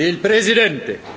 Il Presidente.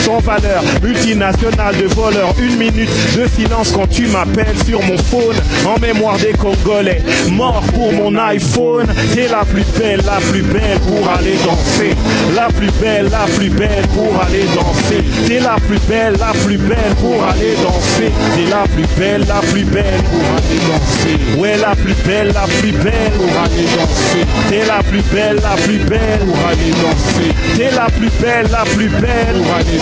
sans valeur, multinationale de voleur, Une minute de silence quand tu m'appelles sur mon phone, en mémoire des Congolais. Mort pour mon iPhone, c'est la plus belle, la plus belle pour aller danser. La plus belle, la plus belle pour aller danser. T'es la plus belle, la plus belle pour aller danser. T'es la plus belle, la plus belle pour aller danser. Ouais, la plus belle, la plus belle pour aller danser. T'es la plus belle, la plus belle pour aller danser. T'es la plus belle, la plus belle pour aller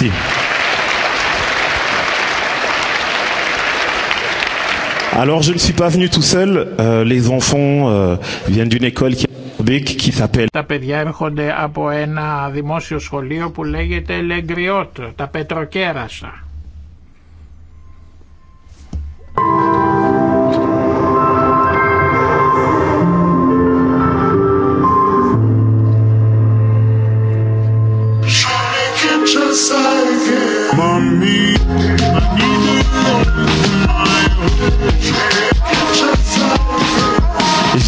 Merci. Alors je ne suis pas venu tout seul. Euh, les enfants euh, viennent d'une école qui qui s'appelle. Τα παιδιά έρχονται από ένα δημόσιο σχολείο που λέγεται Λεγκριότ, τα Πετροκέρασα.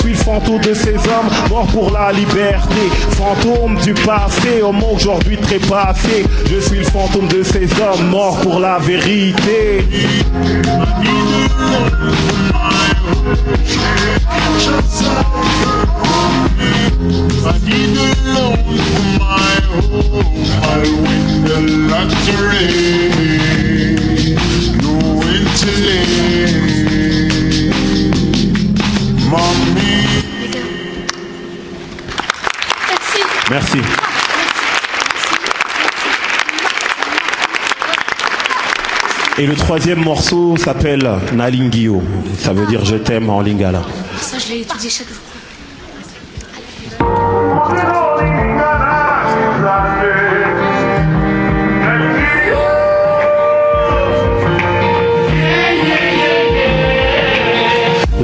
suis le fantôme de ces hommes mort pour la liberté. Fantôme du passé, homme aujourd'hui très passé. Je suis le fantôme de ces hommes morts pour la vérité. I I win the lottery. No Merci. Et le troisième morceau s'appelle Nalingio. Ça veut dire je t'aime en lingala. Ça, je l'ai étudié chaque jour.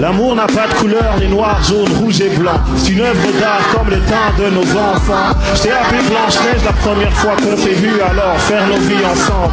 L'amour n'a pas de couleur, les noir, jaune, rouges et blanc. C'est une œuvre d'art comme le temps de nos enfants. J'ai appele appelé Blanche-Neige la première fois qu'on s'est vu, alors faire nos vies ensemble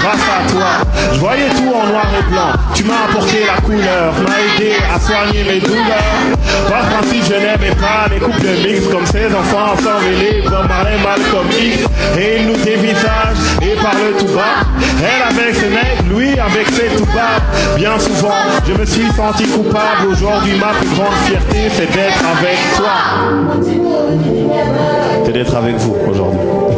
Grâce à toi, je voyais tout en noir et blanc. Tu m'as apporté la couleur, m'a aidé à soigner mes douleurs. Par principe, je n'aimais pas les couples mix comme ces enfants ensorvelés, comme Marley mal comme X. Et ils nous dévisage et parle tout bas. Elle avec ses mecs, lui avec ses tout bas. Bien souvent, je me suis senti coupable. Aujourd'hui, ma plus grande fierté, c'est d'être avec toi. C'est d'être avec vous aujourd'hui.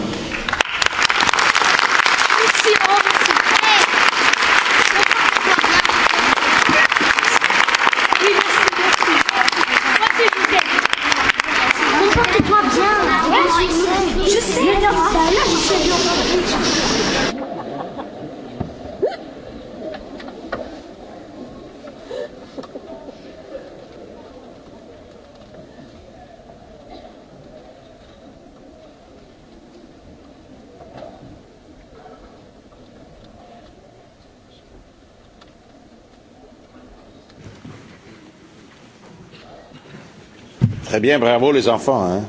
bien, bravo les enfants, hein.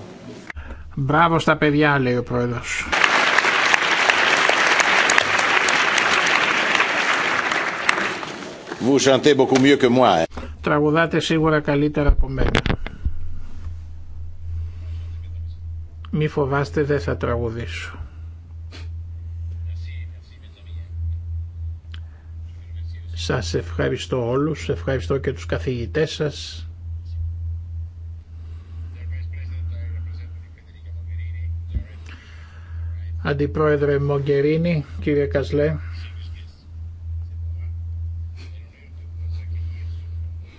Μπράβο στα παιδιά, λέει ο πρόεδρο. Vous chantez beaucoup mieux que moi. Τραγουδάτε σίγουρα καλύτερα από μένα. Μη φοβάστε, δεν θα τραγουδήσω. Σας ευχαριστώ όλους, ευχαριστώ και τους καθηγητές σας. Αντιπρόεδρε Μογκερίνη, κύριε Κασλέ,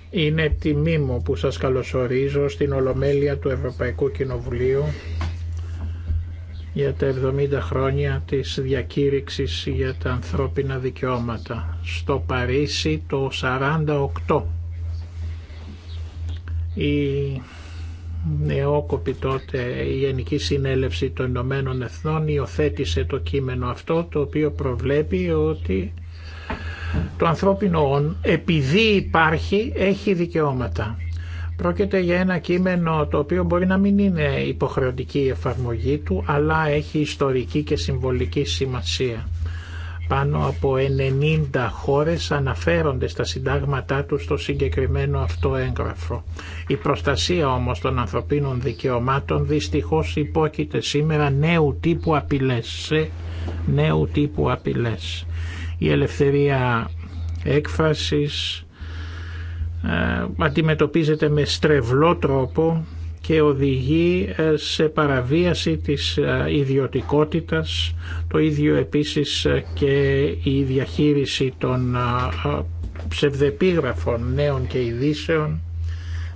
είναι τιμή μου που σας καλωσορίζω στην Ολομέλεια του Ευρωπαϊκού Κοινοβουλίου για τα 70 χρόνια της διακήρυξης για τα ανθρώπινα δικαιώματα στο Παρίσι το 48. Η νεόκοπη τότε η Γενική Συνέλευση των Ηνωμένων Εθνών υιοθέτησε το κείμενο αυτό το οποίο προβλέπει ότι το ανθρώπινο όν επειδή υπάρχει έχει δικαιώματα. Πρόκειται για ένα κείμενο το οποίο μπορεί να μην είναι υποχρεωτική η εφαρμογή του αλλά έχει ιστορική και συμβολική σημασία πάνω από 90 χώρες αναφέρονται στα συντάγματά του στο συγκεκριμένο αυτό έγγραφο. Η προστασία όμως των ανθρωπίνων δικαιωμάτων δυστυχώς υπόκειται σήμερα νέου τύπου απειλές. νέου τύπου απειλές. Η ελευθερία έκφρασης ε, αντιμετωπίζεται με στρεβλό τρόπο και οδηγεί ε, σε παραβίαση της ε, ιδιωτικότητας, το ίδιο επίσης ε, και η διαχείριση των ψευδεπίγραφων νέων και ειδήσεων,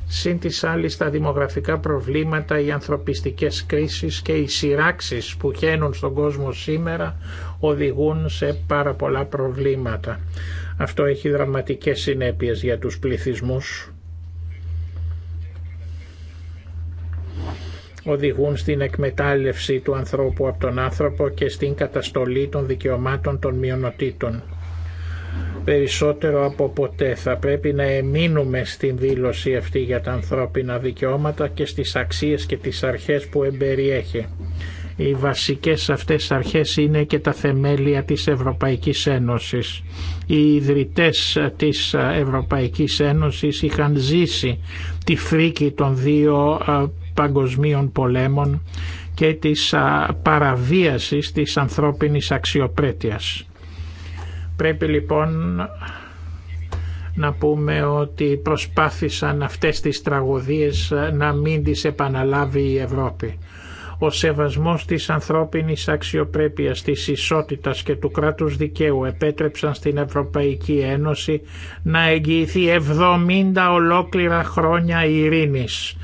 συν της τα δημογραφικά προβλήματα, οι ανθρωπιστικές κρίσεις και οι σειράξεις που χαίνουν στον κόσμο σήμερα οδηγούν σε πάρα πολλά προβλήματα. Αυτό έχει δραματικές συνέπειες για τους πληθυσμούς οδηγούν στην εκμετάλλευση του ανθρώπου από τον άνθρωπο και στην καταστολή των δικαιωμάτων των μειονοτήτων. Περισσότερο από ποτέ θα πρέπει να εμείνουμε στην δήλωση αυτή για τα ανθρώπινα δικαιώματα και στις αξίες και τις αρχές που εμπεριέχει. Οι βασικές αυτές αρχές είναι και τα θεμέλια της Ευρωπαϊκής Ένωσης. Οι ιδρυτές της Ευρωπαϊκής Ένωσης είχαν ζήσει τη φρίκη των δύο παγκοσμίων πολέμων και της παραβίασης της ανθρώπινης αξιοπρέπειας. Πρέπει λοιπόν να πούμε ότι προσπάθησαν αυτές τις τραγωδίες να μην τις επαναλάβει η Ευρώπη. Ο σεβασμός της ανθρώπινης αξιοπρέπειας, της ισότητας και του κράτους δικαίου επέτρεψαν στην Ευρωπαϊκή Ένωση να εγγυηθεί 70 ολόκληρα χρόνια ειρήνης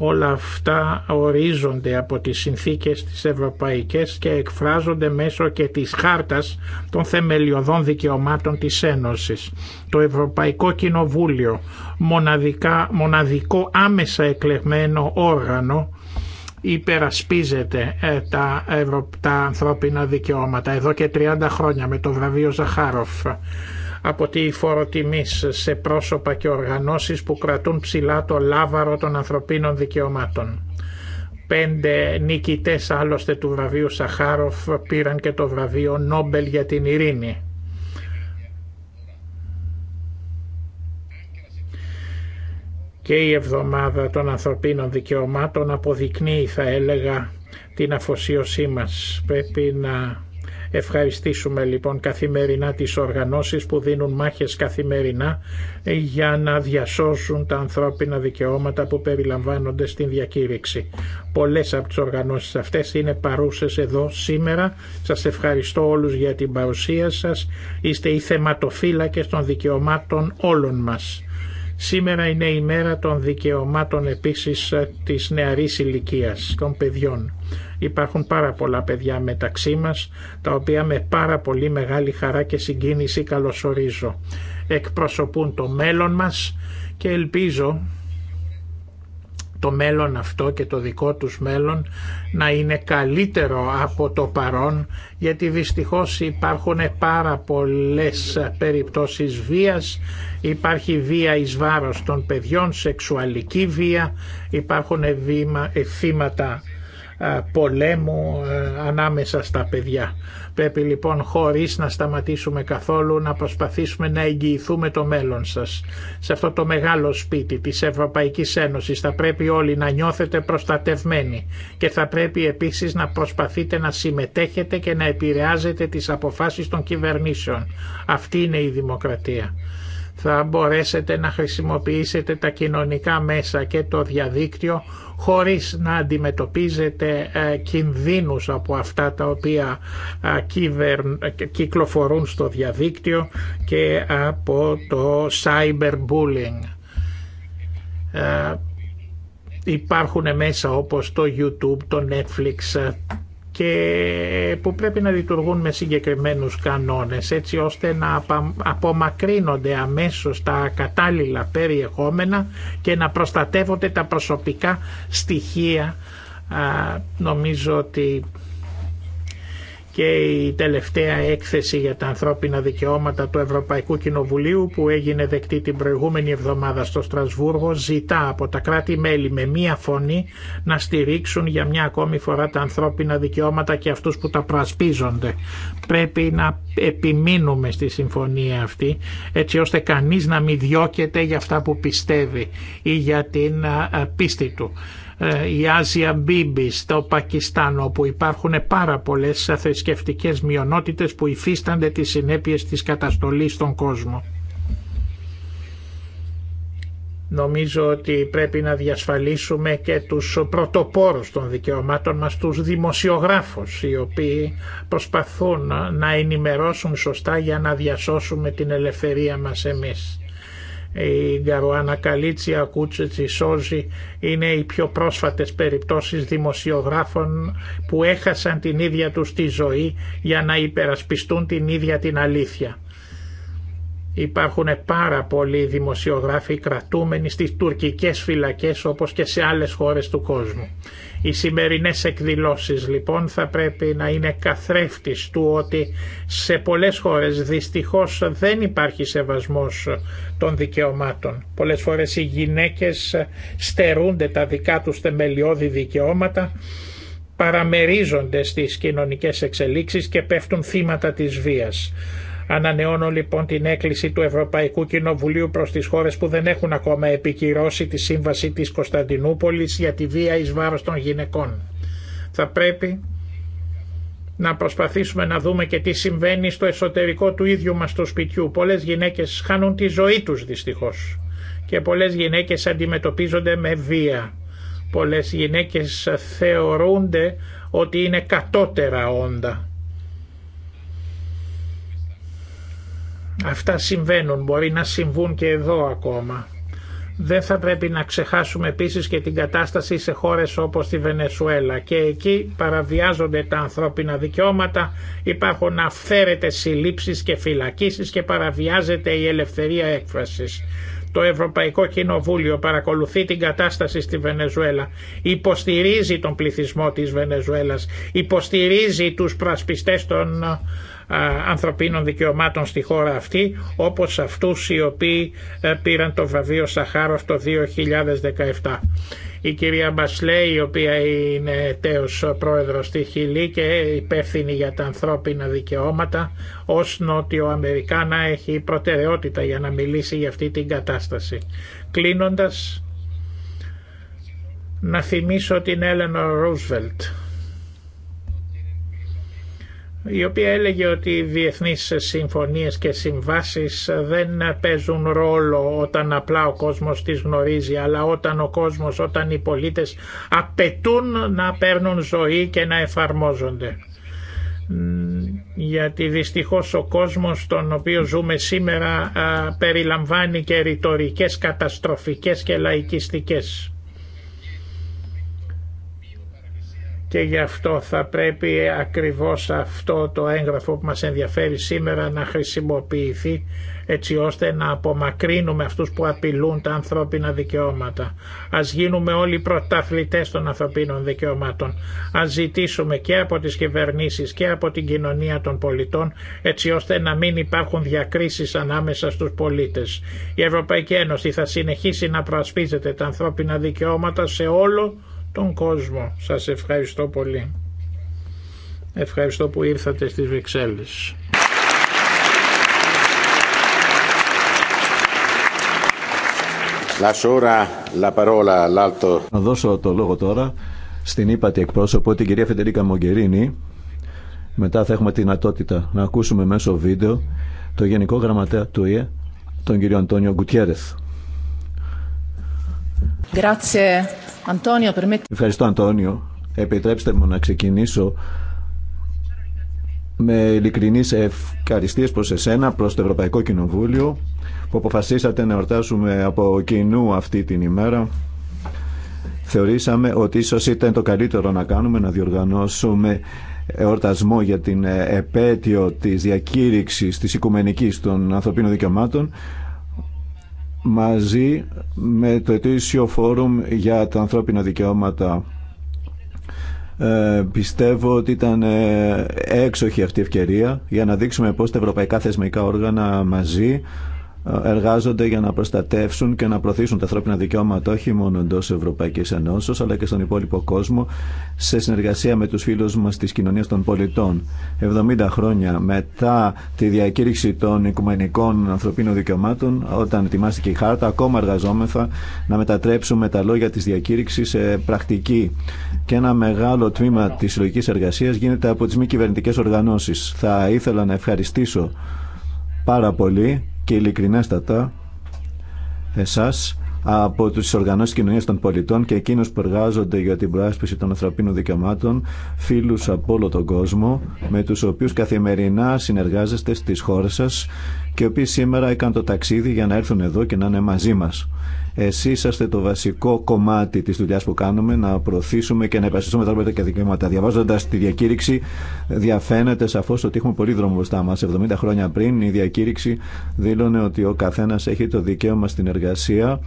Όλα αυτά ορίζονται από τις συνθήκες της Ευρωπαϊκές και εκφράζονται μέσω και της χάρτας των θεμελιωδών δικαιωμάτων της Ένωσης. Το Ευρωπαϊκό Κοινοβούλιο, μοναδικά, μοναδικό άμεσα εκλεγμένο όργανο, υπερασπίζεται ε, τα, τα ανθρώπινα δικαιώματα εδώ και 30 χρόνια με το βραβείο Ζαχάροφ από τη φοροτιμή σε πρόσωπα και οργανώσεις που κρατούν ψηλά το λάβαρο των ανθρωπίνων δικαιωμάτων. Πέντε νικητές άλλωστε του βραβείου Σαχάροφ πήραν και το βραβείο Νόμπελ για την ειρήνη. Και η Εβδομάδα των Ανθρωπίνων Δικαιωμάτων αποδεικνύει θα έλεγα την αφοσίωσή μας. Πρέπει να Ευχαριστήσουμε λοιπόν καθημερινά τις οργανώσεις που δίνουν μάχες καθημερινά ε, για να διασώσουν τα ανθρώπινα δικαιώματα που περιλαμβάνονται στην διακήρυξη. Πολλές από τις οργανώσεις αυτές είναι παρούσες εδώ σήμερα. Σας ευχαριστώ όλους για την παρουσία σας. Είστε οι θεματοφύλακες των δικαιωμάτων όλων μας. Σήμερα είναι η μέρα των δικαιωμάτων επίσης ε, της νεαρής ηλικία των παιδιών. Υπάρχουν πάρα πολλά παιδιά μεταξύ μας, τα οποία με πάρα πολύ μεγάλη χαρά και συγκίνηση καλωσορίζω. Εκπροσωπούν το μέλλον μας και ελπίζω το μέλλον αυτό και το δικό τους μέλλον να είναι καλύτερο από το παρόν γιατί δυστυχώς υπάρχουν πάρα πολλές περιπτώσεις βίας υπάρχει βία εις βάρος των παιδιών, σεξουαλική βία υπάρχουν ε, θύματα πολέμου ε, ανάμεσα στα παιδιά. Πρέπει λοιπόν χωρίς να σταματήσουμε καθόλου να προσπαθήσουμε να εγγυηθούμε το μέλλον σας. Σε αυτό το μεγάλο σπίτι της Ευρωπαϊκής Ένωσης θα πρέπει όλοι να νιώθετε προστατευμένοι και θα πρέπει επίσης να προσπαθείτε να συμμετέχετε και να επηρεάζετε τις αποφάσεις των κυβερνήσεων. Αυτή είναι η δημοκρατία θα μπορέσετε να χρησιμοποιήσετε τα κοινωνικά μέσα και το διαδίκτυο χωρίς να αντιμετωπίζετε ε, κινδύνους από αυτά τα οποία ε, κυκλοφορούν στο διαδίκτυο και από το cyberbullying. Ε, υπάρχουν μέσα όπως το YouTube, το Netflix, ε, που πρέπει να λειτουργούν με συγκεκριμένους κανόνες έτσι ώστε να απομακρύνονται αμέσως τα κατάλληλα περιεχόμενα και να προστατεύονται τα προσωπικά στοιχεία. Νομίζω ότι και η τελευταία έκθεση για τα ανθρώπινα δικαιώματα του Ευρωπαϊκού Κοινοβουλίου που έγινε δεκτή την προηγούμενη εβδομάδα στο Στρασβούργο ζητά από τα κράτη-μέλη με μία φωνή να στηρίξουν για μια ακόμη φορά τα ανθρώπινα δικαιώματα και αυτούς που τα προασπίζονται. Πρέπει να επιμείνουμε στη συμφωνία αυτή έτσι ώστε κανείς να μην διώκεται για αυτά που πιστεύει ή για την πίστη του. Ε, η Άζια Μπίμπη στο Πακιστάν όπου υπάρχουν πάρα πολλές θρησκευτικέ μειονότητες που υφίστανται τις συνέπειες της καταστολής στον κόσμο. Νομίζω ότι πρέπει να διασφαλίσουμε και τους πρωτοπόρους των δικαιωμάτων μας, τους δημοσιογράφους, οι οποίοι προσπαθούν να ενημερώσουν σωστά για να διασώσουμε την ελευθερία μας εμείς η Γκαρουάνα Καλίτσια, η Σόζη είναι οι πιο πρόσφατες περιπτώσεις δημοσιογράφων που έχασαν την ίδια τους τη ζωή για να υπερασπιστούν την ίδια την αλήθεια. Υπάρχουν πάρα πολλοί δημοσιογράφοι κρατούμενοι στις τουρκικές φυλακές όπως και σε άλλες χώρες του κόσμου. Οι σημερινές εκδηλώσεις λοιπόν θα πρέπει να είναι καθρέφτης του ότι σε πολλές χώρες δυστυχώς δεν υπάρχει σεβασμός των δικαιωμάτων. Πολλές φορές οι γυναίκες στερούνται τα δικά τους θεμελιώδη δικαιώματα παραμερίζονται στις κοινωνικές εξελίξεις και πέφτουν θύματα της βίας. Ανανεώνω λοιπόν την έκκληση του Ευρωπαϊκού Κοινοβουλίου προ τι χώρε που δεν έχουν ακόμα επικυρώσει τη σύμβαση τη Κωνσταντινούπολη για τη βία ει βάρο των γυναικών. Θα πρέπει να προσπαθήσουμε να δούμε και τι συμβαίνει στο εσωτερικό του ίδιου μας του σπιτιού. Πολλές γυναίκες χάνουν τη ζωή τους δυστυχώς και πολλές γυναίκες αντιμετωπίζονται με βία. Πολλές γυναίκες θεωρούνται ότι είναι κατώτερα όντα Αυτά συμβαίνουν, μπορεί να συμβούν και εδώ ακόμα. Δεν θα πρέπει να ξεχάσουμε επίσης και την κατάσταση σε χώρες όπως τη Βενεζουέλα. και εκεί παραβιάζονται τα ανθρώπινα δικαιώματα, υπάρχουν αυθαίρετες συλλήψεις και φυλακίσεις και παραβιάζεται η ελευθερία έκφρασης. Το Ευρωπαϊκό Κοινοβούλιο παρακολουθεί την κατάσταση στη Βενεζουέλα, υποστηρίζει τον πληθυσμό της Βενεζουέλας, υποστηρίζει τους πρασπιστές των ανθρωπίνων δικαιωμάτων στη χώρα αυτή όπως αυτούς οι οποίοι ε, πήραν το βραβείο Σαχάροφ το 2017. Η κυρία Μπασλέ η οποία είναι τέος πρόεδρος στη Χιλή και υπεύθυνη για τα ανθρώπινα δικαιώματα ως Νότιο-Αμερικάνα έχει προτεραιότητα για να μιλήσει για αυτή την κατάσταση. Κλείνοντας να θυμίσω την Έλενο Ρούσβελτ η οποία έλεγε ότι οι διεθνείς συμφωνίες και συμβάσεις δεν παίζουν ρόλο όταν απλά ο κόσμος τις γνωρίζει, αλλά όταν ο κόσμος, όταν οι πολίτες απαιτούν να παίρνουν ζωή και να εφαρμόζονται. Γιατί δυστυχώς ο κόσμος τον οποίο ζούμε σήμερα περιλαμβάνει και ρητορικές καταστροφικές και λαϊκιστικές και γι' αυτό θα πρέπει ακριβώς αυτό το έγγραφο που μας ενδιαφέρει σήμερα να χρησιμοποιηθεί έτσι ώστε να απομακρύνουμε αυτούς που απειλούν τα ανθρώπινα δικαιώματα. Ας γίνουμε όλοι πρωταθλητές των ανθρωπίνων δικαιωμάτων. Ας ζητήσουμε και από τις κυβερνήσεις και από την κοινωνία των πολιτών έτσι ώστε να μην υπάρχουν διακρίσεις ανάμεσα στους πολίτες. Η Ευρωπαϊκή Ένωση θα συνεχίσει να προασπίζεται τα ανθρώπινα δικαιώματα σε όλο τον κόσμο. Σας ευχαριστώ πολύ. Ευχαριστώ που ήρθατε στις Βρυξέλλες. Να δώσω το λόγο τώρα στην ύπατη εκπρόσωπο, την κυρία Φεντερίκα Μογκερίνη. Μετά θα έχουμε τη δυνατότητα να ακούσουμε μέσω βίντεο το Γενικό Γραμματέα του ΙΕ, τον κύριο Αντώνιο Γκουτιέρεθ. Grazie Αντώνιο, Ευχαριστώ, Αντώνιο. Επιτρέψτε μου να ξεκινήσω με ειλικρινεί ευχαριστίες προς εσένα, προς το Ευρωπαϊκό Κοινοβούλιο που αποφασίσατε να εορτάσουμε από κοινού αυτή την ημέρα. Θεωρήσαμε ότι ίσως ήταν το καλύτερο να κάνουμε, να διοργανώσουμε εορτασμό για την επέτειο της διακήρυξης της οικουμενικής των ανθρωπίνων δικαιωμάτων μαζί με το ετήσιο φόρουμ για τα ανθρώπινα δικαιώματα. Ε, πιστεύω ότι ήταν ε, έξοχη αυτή η ευκαιρία για να δείξουμε πώς τα ευρωπαϊκά θεσμικά όργανα μαζί εργάζονται για να προστατεύσουν και να προωθήσουν τα ανθρώπινα δικαιώματα όχι μόνο εντό Ευρωπαϊκή Ενώσεω αλλά και στον υπόλοιπο κόσμο σε συνεργασία με του φίλου μα τη κοινωνία των πολιτών. 70 χρόνια μετά τη διακήρυξη των οικουμενικών ανθρωπίνων δικαιωμάτων, όταν ετοιμάστηκε η Χάρτα, ακόμα εργαζόμεθα να μετατρέψουμε τα λόγια τη διακήρυξη σε πρακτική. Και ένα μεγάλο τμήμα τη συλλογική εργασία γίνεται από τι μη κυβερνητικέ οργανώσει. Θα ήθελα να ευχαριστήσω πάρα πολύ και ειλικρινέστατα εσάς από τι οργανώσει κοινωνία των πολιτών και εκείνους που εργάζονται για την προάσπιση των ανθρωπίνων δικαιωμάτων, φίλου από όλο τον κόσμο, με του οποίου καθημερινά συνεργάζεστε στι χώρε σα και οι οποίοι σήμερα έκανε το ταξίδι για να έρθουν εδώ και να είναι μαζί μας. Εσεί είσαστε το βασικό κομμάτι τη δουλειά που κάνουμε, να προωθήσουμε και να υπασπιστούμε τα και δικαιώματα. Διαβάζοντα τη διακήρυξη, διαφαίνεται σαφώ ότι έχουμε πολύ δρόμο μπροστά μα. 70 χρόνια πριν, η διακήρυξη δήλωνε ότι ο καθένα έχει το δικαίωμα στην εργασία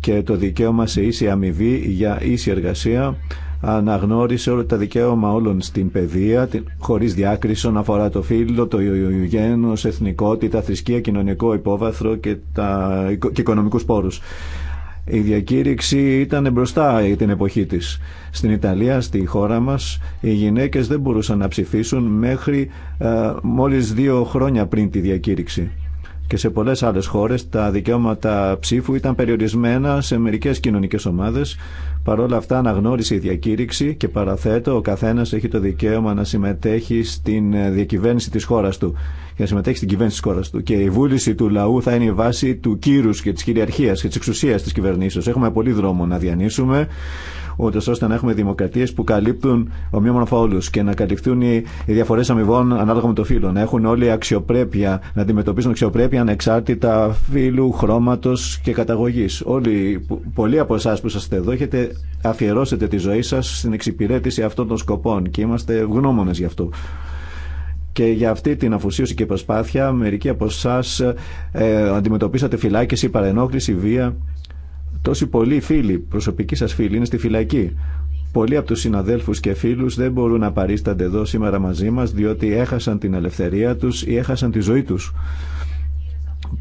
και το δικαίωμα σε ίση αμοιβή για ίση εργασία αναγνώρισε όλα τα δικαίωμα όλων στην παιδεία, χωρίς διάκριση αφορά το φύλλο, το γένος, εθνικότητα, θρησκεία, κοινωνικό υπόβαθρο και, τα, και οικονομικούς πόρους. Η διακήρυξη ήταν μπροστά την εποχή της. Στην Ιταλία, στη χώρα μας, οι γυναίκες δεν μπορούσαν να ψηφίσουν μέχρι μόλι ε, μόλις δύο χρόνια πριν τη διακήρυξη και σε πολλές άλλες χώρες τα δικαιώματα ψήφου ήταν περιορισμένα σε μερικές κοινωνικές ομάδες. Παρ' όλα αυτά αναγνώρισε η διακήρυξη και παραθέτω ο καθένας έχει το δικαίωμα να συμμετέχει στην ε, διακυβέρνηση της χώρας του και να συμμετέχει στην κυβέρνηση τη χώρας του. Και η βούληση του λαού θα είναι η βάση του κύρου και τη κυριαρχία και τη εξουσία τη κυβερνήσεω. Έχουμε πολύ δρόμο να διανύσουμε ούτως ώστε να έχουμε δημοκρατίες που καλύπτουν ομοίωμα όλους και να καλυφθούν οι, οι διαφορές αμοιβών ανάλογα με το φύλλο. Να έχουν όλοι αξιοπρέπεια, να αντιμετωπίζουν αξιοπρέπεια ανεξάρτητα φύλλου, χρώματος και καταγωγής. Όλοι, πολλοί από εσά που είσαστε εδώ αφιερώσετε τη ζωή σας στην εξυπηρέτηση αυτών των σκοπών και είμαστε γνώμονες γι' αυτό. Και για αυτή την αφοσίωση και προσπάθεια μερικοί από εσά ε, αντιμετωπίσατε φυλάκιση, παρενόχληση, βία Τόσοι πολλοί φίλοι, προσωπικοί σα φίλοι, είναι στη φυλακή. Πολλοί από του συναδέλφου και φίλου δεν μπορούν να παρίστανται εδώ σήμερα μαζί μα, διότι έχασαν την ελευθερία του ή έχασαν τη ζωή του.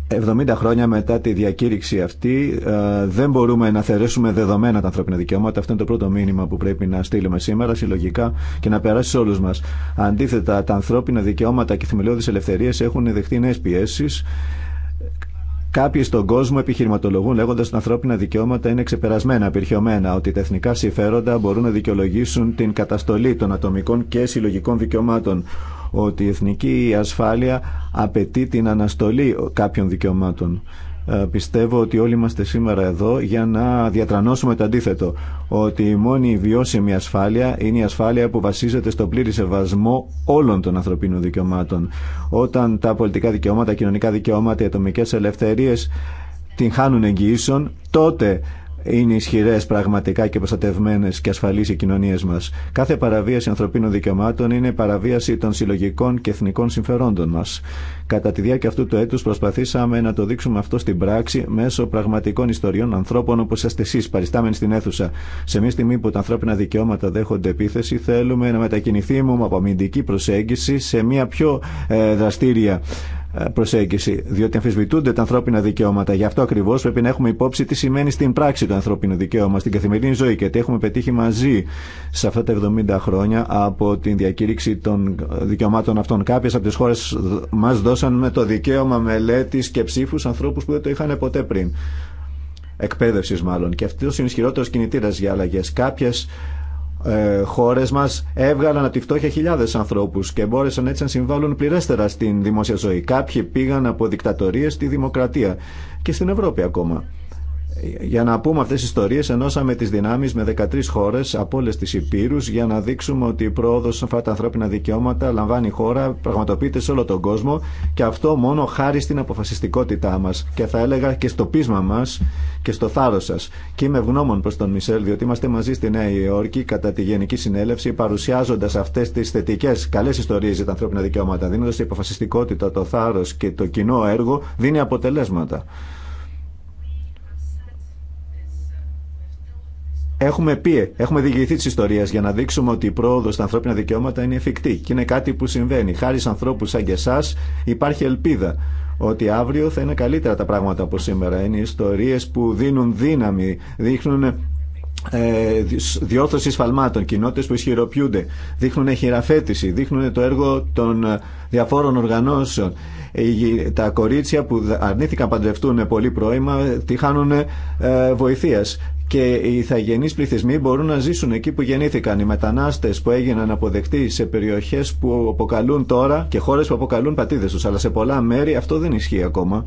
70 χρόνια μετά τη διακήρυξη αυτή ε, δεν μπορούμε να θερέσουμε δεδομένα τα ανθρώπινα δικαιώματα. Αυτό είναι το πρώτο μήνυμα που πρέπει να στείλουμε σήμερα συλλογικά και να περάσει σε όλους μας. Αντίθετα, τα ανθρώπινα δικαιώματα και θεμελιώδει ελευθερίε έχουν δεχτεί νέε πιέσει. Κάποιοι στον κόσμο επιχειρηματολογούν λέγοντα ότι τα ανθρώπινα δικαιώματα είναι ξεπερασμένα, απειρχιωμένα, ότι τα εθνικά συμφέροντα μπορούν να δικαιολογήσουν την καταστολή των ατομικών και συλλογικών δικαιωμάτων, ότι η εθνική ασφάλεια απαιτεί την αναστολή κάποιων δικαιωμάτων. Ε, πιστεύω ότι όλοι είμαστε σήμερα εδώ για να διατρανώσουμε το αντίθετο. Ότι η μόνη βιώσιμη ασφάλεια είναι η ασφάλεια που βασίζεται στο πλήρη σεβασμό όλων των ανθρωπίνων δικαιωμάτων. Όταν τα πολιτικά δικαιώματα, τα κοινωνικά δικαιώματα, οι ατομικέ ελευθερίε την χάνουν εγγυήσεων, τότε είναι ισχυρέ πραγματικά και προστατευμένε και ασφαλεί οι κοινωνίε μα. Κάθε παραβίαση ανθρωπίνων δικαιωμάτων είναι παραβίαση των συλλογικών και εθνικών συμφερόντων μα. Κατά τη διάρκεια αυτού του έτου προσπαθήσαμε να το δείξουμε αυτό στην πράξη μέσω πραγματικών ιστοριών ανθρώπων όπω είστε εσεί, παριστάμενοι στην αίθουσα. Σε μια στιγμή που τα ανθρώπινα δικαιώματα δέχονται επίθεση, θέλουμε να μετακινηθούμε από αμυντική προσέγγιση σε μια πιο ε, δραστήρια ε, προσέγγιση, διότι αμφισβητούνται τα ανθρώπινα δικαιώματα. Γι' αυτό ακριβώ πρέπει να έχουμε υπόψη τι σημαίνει στην πράξη το ανθρώπινο δικαίωμα, στην καθημερινή ζωή και τι έχουμε πετύχει μαζί σε αυτά τα 70 χρόνια από την διακήρυξη των δικαιωμάτων αυτών. Κάποιε από τι χώρε μα δώσαν με το δικαίωμα μελέτη και ψήφου ανθρώπου που δεν το είχαν ποτέ πριν. Εκπαίδευση μάλλον. Και αυτό είναι ισχυρότερο κινητήρα για αλλαγέ. Κάποιε ε, χώρε μα έβγαλαν από τη φτώχεια χιλιάδε ανθρώπου και μπόρεσαν έτσι να συμβάλλουν πληρέστερα στην δημόσια ζωή. Κάποιοι πήγαν από δικτατορίε στη δημοκρατία και στην Ευρώπη ακόμα για να πούμε αυτές τις ιστορίες ενώσαμε τις δυνάμεις με 13 χώρες από όλες τις υπήρους για να δείξουμε ότι η πρόοδος σε αυτά τα ανθρώπινα δικαιώματα λαμβάνει χώρα, πραγματοποιείται σε όλο τον κόσμο και αυτό μόνο χάρη στην αποφασιστικότητά μας και θα έλεγα και στο πείσμα μας και στο θάρρος σας. Και είμαι ευγνώμων προς τον Μισελ διότι είμαστε μαζί στη Νέα Υόρκη κατά τη Γενική Συνέλευση παρουσιάζοντας αυτές τις θετικές καλές ιστορίες για τα ανθρώπινα δικαιώματα δίνοντας η αποφασιστικότητα, το θάρρος και το κοινό έργο δίνει αποτελέσματα. Έχουμε πει, έχουμε διηγηθεί τη ιστορία για να δείξουμε ότι η πρόοδο στα ανθρώπινα δικαιώματα είναι εφικτή και είναι κάτι που συμβαίνει. Χάρη σε ανθρώπου σαν και εσά υπάρχει ελπίδα ότι αύριο θα είναι καλύτερα τα πράγματα από σήμερα. Είναι ιστορίε που δίνουν δύναμη, δείχνουν ε, διόρθωση σφαλμάτων, κοινότητε που ισχυροποιούνται, δείχνουν χειραφέτηση, δείχνουν το έργο των διαφόρων οργανώσεων. Τα κορίτσια που αρνήθηκαν παντρευτούν πολύ πρόημα, τη χάνουν ε, βοηθεία και οι ηθαγενείς πληθυσμοί μπορούν να ζήσουν εκεί που γεννήθηκαν. Οι μετανάστες που έγιναν αποδεκτοί σε περιοχές που αποκαλούν τώρα και χώρες που αποκαλούν πατήδες τους, αλλά σε πολλά μέρη αυτό δεν ισχύει ακόμα.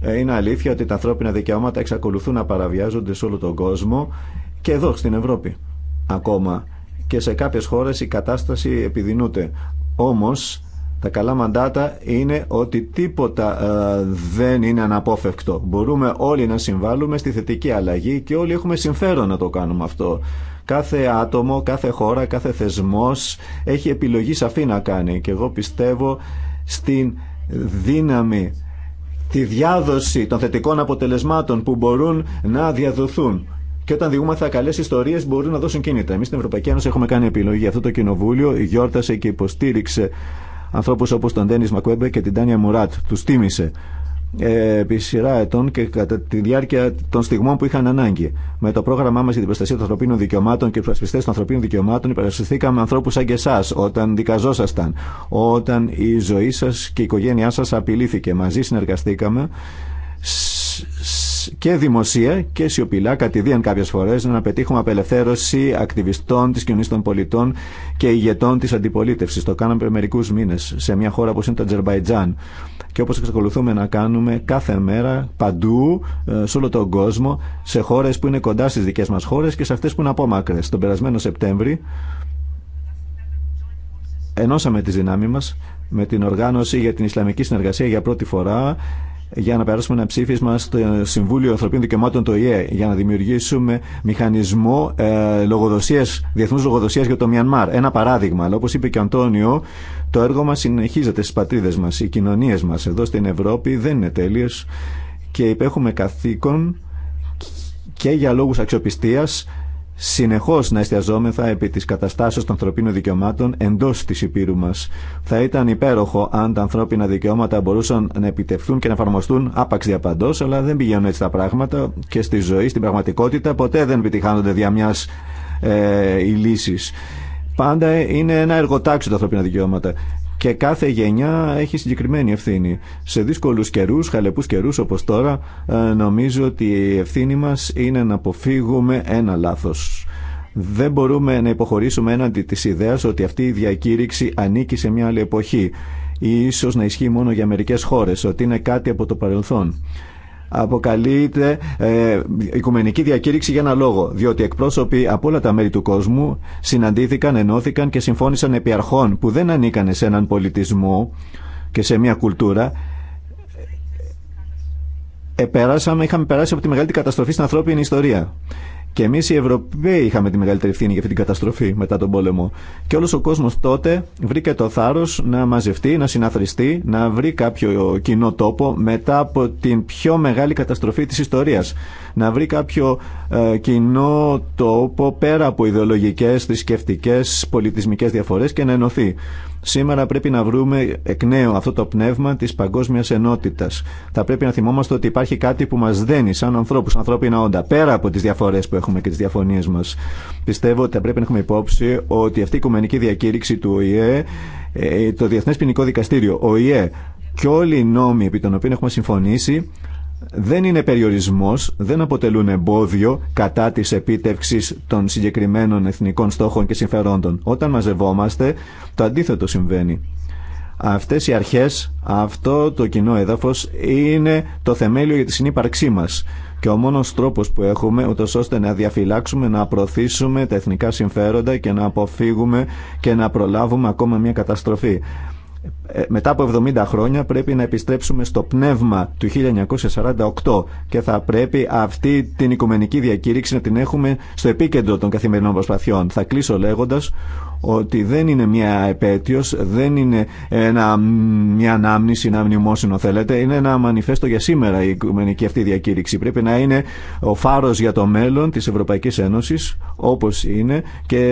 Ε, είναι αλήθεια ότι τα ανθρώπινα δικαιώματα εξακολουθούν να παραβιάζονται σε όλο τον κόσμο και εδώ στην Ευρώπη ακόμα. Και σε κάποιες χώρες η κατάσταση επιδεινούται. Όμως τα καλά μαντάτα είναι ότι τίποτα ε, δεν είναι αναπόφευκτο. Μπορούμε όλοι να συμβάλλουμε στη θετική αλλαγή και όλοι έχουμε συμφέρον να το κάνουμε αυτό. Κάθε άτομο, κάθε χώρα, κάθε θεσμός έχει επιλογή σαφή να κάνει και εγώ πιστεύω στην δύναμη, τη διάδοση των θετικών αποτελεσμάτων που μπορούν να διαδοθούν. Και όταν διηγούμεθα καλέ ιστορίε μπορούν να δώσουν κίνητρα. Εμεί στην Ευρωπαϊκή Ένωση έχουμε κάνει επιλογή. Αυτό το κοινοβούλιο γιόρτασε και υποστήριξε Ανθρώπου όπω τον Ντένι Μακουέμπε και την Τάνια Μουράτ. Του τίμησε ε, επί σειρά ετών και κατά τη διάρκεια των στιγμών που είχαν ανάγκη. Με το πρόγραμμά μα για την προστασία των ανθρωπίνων δικαιωμάτων και του ασπιστέ των ανθρωπίνων δικαιωμάτων, υπερασπιστήκαμε ανθρώπου σαν και εσά όταν δικαζόσασταν, όταν η ζωή σα και η οικογένειά σα απειλήθηκε. Μαζί συνεργαστήκαμε και δημοσία και σιωπηλά, κατηδίαν κάποιε φορέ, να πετύχουμε απελευθέρωση ακτιβιστών τη κοινωνία των πολιτών και ηγετών τη αντιπολίτευση. Το κάναμε μερικού μήνε σε μια χώρα όπω είναι το Τζερμπαϊτζάν. Και όπω εξακολουθούμε να κάνουμε κάθε μέρα, παντού, ε, σε όλο τον κόσμο, σε χώρε που είναι κοντά στι δικέ μα χώρε και σε αυτέ που είναι απόμακρε. Τον περασμένο Σεπτέμβρη, ενώσαμε τις δυνάμεις μας με την οργάνωση για την Ισλαμική Συνεργασία για πρώτη φορά για να περάσουμε ένα ψήφισμα στο Συμβούλιο Ανθρωπίνων Δικαιωμάτων το ΙΕ για να δημιουργήσουμε μηχανισμό ε, λογοδοσία, διεθνούς λογοδοσίας για το Μιανμάρ. Ένα παράδειγμα, αλλά όπω είπε και ο Αντώνιο, το έργο μας συνεχίζεται στις πατρίδες μας, οι κοινωνίες μας εδώ στην Ευρώπη δεν είναι τέλειε και υπέχουμε καθήκον και για λόγους αξιοπιστίας Συνεχώ να εστιαζόμεθα επί της καταστάσεω των ανθρωπίνων δικαιωμάτων εντό της υπήρου μα. Θα ήταν υπέροχο αν τα ανθρώπινα δικαιώματα μπορούσαν να επιτευχθούν και να εφαρμοστούν άπαξ διαπαντό, αλλά δεν πηγαίνουν έτσι τα πράγματα και στη ζωή, στην πραγματικότητα, ποτέ δεν επιτυχάνονται δια ε, οι ε, Πάντα είναι ένα εργοτάξιο τα ανθρώπινα δικαιώματα και κάθε γενιά έχει συγκεκριμένη ευθύνη. Σε δύσκολους καιρούς, χαλεπούς καιρούς όπως τώρα, ε, νομίζω ότι η ευθύνη μας είναι να αποφύγουμε ένα λάθος. Δεν μπορούμε να υποχωρήσουμε έναντι της ιδέας ότι αυτή η διακήρυξη ανήκει σε μια άλλη εποχή ή ίσως να ισχύει μόνο για μερικές χώρες, ότι είναι κάτι από το παρελθόν αποκαλείται ε, Οικουμενική Διακήρυξη για ένα λόγο. Διότι εκπρόσωποι από όλα τα μέρη του κόσμου συναντήθηκαν, ενώθηκαν και συμφώνησαν επί αρχών που δεν ανήκαν σε έναν πολιτισμό και σε μια κουλτούρα. Επεράσαμε, είχαμε περάσει από τη μεγαλύτερη καταστροφή στην ανθρώπινη ιστορία. Και εμεί οι Ευρωπαίοι είχαμε τη μεγαλύτερη ευθύνη για αυτή την καταστροφή μετά τον πόλεμο. Και όλο ο κόσμο τότε βρήκε το θάρρο να μαζευτεί, να συναθριστεί, να βρει κάποιο κοινό τόπο μετά από την πιο μεγάλη καταστροφή τη ιστορία. Να βρει κάποιο ε, κοινό τόπο πέρα από ιδεολογικέ, θρησκευτικέ, πολιτισμικέ διαφορέ και να ενωθεί. Σήμερα πρέπει να βρούμε εκ νέου αυτό το πνεύμα τη παγκόσμια ενότητα. Θα πρέπει να θυμόμαστε ότι υπάρχει κάτι που μα δένει σαν ανθρώπου, σαν ανθρώπινα όντα, πέρα από τι διαφορέ που έχουμε και τι διαφωνίε μα. Πιστεύω ότι θα πρέπει να έχουμε υπόψη ότι αυτή η οικουμενική διακήρυξη του ΟΗΕ, ε, το Διεθνέ Ποινικό Δικαστήριο, ΟΗΕ και όλοι οι νόμοι επί των οποίων έχουμε συμφωνήσει δεν είναι περιορισμός, δεν αποτελούν εμπόδιο κατά της επίτευξης των συγκεκριμένων εθνικών στόχων και συμφερόντων. Όταν μαζευόμαστε, το αντίθετο συμβαίνει. Αυτές οι αρχές, αυτό το κοινό έδαφος είναι το θεμέλιο για τη συνύπαρξή μας και ο μόνος τρόπος που έχουμε ούτως ώστε να διαφυλάξουμε, να προωθήσουμε τα εθνικά συμφέροντα και να αποφύγουμε και να προλάβουμε ακόμα μια καταστροφή. Ε, ε, μετά από 70 χρόνια πρέπει να επιστρέψουμε στο πνεύμα του 1948 και θα πρέπει αυτή την οικουμενική διακήρυξη να την έχουμε στο επίκεντρο των καθημερινών προσπαθειών. Θα κλείσω λέγοντας ότι δεν είναι μια επέτειος, δεν είναι μια ανάμνηση, ένα μνημόσυνο θέλετε, είναι ένα μανιφέστο για σήμερα η οικουμενική αυτή διακήρυξη. Πρέπει να είναι ο φάρος για το μέλλον της Ευρωπαϊκής Ένωσης, όπως είναι και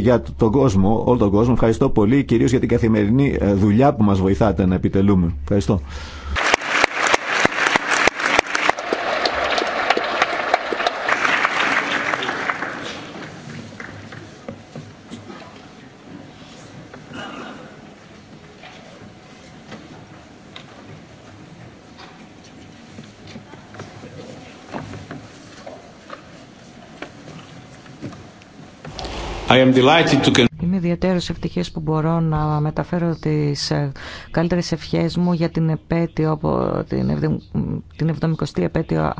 για τον κόσμο, όλο τον κόσμο. Ευχαριστώ πολύ, κυρίως για την καθημερινή δουλειά που μας βοηθάτε να επιτελούμε. Ευχαριστώ. I am delighted to... Είμαι ιδιαίτερο ευτυχή που μπορώ να μεταφέρω τι ε, καλύτερε ευχέ μου για την, επέτειο, την 70η επέτειο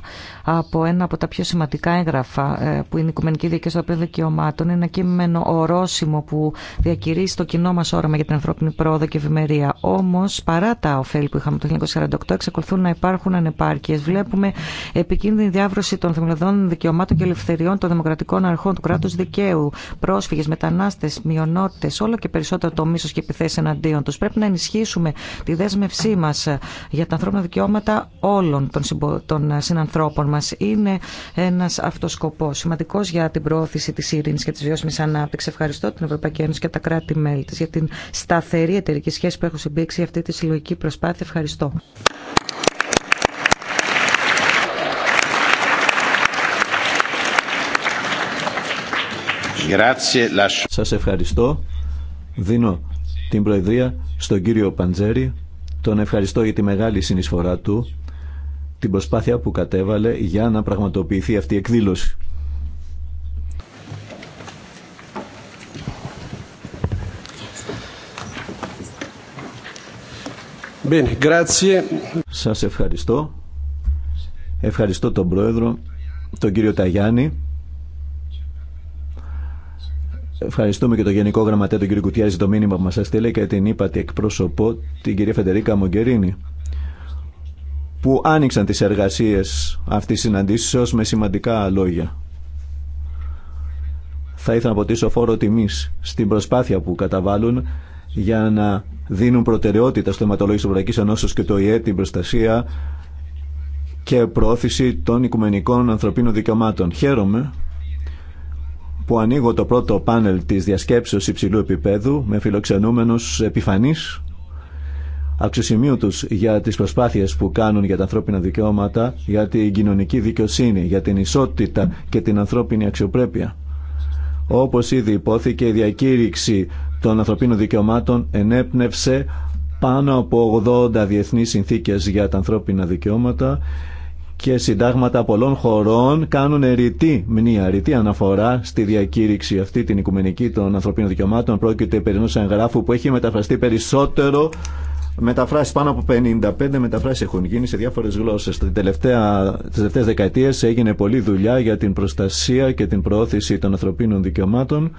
από ένα από τα πιο σημαντικά έγγραφα ε, που είναι η Οικουμενική Δίκαιωση των Οποίων Δικαιωμάτων. Ένα κείμενο ορόσημο που διακηρύσει το κοινό μα όραμα για την ανθρώπινη πρόοδο και ευημερία. Όμω, παρά τα ωφέλη που είχαμε το 1948, εξακολουθούν να υπάρχουν ανεπάρκειε. Βλέπουμε επικίνδυνη διάβρωση των θεμελιωδών δικαιωμάτων και ελευθεριών των δημοκρατικών αρχών του κράτου δικαίου πρόσφυγε, μετανάστε, μειονότητε, όλο και περισσότερο το μίσο και επιθέσει εναντίον του. Πρέπει να ενισχύσουμε τη δέσμευσή μα ε, για τα ανθρώπινα δικαιώματα όλων των ε, συνανθρώπων μα. Είναι ένα σκοπό. σημαντικό για την προώθηση τη ειρήνη και τη βιώσιμη ανάπτυξη. Ευχαριστώ την Ευρωπαϊκή Ένωση και τα κράτη-μέλη τη για την σταθερή εταιρική σχέση που έχουν συμπήξει αυτή τη συλλογική προσπάθεια. Ευχαριστώ. Σας ευχαριστώ. Δίνω την Προεδρία στον κύριο Παντζέρη. Τον ευχαριστώ για τη μεγάλη συνεισφορά του, την προσπάθεια που κατέβαλε για να πραγματοποιηθεί αυτή η εκδήλωση. Σας ευχαριστώ. Ευχαριστώ τον Πρόεδρο, τον κύριο Ταγιάννη Ευχαριστούμε και το Γενικό Γραμματέα τον κύριο Κουτιάζη το μήνυμα που μας έστειλε και την είπα την εκπρόσωπο την κυρία Φεντερίκα Μογκερίνη που άνοιξαν τις εργασίες αυτής της συναντήσεως με σημαντικά λόγια. Θα ήθελα να ποτίσω φόρο τιμής στην προσπάθεια που καταβάλουν για να δίνουν προτεραιότητα στο αιματολόγιο Ευρωπαϊκή Ενώσεω και το ΙΕ την προστασία και προώθηση των οικουμενικών ανθρωπίνων δικαιωμάτων. Χαίρομαι που ανοίγω το πρώτο πάνελ της διασκέψεως υψηλού επίπεδου με φιλοξενούμενους επιφανείς αξιοσημείωτους για τις προσπάθειες που κάνουν για τα ανθρώπινα δικαιώματα, για την κοινωνική δικαιοσύνη, για την ισότητα και την ανθρώπινη αξιοπρέπεια. Όπως ήδη υπόθηκε, η διακήρυξη των ανθρωπίνων δικαιωμάτων ενέπνευσε πάνω από 80 διεθνείς συνθήκες για τα ανθρώπινα δικαιώματα και συντάγματα πολλών χωρών κάνουν ρητή μνήα, ρητή αναφορά στη διακήρυξη αυτή την οικουμενική των ανθρωπίνων δικαιωμάτων. Πρόκειται περί ενό εγγράφου που έχει μεταφραστεί περισσότερο Μεταφράσεις πάνω από 55 μεταφράσεις έχουν γίνει σε διάφορες γλώσσες. Τι τελευταίε δεκαετίες έγινε πολλή δουλειά για την προστασία και την προώθηση των ανθρωπίνων δικαιωμάτων.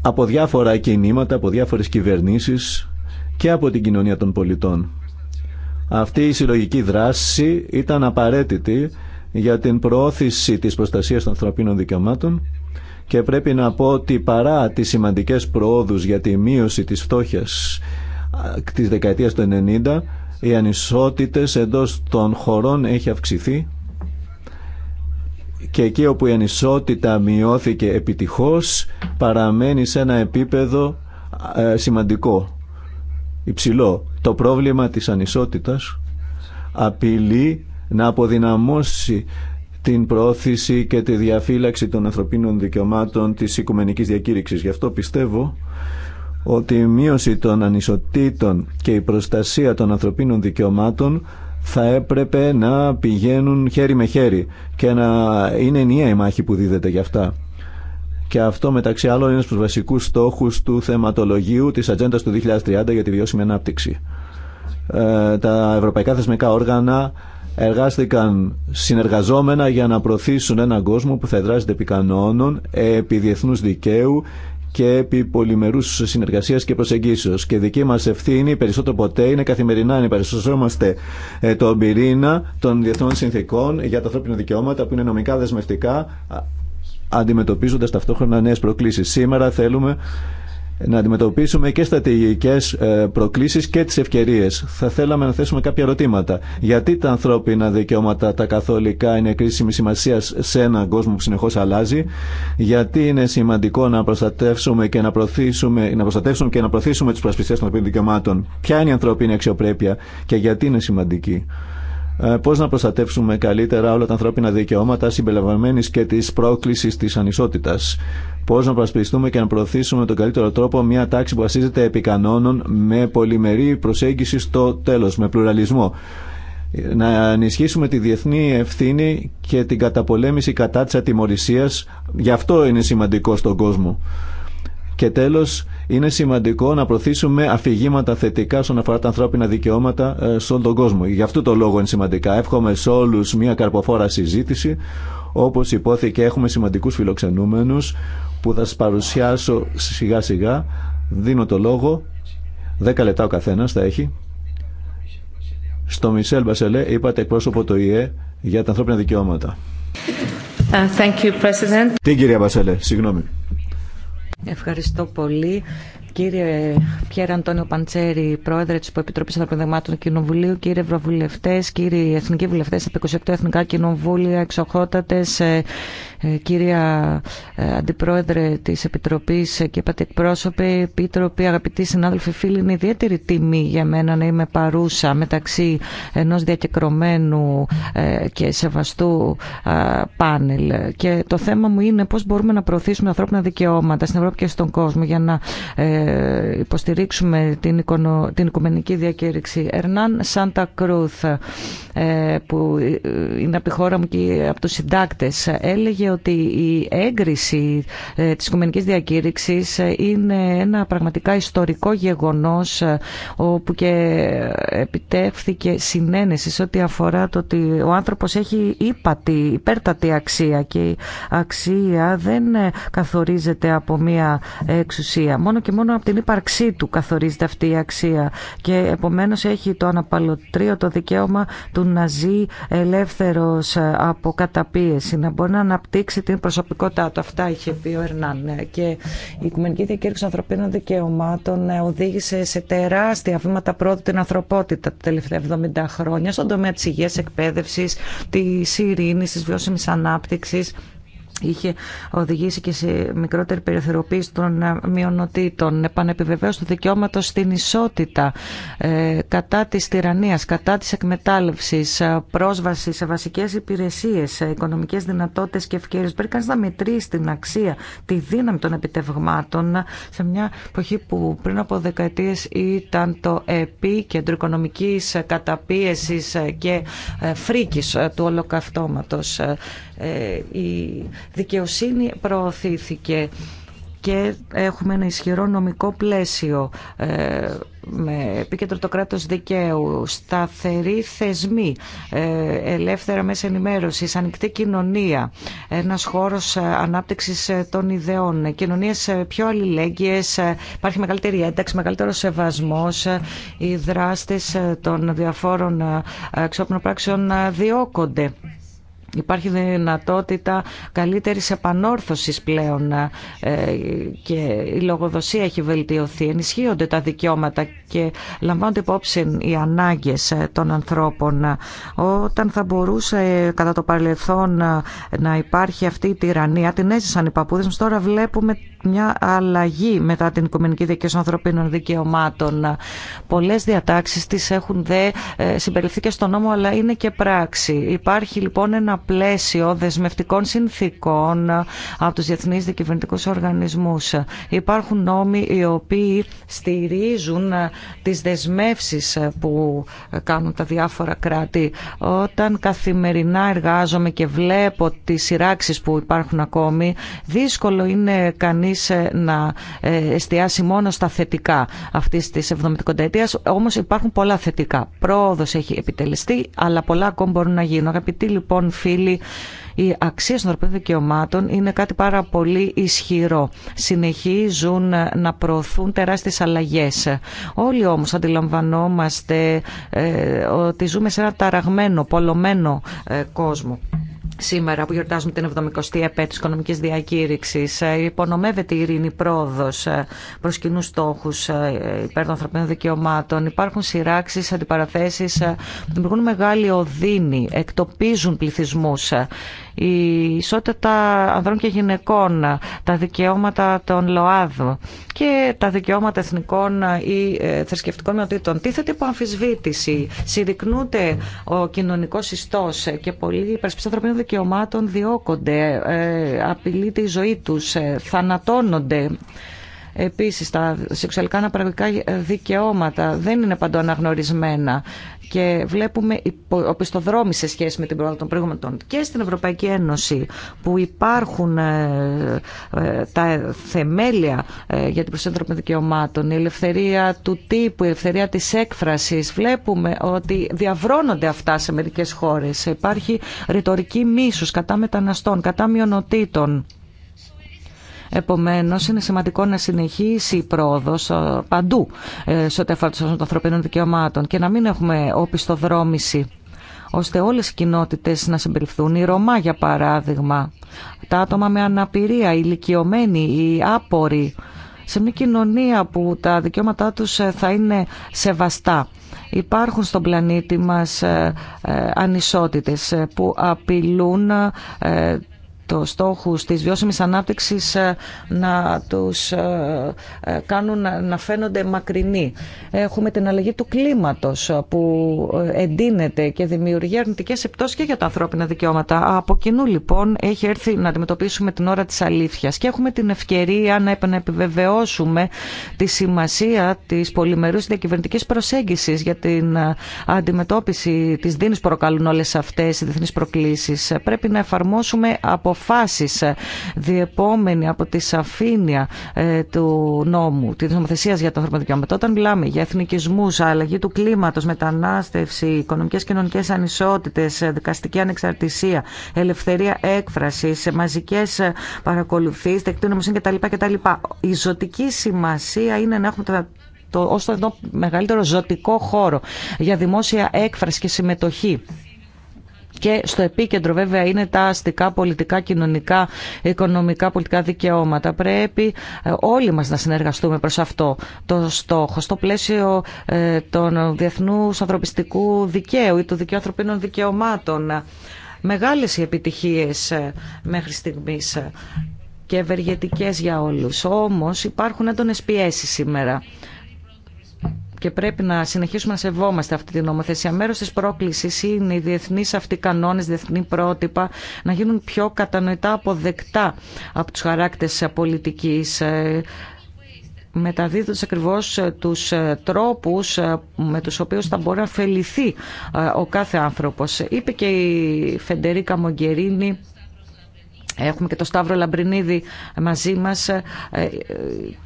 Από διάφορα κινήματα, από διάφορε κυβερνήσει και από την κοινωνία των πολιτών. Αυτή η συλλογική δράση ήταν απαραίτητη για την προώθηση της προστασίας των ανθρωπίνων δικαιωμάτων και πρέπει να πω ότι παρά τις σημαντικές προόδους για τη μείωση της φτώχειας της δεκαετίας του 90 οι ανισότητες εντός των χωρών έχει αυξηθεί και εκεί όπου η ανισότητα μειώθηκε επιτυχώς παραμένει σε ένα επίπεδο σημαντικό υψηλό. Το πρόβλημα της ανισότητας απειλεί να αποδυναμώσει την πρόθεση και τη διαφύλαξη των ανθρωπίνων δικαιωμάτων της Οικουμενικής Διακήρυξης. Γι' αυτό πιστεύω ότι η μείωση των ανισοτήτων και η προστασία των ανθρωπίνων δικαιωμάτων θα έπρεπε να πηγαίνουν χέρι με χέρι και να είναι ενιαία η μάχη που δίδεται γι' αυτά. Και αυτό μεταξύ άλλων είναι στους βασικούς στόχους του θεματολογίου της Ατζέντα του 2030 για τη βιώσιμη ανάπτυξη. Ε, τα ευρωπαϊκά θεσμικά όργανα εργάστηκαν συνεργαζόμενα για να προωθήσουν έναν κόσμο που θα εδράζεται επί κανόνων, επί διεθνούς δικαίου και επί πολυμερούς συνεργασία και προσεγγίσεως. Και δική μα ευθύνη περισσότερο ποτέ είναι καθημερινά να ε, το πυρήνα των διεθνών συνθήκων για τα ανθρώπινα δικαιώματα που είναι νομικά δεσμευτικά αντιμετωπίζοντας ταυτόχρονα νέες προκλήσεις. Σήμερα θέλουμε να αντιμετωπίσουμε και στρατηγικές ε, προκλήσεις και τις ευκαιρίες. Θα θέλαμε να θέσουμε κάποια ερωτήματα. Γιατί τα ανθρώπινα δικαιώματα, τα καθολικά, είναι κρίσιμη σημασία σε έναν κόσμο που συνεχώς αλλάζει. Γιατί είναι σημαντικό να προστατεύσουμε και να, προωθήσουμε, να προστατεύσουμε και να προωθήσουμε του προσπιστές των ανθρωπίνων δικαιωμάτων. Ποια είναι η ανθρώπινη αξιοπρέπεια και γιατί είναι σημαντική. Ε, Πώ να προστατεύσουμε καλύτερα όλα τα ανθρώπινα δικαιώματα συμπεριλαμβανομένη και τη πρόκληση τη ανισότητα. Πώ να προσπιστούμε και να προωθήσουμε τον καλύτερο τρόπο μια τάξη που βασίζεται επί κανόνων με πολυμερή προσέγγιση στο τέλο, με πλουραλισμό. Να ενισχύσουμε τη διεθνή ευθύνη και την καταπολέμηση κατά τη ατιμορρησία. Γι' αυτό είναι σημαντικό στον κόσμο. Και τέλος, είναι σημαντικό να προωθήσουμε αφηγήματα θετικά στον αφορά τα ανθρώπινα δικαιώματα ε, σε όλο τον κόσμο. Γι' αυτό το λόγο είναι σημαντικά. Εύχομαι σε όλου μια καρποφόρα συζήτηση. Όπως υπόθηκε, έχουμε σημαντικούς φιλοξενούμενους που θα σα παρουσιάσω σιγά σιγά. Δίνω το λόγο. Δέκα λεπτά ο καθένας θα έχει. Στο Μισελ Μπασελέ είπατε εκπρόσωπο το ΙΕ για τα ανθρώπινα δικαιώματα. Uh, thank you, Την κυρία Μπασελέ, συγγνώμη. Ευχαριστώ πολύ. Κύριε Πιέρα Αντώνιο Παντσέρη, πρόεδρε τη Υποεπιτροπή Ανθρωπιδευμάτων Κοινοβουλίου, κύριε Ευρωβουλευτέ, κύριοι Εθνικοί Βουλευτέ από 28 Εθνικά Κοινοβούλια, εξοχότατε, ε, ε, κύρια ε, Αντιπρόεδρε τη Επιτροπή και είπατε επίτροποι, αγαπητοί συνάδελφοι, φίλοι, είναι ιδιαίτερη τιμή για μένα να είμαι παρούσα μεταξύ ενό διακεκρωμένου και σεβαστού πάνελ. Και το θέμα μου είναι πώ μπορούμε να προωθήσουμε ανθρώπινα δικαιώματα στην Ευρώπη και στον κόσμο για να υποστηρίξουμε την, οικονο, την οικουμενική διακήρυξη. Ερνάν Σάντα Κρούθ, ε, που είναι από τη χώρα μου και από τους συντάκτες, έλεγε ότι η έγκριση ε, της οικουμενικής διακήρυξης είναι ένα πραγματικά ιστορικό γεγονός ε, όπου και επιτεύχθηκε συνένεση σε ό,τι αφορά το ότι ο άνθρωπος έχει ύπατη, υπέρτατη αξία και η αξία δεν καθορίζεται από μία εξουσία. Μόνο και μόνο από την ύπαρξή του καθορίζεται αυτή η αξία και επομένως έχει το αναπαλωτρίο το δικαίωμα του να ζει ελεύθερος από καταπίεση, να μπορεί να αναπτύξει την προσωπικότητά του. Αυτά είχε πει ο Ερνάν και η Οικουμενική Διακήρυξη Ανθρωπίνων Δικαιωμάτων οδήγησε σε τεράστια βήματα πρώτη την ανθρωπότητα τα τελευταία 70 χρόνια στον τομέα της υγείας, εκπαίδευσης, της ειρήνης, της βιώσιμης ανάπτυξης είχε οδηγήσει και σε μικρότερη περιοθεροποίηση των ε, μειονοτήτων, επανεπιβεβαίωση του δικαιώματο στην ισότητα, ε, κατά τη τυραννία, κατά τη εκμετάλλευση, ε, πρόσβαση σε βασικέ υπηρεσίε, οικονομικέ δυνατότητε και ευκαιρίε. Πρέπει κανεί να μετρήσει την αξία, τη δύναμη των επιτευγμάτων σε μια εποχή που πριν από δεκαετίε ήταν το επίκεντρο οικονομική καταπίεση και φρίκη του ολοκαυτώματο. Ε, η δικαιοσύνη προωθήθηκε και έχουμε ένα ισχυρό νομικό πλαίσιο ε, με επίκεντρο το κράτος δικαίου, σταθεροί θεσμοί, ε, ελεύθερα μέσα ενημέρωση, ανοιχτή κοινωνία, ένας χώρος ανάπτυξης των ιδεών, κοινωνίες πιο αλληλέγγυες, υπάρχει μεγαλύτερη ένταξη, μεγαλύτερο σεβασμός, οι δράστες των διαφόρων εξώπνων πράξεων διώκονται. Υπάρχει δυνατότητα καλύτερης επανόρθωσης πλέον ε, και η λογοδοσία έχει βελτιωθεί. Ενισχύονται τα δικαιώματα και λαμβάνονται υπόψη οι ανάγκες ε, των ανθρώπων. Όταν θα μπορούσε κατά το παρελθόν ε, να υπάρχει αυτή η τυραννία, την έζησαν οι παππούδες μας, τώρα βλέπουμε μια αλλαγή μετά την Οικουμενική Δικαίωση Ανθρωπίνων Δικαιωμάτων. Πολλές διατάξεις τις έχουν δε ε, συμπεριληφθεί και στο νόμο αλλά είναι και πράξη. Υπάρχει λοιπόν ένα πλαίσιο δεσμευτικών συνθήκων ε, από τους διεθνείς δικυβερνητικού οργανισμούς. Υπάρχουν νόμοι οι οποίοι στηρίζουν ε, τις δεσμεύσεις που κάνουν τα διάφορα κράτη. Όταν καθημερινά εργάζομαι και βλέπω τις σειράξεις που υπάρχουν ακόμη, δύσκολο είναι κανείς ε, να ε, εστιάσει μόνο στα θετικά αυτής της 70 όμως υπάρχουν πολλά θετικά. Πρόοδος έχει επιτελεστεί, αλλά πολλά ακόμα μπορούν να γίνουν. Αγαπητοί λοιπόν φίλοι, οι αξία των ευρωπαϊκών δικαιωμάτων είναι κάτι πάρα πολύ ισχυρό. Συνεχίζουν ε, να προωθούν τεράστιες αλλαγές. Όλοι όμως αντιλαμβανόμαστε ότι ζούμε σε ένα ταραγμένο, πολλωμένο κόσμο σήμερα που γιορτάζουμε την 70η επέτειο της οικονομικής διακήρυξης ε, υπονομεύεται η ειρήνη πρόοδος ε, προς κοινού στόχους ε, υπέρ των ανθρωπίνων δικαιωμάτων. Υπάρχουν σειράξεις, αντιπαραθέσεις που δημιουργούν μεγάλη οδύνη, εκτοπίζουν πληθυσμούς η ισότητα ανδρών και γυναικών, τα δικαιώματα των ΛΟΑΔΟ και τα δικαιώματα εθνικών ή ε, θρησκευτικών μειονοτήτων. Τίθεται υπό αμφισβήτηση, συρρυκνούνται ο κοινωνικό ιστό και πολλοί υπερασπιστέ ανθρωπίνων δικαιωμάτων διώκονται, ε, απειλείται η ζωή του, ε, θανατώνονται. Επίσης, τα σεξουαλικά αναπαραγωγικά δικαιώματα δεν είναι παντού αναγνωρισμένα και βλέπουμε οπισθοδρόμοι σε σχέση με την πρόοδο των προηγούμενων και στην Ευρωπαϊκή Ένωση που υπάρχουν ε, ε, τα θεμέλια ε, για την προσέγγιση των δικαιωμάτων, η ελευθερία του τύπου, η ελευθερία της έκφρασης. Βλέπουμε ότι διαβρώνονται αυτά σε μερικές χώρες. Υπάρχει ρητορική μίσους κατά μεταναστών, κατά μειονοτήτων Επομένως, είναι σημαντικό να συνεχίσει η πρόοδος ε, παντού ε, σε ό,τι αφορά των ανθρωπίνων δικαιωμάτων και να μην έχουμε οπισθοδρόμηση ώστε όλες οι κοινότητες να συμπεριφθούν. Η Ρωμά, για παράδειγμα, τα άτομα με αναπηρία, οι ηλικιωμένοι, οι άποροι, σε μια κοινωνία που τα δικαιώματά τους ε, θα είναι σεβαστά. Υπάρχουν στον πλανήτη μας ανισότητες που απειλούν το στόχους της βιώσιμης ανάπτυξης ε, να τους ε, ε, κάνουν να φαίνονται μακρινοί. Έχουμε την αλλαγή του κλίματος που εντείνεται και δημιουργεί αρνητικές επιπτώσεις και για τα ανθρώπινα δικαιώματα. Από κοινού λοιπόν έχει έρθει να αντιμετωπίσουμε την ώρα της αλήθειας και έχουμε την ευκαιρία να επιβεβαιώσουμε τη σημασία της πολυμερούς διακυβερνητικής προσέγγισης για την αντιμετώπιση της δίνης που προκαλούν όλες αυτές οι διεθνείς προκλήσεις. Πρέπει να εφαρμόσουμε από αποφάσεις ε, διεπόμενη από τη σαφήνεια ε, του νόμου, τη νομοθεσία για το ανθρώπινο δικαίωμα. Όταν μιλάμε για εθνικισμούς, αλλαγή του κλίματο, μετανάστευση, οικονομικέ και κοινωνικές ανισότητες, ε, δικαστική ανεξαρτησία, ελευθερία έκφραση, μαζικές παρακολουθήσει, τεκτή νομοσύνη κτλ. Η ζωτική σημασία είναι να έχουμε τα το, ως το μεγαλύτερο ζωτικό χώρο για δημόσια έκφραση και συμμετοχή και στο επίκεντρο βέβαια είναι τα αστικά, πολιτικά, κοινωνικά, οικονομικά, πολιτικά δικαιώματα. Πρέπει ε, όλοι μας να συνεργαστούμε προς αυτό το στόχο στο πλαίσιο ε, των διεθνούς ανθρωπιστικού δικαίου ή των δικαίου δικαιωμάτων. Μεγάλες οι επιτυχίες ε, μέχρι στιγμής και ευεργετικές για όλους. Όμως υπάρχουν έντονες πιέσεις σήμερα και πρέπει να συνεχίσουμε να σεβόμαστε αυτή την νομοθεσία. Μέρο της πρόκλησης είναι οι διεθνεί αυτοί κανόνες, διεθνή πρότυπα να γίνουν πιο κατανοητά αποδεκτά από τους χαράκτες πολιτικής ε, μεταδίδοντας ακριβώ ε, τους ε, τρόπους με τους οποίους θα μπορεί να ωφεληθεί ο κάθε άνθρωπος. Είπε και η Φεντερίκα Μογκερίνη Έχουμε και το Σταύρο Λαμπρινίδη μαζί μας ε,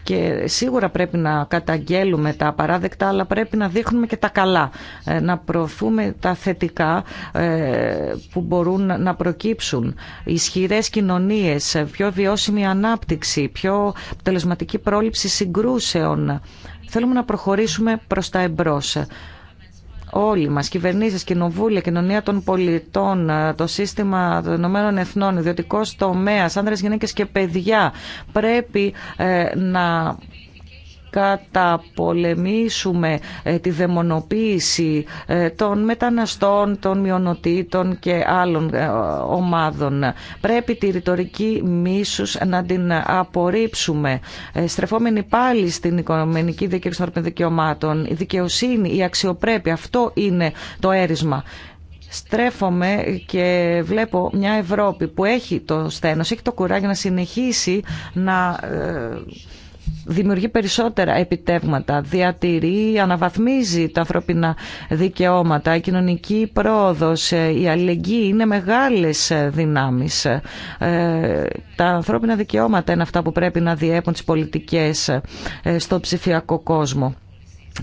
και σίγουρα πρέπει να καταγγέλουμε τα απαράδεκτα αλλά πρέπει να δείχνουμε και τα καλά, ε, να προωθούμε τα θετικά ε, που μπορούν να προκύψουν. Ισχυρές κοινωνίες, πιο βιώσιμη ανάπτυξη, πιο τελεσματική πρόληψη συγκρούσεων. Θέλουμε να προχωρήσουμε προς τα εμπρός όλοι μας, κυβερνήσεις, κοινοβούλια, κοινωνία των πολιτών, ε, το σύστημα των Ηνωμένων Εθνών, ιδιωτικό τομέας, άνδρες, γυναίκες και παιδιά πρέπει ε, να καταπολεμήσουμε ε, τη δαιμονοποίηση ε, των μεταναστών, των μειονοτήτων και άλλων ε, ομάδων. Πρέπει τη ρητορική μίσους να την απορρίψουμε. Στρεφόμενοι πάλι στην οικονομική δικαιοσύνη των δικαιωμάτων, η δικαιοσύνη, η αξιοπρέπεια, αυτό είναι το έρισμα στρέφομαι και βλέπω μια Ευρώπη που έχει το στένος, έχει το κουράγιο να συνεχίσει να δημιουργεί περισσότερα επιτεύγματα, διατηρεί, αναβαθμίζει τα ανθρώπινα δικαιώματα, η κοινωνική πρόοδος, ε, η αλληλεγγύη είναι μεγάλες ε, δυνάμεις. Ε, τα ανθρώπινα δικαιώματα είναι αυτά που πρέπει να διέπουν τις πολιτικές στο ψηφιακό κόσμο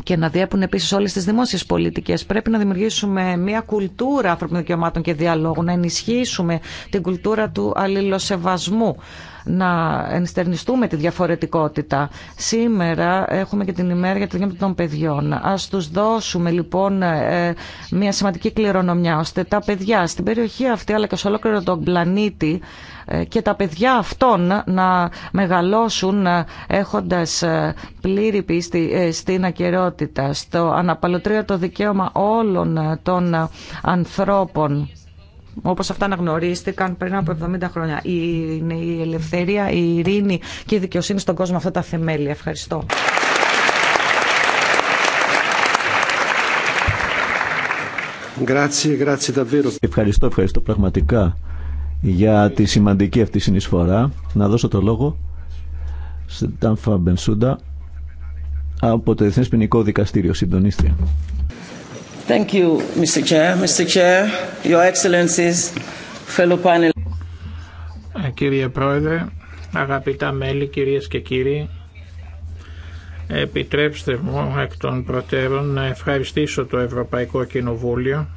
και να διέπουν επίσης όλες τις δημόσιες πολιτικές. Πρέπει να δημιουργήσουμε μια κουλτούρα ανθρωπίνων δικαιωμάτων και διαλόγου, να ενισχύσουμε την κουλτούρα του αλληλοσεβασμού να ενστερνιστούμε τη διαφορετικότητα. Σήμερα έχουμε και την ημέρα για τη δουλειά των παιδιών. Ας τους δώσουμε λοιπόν ε, μια σημαντική κληρονομιά, ώστε τα παιδιά στην περιοχή αυτή, αλλά και σε ολόκληρο τον πλανήτη, ε, και τα παιδιά αυτών να μεγαλώσουν ε, έχοντας πλήρη πίστη στην ακαιρεότητα, στο αναπαλωτρία το δικαίωμα όλων των ανθρώπων όπως αυτά αναγνωρίστηκαν πριν από 70 χρόνια. Είναι η ελευθερία, η ειρήνη και η δικαιοσύνη στον κόσμο αυτά τα θεμέλια. Ευχαριστώ. Ευχαριστώ, ευχαριστώ πραγματικά για τη σημαντική αυτή συνεισφορά. Να δώσω το λόγο στην Τάμφα Μπενσούντα από το Εθνές Ποινικό Δικαστήριο, συντονίστρια. Thank you, Mr. Chair. Mr. Chair, Your Excellencies, fellow ε, Κύριε Πρόεδρε, αγαπητά μέλη, κυρίες και κύριοι, επιτρέψτε μου εκ των προτέρων να ευχαριστήσω το Ευρωπαϊκό Κοινοβούλιο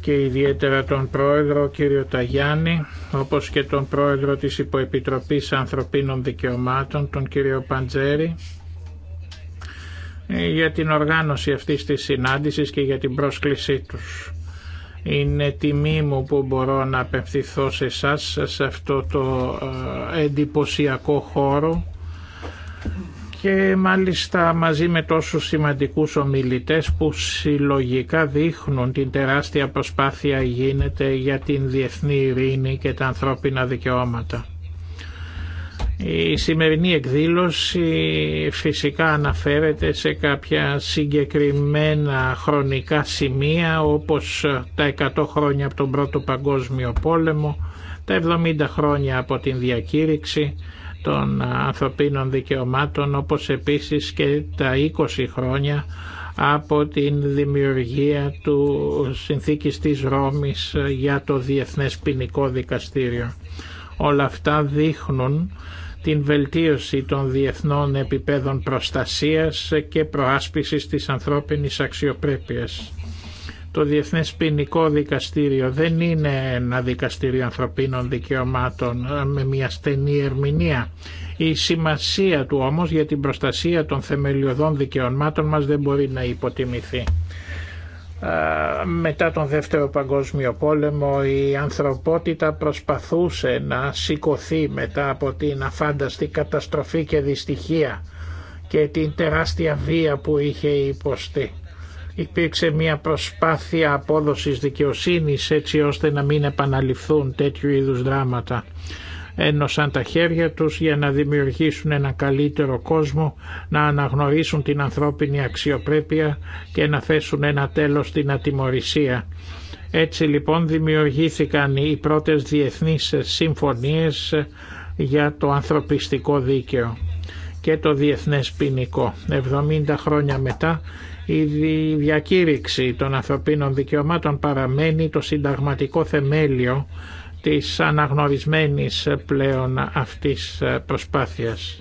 και ιδιαίτερα τον Πρόεδρο κύριο Ταγιάννη, όπως και τον Πρόεδρο της Υποεπιτροπής Ανθρωπίνων Δικαιωμάτων, τον κύριο Παντζέρη, για την οργάνωση αυτής της συνάντησης και για την πρόσκλησή τους. Είναι τιμή μου που μπορώ να απευθυνθώ σε εσά σε αυτό το ε, εντυπωσιακό χώρο και μάλιστα μαζί με τόσους σημαντικούς ομιλητές που συλλογικά δείχνουν την τεράστια προσπάθεια γίνεται για την διεθνή ειρήνη και τα ανθρώπινα δικαιώματα. Η σημερινή εκδήλωση φυσικά αναφέρεται σε κάποια συγκεκριμένα χρονικά σημεία όπως τα 100 χρόνια από τον Πρώτο Παγκόσμιο Πόλεμο, τα 70 χρόνια από την διακήρυξη των ανθρωπίνων δικαιωμάτων όπως επίσης και τα 20 χρόνια από την δημιουργία του συνθήκης της Ρώμης για το Διεθνές Ποινικό Δικαστήριο. Όλα αυτά δείχνουν την βελτίωση των διεθνών επιπέδων προστασίας και προάσπισης της ανθρώπινης αξιοπρέπειας. Το Διεθνές Ποινικό Δικαστήριο δεν είναι ένα δικαστήριο ανθρωπίνων δικαιωμάτων με μια στενή ερμηνεία. Η σημασία του όμως για την προστασία των θεμελιωδών δικαιωμάτων μας δεν μπορεί να υποτιμηθεί. Ε, μετά τον Δεύτερο Παγκόσμιο Πόλεμο η ανθρωπότητα προσπαθούσε να σηκωθεί μετά από την αφάνταστη καταστροφή και δυστυχία και την τεράστια βία που είχε υποστεί. Υπήρξε μια προσπάθεια απόδοσης δικαιοσύνης έτσι ώστε να μην επαναληφθούν τέτοιου είδους δράματα ένωσαν τα χέρια τους για να δημιουργήσουν ένα καλύτερο κόσμο, να αναγνωρίσουν την ανθρώπινη αξιοπρέπεια και να θέσουν ένα τέλος στην ατιμορρησία. Έτσι λοιπόν δημιουργήθηκαν οι πρώτες διεθνείς συμφωνίες για το ανθρωπιστικό δίκαιο και το διεθνές ποινικό. 70 χρόνια μετά η διακήρυξη των ανθρωπίνων δικαιωμάτων παραμένει το συνταγματικό θεμέλιο της αναγνωρισμένης πλέον αυτής προσπάθειας.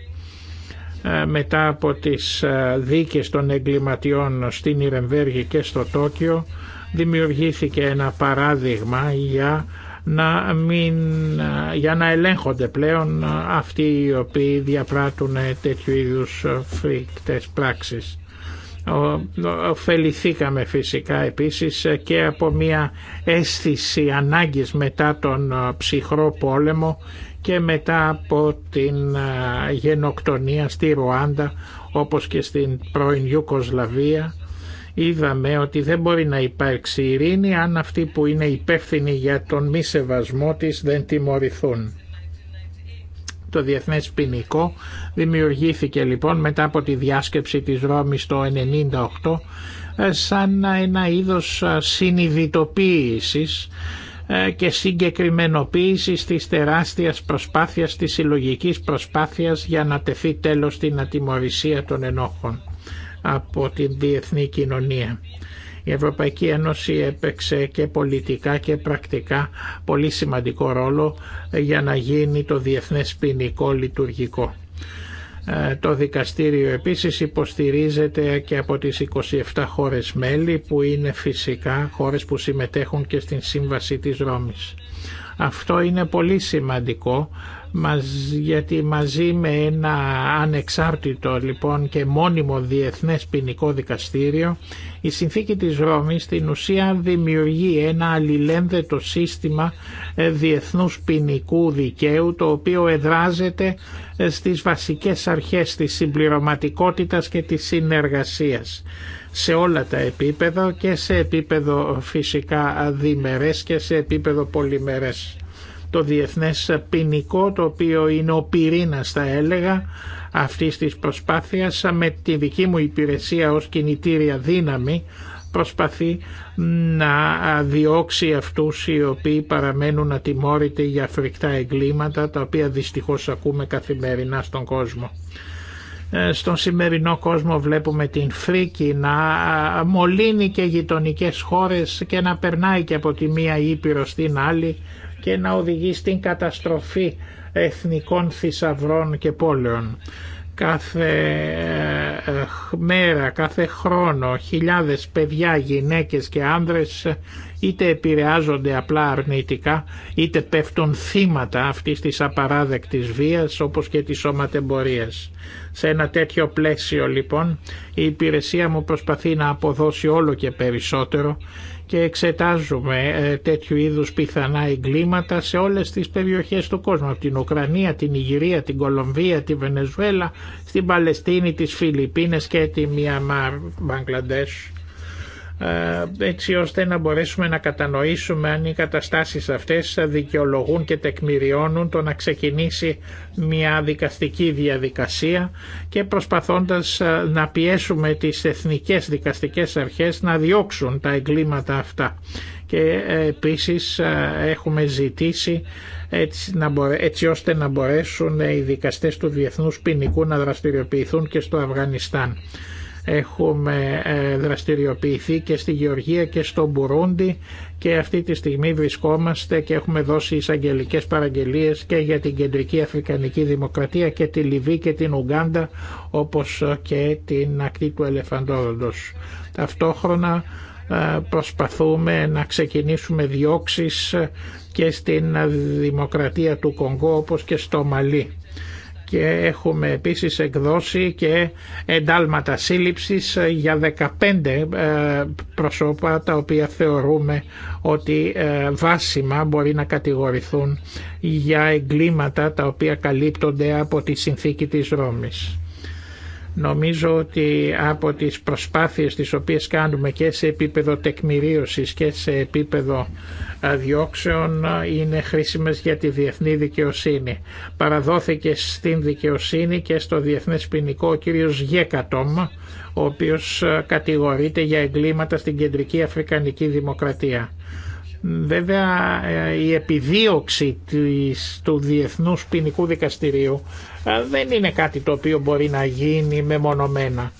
Ε, μετά από τις ε, δίκες των εγκληματιών στην Ιρεμβέργη και στο Τόκιο δημιουργήθηκε ένα παράδειγμα για να, μην, για να ελέγχονται πλέον αυτοί οι οποίοι διαπράττουν τέτοιου είδους φρικτές πράξεις. Οφεληθήκαμε φυσικά επίσης ε, και από μια αίσθηση ανάγκης μετά τον ε, ψυχρό πόλεμο και μετά από την ε, γενοκτονία στη Ρουάντα όπως και στην πρώην Ιουκοσλαβία είδαμε ότι δεν μπορεί να υπάρξει ειρήνη αν αυτοί που είναι υπεύθυνοι για τον μη σεβασμό της δεν τιμωρηθούν. Το Διεθνές Ποινικό δημιουργήθηκε λοιπόν μετά από τη διάσκεψη της Ρώμης το 1998 ε, σαν ένα είδος ε, συνειδητοποίησης ε, και συγκεκριμένοποίηση της τεράστιας προσπάθειας, της συλλογική προσπάθειας για να τεθεί τέλος στην ατιμορρησία των ενόχων από την διεθνή κοινωνία. Η Ευρωπαϊκή Ένωση έπαιξε και πολιτικά και πρακτικά πολύ σημαντικό ρόλο για να γίνει το διεθνές ποινικό λειτουργικό. Ε, το δικαστήριο επίσης υποστηρίζεται και από τις 27 χώρες μέλη που είναι φυσικά χώρες που συμμετέχουν και στην Σύμβαση της Ρώμης. Αυτό είναι πολύ σημαντικό γιατί μαζί με ένα ανεξάρτητο λοιπόν και μόνιμο διεθνές ποινικό δικαστήριο η συνθήκη της Ρώμης στην ουσία δημιουργεί ένα αλληλένδετο σύστημα ε, διεθνούς ποινικού δικαίου το οποίο εδράζεται ε, στις βασικές αρχές της συμπληρωματικότητας και της συνεργασίας σε όλα τα επίπεδα και σε επίπεδο φυσικά διμερές και σε επίπεδο πολυμερές το διεθνές ποινικό το οποίο είναι ο πυρήνας θα έλεγα αυτής της προσπάθειας με τη δική μου υπηρεσία ως κινητήρια δύναμη προσπαθεί να διώξει αυτούς οι οποίοι παραμένουν ατιμόρυτοι για φρικτά εγκλήματα τα οποία δυστυχώς ακούμε καθημερινά στον κόσμο. Ε, στον σημερινό κόσμο βλέπουμε την φρίκη να μολύνει και γειτονικέ χώρες και να περνάει και από τη μία ήπειρο στην άλλη και να οδηγεί στην καταστροφή εθνικών θησαυρών και πόλεων. Κάθε ε, ε, μέρα, κάθε χρόνο χιλιάδες παιδιά, γυναίκες και άνδρες είτε επηρεάζονται απλά αρνητικά είτε πέφτουν θύματα αυτής της απαράδεκτης βίας όπως και της σωματεμπορίας. Σε ένα τέτοιο πλαίσιο λοιπόν η υπηρεσία μου προσπαθεί να αποδώσει όλο και περισσότερο και εξετάζουμε ε, τέτοιου είδους πιθανά εγκλήματα σε όλες τις περιοχές του κόσμου, από την Ουκρανία, την Ιγυρία, την Κολομβία, τη Βενεζουέλα, στην Παλαιστίνη, τις Φιλιππίνες και τη Μιαμάρ, Μπαγκλαντές. Ε, έτσι ώστε να μπορέσουμε να κατανοήσουμε αν οι καταστάσεις αυτές δικαιολογούν και τεκμηριώνουν το να ξεκινήσει μια δικαστική διαδικασία και προσπαθώντας ε, να πιέσουμε τις εθνικές δικαστικές αρχές να διώξουν τα εγκλήματα αυτά. Και ε, επίσης έχουμε ζητήσει έτσι, να ώστε να μπορέσουν οι δικαστές του Διεθνούς Ποινικού να δραστηριοποιηθούν και στο Αφγανιστάν. Έχουμε ε, δραστηριοποιηθεί και στη Γεωργία και στο Μπουρούντι και αυτή τη στιγμή βρισκόμαστε και έχουμε δώσει εισαγγελικές παραγγελίες και για την Κεντρική Αφρικανική Δημοκρατία και τη Λιβύη και την Ουγκάντα όπως και την ακτή του Ελεφαντόδοντος. Ταυτόχρονα ε, προσπαθούμε να ξεκινήσουμε διώξεις και στην Δημοκρατία του Κονγκό όπως και στο Μαλί και έχουμε επίσης εκδώσει και εντάλματα σύλληψης για 15 ε, προσώπα τα οποία θεωρούμε ότι ε, βάσιμα μπορεί να κατηγορηθούν για εγκλήματα τα οποία καλύπτονται από τη συνθήκη της Ρώμης. Νομίζω ότι από τις προσπάθειες τις οποίες κάνουμε και σε επίπεδο τεκμηρίωσης και σε επίπεδο διώξεων είναι χρήσιμες για τη διεθνή δικαιοσύνη. Παραδόθηκε στην δικαιοσύνη και στο Διεθνές Ποινικό ο κύριος Γέκατομ, ο οποίος κατηγορείται για εγκλήματα στην Κεντρική Αφρικανική Δημοκρατία. Βέβαια ε, η επιδίωξη του Διεθνούς Ποινικού Δικαστηρίου ε, δεν είναι κάτι το οποίο μπορεί να γίνει μεμονωμένα.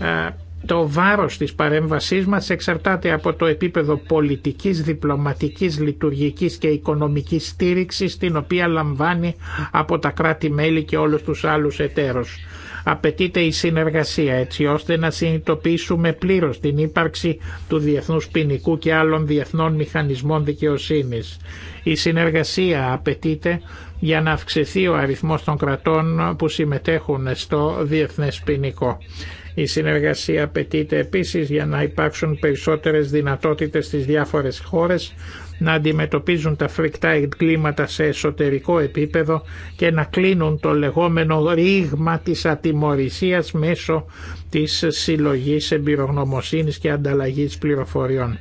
Ε, το βάρος της παρέμβασής μας εξαρτάται από το επίπεδο πολιτικής, διπλωματικής, λειτουργικής και οικονομικής στήριξης την οποία λαμβάνει από τα κράτη-μέλη και όλους τους άλλους εταίρους. Απαιτείται η συνεργασία έτσι ώστε να συνειδητοποιήσουμε πλήρως την ύπαρξη του διεθνούς ποινικού και άλλων διεθνών μηχανισμών δικαιοσύνης. Η συνεργασία απαιτείται για να αυξηθεί ο αριθμός των κρατών που συμμετέχουν στο διεθνές ποινικό. Η συνεργασία απαιτείται επίσης για να υπάρξουν περισσότερες δυνατότητες στις διάφορες χώρες να αντιμετωπίζουν τα φρικτά εγκλήματα σε εσωτερικό επίπεδο και να κλείνουν το λεγόμενο ρήγμα της ατιμορρησίας μέσω της συλλογής εμπειρογνωμοσύνης και ανταλλαγής πληροφοριών.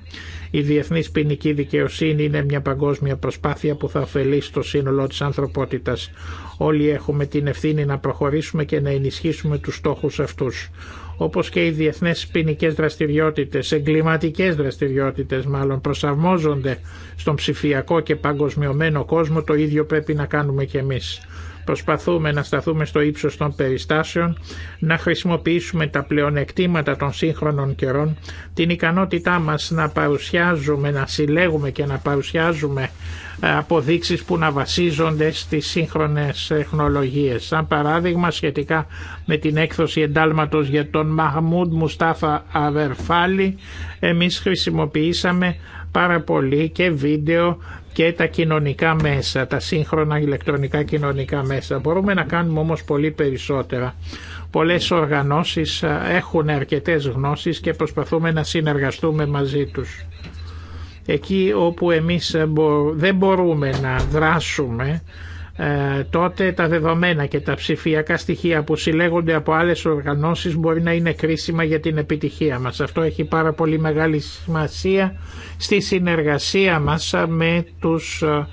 Η διεθνή ποινική δικαιοσύνη είναι μια παγκόσμια προσπάθεια που θα ωφελήσει το σύνολό της ανθρωπότητας. Όλοι έχουμε την ευθύνη να προχωρήσουμε και να ενισχύσουμε τους στόχους αυτούς όπως και οι διεθνές ποινικέ δραστηριότητες, εγκληματικές δραστηριότητες μάλλον, προσαρμόζονται στον ψηφιακό και παγκοσμιωμένο κόσμο, το ίδιο πρέπει να κάνουμε και εμείς. Προσπαθούμε να σταθούμε στο ύψος των περιστάσεων, να χρησιμοποιήσουμε τα πλεονεκτήματα των σύγχρονων καιρών, την ικανότητά μας να παρουσιάζουμε, να συλλέγουμε και να παρουσιάζουμε ε, αποδείξεις που να βασίζονται στις σύγχρονες τεχνολογίες. Σαν παράδειγμα σχετικά με την έκδοση εντάλματος για τον Μαχμούντ Μουστάφα Αβερφάλι. εμείς χρησιμοποιήσαμε πάρα πολύ και βίντεο και τα κοινωνικά μέσα, τα σύγχρονα ηλεκτρονικά κοινωνικά μέσα. Μπορούμε να κάνουμε όμως πολύ περισσότερα. Πολλές οργανώσεις έχουν αρκετές γνώσεις και προσπαθούμε να συνεργαστούμε μαζί τους. Εκεί όπου εμείς δεν μπορούμε να δράσουμε ε, τότε τα δεδομένα και τα ψηφιακά στοιχεία που συλλέγονται από άλλες οργανώσεις μπορεί να είναι κρίσιμα για την επιτυχία μας. Αυτό έχει πάρα πολύ μεγάλη σημασία στη συνεργασία μας με, τους, ε,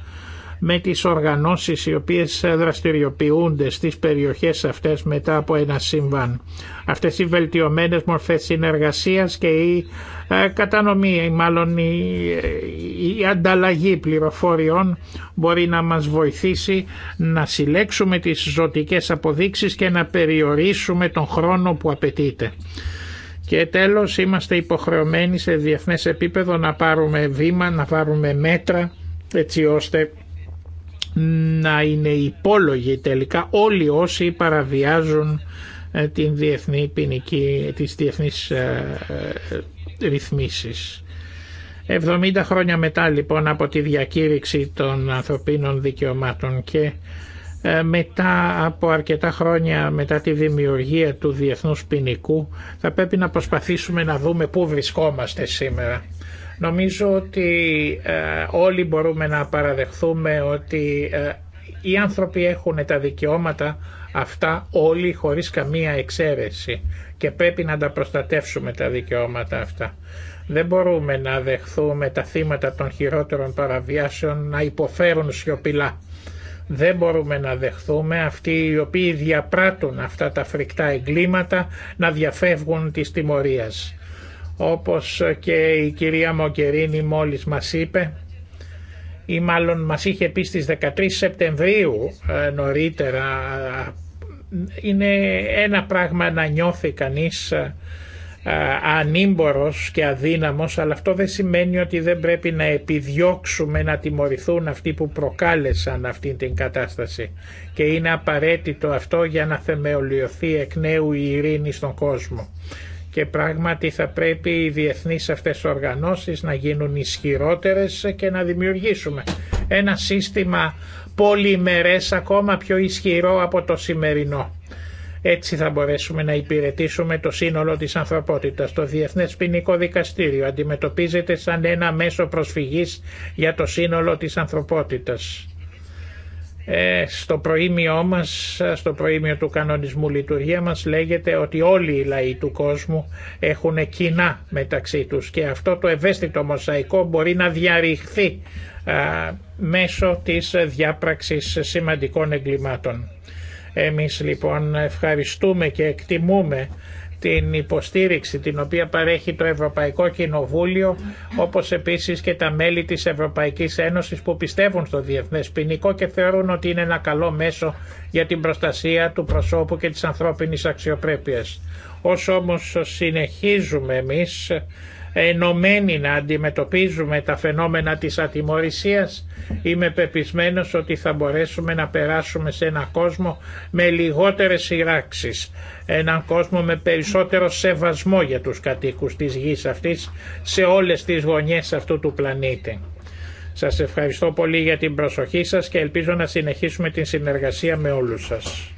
με τις οργανώσεις οι οποίες δραστηριοποιούνται στις περιοχές αυτές μετά από ένα σύμβαν. Αυτές οι βελτιωμένες μορφές συνεργασίας και οι... Ε, κατανομή, μάλλον η, η ανταλλαγή πληροφοριών μπορεί να μας βοηθήσει να συλλέξουμε τις ζωτικές αποδείξεις και να περιορίσουμε τον χρόνο που απαιτείται. Και τέλος είμαστε υποχρεωμένοι σε διεθνές επίπεδο να πάρουμε βήμα, να πάρουμε μέτρα έτσι ώστε να είναι υπόλογοι τελικά όλοι όσοι παραβιάζουν ε, την διεθνή ποινική, τις ε, ρυθμίσεις. 70 χρόνια μετά λοιπόν από τη διακήρυξη των ανθρωπίνων δικαιωμάτων και ε, μετά από αρκετά χρόνια μετά τη δημιουργία του διεθνούς ποινικού θα πρέπει να προσπαθήσουμε να δούμε πού βρισκόμαστε σήμερα. Νομίζω ότι ε, όλοι μπορούμε να παραδεχθούμε ότι ε, οι άνθρωποι έχουν τα δικαιώματα αυτά όλοι χωρίς καμία εξαίρεση και πρέπει να τα προστατεύσουμε τα δικαιώματα αυτά. Δεν μπορούμε να δεχθούμε τα θύματα των χειρότερων παραβιάσεων να υποφέρουν σιωπηλά. Δεν μπορούμε να δεχθούμε αυτοί οι οποίοι διαπράττουν αυτά τα φρικτά εγκλήματα να διαφεύγουν της τιμωρίας. Όπως και η κυρία Μογκερίνη μόλις μας είπε, ή μάλλον μας είχε πει στις 13 Σεπτεμβρίου ε, νωρίτερα είναι ένα πράγμα να νιώθει κανείς ε, ε, ανήμπορος και αδύναμος αλλά αυτό δεν σημαίνει ότι δεν πρέπει να επιδιώξουμε να τιμωρηθούν αυτοί που προκάλεσαν αυτή την κατάσταση και είναι απαραίτητο αυτό για να θεμελιωθεί εκ νέου η ειρήνη στον κόσμο και πράγματι θα πρέπει οι διεθνείς αυτές οργανώσεις να γίνουν ισχυρότερες και να δημιουργήσουμε ένα σύστημα πολυμερές ακόμα πιο ισχυρό από το σημερινό. Έτσι θα μπορέσουμε να υπηρετήσουμε το σύνολο της ανθρωπότητας. Το Διεθνές Ποινικό Δικαστήριο αντιμετωπίζεται σαν ένα μέσο προσφυγής για το σύνολο της ανθρωπότητας. Ε, στο προήμιό μας, στο προήμιο του κανονισμού λειτουργία μας λέγεται ότι όλοι οι λαοί του κόσμου έχουν κοινά μεταξύ τους και αυτό το ευαίσθητο μοσαϊκό μπορεί να διαρριχθεί μέσω της διάπραξης σημαντικών εγκλημάτων. Εμείς λοιπόν ευχαριστούμε και εκτιμούμε την υποστήριξη την οποία παρέχει το Ευρωπαϊκό Κοινοβούλιο όπως επίσης και τα μέλη της Ευρωπαϊκής Ένωσης που πιστεύουν στο διεθνές ποινικό και θεωρούν ότι είναι ένα καλό μέσο για την προστασία του προσώπου και της ανθρώπινης αξιοπρέπειας. Όσο όμως συνεχίζουμε εμείς ενωμένοι να αντιμετωπίζουμε τα φαινόμενα της ατιμορρησίας είμαι πεπισμένος ότι θα μπορέσουμε να περάσουμε σε έναν κόσμο με λιγότερες σειράξεις έναν κόσμο με περισσότερο σεβασμό για τους κατοίκους της γης αυτής σε όλες τις γωνιές αυτού του πλανήτη. Σας ευχαριστώ πολύ για την προσοχή σας και ελπίζω να συνεχίσουμε την συνεργασία με όλους σας.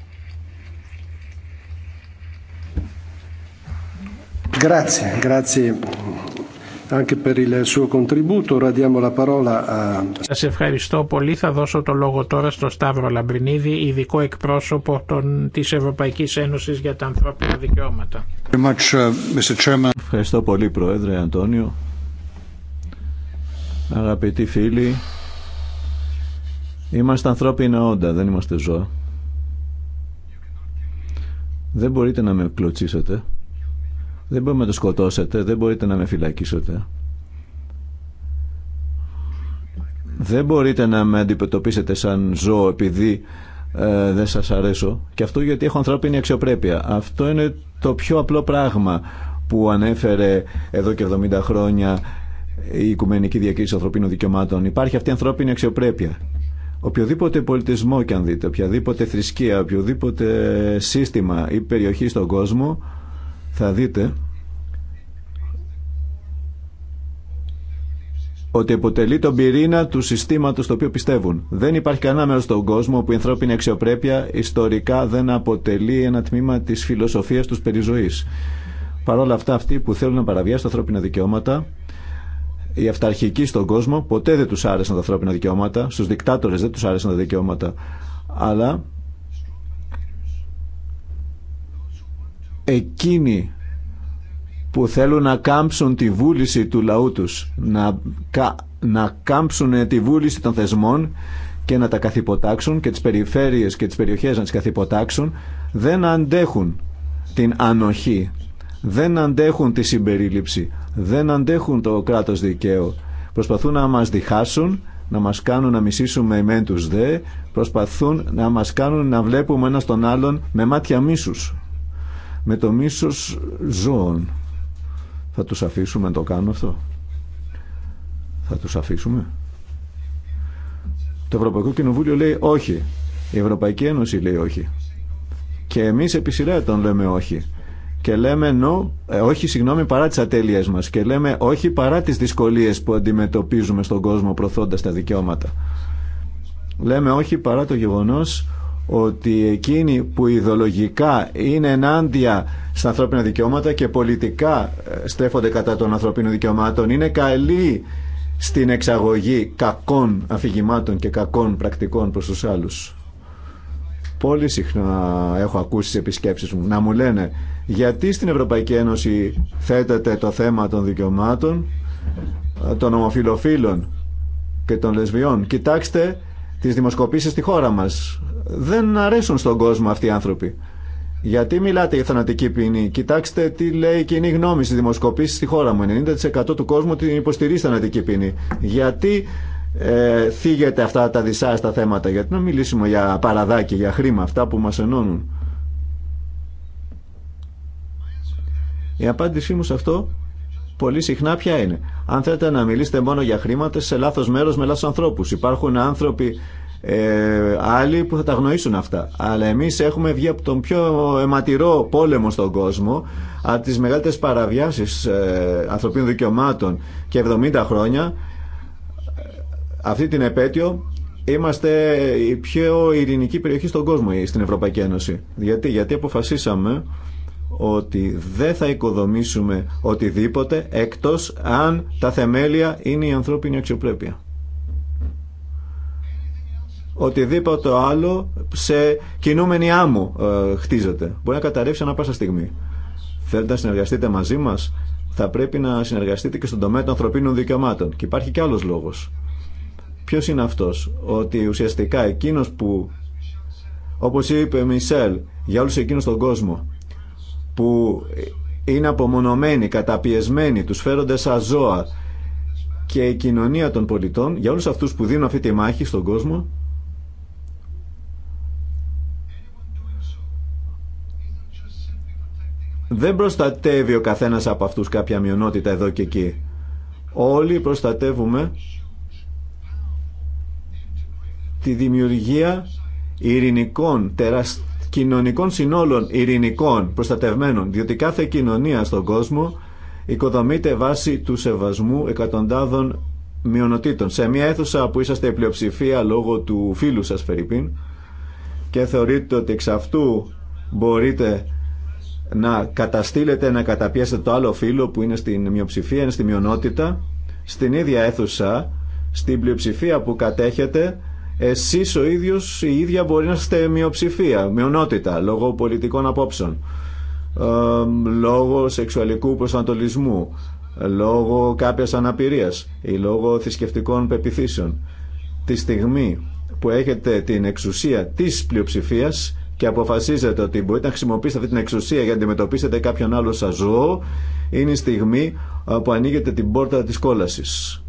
Σα ευχαριστώ πολύ. Θα δώσω το λόγο τώρα στον Σταύρο Λαμπρινίδη, ειδικό εκπρόσωπο τη Ευρωπαϊκή Ένωση για τα ανθρώπινα δικαιώματα. Uh, ευχαριστώ πολύ Πρόεδρε Αντώνιο. Αγαπητοί φίλοι, είμαστε ανθρώπινα όντα, δεν είμαστε ζώα. Δεν μπορείτε να με κλωτσίσετε. Δεν μπορείτε να το σκοτώσετε, δεν μπορείτε να με φυλακίσετε. Δεν μπορείτε να με αντιμετωπίσετε σαν ζώο επειδή ε, δεν σας αρέσω. Και αυτό γιατί έχω ανθρώπινη αξιοπρέπεια. Αυτό είναι το πιο απλό πράγμα που ανέφερε εδώ και 70 χρόνια η Οικουμενική Διακήρυξη Ανθρωπίνων Δικαιωμάτων. Υπάρχει αυτή η ανθρώπινη αξιοπρέπεια. Οποιοδήποτε πολιτισμό και αν δείτε, οποιαδήποτε θρησκεία, οποιοδήποτε σύστημα ή περιοχή στον κόσμο θα δείτε ότι αποτελεί τον πυρήνα του συστήματο στο οποίο πιστεύουν. Δεν υπάρχει κανένα μέρο στον κόσμο που η ανθρώπινη αξιοπρέπεια ιστορικά δεν αποτελεί ένα τμήμα τη φιλοσοφία του περιζωή. Παρ' όλα αυτά, αυτοί που θέλουν να παραβιάσουν τα ανθρώπινα δικαιώματα, οι αυταρχικοί στον κόσμο, ποτέ δεν του άρεσαν τα ανθρώπινα δικαιώματα, στου δικτάτορε δεν του άρεσαν τα δικαιώματα. Αλλά εκείνοι που θέλουν να κάμψουν τη βούληση του λαού τους, να, κα, να κάμψουν τη βούληση των θεσμών και να τα καθυποτάξουν και τις περιφέρειες και τις περιοχές να τις καθυποτάξουν, δεν αντέχουν την ανοχή, δεν αντέχουν τη συμπερίληψη, δεν αντέχουν το κράτος δικαίου. Προσπαθούν να μας διχάσουν, να μας κάνουν να μισήσουμε εμέν τους δε, προσπαθούν να μας κάνουν να βλέπουμε ένα τον άλλον με μάτια μίσους με το μίσος ζώων. Θα τους αφήσουμε να το κάνουν αυτό. Θα τους αφήσουμε. Το Ευρωπαϊκό Κοινοβούλιο λέει όχι. Η Ευρωπαϊκή Ένωση λέει όχι. Και εμείς επί σειρά τον λέμε όχι. Και λέμε νο, ε, όχι συγγνώμη παρά τις ατέλειες μας. Και λέμε όχι παρά τις δυσκολίες που αντιμετωπίζουμε στον κόσμο προθώντας τα δικαιώματα. Λέμε όχι παρά το γεγονός ότι εκείνοι που ιδεολογικά είναι ενάντια στα ανθρώπινα δικαιώματα και πολιτικά ε, στρέφονται κατά των ανθρωπίνων δικαιωμάτων είναι καλοί στην εξαγωγή κακών αφηγημάτων και κακών πρακτικών προς τους άλλους. Πολύ συχνά έχω ακούσει τις επισκέψεις μου να μου λένε γιατί στην Ευρωπαϊκή Ένωση θέτεται το θέμα των δικαιωμάτων των ομοφιλοφίλων και των λεσβιών. Κοιτάξτε τις δημοσκοπήσεις στη χώρα μας. Δεν αρέσουν στον κόσμο αυτοί οι άνθρωποι. Γιατί μιλάτε για θανατική ποινή. Κοιτάξτε τι λέει η κοινή γνώμη στις δημοσκοπήσεις στη χώρα μου. 90% του κόσμου την υποστηρίζει θανατική ποινή. Γιατί ε, θίγεται αυτά τα δυσάστα θέματα. Γιατί να μιλήσουμε για παραδάκι, για χρήμα, αυτά που μας ενώνουν. Η απάντησή μου σε αυτό πολύ συχνά ποια είναι. Αν θέλετε να μιλήσετε μόνο για χρήματα σε λάθο μέρο με λάθο ανθρώπου. Υπάρχουν άνθρωποι ε, άλλοι που θα τα γνωρίσουν αυτά. Αλλά εμεί έχουμε βγει από τον πιο αιματηρό πόλεμο στον κόσμο, από τι μεγαλύτερες παραβιάσεις ε, ανθρωπίνων δικαιωμάτων και 70 χρόνια, αυτή την επέτειο είμαστε η πιο ειρηνική περιοχή στον κόσμο, ε, στην Ευρωπαϊκή Ένωση. Γιατί, γιατί αποφασίσαμε ότι δεν θα οικοδομήσουμε οτιδήποτε εκτός αν τα θεμέλια είναι η ανθρώπινη αξιοπρέπεια. Οτιδήποτε άλλο σε κινούμενη άμμο ε, χτίζεται. Μπορεί να καταρρεύσει ανά πάσα στιγμή. Θέλετε να συνεργαστείτε μαζί μας. Θα πρέπει να συνεργαστείτε και στον τομέα των ανθρωπίνων δικαιωμάτων. Και υπάρχει και άλλος λόγος. Ποιος είναι αυτός. Ότι ουσιαστικά εκείνος που, όπως είπε Μισελ, για όλους εκείνους τον κόσμο, που είναι απομονωμένοι, καταπιεσμένοι, τους φέρονται σαν ζώα και η κοινωνία των πολιτών, για όλους αυτούς που δίνουν αυτή τη μάχη στον κόσμο, δεν προστατεύει ο καθένας από αυτούς κάποια μειονότητα εδώ και εκεί. Όλοι προστατεύουμε τη δημιουργία ειρηνικών, τεραστίων κοινωνικών συνόλων ειρηνικών, προστατευμένων, διότι κάθε κοινωνία στον κόσμο οικοδομείται βάσει του σεβασμού εκατοντάδων μειονοτήτων. Σε μια αίθουσα που είσαστε η πλειοψηφία λόγω του φίλου σας Φερρυπίν και θεωρείτε ότι εξ αυτού μπορείτε να καταστήλετε, να καταπιέσετε το άλλο φίλο που είναι στην μειοψηφία, είναι στη μειονότητα, στην ίδια αίθουσα, στην πλειοψηφία που κατέχετε Εσεί ο ίδιος, η ίδια μπορεί να είστε μειοψηφία, μειονότητα, λόγω πολιτικών απόψεων, λόγω σεξουαλικού προσανατολισμού, λόγω για αντιμετωπίσετε κάποιον άλλο σα ζώο είναι ή λόγω θρησκευτικών πεπιθήσεων. Τη στιγμή που έχετε την εξουσία της πλειοψηφια και αποφασίζετε ότι μπορείτε να χρησιμοποιήσετε αυτή την εξουσία για να αντιμετωπίσετε κάποιον άλλο σα ζώο, είναι η στιγμή ε, που ανοίγετε την πόρτα της κόλασης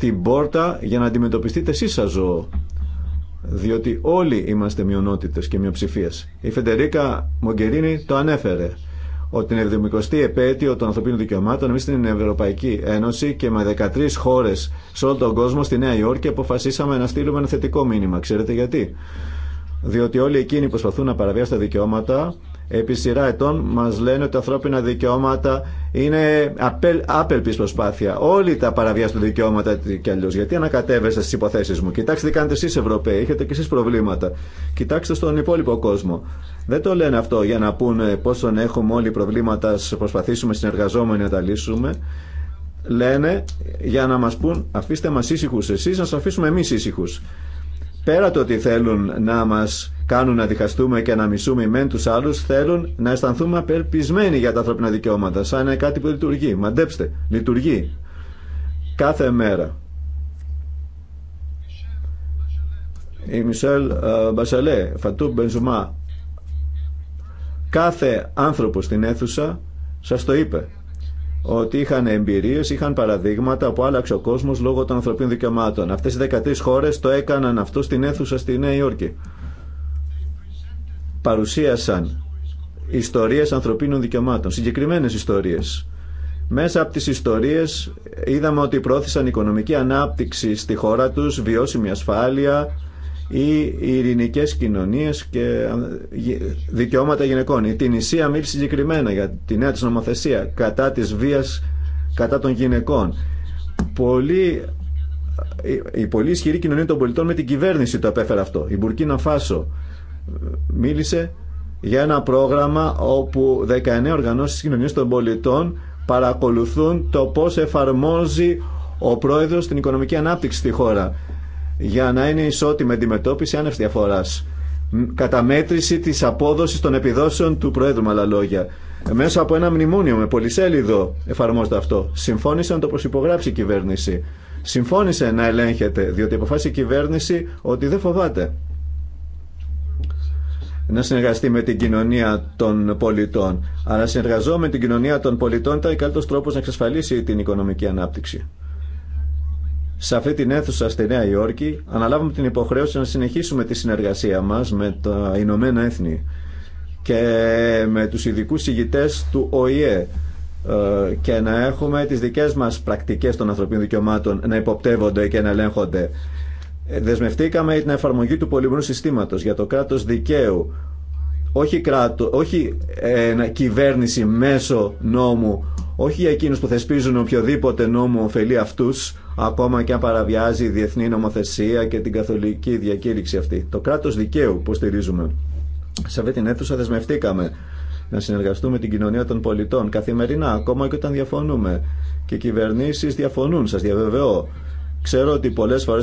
την πόρτα για να αντιμετωπιστείτε εσείς σαν ζώο. Διότι όλοι είμαστε μειονότητες και μειοψηφίες. Η Φεντερίκα Μογκερίνη το ανέφερε ότι την 70η επέτειο των ανθρωπίνων δικαιωμάτων εμεί στην Ευρωπαϊκή Ένωση και με 13 χώρες σε όλο τον κόσμο στη Νέα Υόρκη αποφασίσαμε να στείλουμε ένα θετικό μήνυμα. Ξέρετε γιατί. Διότι όλοι εκείνοι προσπαθούν να παραβιάσουν τα δικαιώματα επί σειρά ετών μας λένε ότι τα ανθρώπινα δικαιώματα είναι απελ, άπελπης προσπάθεια. Όλοι τα παραβιάζουν δικαιώματα και αλλιώς. Γιατί ανακατεύεστε στις υποθέσεις μου. Κοιτάξτε τι κάνετε εσείς Ευρωπαίοι, έχετε και εσείς προβλήματα. Κοιτάξτε στον υπόλοιπο κόσμο. Δεν το λένε αυτό για να πούνε πόσον έχουμε όλοι προβλήματα, προσπαθήσουμε συνεργαζόμενοι να τα λύσουμε. Λένε για να μας πούν αφήστε μας ήσυχου, εσείς, να σας αφήσουμε εμεί ήσυχου πέρα το ότι θέλουν να μας κάνουν να διχαστούμε και να μισούμε μεν τους άλλους, θέλουν να αισθανθούμε απελπισμένοι για τα ανθρώπινα δικαιώματα, σαν είναι κάτι που λειτουργεί. Μαντέψτε, λειτουργεί κάθε μέρα. Η Μισελ ε, Μπασαλέ, Φατού Μπενζουμά, κάθε άνθρωπος στην αίθουσα σας το είπε ότι είχαν εμπειρίες, είχαν παραδείγματα που άλλαξε ο κόσμος λόγω των ανθρωπίνων δικαιωμάτων. Αυτές οι 13 χώρες το έκαναν αυτό στην αίθουσα στη Νέα Υόρκη. Παρουσίασαν ιστορίες ανθρωπίνων δικαιωμάτων, συγκεκριμένες ιστορίες. Μέσα από τις ιστορίες είδαμε ότι πρόθεσαν οικονομική ανάπτυξη στη χώρα τους, βιώσιμη ασφάλεια, ή ειρηνικέ κοινωνίε και ε, δικαιώματα γυναικών. Η Τινησία μίλησε συγκεκριμένα για τη νέα τη νομοθεσία κατά τη βία κατά των γυναικών. Πολύ, ε, η πολύ ισχυρή κοινωνία των πολιτών με την κυβέρνηση το επέφερε αυτό. Η Μπουρκίνα Φάσο ε, μίλησε για ένα πρόγραμμα όπου 19 οργανώσεις τη κοινωνία των πολιτών παρακολουθούν το πώς εφαρμόζει ο πρόεδρο την οικονομική ανάπτυξη στη χώρα για να είναι ισότιμη αντιμετώπιση άνευ διαφοράς. Καταμέτρηση της απόδοσης των επιδόσεων του Προέδρου, με άλλα λόγια. Μέσα από ένα μνημόνιο με πολυσέλιδο εφαρμόζεται αυτό. Συμφώνησε να το προσυπογράψει η κυβέρνηση. Συμφώνησε να ελέγχεται, διότι αποφάσισε η κυβέρνηση ότι δεν φοβάται να συνεργαστεί με την κοινωνία των πολιτών. Αλλά συνεργαζόμενη την κοινωνία των πολιτών ήταν ο καλύτερο τρόπο να εξασφαλίσει την οικονομική ανάπτυξη σε αυτή την αίθουσα στη Νέα Υόρκη αναλάβουμε την υποχρέωση να συνεχίσουμε τη συνεργασία μας με τα Ηνωμένα Έθνη και με τους ειδικού ηγητές του ΟΗΕ ε, και να έχουμε τις δικές μας πρακτικές των ανθρωπίνων δικαιωμάτων να υποπτεύονται και να ελέγχονται. Ε, δεσμευτήκαμε την εφαρμογή του πολυμερού συστήματος για το κράτος δικαίου όχι, κράτο, όχι ε, κυβέρνηση μέσω νόμου, όχι για εκείνους που θεσπίζουν οποιοδήποτε νόμο ωφελεί αυτούς, ακόμα και αν παραβιάζει η διεθνή νομοθεσία και την καθολική διακήρυξη αυτή. Το κράτος δικαίου που στηρίζουμε. Σε αυτή την αίθουσα δεσμευτήκαμε να συνεργαστούμε την κοινωνία των πολιτών καθημερινά, ακόμα και όταν διαφωνούμε. Και οι κυβερνήσει διαφωνούν, σα διαβεβαιώ. Ξέρω ότι πολλέ φορέ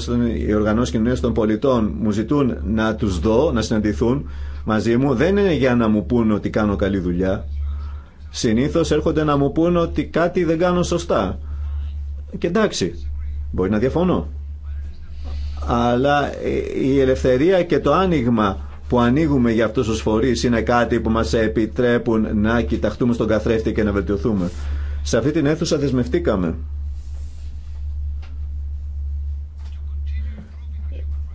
οι οργανώσει κοινωνία των πολιτών μου ζητούν να του δω, να συναντηθούν μαζί μου. Δεν είναι για να μου πουν ότι κάνω καλή δουλειά. Συνήθω έρχονται να μου πούν ότι κάτι δεν κάνω σωστά. Και εντάξει, Μπορεί να διαφωνώ. Αλλά ε, η ελευθερία και το άνοιγμα που ανοίγουμε για αυτούς τους φορείς είναι κάτι που μας επιτρέπουν να κοιταχτούμε στον καθρέφτη και να βελτιωθούμε. Σε αυτή την αίθουσα δεσμευτήκαμε.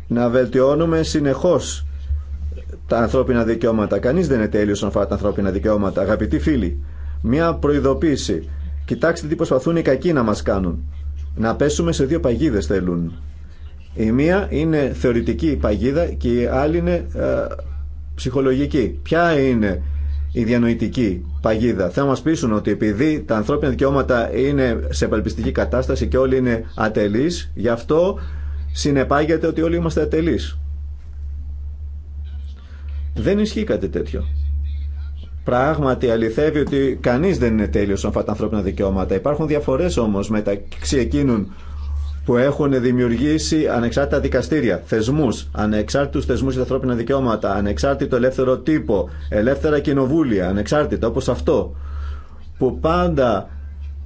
Να βελτιώνουμε συνεχώς τα ανθρώπινα δικαιώματα. Κανείς δεν είναι τέλειος όσον αφορά τα ανθρώπινα δικαιώματα. Αγαπητοί φίλοι, μία προειδοποίηση. Κοιτάξτε τι προσπαθούν οι κακοί να μας κάνουν να πέσουμε σε δύο παγίδες θέλουν. Η μία είναι θεωρητική παγίδα και η άλλη είναι ε, ψυχολογική. Ποια είναι η διανοητική παγίδα. Θα μας πείσουν ότι επειδή τα ανθρώπινα δικαιώματα είναι σε επαλπιστική κατάσταση και όλοι είναι ατελείς, γι' αυτό συνεπάγεται ότι όλοι είμαστε ατελείς. Δεν ισχύει κάτι τέτοιο. Πράγματι αληθεύει ότι κανείς δεν είναι τέλειος σε τα ανθρώπινα δικαιώματα. Υπάρχουν διαφορές όμως μεταξύ εκείνων που έχουν δημιουργήσει ανεξάρτητα δικαστήρια, θεσμούς, ανεξάρτητους θεσμούς για τα ανθρώπινα δικαιώματα, ανεξάρτητο ελεύθερο τύπο, ελεύθερα κοινοβούλια, ανεξάρτητα όπω αυτό, που πάντα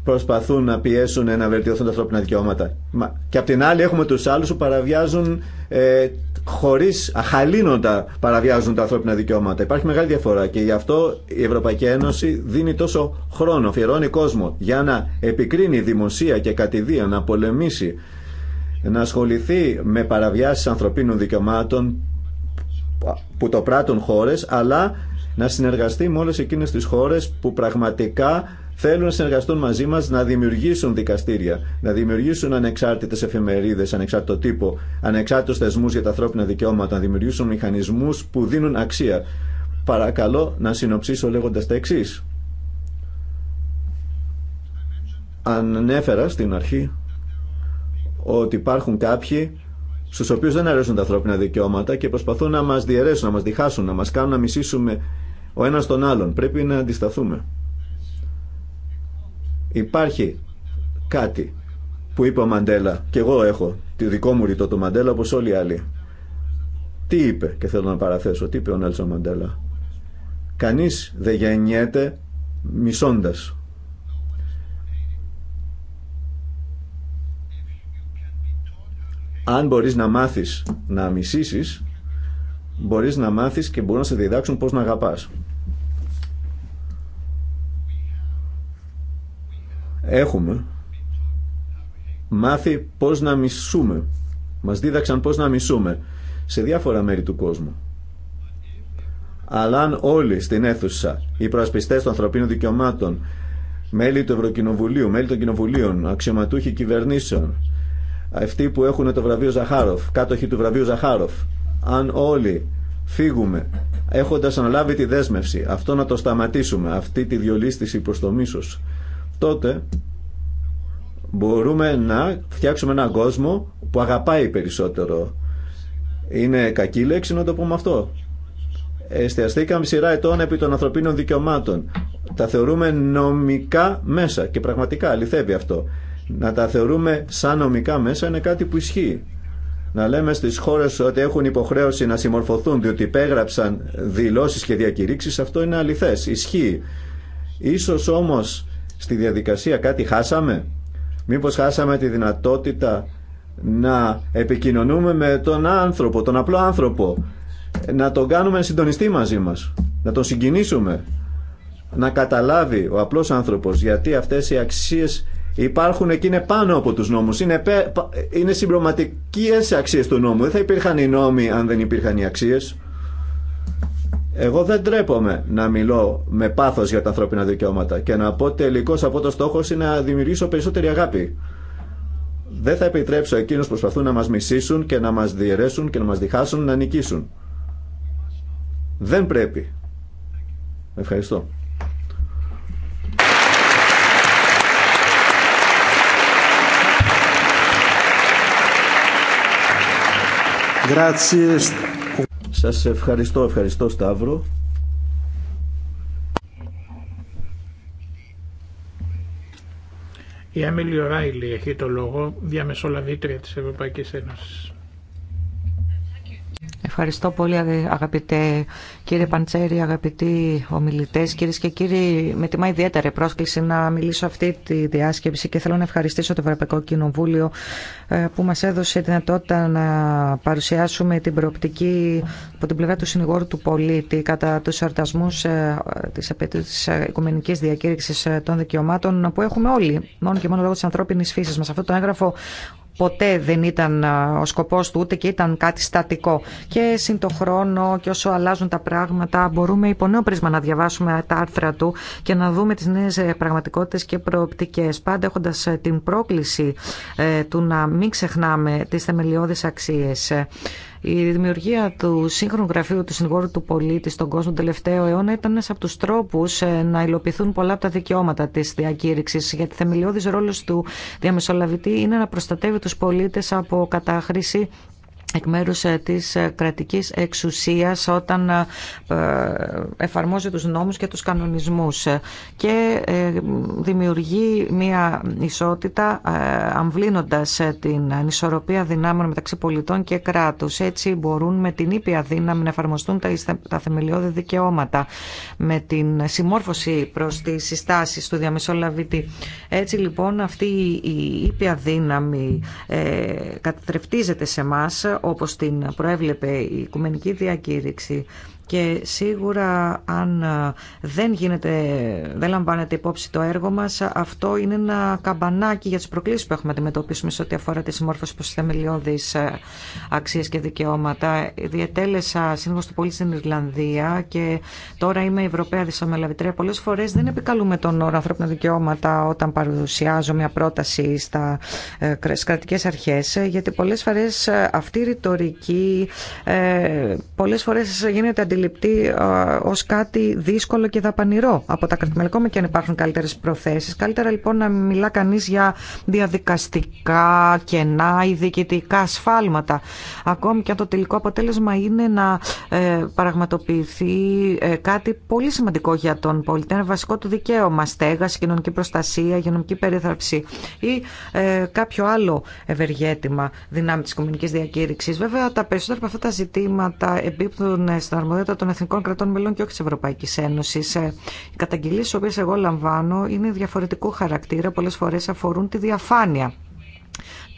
προσπαθούν να πιέσουν να βελτιωθούν τα ανθρώπινα δικαιώματα. Και απ' την άλλη έχουμε τους άλλους που παραβιάζουν ε, χωρίς αχαλήνοντα παραβιάζουν τα ανθρώπινα δικαιώματα. Υπάρχει μεγάλη διαφορά και γι' αυτό η Ευρωπαϊκή Ένωση δίνει τόσο χρόνο, αφιερώνει κόσμο για να επικρίνει δημοσία και κατηδία, να πολεμήσει, να ασχοληθεί με παραβιάσεις ανθρωπίνων δικαιωμάτων που το πράττουν χώρες, αλλά να συνεργαστεί με όλες εκείνες τις χώρες που πραγματικά θέλουν να συνεργαστούν μαζί μα να δημιουργήσουν δικαστήρια, να δημιουργήσουν ανεξάρτητε εφημερίδε, ανεξάρτητο τύπο, ανεξάρτητου θεσμού για τα ανθρώπινα δικαιώματα, να δημιουργήσουν μηχανισμού που δίνουν αξία. Παρακαλώ να συνοψίσω λέγοντα τα εξή. Ανέφερα στην αρχή ότι υπάρχουν κάποιοι στους οποίους δεν αρέσουν τα ανθρώπινα δικαιώματα και προσπαθούν να μας διαιρέσουν, να μας διχάσουν, να μας κάνουν να μισήσουμε ο ένας τον άλλον. Πρέπει να αντισταθούμε. Υπάρχει κάτι που είπε ο Μαντέλα και εγώ έχω τη δικό μου ρητό του Μαντέλα όπως όλοι οι άλλοι. Τι είπε και θέλω να παραθέσω, τι είπε ο Νέλσον Μαντέλα. Κανείς δεν γεννιέται μισώντας. Αν μπορείς να μάθεις να μισήσεις, μπορείς να μάθεις και μπορούν να σε διδάξουν πώς να αγαπάς. Έχουμε μάθει πώς να μισούμε. Μας δίδαξαν πώς να μισούμε σε διάφορα μέρη του κόσμου. Αλλά αν όλοι στην αίθουσα, οι προασπιστές των ανθρωπίνων δικαιωμάτων, μέλη του Ευρωκοινοβουλίου, μέλη των κοινοβουλίων, αξιωματούχοι κυβερνήσεων, αυτοί που έχουν το βραβείο Ζαχάροφ, κάτοχοι του βραβείου Ζαχάροφ, αν όλοι φύγουμε έχοντας αναλάβει τη δέσμευση, αυτό να το σταματήσουμε, αυτή τη διολίστηση προς το μίσος, τότε μπορούμε να φτιάξουμε έναν κόσμο που αγαπάει περισσότερο. Είναι κακή λέξη να το πούμε αυτό. Εστιαστήκαμε σειρά ετών επί των ανθρωπίνων δικαιωμάτων. Τα θεωρούμε νομικά μέσα και πραγματικά αληθεύει αυτό. Να τα θεωρούμε σαν νομικά μέσα είναι κάτι που ισχύει. Να λέμε στι χώρε ότι έχουν υποχρέωση να συμμορφωθούν διότι υπέγραψαν δηλώσει και διακηρύξει, αυτό είναι αληθέ. Ισχύει. Ίσως όμως στη διαδικασία κάτι χάσαμε. Μήπως χάσαμε τη δυνατότητα να επικοινωνούμε με τον άνθρωπο, τον απλό άνθρωπο, να τον κάνουμε συντονιστή μαζί μας, να τον συγκινήσουμε, να καταλάβει ο απλός άνθρωπος γιατί αυτές οι αξίες υπάρχουν και είναι πάνω από τους νόμους, είναι, είναι συμπροματικές αξίες του νόμου, δεν θα υπήρχαν οι νόμοι αν δεν υπήρχαν οι αξίες. Εγώ δεν τρέπομαι να μιλώ με πάθο για τα ανθρώπινα δικαιώματα και να πω τελικώ από το στόχο είναι να δημιουργήσω περισσότερη αγάπη. Δεν θα επιτρέψω εκείνου που προσπαθούν να μα μισήσουν και να μα διαιρέσουν και να μα διχάσουν να νικήσουν. Δεν πρέπει. Ευχαριστώ. Grazie. Σας ευχαριστώ, ευχαριστώ Σταύρο. Η Άμιλι Ράιλι έχει το λόγο διαμεσολαβήτρια της Ευρωπαϊκής Ένωσης. Ευχαριστώ πολύ αγαπητέ κύριε Παντσέρη, αγαπητοί ομιλητές, κυρίες και κύριοι. Με τιμά ιδιαίτερη πρόσκληση να μιλήσω αυτή τη διάσκεψη και θέλω να ευχαριστήσω το Ευρωπαϊκό Κοινοβούλιο ε, που μας έδωσε τη δυνατότητα να παρουσιάσουμε την προοπτική από την πλευρά του συνηγόρου του πολίτη κατά τους αρτασμούς ε, της απαιτής ε, οικουμενικής διακήρυξης των δικαιωμάτων που έχουμε όλοι, μόνο και μόνο λόγω της ανθρώπινης φύσης μα Αυτό το έγγραφο ποτέ δεν ήταν ο σκοπός του ούτε και ήταν κάτι στατικό. Και συν το χρόνο και όσο αλλάζουν τα πράγματα μπορούμε υπό νέο πρίσμα να διαβάσουμε τα άρθρα του και να δούμε τις νέες ε, πραγματικότητες και προοπτικές. Πάντα έχοντας ε, την πρόκληση ε, του να μην ξεχνάμε τις θεμελιώδεις αξίες. Η δημιουργία του σύγχρονου γραφείου του συνηγόρου του πολίτη στον κόσμο τον τελευταίο αιώνα ήταν ένα από του τρόπου ε, να υλοποιηθούν πολλά από τα δικαιώματα τη διακήρυξη. Γιατί θεμελιώδη ρόλο του διαμεσολαβητή είναι να προστατεύει του πολίτε από κατάχρηση εκ μέρους ε, της ε, κρατικής εξουσίας όταν ε, εφαρμόζει τους νόμους και τους κανονισμούς και δημιουργεί μια ισότητα αμβλύνοντας την ανισορροπία δυνάμεων μεταξύ πολιτών και κράτους. Έτσι μπορούν με την ήπια δύναμη να εφαρμοστούν τα θεμελιώδη δικαιώματα με την συμμόρφωση προς τις συστάσεις του διαμεσολαβητή. Έτσι λοιπόν αυτή η ήπια δύναμη κατατρεφτίζεται σε εμά όπως την προέβλεπε η Οικουμενική Διακήρυξη και σίγουρα αν ε, δεν, γίνεται, δεν λαμβάνεται υπόψη το έργο μας αυτό είναι ένα καμπανάκι για τις προκλήσεις που έχουμε να αντιμετωπίσουμε σε ό,τι αφορά τη συμμόρφωση προς θεμελιώδεις ε, αξίες και δικαιώματα. Διετέλεσα σύμβος του πολύ στην Ιρλανδία και τώρα είμαι Ευρωπαία Δισομελαβητρία. Πολλές φορές δεν επικαλούμε τον όρο ανθρώπινα δικαιώματα όταν παρουσιάζω μια πρόταση στα ε, κρατικές αρχές γιατί πολλές φορές αυτή η ρητορική πολλές φορές γίνεται αντιληπτεί ω κάτι δύσκολο και δαπανηρό από τα κρατημελικό ακόμα λοιπόν, και αν υπάρχουν καλύτερε προθέσει. Καλύτερα λοιπόν να μιλά κανεί για διαδικαστικά κενά ή διοικητικά ασφάλματα, ακόμη και αν το τελικό αποτέλεσμα είναι να ε, πραγματοποιηθεί ε, κάτι πολύ σημαντικό για τον πολίτη, ένα βασικό του δικαίωμα, στέγαση, κοινωνική προστασία, υγειονομική περίθαλψη ή ε, κάποιο άλλο ευεργέτημα δυνάμει τη κοινωνική διακήρυξη. Βέβαια, τα περισσότερα από αυτά τα ζητήματα εμπίπτουν στην τα των εθνικών κρατών μελών και όχι τη Ευρωπαϊκή Ένωση. Ε, οι καταγγελίε, οποίε εγώ λαμβάνω, είναι διαφορετικού χαρακτήρα. Πολλέ φορέ αφορούν τη διαφάνεια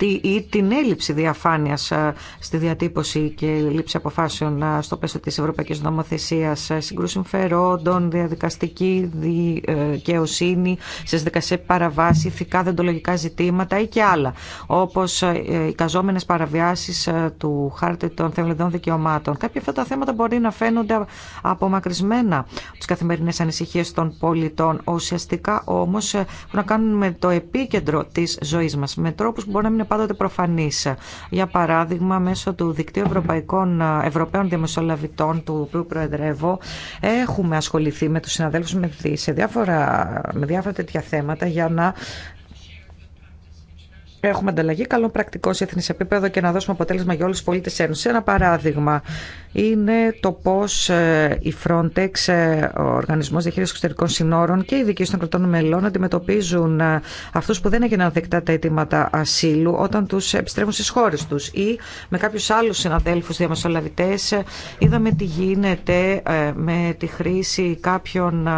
ή την έλλειψη διαφάνειας ε, στη διατύπωση και λήψη αποφάσεων ε, στο πέσο της Ευρωπαϊκής Νομοθεσίας, ε, συγκρού συμφερόντων, διαδικαστική δικαιοσύνη, σε δικασίες παραβάσει, ηθικά δεντολογικά ζητήματα ή και άλλα, όπως οι καζόμενες παραβιάσεις του χάρτη των θεμελιωδών δικαιωμάτων. Κάποια αυτά τα θέματα μπορεί να φαίνονται απομακρυσμένα από τις καθημερινές ανησυχίες των πολιτών. Ουσιαστικά όμως που να κάνουν με το επίκεντρο της ζωής μας, με τρόπους που μπορεί να μην πάντοτε προφανής. Για παράδειγμα, μέσω του Δικτύου Ευρωπαϊκών, Ευρωπαίων Διαμεσολαβητών του οποίου προεδρεύω, έχουμε ασχοληθεί με τους συναδέλφους με, σε διάφορα, με διάφορα τέτοια θέματα για να έχουμε ανταλλαγή καλών πρακτικών σε εθνικό επίπεδο και να δώσουμε αποτέλεσμα για όλου του πολίτε Ένωση. Ένα παράδειγμα είναι το πώ ε, η Frontex, ε, ο Οργανισμό Διαχείριση Εξωτερικών Συνόρων και οι διοικήσει των κρατών μελών αντιμετωπίζουν ε, αυτού που δεν έγιναν δεκτά τα αιτήματα ασύλου όταν του επιστρέφουν στι χώρε του. Ή με κάποιου άλλου συναδέλφου διαμεσολαβητέ είδαμε τι γίνεται με τη χρήση κάποιων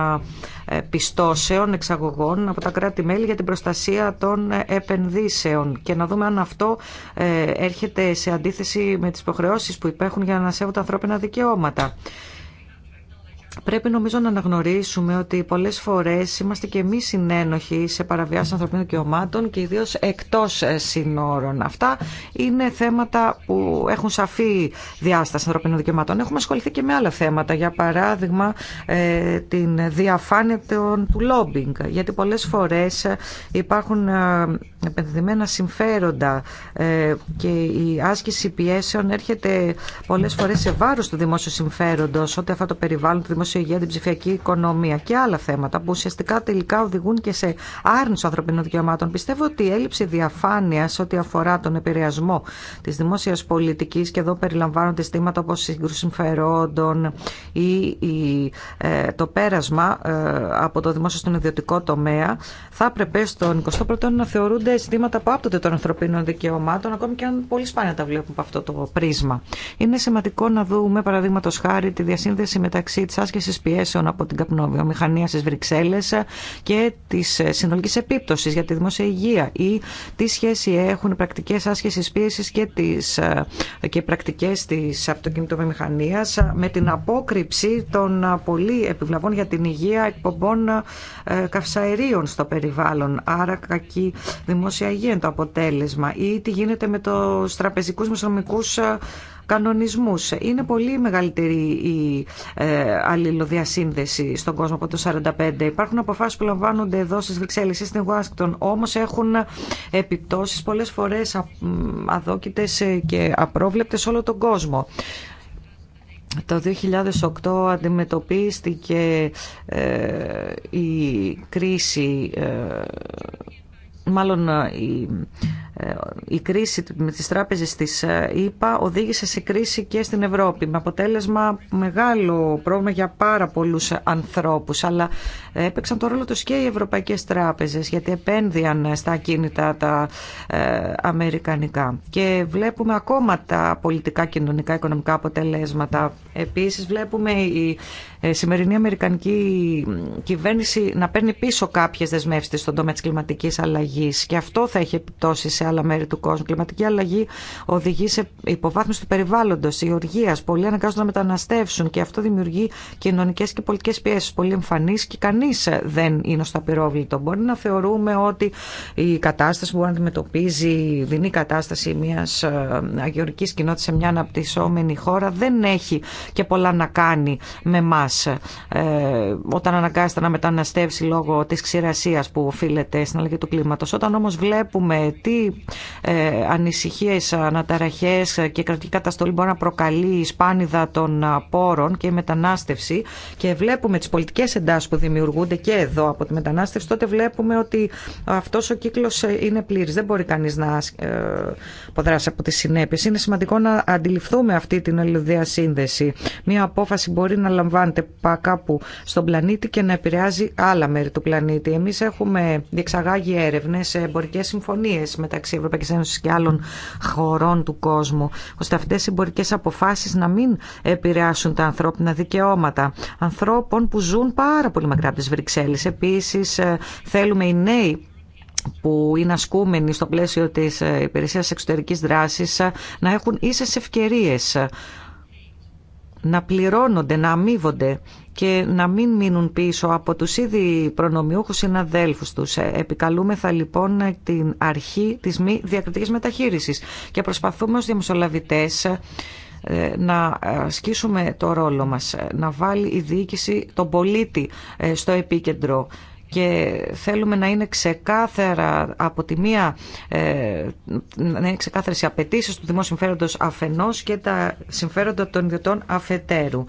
ε, πιστώσεων εξαγωγών από τα κράτη-μέλη για την προστασία των ε, επενδύσεων και να δούμε αν αυτό ε, έρχεται σε αντίθεση με τις υποχρεώσεις που υπέχουν για να σέβονται ανθρώπινα δικαιώματα. Πρέπει νομίζω να αναγνωρίσουμε ότι πολλές φορές είμαστε και εμείς συνένοχοι σε παραβιάσεις ανθρωπίνων δικαιωμάτων και ιδίως εκτός ε, συνόρων. Αυτά είναι θέματα που έχουν σαφή διάσταση ανθρωπίνων δικαιωμάτων. Έχουμε ασχοληθεί και με άλλα θέματα, για παράδειγμα ε, την διαφάνεια του λόμπινγκ, γιατί πολλές φορές ε, υπάρχουν επενδυμένα συμφέροντα και η άσκηση πιέσεων έρχεται πολλές φορές σε βάρος του δημόσιου συμφέροντος, ό,τι το περιβάλλον δημόσια υγεία, την ψηφιακή οικονομία και άλλα θέματα που ουσιαστικά τελικά οδηγούν και σε άρνηση ανθρωπίνων δικαιωμάτων. Πιστεύω ότι η έλλειψη διαφάνεια ό,τι αφορά τον επηρεασμό τη δημόσια πολιτική και εδώ περιλαμβάνονται στήματα όπω σύγκρουση συμφερόντων ή ε, το πέρασμα ε, από το δημόσιο στον ιδιωτικό τομέα, θα έπρεπε στον 21ο να θεωρούνται ζητήματα που άπτονται των ανθρωπίνων δικαιωμάτων, ακόμη και αν πολύ σπάνια τα βλέπουμε από αυτό το πρίσμα. Είναι σημαντικό να δούμε, παραδείγματο χάρη, τη διασύνδεση μεταξύ τη άσκηση πιέσεων από την καπνοβιομηχανία στι Βρυξέλλε και τη συνολική επίπτωση για τη δημόσια υγεία ή τι σχέση έχουν οι πρακτικέ άσκηση πίεση και, τις, ε, και πρακτικέ τη αυτοκινητοβιομηχανία με την απόκρυψη των πολύ επιβλαβών για την υγεία εκπομπών ε, καυσαερίων στο περιβάλλον. Άρα, κακή δημόσια υγεία είναι το αποτέλεσμα. Ή τι γίνεται με του τραπεζικού μεσονομικού ε, κανονισμούς. Είναι πολύ μεγαλύτερη η ε, αλληλοδιασύνδεση στον κόσμο από το 1945. Υπάρχουν αποφάσεις που λαμβάνονται εδώ στις Βρυξέλλες ή στην Ουάσκτον, όμως έχουν επιπτώσεις πολλές φορές αδόκητες και απρόβλεπτες σε όλο τον κόσμο. Το 2008 αντιμετωπίστηκε ε, η κρίση, ε, μάλλον η ε, η κρίση με τις τράπεζες της ΕΠΑ οδήγησε σε κρίση και στην Ευρώπη με αποτέλεσμα μεγάλο πρόβλημα για πάρα πολλούς ανθρώπους αλλά έπαιξαν το ρόλο τους και οι ευρωπαϊκές τράπεζες γιατί επένδυαν στα κίνητα τα ε, αμερικανικά και βλέπουμε ακόμα τα πολιτικά, κοινωνικά, οικονομικά αποτελέσματα επίσης βλέπουμε η ε, σημερινή αμερικανική κυβέρνηση να παίρνει πίσω κάποιες δεσμεύσεις στον τομέα της κλιματικής αλλαγής και αυτό θα έχει επιπτώσει σε άλλα μέρη του κόσμου. κλιματική αλλαγή οδηγεί σε υποβάθμιση του περιβάλλοντο, η οργία. Πολλοί αναγκάζονται να μεταναστεύσουν και αυτό δημιουργεί κοινωνικέ και πολιτικέ πιέσει. Πολύ εμφανεί και κανεί δεν είναι στο απειρόβλητο. Μπορεί να θεωρούμε ότι η κατάσταση που αντιμετωπίζει η δινή κατάσταση μια ε, αγιορική κοινότητα σε μια αναπτυσσόμενη χώρα δεν έχει και πολλά να κάνει με εμά. Ε, όταν αναγκάζεται να μεταναστεύσει λόγω τη ξηρασία που οφείλεται στην αλλαγή του κλίματο. Όταν όμω βλέπουμε τι Ανησυχίε, ανησυχίες, αναταραχές και κρατική καταστολή μπορεί να προκαλεί η σπάνιδα των πόρων και η μετανάστευση και βλέπουμε τις πολιτικές εντάσεις που δημιουργούνται και εδώ από τη μετανάστευση, τότε βλέπουμε ότι αυτός ο κύκλος είναι πλήρης. Δεν μπορεί κανείς να ε, αποδράσει από τις συνέπειες. Είναι σημαντικό να αντιληφθούμε αυτή την αλληλουδία σύνδεση. Μία απόφαση μπορεί να λαμβάνεται κάπου στον πλανήτη και να επηρεάζει άλλα μέρη του πλανήτη. Εμεί έχουμε διεξαγάγει έρευνες, εμπορικές συμφωνίες μεταξύ μεταξύ Ευρωπαϊκή Ένωση και άλλων χωρών του κόσμου, ώστε αυτέ οι εμπορικέ αποφάσει να μην επηρεάσουν τα ανθρώπινα δικαιώματα ανθρώπων που ζουν πάρα πολύ μακριά από τι Βρυξέλλε. Επίση, ε, θέλουμε οι νέοι που είναι ασκούμενοι στο πλαίσιο της ε, υπηρεσία εξωτερικής δράσης ε, να έχουν ίσες ευκαιρίες να πληρώνονται, να αμείβονται και να μην μείνουν πίσω από τους ήδη προνομιούχους συναδέλφους τους. Ε, επικαλούμεθα λοιπόν την αρχή της μη διακριτικής μεταχείρισης και προσπαθούμε ως διαμεσολαβητές ε, να ασκήσουμε το ρόλο μας, ε, να βάλει η διοίκηση τον πολίτη στο επίκεντρο και θέλουμε να είναι ξεκάθαρα από τη μία να είναι ξεκάθαρες οι απαιτήσει του δημόσιου συμφέροντος αφενός και τα συμφέροντα των ιδιωτών αφετέρου.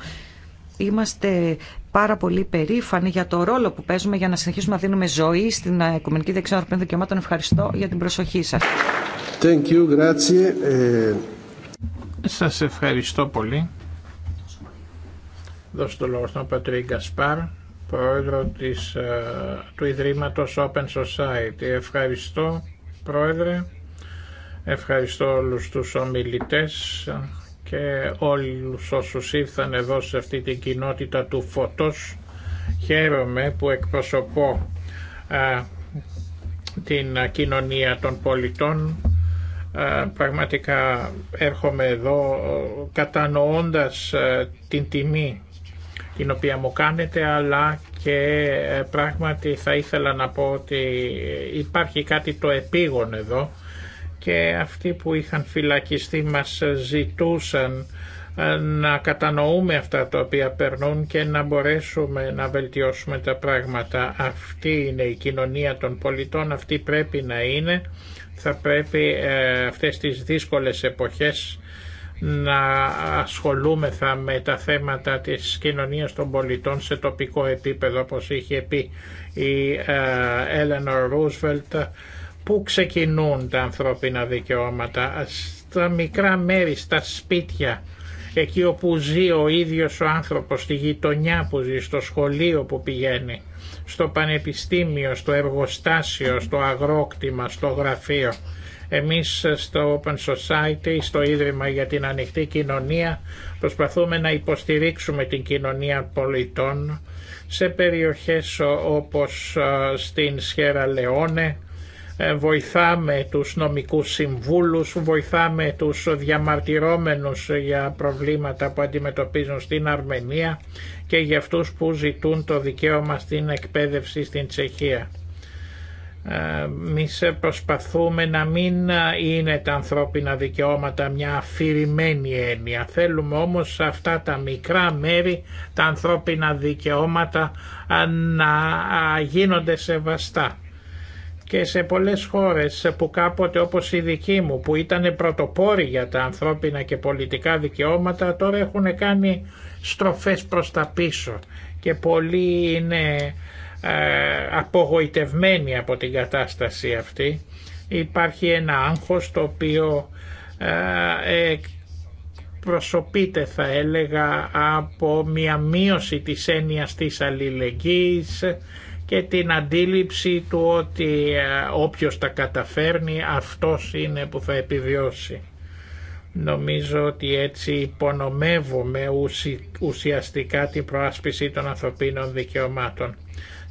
Είμαστε πάρα πολύ περήφανοι για το ρόλο που παίζουμε για να συνεχίσουμε να δίνουμε ζωή στην Οικουμενική Δεξιά Ανθρωπίνων Δικαιωμάτων. Ευχαριστώ για την προσοχή σας. Thank you, grazie. Ε, σας ευχαριστώ πολύ. Δώσω το λόγο στον Πατρίκ Γκασπάρ, πρόεδρο ε, του Ιδρύματος Open Society. Ευχαριστώ, πρόεδρε. Ευχαριστώ όλους τους ομιλητές και όλους όσους ήρθαν εδώ σε αυτή την κοινότητα του φωτός. Χαίρομαι που εκπροσωπώ την κοινωνία των πολιτών. πραγματικά έρχομαι εδώ κατανοώντας την τιμή την οποία μου κάνετε αλλά και ε, πράγματι θα ήθελα να πω ότι υπάρχει κάτι το επίγον εδώ και αυτοί που είχαν φυλακιστεί μας ζητούσαν ε, να κατανοούμε αυτά τα οποία περνούν και να μπορέσουμε να βελτιώσουμε τα πράγματα. Αυτή είναι η κοινωνία των πολιτών, αυτή πρέπει να είναι. Θα πρέπει ε, αυτές τις δύσκολες εποχές να ασχολούμεθα με τα θέματα της κοινωνίας των πολιτών σε τοπικό επίπεδο, όπως είχε πει η Έλενορ Ρούσβελτ Πού ξεκινούν τα ανθρώπινα δικαιώματα, στα μικρά μέρη, στα σπίτια, εκεί όπου ζει ο ίδιος ο άνθρωπος, στη γειτονιά που ζει, στο σχολείο που πηγαίνει, στο πανεπιστήμιο, στο εργοστάσιο, στο αγρόκτημα, στο γραφείο. Εμείς στο Open Society, στο Ίδρυμα για την Ανοιχτή Κοινωνία, προσπαθούμε να υποστηρίξουμε την κοινωνία πολιτών σε περιοχές όπως στην Σχέρα Λεόνε, ε, βοηθάμε τους νομικούς συμβούλους, βοηθάμε τους διαμαρτυρόμενους για προβλήματα που αντιμετωπίζουν στην Αρμενία και για αυτούς που ζητούν το δικαίωμα στην εκπαίδευση στην Τσεχία. Ε, Εμεί προσπαθούμε να μην είναι τα ανθρώπινα δικαιώματα μια αφηρημένη έννοια. Θέλουμε όμως σε αυτά τα μικρά μέρη τα ανθρώπινα δικαιώματα ε, να γίνονται σεβαστά και σε πολλές χώρες που κάποτε όπως η δική μου που ήταν πρωτοπόροι για τα ανθρώπινα και πολιτικά δικαιώματα τώρα έχουν κάνει στροφές προς τα πίσω και πολλοί είναι ε, απογοητευμένοι από την κατάσταση αυτή. Υπάρχει ένα άγχος το οποίο ε, προσωπείται θα έλεγα από μια μείωση της έννοιας της αλληλεγγύης και την αντίληψη του ότι ε, όποιος τα καταφέρνει αυτός είναι που θα επιβιώσει. Νομίζω ότι έτσι υπονομεύουμε ουσιαστικά την προάσπιση των ανθρωπίνων δικαιωμάτων.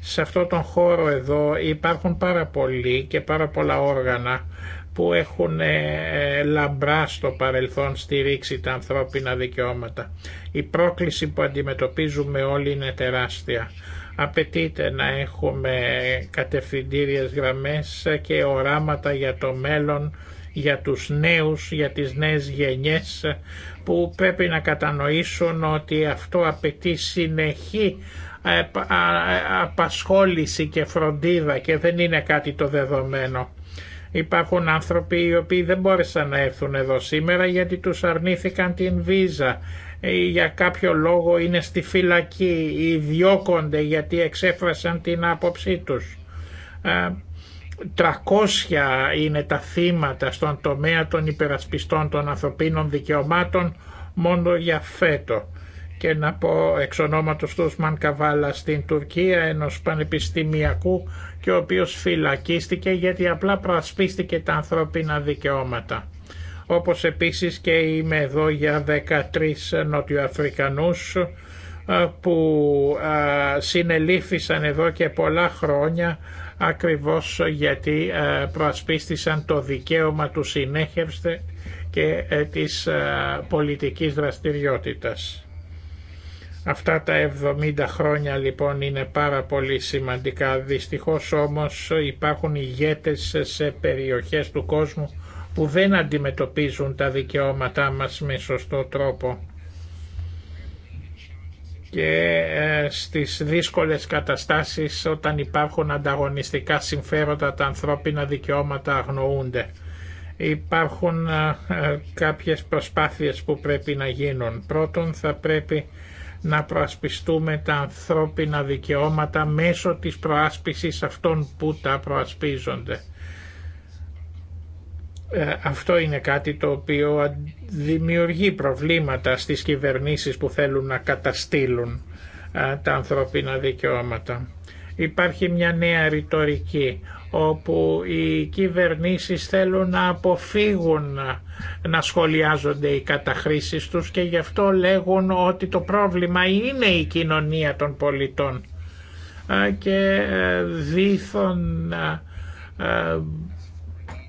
Σε αυτό τον χώρο εδώ υπάρχουν πάρα πολλοί και πάρα πολλά όργανα που έχουν ε, λαμπρά στο παρελθόν στηρίξει τα ανθρώπινα δικαιώματα. Η πρόκληση που αντιμετωπίζουμε όλοι είναι τεράστια. Απαιτείται να έχουμε κατευθυντήριες γραμμές και οράματα για το μέλλον, για τους νέους, για τις νέες γενιές που πρέπει να κατανοήσουν ότι αυτό απαιτεί συνεχή ε, απασχόληση και φροντίδα και δεν είναι κάτι το δεδομένο. Υπάρχουν άνθρωποι οι οποίοι δεν μπόρεσαν να έρθουν εδώ σήμερα γιατί τους αρνήθηκαν την βίζα ή ε, για κάποιο λόγο είναι στη φυλακή ή διώκονται γιατί εξέφρασαν την άποψή τους. 300 ε, είναι τα θύματα στον τομέα των υπερασπιστών των ανθρωπίνων δικαιωμάτων μόνο για φέτο. Και να πω εξ ονόματος του Καβάλα στην Τουρκία, ενός πανεπιστημιακού και ο οποίος φυλακίστηκε γιατί απλά προασπίστηκε τα ανθρώπινα δικαιώματα όπως επίσης και είμαι εδώ για 13 νοτιοαφρικανούς που συνελήφθησαν εδώ και πολλά χρόνια ακριβώς γιατί προασπίστησαν το δικαίωμα του συνέχευστε και ε, της πολιτικής δραστηριότητας. Αυτά τα 70 χρόνια λοιπόν είναι πάρα πολύ σημαντικά. Δυστυχώς όμως υπάρχουν ηγέτες σε περιοχές του κόσμου που δεν αντιμετωπίζουν τα δικαιώματά μας με σωστό τρόπο και ε, στις δύσκολες καταστάσεις όταν υπάρχουν ανταγωνιστικά συμφέροντα τα ανθρώπινα δικαιώματα αγνοούνται. Υπάρχουν ε, ε, κάποιες προσπάθειες που πρέπει να γίνουν. Πρώτον θα πρέπει να προασπιστούμε τα ανθρώπινα δικαιώματα μέσω της προάσπισης αυτών που τα προασπίζονται. Ε, αυτό είναι κάτι το οποίο δημιουργεί προβλήματα στις κυβερνήσεις που θέλουν να καταστήλουν ε, τα ανθρώπινα δικαιώματα. Υπάρχει μια νέα ρητορική όπου οι κυβερνήσεις θέλουν να αποφύγουν ε, να σχολιάζονται οι καταχρήσεις τους και γι' αυτό λέγουν ότι το πρόβλημα είναι η κοινωνία των πολιτών και δήθον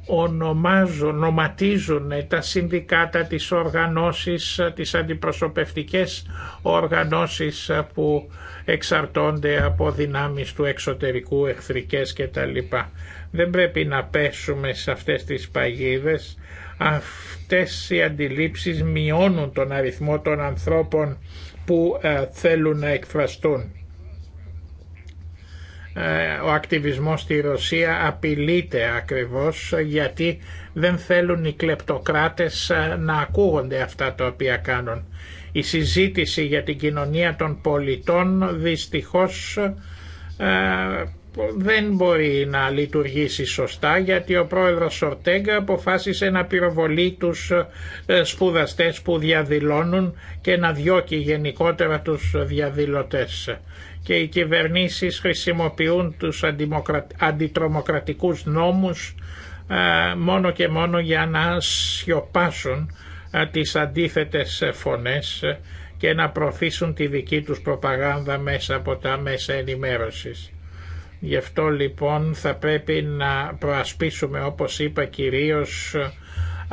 ονομάζουν, ονοματίζουν τα συνδικάτα, τις οργανώσεις, τις αντιπροσωπευτικές οργανώσεις που εξαρτώνται από δυνάμεις του εξωτερικού, εχθρικές κτλ. Δεν πρέπει να πέσουμε σε αυτές τις παγίδες. Αυτές οι αντιλήψεις μειώνουν τον αριθμό των ανθρώπων που ε, θέλουν να εκφραστούν. Ε, ο ακτιβισμός στη Ρωσία απειλείται ακριβώς γιατί δεν θέλουν οι κλεπτοκράτες ε, να ακούγονται αυτά τα οποία κάνουν. Η συζήτηση για την κοινωνία των πολιτών δυστυχώς ε, δεν μπορεί να λειτουργήσει σωστά γιατί ο πρόεδρος Σορτέγκα αποφάσισε να πυροβολεί τους σπουδαστές που διαδηλώνουν και να διώκει γενικότερα τους διαδηλωτές και οι κυβερνήσεις χρησιμοποιούν τους αντιτρομοκρατικούς νόμους ε, μόνο και μόνο για να σιωπάσουν ε, τις αντίθετες φωνές ε, και να προωθήσουν τη δική τους προπαγάνδα μέσα από τα μέσα ενημέρωσης. Γι' αυτό λοιπόν θα πρέπει να προασπίσουμε όπως είπα κυρίως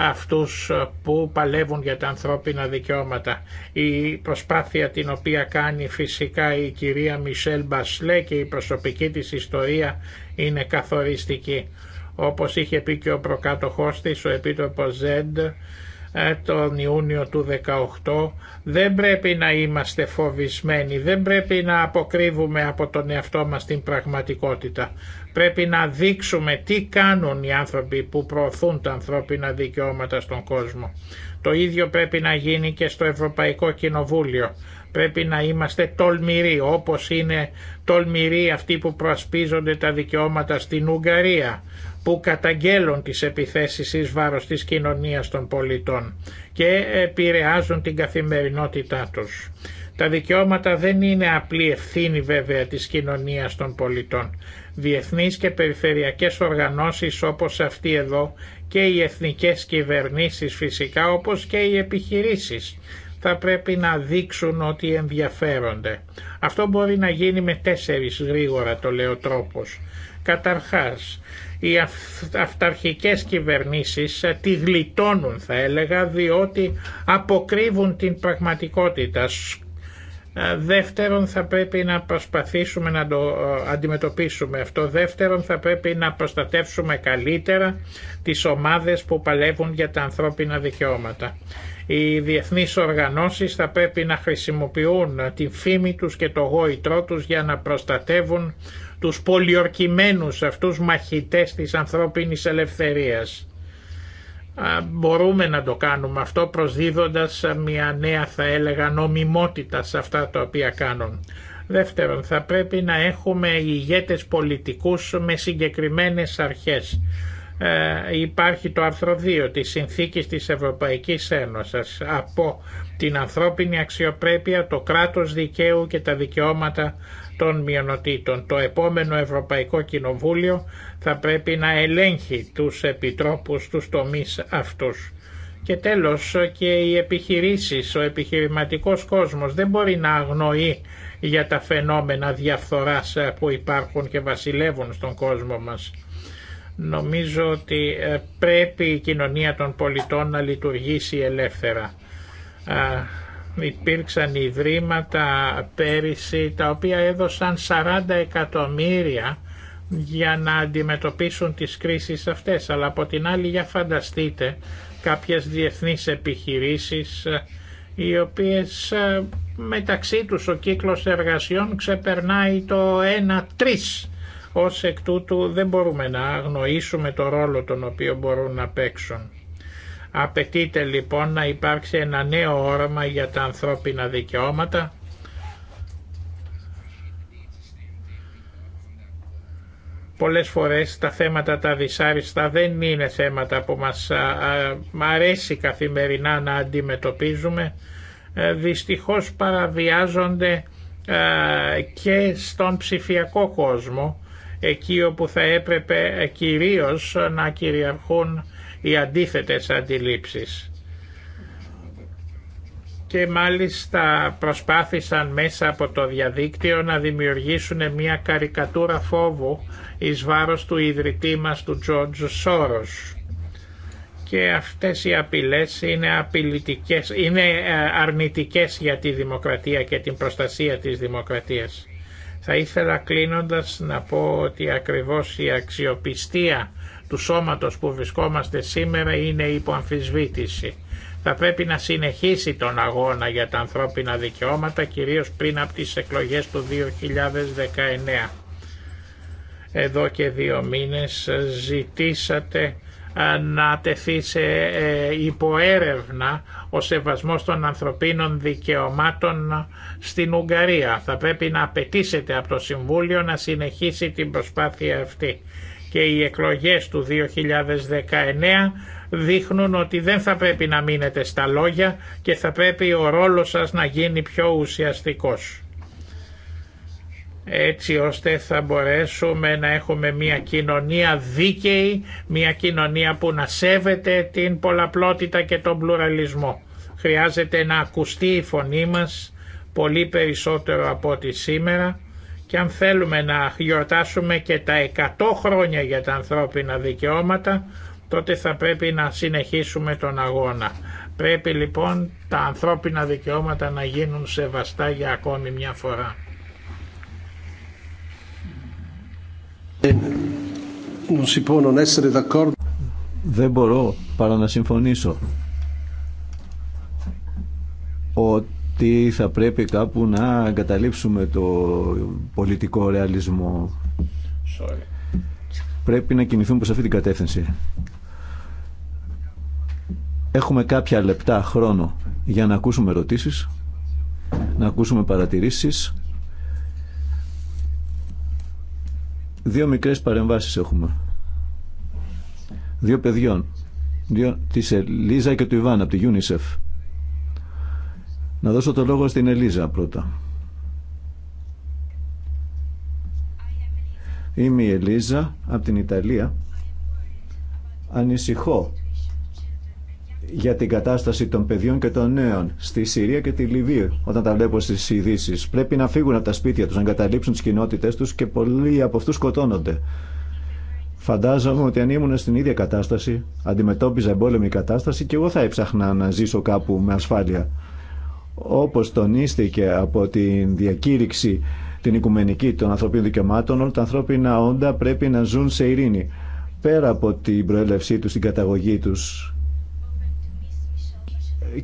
αυτούς ε, που παλεύουν για τα ανθρώπινα δικαιώματα. Η προσπάθεια την οποία κάνει φυσικά η κυρία Μισελ Μπασλέ και η προσωπική της ιστορία είναι καθοριστική. Όπως είχε πει και ο προκάτοχός της, ο επίτροπος Ζέντ, ε, τον Ιούνιο του 18 δεν πρέπει να είμαστε φοβισμένοι, δεν πρέπει να αποκρύβουμε από τον εαυτό μας την πραγματικότητα πρέπει να δείξουμε τι κάνουν οι άνθρωποι που προωθούν τα ανθρώπινα δικαιώματα στον κόσμο. Το ίδιο πρέπει να γίνει και στο Ευρωπαϊκό Κοινοβούλιο. Πρέπει να είμαστε τολμηροί όπως είναι τολμηροί αυτοί που προασπίζονται τα δικαιώματα στην Ουγγαρία που καταγγέλουν τις επιθέσεις εις βάρος της κοινωνίας των πολιτών και επηρεάζουν την καθημερινότητά τους. Τα δικαιώματα δεν είναι απλή ευθύνη βέβαια της κοινωνίας των πολιτών διεθνείς και περιφερειακές οργανώσεις όπως αυτή εδώ και οι εθνικές κυβερνήσεις φυσικά όπως και οι επιχειρήσεις θα πρέπει να δείξουν ότι ενδιαφέρονται. Αυτό μπορεί να γίνει με τέσσερις γρήγορα το λέω τρόπος. Καταρχάς, οι αυταρχικές κυβερνήσεις ε, τη γλιτώνουν θα έλεγα διότι αποκρύβουν την πραγματικότητα, ε, δεύτερον θα πρέπει να προσπαθήσουμε να το ε, αντιμετωπίσουμε αυτό. Δεύτερον θα πρέπει να προστατεύσουμε καλύτερα τις ομάδες που παλεύουν για τα ανθρώπινα δικαιώματα. Οι διεθνείς οργανώσεις θα πρέπει να χρησιμοποιούν την φήμη τους και το γόητρό τους για να προστατεύουν τους πολιορκημένους αυτούς μαχητές της ανθρώπινης ελευθερίας μπορούμε να το κάνουμε αυτό προσδίδοντας μια νέα θα έλεγα νομιμότητα σε αυτά τα οποία κάνουν. Δεύτερον, θα πρέπει να έχουμε ηγέτες πολιτικούς με συγκεκριμένες αρχές. Ε, υπάρχει το άρθρο 2 της Συνθήκης της Ευρωπαϊκής Ένωσης από την ανθρώπινη αξιοπρέπεια, το κράτος δικαίου και τα δικαιώματα των μειονοτήτων. Το επόμενο Ευρωπαϊκό Κοινοβούλιο θα πρέπει να ελέγχει τους επιτρόπους τους τομείς αυτούς. Και τέλος και οι επιχειρήσεις, ο επιχειρηματικός κόσμος δεν μπορεί να αγνοεί για τα φαινόμενα διαφθοράς που υπάρχουν και βασιλεύουν στον κόσμο μας. Νομίζω ότι ε, πρέπει η κοινωνία των πολιτών να λειτουργήσει ελεύθερα υπήρξαν ιδρύματα πέρυσι τα οποία έδωσαν 40 εκατομμύρια για να αντιμετωπίσουν τις κρίσεις αυτές. Αλλά από την άλλη για φανταστείτε κάποιες διεθνείς επιχειρήσεις ε, οι οποίες ε, μεταξύ τους ο κύκλος εργασιών ξεπερνάει το 1-3. Ως εκ τούτου δεν μπορούμε να αγνοήσουμε το ρόλο τον οποίο μπορούν να παίξουν. Απαιτείται λοιπόν να υπάρξει ένα νέο όραμα για τα ανθρώπινα δικαιώματα πολλές φορές τα θέματα τα δυσάριστα δεν είναι θέματα που μας αρέσει καθημερινά να αντιμετωπίζουμε. Ε, δυστυχώς παραβιάζονται και στον ψηφιακό κόσμο, εκεί όπου θα έπρεπε ε, κυρίως να κυριαρχούν οι αντίθετες αντιλήψεις. Και μάλιστα προσπάθησαν μέσα από το διαδίκτυο να δημιουργήσουν μια καρικατούρα φόβου εις βάρος του ιδρυτή μας του Τζόρτζ Σόρος και αυτές οι απειλές είναι, απειλητικές, είναι ε, αρνητικές για τη δημοκρατία και την προστασία της δημοκρατίας. Θα ήθελα κλείνοντας να πω ότι ακριβώς η αξιοπιστία του σώματος που βρισκόμαστε σήμερα είναι υπό αμφισβήτηση. Θα πρέπει να συνεχίσει τον αγώνα για τα ανθρώπινα δικαιώματα κυρίως πριν από τις εκλογές του 2019. Εδώ και δύο μήνες ζητήσατε ε, να τεθεί σε ε, υποέρευνα ο σεβασμός των ανθρωπίνων δικαιωμάτων στην Ουγγαρία. Θα πρέπει να απαιτήσετε από το Συμβούλιο να συνεχίσει την προσπάθεια αυτή. Και οι εκλογές του 2019 δείχνουν ότι δεν θα πρέπει να μείνετε στα λόγια και θα πρέπει ο ρόλος σας να γίνει πιο ουσιαστικός έτσι ώστε θα μπορέσουμε να έχουμε μια κοινωνία δίκαιη, μια κοινωνία που να σέβεται την πολλαπλότητα και τον πλουραλισμό. Χρειάζεται να ακουστεί η φωνή μας πολύ περισσότερο από ό,τι σήμερα και αν θέλουμε να γιορτάσουμε και τα 100 χρόνια για τα ανθρώπινα δικαιώματα τότε θα πρέπει να συνεχίσουμε τον αγώνα. Πρέπει λοιπόν τα ανθρώπινα δικαιώματα να γίνουν σεβαστά για ακόμη μια φορά. Δεν μπορώ παρά να συμφωνήσω ότι θα πρέπει κάπου να εγκαταλείψουμε το πολιτικό ρεαλισμό. Πρέπει να κινηθούμε προς αυτή την κατεύθυνση. Έχουμε κάποια λεπτά χρόνο για να ακούσουμε ερωτήσεις, να ακούσουμε παρατηρήσεις Δύο μικρές παρεμβάσεις έχουμε. Δύο παιδιών. Δύο, της Ελίζα και του Ιβάν από τη UNICEF. Να δώσω το λόγο στην Ελίζα πρώτα. Είμαι η Ελίζα από την Ιταλία. Ανησυχώ για την κατάσταση των παιδιών και των νέων στη Συρία και τη Λιβύη, όταν τα βλέπω στι ειδήσει. Πρέπει να φύγουν από τα σπίτια του, να εγκαταλείψουν τι κοινότητέ του και πολλοί από αυτού σκοτώνονται. Φαντάζομαι ότι αν ήμουν στην ίδια κατάσταση, αντιμετώπιζα εμπόλεμη κατάσταση και εγώ θα έψαχνα να ζήσω κάπου με ασφάλεια. Όπω τονίστηκε από την διακήρυξη την οικουμενική των ανθρωπίνων δικαιωμάτων, όλα τα ανθρώπινα όντα πρέπει να ζουν σε ειρήνη. Πέρα από την προέλευσή του, την καταγωγή του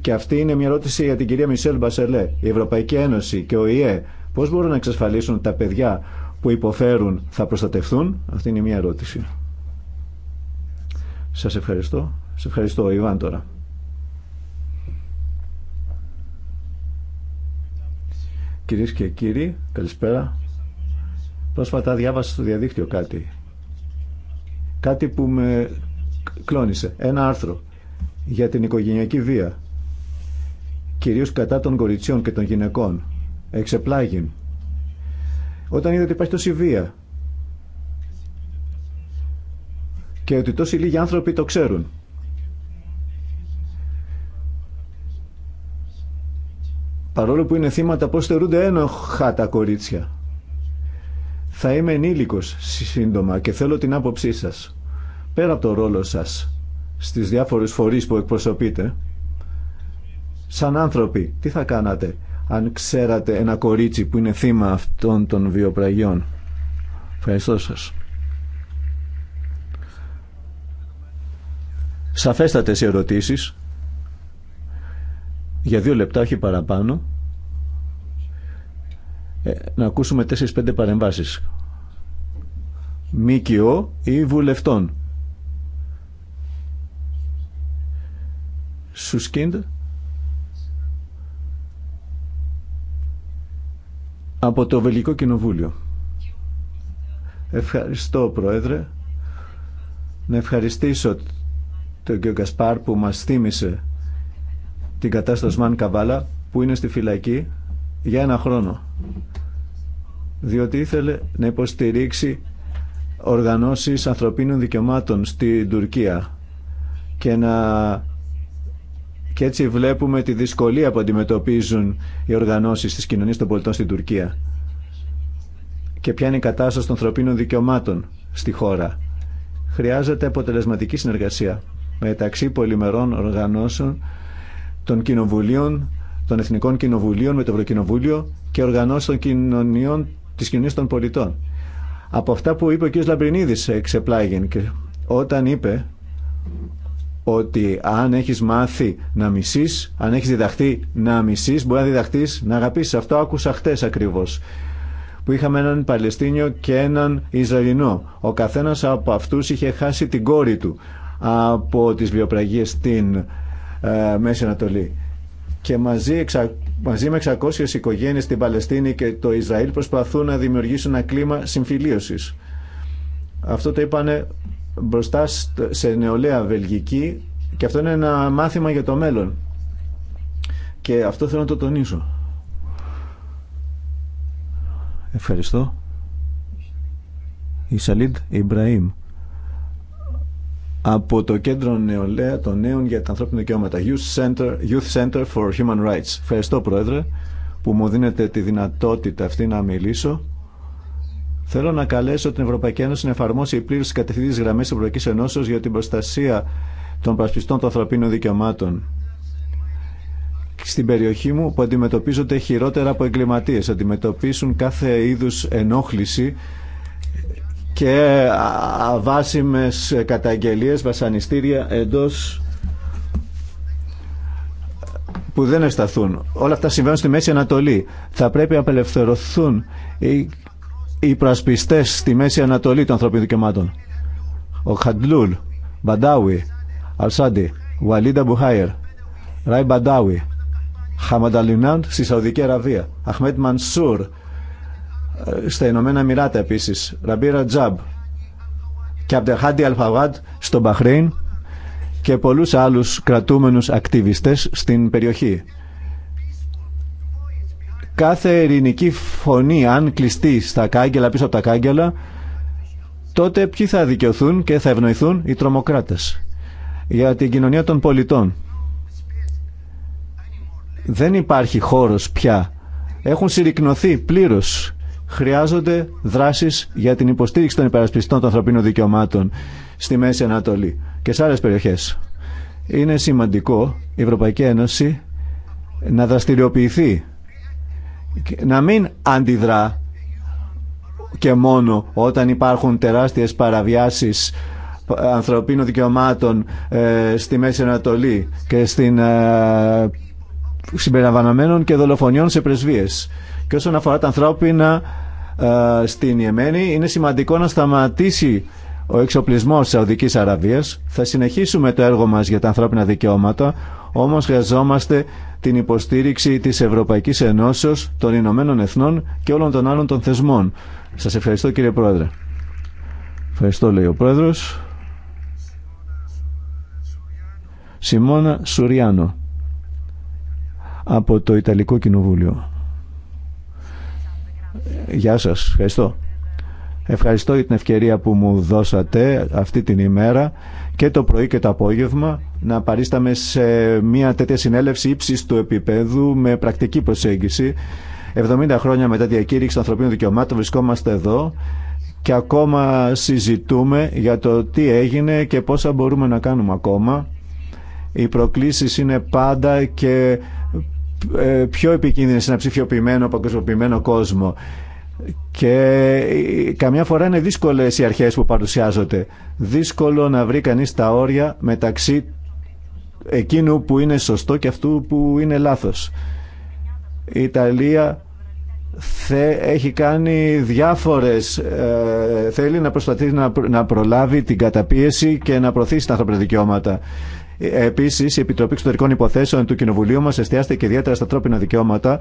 και αυτή είναι μια ερώτηση για την κυρία Μισελ Μπασελέ. Η Ευρωπαϊκή Ένωση και ο ΙΕ πώς μπορούν να εξασφαλίσουν τα παιδιά που υποφέρουν θα προστατευτούν. Αυτή είναι μια ερώτηση. Σας ευχαριστώ. Σας ευχαριστώ, Ιβάν, τώρα. Κυρίες και κύριοι, καλησπέρα. Πρόσφατα διάβασα στο διαδίκτυο κάτι. Κάτι που με κλώνησε. Ένα άρθρο για την οικογενειακή βία κυρίως κατά των κοριτσιών και των γυναικών. Εξεπλάγιν. Όταν είδα ότι υπάρχει τόση βία και ότι τόσοι λίγοι άνθρωποι το ξέρουν. Παρόλο που είναι θύματα πώς θεωρούνται ένοχα τα κορίτσια. Θα είμαι ενήλικος σύντομα και θέλω την άποψή σας. Πέρα από το ρόλο σας στις διάφορες φορείς που εκπροσωπείτε, σαν άνθρωποι, τι θα κάνατε αν ξέρατε ένα κορίτσι που είναι θύμα αυτών των βιοπραγιών. Ευχαριστώ σας. Σαφέστατες ερωτήσεις. Για δύο λεπτά, όχι παραπάνω. Ε, να ακούσουμε τέσσερις-πέντε παρεμβάσεις. ΜΚΟ ή βουλευτών. Σουσκίντ. από το Βελγικό Κοινοβούλιο. Ευχαριστώ, Πρόεδρε. Να ευχαριστήσω τον κ. Κασπάρ που μας θύμισε την κατάσταση Μαν Καβάλα που είναι στη φυλακή για ένα χρόνο. Διότι ήθελε να υποστηρίξει οργανώσεις ανθρωπίνων δικαιωμάτων στην Τουρκία και να και έτσι βλέπουμε τη δυσκολία που αντιμετωπίζουν οι οργανώσεις της κοινωνίας των πολιτών στην Τουρκία. Και ποια είναι η κατάσταση των ανθρωπίνων δικαιωμάτων στη χώρα. Χρειάζεται αποτελεσματική συνεργασία μεταξύ πολυμερών οργανώσεων των κοινοβουλίων, των εθνικών κοινοβουλίων με το Ευρωκοινοβούλιο και οργανώσεων κοινωνιών της κοινωνίας των πολιτών. Από αυτά που είπε ο κ. Λαμπρινίδης εξεπλάγιν και όταν είπε ότι αν έχεις μάθει να μισείς, αν έχεις διδαχτεί να μισείς, μπορεί να διδαχτείς να αγαπήσεις. Αυτό άκουσα χτες ακριβώς που είχαμε έναν Παλαιστίνιο και έναν Ισραηλινό. Ο καθένας από αυτούς είχε χάσει την κόρη του από τις βιοπραγίες στην ε, Μέση Ανατολή. Και μαζί, μαζί με 600 οικογένειες στην Παλαιστίνη και το Ισραήλ προσπαθούν να δημιουργήσουν ένα κλίμα συμφιλίωσης. Αυτό το είπανε μπροστά σε νεολαία βελγική και αυτό είναι ένα μάθημα για το μέλλον. Και αυτό θέλω να το τονίσω. Ευχαριστώ. Η Σαλίδ, Ιμπραήμ από το Κέντρο Νεολαία των Νέων για τα Ανθρώπινα Δικαιώματα Youth Center, Youth Center for Human Rights. Ευχαριστώ Πρόεδρε που μου δίνετε τη δυνατότητα αυτή να μιλήσω Θέλω να καλέσω την Ευρωπαϊκή Ένωση να εφαρμόσει πλήρω τι κατευθυντήριε γραμμέ τη Ευρωπαϊκή Ενώσεω για την προστασία των πασπιστών των ανθρωπίνων δικαιωμάτων. Στην περιοχή μου που αντιμετωπίζονται χειρότερα από εγκληματίε, αντιμετωπίσουν κάθε είδου ενόχληση και αβάσιμες καταγγελίες, βασανιστήρια εντός που δεν ευσταθούν. Όλα αυτά συμβαίνουν στη Μέση Ανατολή. Θα πρέπει να απελευθερωθούν οι οι προασπιστές στη Μέση Ανατολή των ανθρωπίνων δικαιωμάτων. Ο Χαντλούλ, Μπαντάουι, Αλσάντι, Βαλίντα Μπουχάιερ, Ράι Μπαντάουι, Χαμανταλινάν στη Σαουδική Αραβία, Αχμέτ Μανσούρ ε, στα Ηνωμένα Μοιράτα επίση Ραμπίρα Τζαμπ και Αμπτεχάντι Αλφαβάτ στο Μπαχρέιν και πολλούς άλλους κρατούμενους ακτιβιστές στην περιοχή κάθε ειρηνική φωνή αν κλειστεί στα κάγκελα πίσω από τα κάγκελα τότε ποιοι θα δικαιωθούν και θα ευνοηθούν οι τρομοκράτες για την κοινωνία των πολιτών δεν υπάρχει χώρος πια έχουν συρρυκνωθεί πλήρως χρειάζονται δράσεις για την υποστήριξη των υπερασπιστών των ανθρωπίνων δικαιωμάτων στη Μέση Ανατολή και σε άλλες περιοχές είναι σημαντικό η Ευρωπαϊκή Ένωση να δραστηριοποιηθεί να μην αντιδρά και μόνο όταν υπάρχουν τεράστιες παραβιάσεις ανθρωπίνων δικαιωμάτων ε, στη Μέση Ανατολή και στην ε, συμπεριλαμβανομένων και δολοφονιών σε πρεσβείες. Και όσον αφορά τα ανθρώπινα ε, στην Ιεμένη, είναι σημαντικό να σταματήσει ο εξοπλισμός της Σαουδικής Αραβίας. Θα συνεχίσουμε το έργο μας για τα ανθρώπινα δικαιώματα, όμως χρειαζόμαστε την υποστήριξη της Ευρωπαϊκής Ενώσεως, των Ηνωμένων Εθνών και όλων των άλλων των θεσμών. Σας ευχαριστώ κύριε Πρόεδρε. Ευχαριστώ λέει ο Πρόεδρος. Σιμώνα Σουριάνο από το Ιταλικό Κοινοβούλιο. Γεια σας, ευχαριστώ. Ευχαριστώ για την ευκαιρία που μου δώσατε αυτή την ημέρα και το πρωί και το απόγευμα να παρίσταμε σε μια τέτοια συνέλευση ύψης του επίπεδου με πρακτική προσέγγιση. 70 χρόνια μετά τη διακήρυξη των ανθρωπίνων δικαιωμάτων βρισκόμαστε εδώ και ακόμα συζητούμε για το τι έγινε και πόσα μπορούμε να κάνουμε ακόμα. Οι προκλήσεις είναι πάντα και ε, πιο επικίνδυνε σε ένα ψηφιοποιημένο, παγκοσμιοποιημένο κόσμο και ε, καμιά φορά είναι δύσκολε οι αρχέ που παρουσιάζονται. Δύσκολο να βρει κανεί τα όρια μεταξύ εκείνου που είναι σωστό και αυτού που είναι λάθο. Η Ιταλία θε, έχει κάνει διάφορες, ε, θέλει να προσπαθεί να, προλάβει την καταπίεση και να προωθήσει τα ανθρώπινα δικαιώματα. Επίση, η Επιτροπή Εξωτερικών Υποθέσεων του Κοινοβουλίου μα εστιάστηκε ιδιαίτερα στα τρόπινα δικαιώματα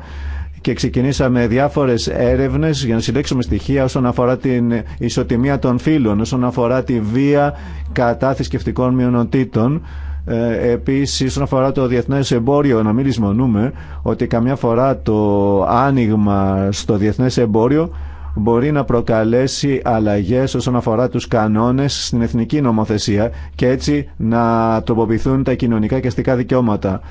και ξεκινήσαμε διάφορε έρευνε για να συλλέξουμε στοιχεία όσον αφορά την ισοτιμία των φύλων, όσον αφορά τη βία κατά θρησκευτικών μειονοτήτων. Ε, Επίση, όσον αφορά το διεθνέ εμπόριο, να μην λησμονούμε ότι καμιά φορά το άνοιγμα στο διεθνέ εμπόριο μπορεί να προκαλέσει αλλαγές όσον αφορά τους κανόνες στην εθνική νομοθεσία και έτσι να τροποποιηθούν τα κοινωνικά και αστικά δικαιώματα.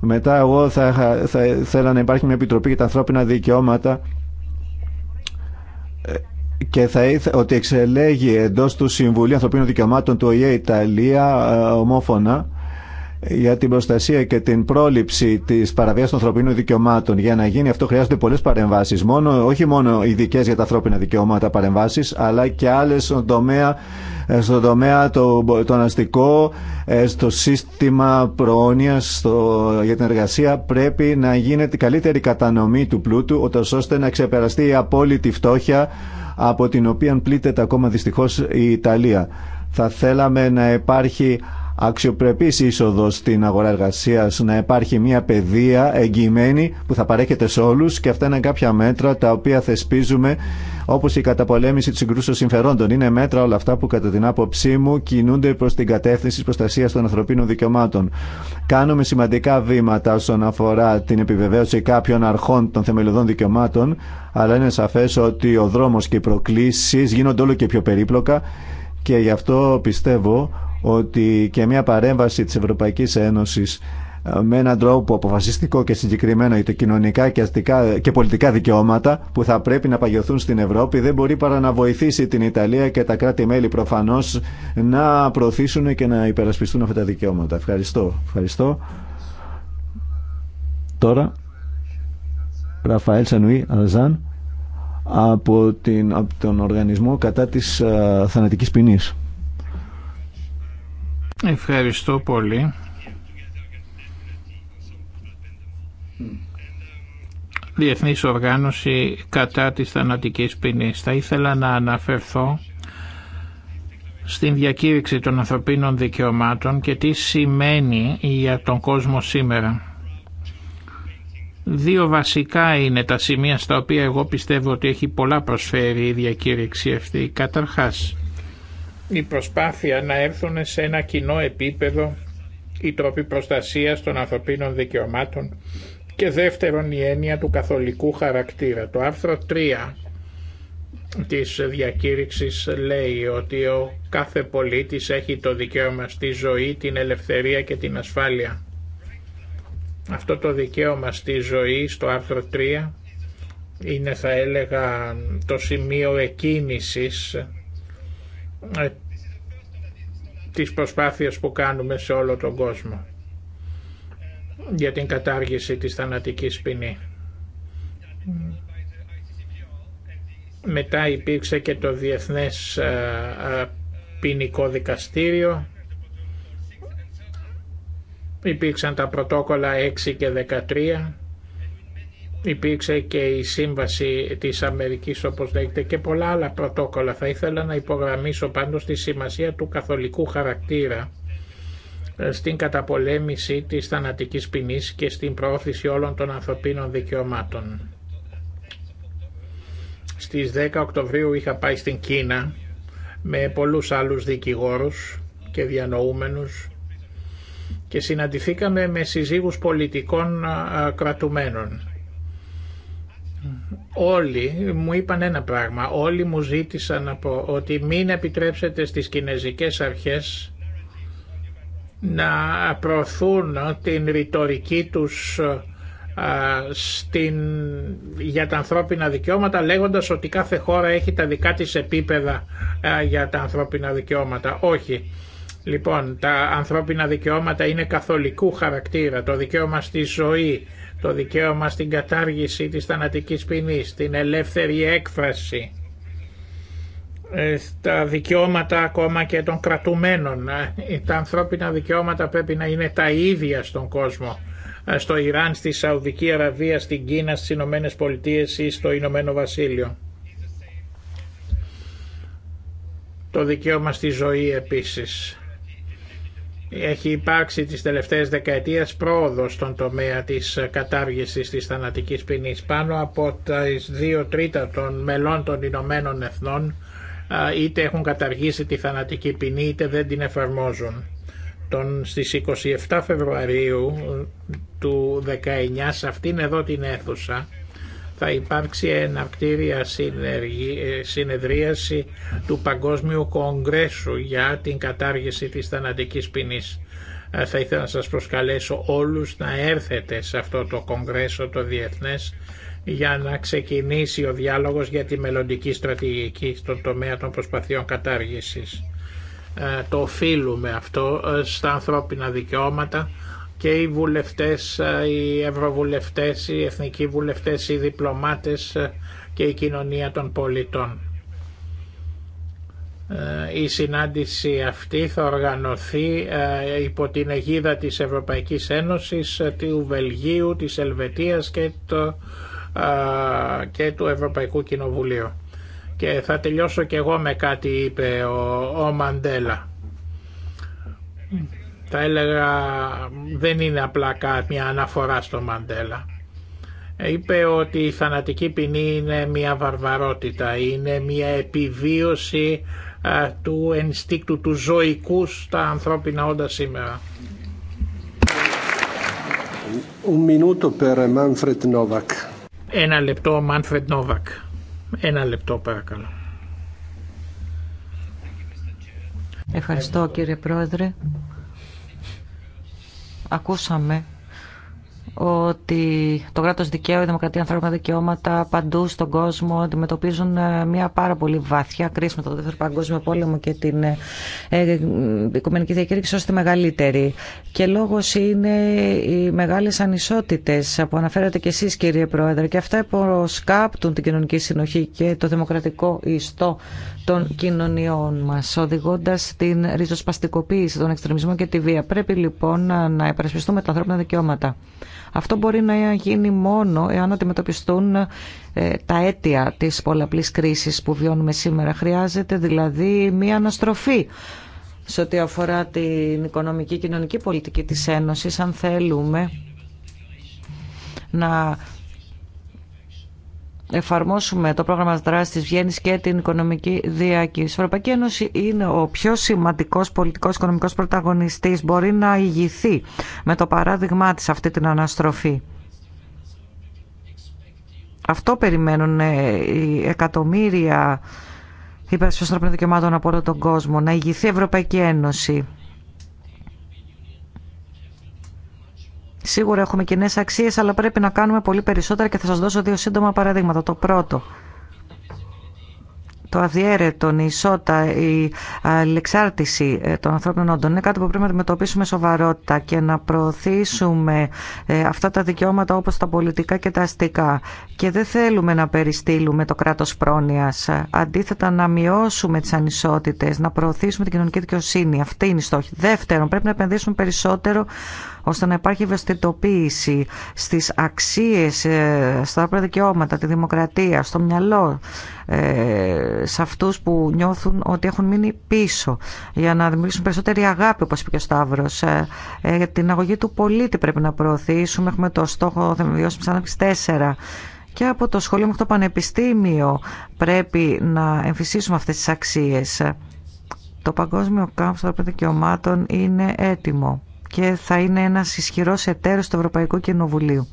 Μετά εγώ θα, θα ήθελα να υπάρχει μια επιτροπή για τα ανθρώπινα δικαιώματα ε, και θα ήθελα ότι εξελέγει εντός του Συμβουλίου Ανθρωπίνων Δικαιωμάτων του ΟΗΕ Ιταλία ε, ομόφωνα για την προστασία και την πρόληψη τη παραβίαση των ανθρωπίνων δικαιωμάτων. Για να γίνει αυτό χρειάζονται πολλέ παρεμβάσει. Μόνο, όχι μόνο ειδικέ για τα ανθρώπινα δικαιώματα παρεμβάσει, αλλά και άλλε ε, στον τομέα, το, το αναστικό, ε, στο σύστημα προόνοια, για την εργασία. Πρέπει να γίνεται καλύτερη κατανομή του πλούτου, ώστε να ξεπεραστεί η απόλυτη φτώχεια από την οποία πλήττεται ακόμα δυστυχώ η Ιταλία. Θα θέλαμε να υπάρχει αξιοπρεπής είσοδος στην αγορά εργασίας, να υπάρχει μια παιδεία εγγυημένη που θα παρέχεται σε όλους και αυτά είναι κάποια μέτρα τα οποία θεσπίζουμε όπως η καταπολέμηση τη συγκρούσεων συμφερόντων. Είναι μέτρα όλα αυτά που κατά την άποψή μου κινούνται προς την κατεύθυνση της προστασίας των ανθρωπίνων δικαιωμάτων. Κάνουμε σημαντικά βήματα όσον αφορά την επιβεβαίωση κάποιων αρχών των θεμελιωδών δικαιωμάτων, αλλά είναι σαφές ότι ο δρόμο και οι προκλήσει γίνονται όλο και πιο περίπλοκα και γι' αυτό πιστεύω ότι και μια παρέμβαση της Ευρωπαϊκής Ένωσης ε, με έναν τρόπο αποφασιστικό και συγκεκριμένο για τα κοινωνικά και, αστικά και πολιτικά δικαιώματα που θα πρέπει να παγιωθούν στην Ευρώπη δεν μπορεί παρά να βοηθήσει την Ιταλία και τα κράτη-μέλη προφανώς να προωθήσουν και να υπερασπιστούν αυτά τα δικαιώματα. Ευχαριστώ. Ευχαριστώ. Τώρα, Ραφαέλ Σανουή Αλζάν από, τον Οργανισμό κατά της α, ε, θανατικής ποινής. Ευχαριστώ πολύ. Διεθνής Οργάνωση κατά της θανατικής ποινής. Θα ήθελα να αναφερθώ στην διακήρυξη των ανθρωπίνων δικαιωμάτων και τι σημαίνει για τον κόσμο σήμερα. Δύο βασικά είναι τα σημεία στα οποία εγώ πιστεύω ότι έχει πολλά προσφέρει η διακήρυξη αυτή. Καταρχάς, η προσπάθεια να έρθουν σε ένα κοινό επίπεδο οι τρόποι προστασίας των ανθρωπίνων δικαιωμάτων και δεύτερον η έννοια του καθολικού χαρακτήρα. Το άρθρο 3 της διακήρυξης λέει ότι ο κάθε πολίτης έχει το δικαίωμα στη ζωή, την ελευθερία και την ασφάλεια. Αυτό το δικαίωμα στη ζωή στο άρθρο 3 είναι θα έλεγα το σημείο εκκίνησης ε, τις προσπάθειες που κάνουμε σε όλο τον κόσμο για την κατάργηση της θανατικής ποινή. Μετά υπήρξε και το Διεθνές ε, ε, Ποινικό Δικαστήριο. Υπήρξαν τα πρωτόκολλα 6 και 13 υπήρξε και η σύμβαση της Αμερικής όπως λέγεται και πολλά άλλα πρωτόκολλα. Θα ήθελα να υπογραμμίσω πάντως τη σημασία του καθολικού χαρακτήρα ε, στην καταπολέμηση της θανατικής ποινή και στην προώθηση όλων των ανθρωπίνων δικαιωμάτων. Στις 10 Οκτωβρίου είχα πάει στην Κίνα με πολλούς άλλους δικηγόρους και διανοούμενους και συναντηθήκαμε με συζύγους πολιτικών ε, κρατουμένων Όλοι μου είπαν ένα πράγμα, όλοι μου ζήτησαν να πω ότι μην επιτρέψετε στις κινέζικες αρχές να προωθούν την ρητορική τους στην, για τα ανθρώπινα δικαιώματα λέγοντας ότι κάθε χώρα έχει τα δικά της επίπεδα για τα ανθρώπινα δικαιώματα. Όχι. Λοιπόν, τα ανθρώπινα δικαιώματα είναι καθολικού χαρακτήρα. Το δικαίωμα στη ζωή, το δικαίωμα στην κατάργηση της θανατικής ποινής, την ελεύθερη έκφραση, ε, τα δικαιώματα ακόμα και των κρατουμένων. Ε, τα ανθρώπινα δικαιώματα πρέπει να είναι τα ίδια στον κόσμο. Ε, στο Ιράν, στη Σαουδική Αραβία, στην Κίνα, στις Ηνωμένε Πολιτείε ή στο Ηνωμένο Βασίλειο. Το δικαίωμα στη ζωή επίσης. Έχει υπάρξει τις τελευταίες δεκαετίες πρόοδο στον τομέα της κατάργησης της θανατικής ποινή Πάνω από τα δύο τρίτα των μελών των Ηνωμένων Εθνών είτε έχουν καταργήσει τη θανατική ποινή είτε δεν την εφαρμόζουν. Τον, στις 27 Φεβρουαρίου ε, του 19 σε αυτήν εδώ την αίθουσα θα υπάρξει εναρκτήρια ε, συνεδρίαση του Παγκόσμιου Κογκρέσου για την κατάργηση της θανατικής ποινής. Ε, θα ήθελα να σας προσκαλέσω όλους να έρθετε σε αυτό το Κογκρέσο το Διεθνές για να ξεκινήσει ο διάλογος για τη μελλοντική στρατηγική στον τομέα των προσπαθειών κατάργησης. Ε, το οφείλουμε αυτό στα ανθρώπινα δικαιώματα και οι βουλευτές, ε, οι ευρωβουλευτές, οι εθνικοί βουλευτές, οι διπλωμάτες ε, και η κοινωνία των πολιτών. Ε, η συνάντηση αυτή θα οργανωθεί υπό την αιγίδα της Ευρωπαϊκής Ένωσης, του Βελγίου, της Ελβετίας και, και του Ευρωπαϊκού Κοινοβουλίου. Και θα τελειώσω και εγώ με κάτι είπε ο, ο Μαντέλα θα έλεγα δεν είναι απλά μια αναφορά στο Μαντέλα. Ε, είπε ότι η θανατική ποινή είναι μια βαρβαρότητα, είναι μια επιβίωση του ενστίκτου του ζωικού στα ανθρώπινα όντα σήμερα. Ένα λεπτό, Μάνφρετ Νόβακ. Ένα λεπτό, παρακαλώ. Ευχαριστώ, κύριε Πρόεδρε. Ακούσαμε ότι το κράτος δικαίου, η δημοκρατία, ανθρώπινα δικαιώματα παντού στον κόσμο αντιμετωπίζουν ε, μια πάρα πολύ βαθιά κρίση με το δεύτερο παγκόσμιο πόλεμο και την ε, ε, οικουμενική διακήρυξη ως τη μεγαλύτερη. Και λόγος είναι οι μεγάλες ανισότητες που αναφέρατε και εσείς κύριε Πρόεδρε και αυτά προσκάπτουν την κοινωνική συνοχή και το δημοκρατικό ιστό των κοινωνιών μας οδηγώντας την ριζοσπαστικοποίηση, των εξτρεμισμών και τη βία. Πρέπει λοιπόν να υπερασπιστούμε τα ανθρώπινα δικαιώματα. Αυτό μπορεί να γίνει μόνο εάν αντιμετωπιστούν ε, τα αίτια της πολλαπλής κρίσης που βιώνουμε σήμερα. Χρειάζεται δηλαδή μία αναστροφή σε ό,τι αφορά την οικονομική και κοινωνική πολιτική της Ένωσης, αν θέλουμε να εφαρμόσουμε το πρόγραμμα δράση τη Βιέννη και την οικονομική διακήρυξη. Η Ευρωπαϊκή Ένωση είναι ο πιο σημαντικός πολιτικός πολιτικό-οικονομικό πρωταγωνιστής. Μπορεί να ηγηθεί με το παράδειγμά τη αυτή την αναστροφή. Αυτό περιμένουν ε, οι εκατομμύρια υπερασπιστών δικαιωμάτων από όλο τον κόσμο. Να ηγηθεί η Ευρωπαϊκή Ένωση. Σίγουρα έχουμε κοινέ αξίε, αλλά πρέπει να κάνουμε πολύ περισσότερα και θα σα δώσω δύο σύντομα παραδείγματα. Το πρώτο, το αδιέρετο, η ισότητα, η αλεξάρτηση ε, των ανθρώπινων όντων είναι κάτι που πρέπει να αντιμετωπίσουμε σοβαρότητα και να προωθήσουμε ε, αυτά τα δικαιώματα όπως τα πολιτικά και τα αστικά. Και δεν θέλουμε να περιστήλουμε το κράτος πρόνοιας. Αντίθετα να μειώσουμε τις ανισότητες, να προωθήσουμε την κοινωνική δικαιοσύνη. Αυτή είναι η στόχη. Δεύτερον, πρέπει να επενδύσουμε περισσότερο ώστε να υπάρχει ευαισθητοποίηση στις αξίες, ε, στα άπρα δικαιώματα, τη δημοκρατία, στο μυαλό, ε, σε αυτούς που νιώθουν ότι έχουν μείνει πίσω, για να δημιουργήσουν περισσότερη αγάπη, όπως είπε και ο Σταύρος. Ε, την αγωγή του πολίτη πρέπει να προωθήσουμε. Έχουμε το στόχο θεμελιώσιμης ανάπτυξης 4 και από το σχολείο μέχρι το πανεπιστήμιο πρέπει να εμφυσίσουμε αυτές τις αξίες. Το Παγκόσμιο Κάμψο των Δικαιωμάτων είναι έτοιμο και θα είναι ένας ισχυρός εταίρος του Ευρωπαϊκού Κοινοβουλίου.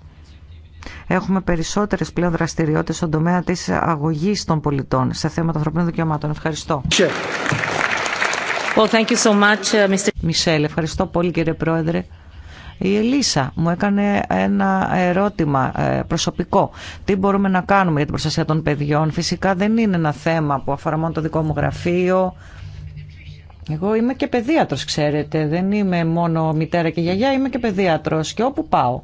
Έχουμε περισσότερε πλέον δραστηριότητε στον τομέα τη αγωγή των πολιτών σε θέματα ανθρωπίνων δικαιωμάτων. Ευχαριστώ. Well, thank you so much, uh, Mr. Michel, ευχαριστώ πολύ κύριε Πρόεδρε. Η Ελίσα μου έκανε ένα ερώτημα ε, προσωπικό. Τι μπορούμε να κάνουμε για την προστασία των παιδιών. Φυσικά δεν είναι ένα θέμα που αφορά μόνο το δικό μου γραφείο εγώ είμαι και παιδίατρος, ξέρετε. Δεν είμαι μόνο μητέρα και γιαγιά, είμαι και παιδίατρος. Και όπου πάω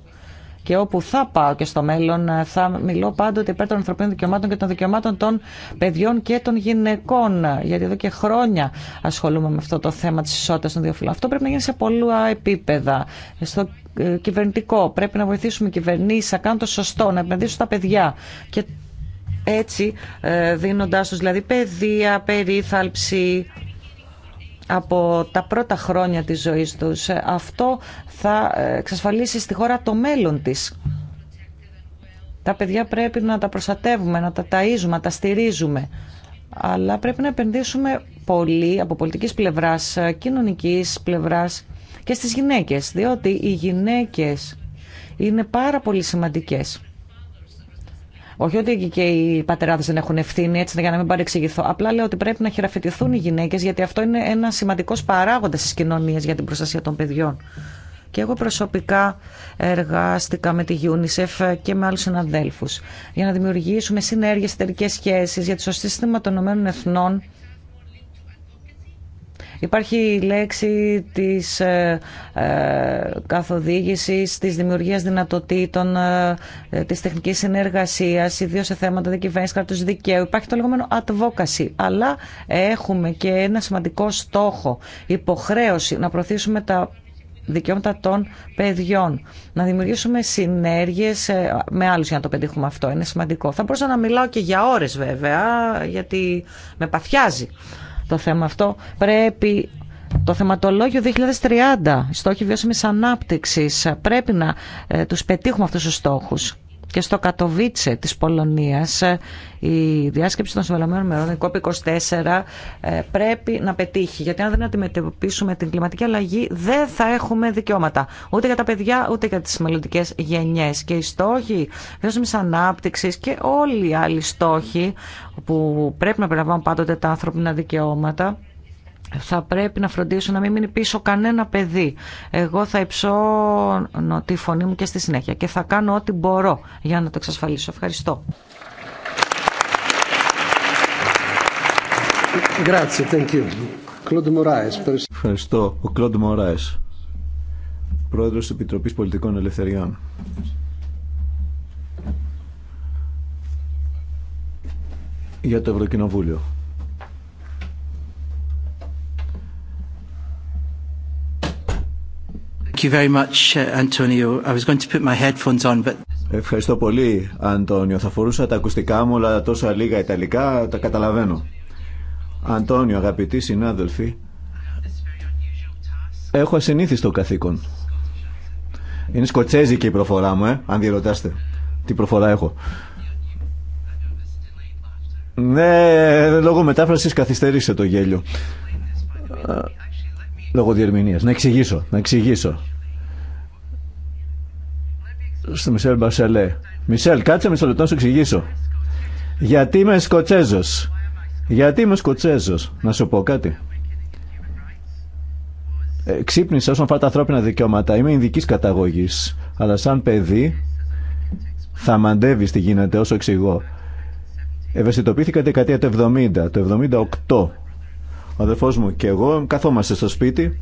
και όπου θα πάω και στο μέλλον θα μιλώ πάντοτε υπέρ των ανθρωπίνων δικαιωμάτων και των δικαιωμάτων των παιδιών και των γυναικών. Γιατί εδώ και χρόνια ασχολούμαι με αυτό το θέμα της ισότητας των δύο φύλων. Αυτό πρέπει να γίνει σε πολλά επίπεδα. Στο ε, κυβερνητικό πρέπει να βοηθήσουμε κυβερνήσεις να κάνουν το σωστό, να επενδύσουν στα παιδιά. Και έτσι ε, δίνοντάς τους δηλαδή παιδεία, περίθαλψη, από τα πρώτα χρόνια της ζωής τους. Αυτό θα εξασφαλίσει στη χώρα το μέλλον της. Τα παιδιά πρέπει να τα προστατεύουμε, να τα ταΐζουμε, να τα στηρίζουμε. Αλλά πρέπει να επενδύσουμε πολύ από πολιτικής πλευράς, κοινωνικής πλευράς και στις γυναίκες, διότι οι γυναίκες είναι πάρα πολύ σημαντικές όχι ότι και οι πατεράδε δεν έχουν ευθύνη, έτσι για να μην παρεξηγηθώ. Απλά λέω ότι πρέπει να χειραφετηθούν οι γυναίκε, γιατί αυτό είναι ένα σημαντικό παράγοντα τη κοινωνία για την προστασία των παιδιών. Και εγώ προσωπικά εργάστηκα με τη UNICEF και με άλλου συναδέλφου για να δημιουργήσουμε συνέργειε, εταιρικέ σχέσει για τη σωστή σύστημα των Υπάρχει η λέξη της ε, ε, καθοδήγησης, της δημιουργίας δυνατοτήτων, ε, ε της τεχνικής συνεργασίας, ιδίως σε θέματα δικυβέρνησης κράτους δικαίου. Υπάρχει το λεγόμενο advocacy, αλλά έχουμε και ένα σημαντικό στόχο, υποχρέωση να προωθήσουμε τα δικαιώματα των παιδιών. Να δημιουργήσουμε συνέργειες ε, με άλλους για να το πετύχουμε αυτό. Είναι σημαντικό. Θα μπορούσα να μιλάω και για ώρες βέβαια, γιατί με παθιάζει το θέμα αυτό. Πρέπει το θεματολόγιο 2030, στόχοι βιώσιμης ανάπτυξης, πρέπει να ε, τους πετύχουμε αυτούς τους στόχους και στο Κατοβίτσε της Πολωνίας ε, η διάσκεψη των συμβαλωμένων μερών, η COP24, ε, πρέπει να πετύχει. Γιατί αν δεν αντιμετωπίσουμε την κλιματική αλλαγή, δεν θα έχουμε δικαιώματα. Ούτε για τα παιδιά, ούτε για τι μελλοντικέ γενιέ. Και οι στόχοι βιώσιμη ανάπτυξη και όλοι οι άλλοι στόχοι που πρέπει να περιλαμβάνουν πάντοτε τα ανθρώπινα δικαιώματα, θα πρέπει να φροντίσω να μην μείνει πίσω κανένα παιδί. Εγώ θα υψώνω τη φωνή μου και στη συνέχεια και θα κάνω ό,τι μπορώ για να το εξασφαλίσω. Ευχαριστώ. Ευχαριστώ. Ο Κλοντ Μωράες, πρόεδρος της Επιτροπής Πολιτικών Ελευθεριών. Για το Ευρωκοινοβούλιο. Ευχαριστώ πολύ, Αντώνιο. Θα φορούσα τα ακουστικά μου, αλλά τόσα λίγα Ιταλικά τα καταλαβαίνω. Αντώνιο, αγαπητοί συνάδελφοι, έχω ασυνήθιστο καθήκον. Είναι σκοτσέζικη η προφορά μου, ε, αν διερωτάστε τι προφορά έχω. Ναι, λόγω μετάφρασης καθυστέρησε το γέλιο. Ε, λόγω διερμηνίας. Να εξηγήσω, να εξηγήσω στο Μισελ Μπασελέ. Μισελ, κάτσε μισό λεπτό να σου εξηγήσω. Γιατί είμαι Σκοτσέζο. Γιατί είμαι Σκοτσέζο. Να σου πω κάτι. Ε, ξύπνησα όσον αφορά τα ανθρώπινα δικαιώματα. Είμαι ειδική καταγωγή. Αλλά σαν παιδί θα μαντεύει τι γίνεται όσο εξηγώ. Ευαισθητοποιήθηκα τη δεκαετία του 70, το 78. Ο αδερφός μου και εγώ καθόμαστε στο σπίτι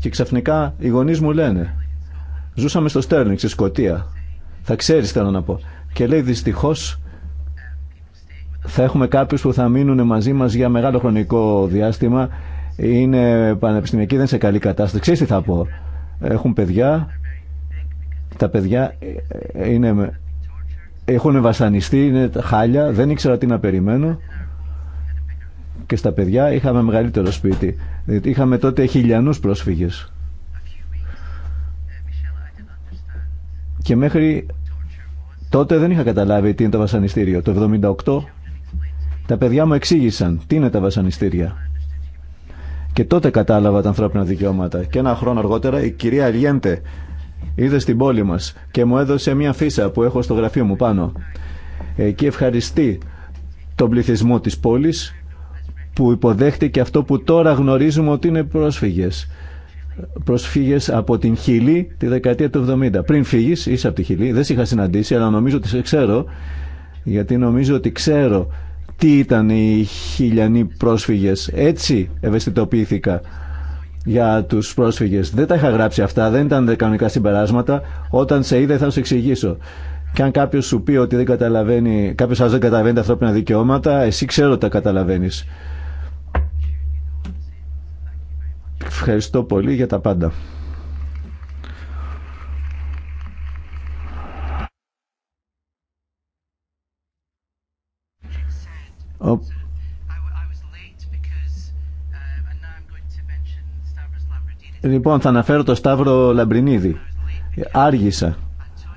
και ξαφνικά οι γονεί μου λένε Ζούσαμε στο Στέρλινγκ, στη Σκοτία. Θα ξέρεις θέλω να πω. Και λέει δυστυχώ: θα έχουμε κάποιους που θα μείνουν μαζί μας για μεγάλο χρονικό διάστημα. Είναι πανεπιστημιακοί, δεν σε καλή κατάσταση. Ξέρεις τι θα πω. Έχουν παιδιά. Τα παιδιά ε, είναι, έχουν βασανιστεί, είναι χάλια. Δεν ήξερα τι να περιμένω. Και στα παιδιά είχαμε μεγαλύτερο σπίτι. Είχαμε τότε χιλιανούς πρόσφυγες και μέχρι τότε δεν είχα καταλάβει τι είναι το βασανιστήριο. Το 1978 τα παιδιά μου εξήγησαν τι είναι τα βασανιστήρια. Και τότε κατάλαβα τα ανθρώπινα δικαιώματα. Και ένα χρόνο αργότερα η κυρία Αλιέντε είδε στην πόλη μας και μου έδωσε μια φύσα που έχω στο γραφείο μου πάνω. Εκεί ευχαριστεί τον πληθυσμό της πόλης που υποδέχτηκε αυτό που τώρα γνωρίζουμε ότι είναι πρόσφυγες προσφύγες από την Χιλή τη δεκαετία του 70. Πριν φύγεις, είσαι από τη Χιλή, δεν σε είχα συναντήσει, αλλά νομίζω ότι σε ξέρω, γιατί νομίζω ότι ξέρω τι ήταν οι χιλιανοί πρόσφυγες. Έτσι ευαισθητοποιήθηκα για τους πρόσφυγες. Δεν τα είχα γράψει αυτά, δεν ήταν κανονικά συμπεράσματα. Όταν σε είδε θα σου εξηγήσω. Και αν κάποιο σου πει ότι δεν καταλαβαίνει, κάποιο άλλο δεν καταλαβαίνει τα ανθρώπινα δικαιώματα, εσύ ξέρω ότι τα καταλαβαίνει. Ευχαριστώ πολύ για τα πάντα. Λοιπόν, θα αναφέρω το Σταύρο Λαμπρινίδη. Άργησα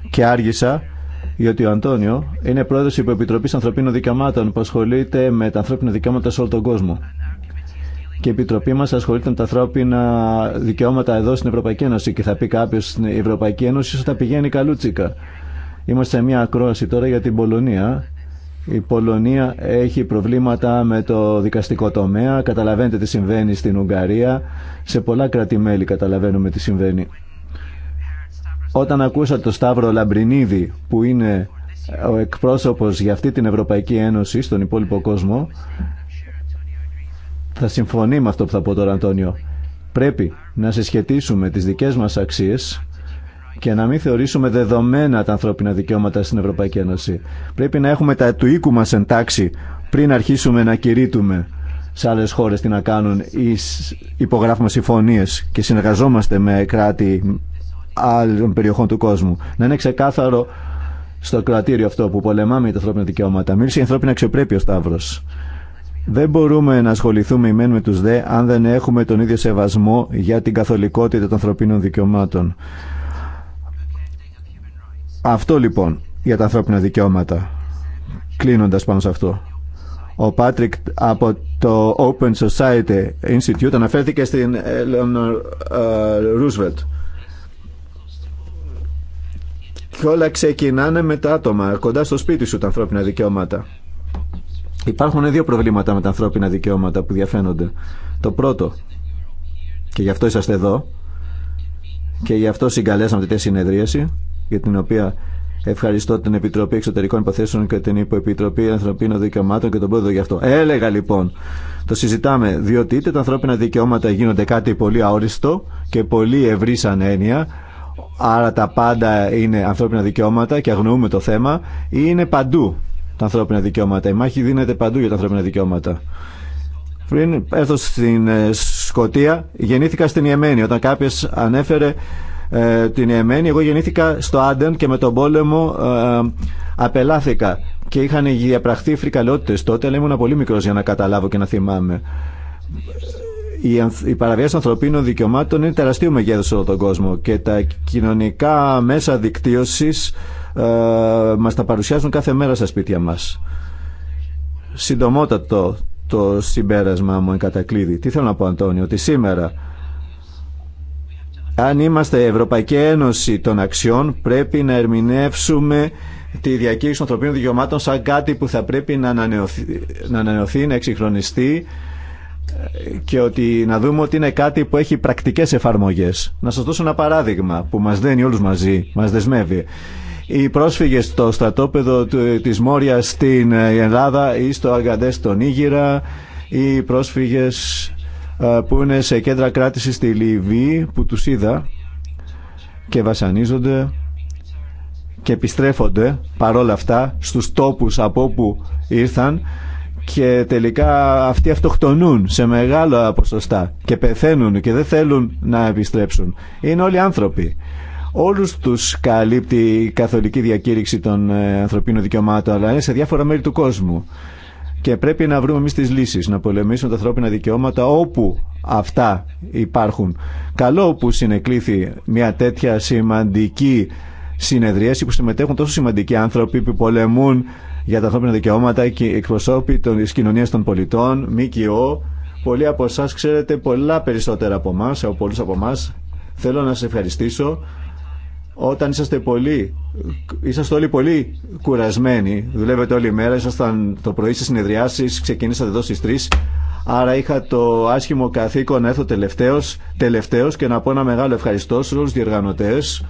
και άργησα γιατί ο Αντώνιο είναι πρόεδρος της Υποεπιτροπής Ανθρωπίνων Δικαιωμάτων που ασχολείται με τα ανθρώπινα δικαιώματα σε όλο τον κόσμο και η Επιτροπή μα ασχολείται με τα ανθρώπινα δικαιώματα εδώ στην Ευρωπαϊκή Ένωση. Και θα πει κάποιο στην Ευρωπαϊκή Ένωση, ίσω θα πηγαίνει καλούτσικα. Είμαστε σε μια ακρόαση τώρα για την Πολωνία. Η Πολωνία έχει προβλήματα με το δικαστικό τομέα. Καταλαβαίνετε τι συμβαίνει στην Ουγγαρία. Σε πολλά κράτη-μέλη καταλαβαίνουμε τι συμβαίνει. Όταν ακούσα το Σταύρο Λαμπρινίδη, που είναι ο εκπρόσωπος για αυτή την Ευρωπαϊκή Ένωση στον υπόλοιπο κόσμο, θα συμφωνεί με αυτό που θα πω τώρα Αντώνιο. Πρέπει να συσχετίσουμε τις δικές μας αξίες και να μην θεωρήσουμε δεδομένα τα ανθρώπινα δικαιώματα στην Ευρωπαϊκή Ένωση. Πρέπει να έχουμε τα του οίκου μας εντάξει πριν αρχίσουμε να κηρύττουμε σε άλλε χώρε τι να κάνουν ή υπογράφουμε συμφωνίες και συνεργαζόμαστε με κράτη άλλων περιοχών του κόσμου. Να είναι ξεκάθαρο στο κρατήριο αυτό που πολεμάμε για τα ανθρώπινα δικαιώματα. Μίλησε η ανθρώπινη αξιοπρέπεια ο σταύρο. Δεν μπορούμε να ασχοληθούμε ημέν με τους δε αν δεν έχουμε τον ίδιο σεβασμό για την καθολικότητα των ανθρωπίνων δικαιωμάτων. Αυτό λοιπόν για τα ανθρώπινα δικαιώματα. Κλείνοντας πάνω σε αυτό. Ο Πάτρικ από το Open Society Institute αναφέρθηκε στην Eleanor ε, Roosevelt. Και όλα ξεκινάνε με τα άτομα, κοντά στο σπίτι σου τα ανθρώπινα δικαιώματα. Υπάρχουν δύο προβλήματα με τα ανθρώπινα δικαιώματα που διαφαίνονται. Το πρώτο, και γι' αυτό είσαστε εδώ, και γι' αυτό συγκαλέσαμε τη συνεδρίαση, για την οποία ευχαριστώ την Επιτροπή Εξωτερικών Υποθέσεων και την Υποεπιτροπή Ανθρωπίνων Δικαιωμάτων και τον πρόεδρο γι' αυτό. Έλεγα λοιπόν, το συζητάμε, διότι είτε τα ανθρώπινα δικαιώματα γίνονται κάτι πολύ αόριστο και πολύ ευρύ σαν έννοια, άρα τα πάντα είναι ανθρώπινα δικαιώματα και αγνοούμε το θέμα, ή είναι παντού τα ανθρώπινα δικαιώματα. Η μάχη δίνεται παντού για τα ανθρώπινα δικαιώματα. Πριν έρθω στην ε, Σκοτία, γεννήθηκα στην Ιεμένη. Όταν κάποιο ανέφερε ε, την Ιεμένη, εγώ γεννήθηκα στο Άντεν και με τον πόλεμο ε, απελάθηκα. Και είχαν διαπραχθεί φρικαλότητε τότε, αλλά ήμουν πολύ μικρό για να καταλάβω και να θυμάμαι. Η, η παραβίαση ανθρωπίνων δικαιωμάτων είναι τεραστίου μεγέθου σε όλο τον κόσμο και τα κοινωνικά μέσα δικτύωση ε, μας τα παρουσιάζουν κάθε μέρα στα σπίτια μας. Συντομότατο το συμπέρασμα μου εγκατακλείδη. Τι θέλω να πω Αντώνιο, ότι σήμερα αν είμαστε Ευρωπαϊκή Ένωση των Αξιών πρέπει να ερμηνεύσουμε τη διακήρυξη των ανθρωπίνων δικαιωμάτων σαν κάτι που θα πρέπει να ανανεωθεί, να, ανανεωθεί, εξυγχρονιστεί και ότι να δούμε ότι είναι κάτι που έχει πρακτικές εφαρμογές. Να σας δώσω ένα παράδειγμα που μας δένει όλους μαζί, μας δεσμεύει. Οι πρόσφυγες στο στρατόπεδο της Μόριας στην ε, Ελλάδα ή στο Αργαντέ στον Ήγυρα, οι πρόσφυγες ε, που είναι σε κέντρα κράτησης στη Λιβύη που τους είδα και βασανίζονται και επιστρέφονται παρόλα αυτά στους τόπους από όπου ήρθαν και τελικά αυτοί αυτοκτονούν σε μεγάλα ποσοστά και πεθαίνουν και δεν θέλουν να επιστρέψουν. Είναι όλοι άνθρωποι όλους τους καλύπτει η καθολική διακήρυξη των ε, ανθρωπίνων δικαιωμάτων, αλλά είναι σε διάφορα μέρη του κόσμου. Και πρέπει να βρούμε εμεί τι λύσει, να πολεμήσουμε τα ανθρώπινα δικαιώματα όπου αυτά υπάρχουν. Καλό που συνεκλήθη μια τέτοια σημαντική συνεδρίαση που συμμετέχουν τόσο σημαντικοί άνθρωποι που πολεμούν για τα ανθρώπινα δικαιώματα και εκπροσώποι τη κοινωνία των πολιτών, ΜΚΟ. Πολλοί από εσά ξέρετε πολλά περισσότερα από εμά, από πολλού από εμά. Θέλω να σα ευχαριστήσω όταν είσαστε πολύ, είσαστε όλοι πολύ κουρασμένοι, δουλεύετε όλη μέρα, ήσασταν το πρωί στις συνεδριάσεις, ξεκινήσατε εδώ στις 3, άρα είχα το άσχημο καθήκον να έρθω τελευταίος, τελευταίος και να πω ένα μεγάλο ευχαριστώ στους όλους διοργανωτές.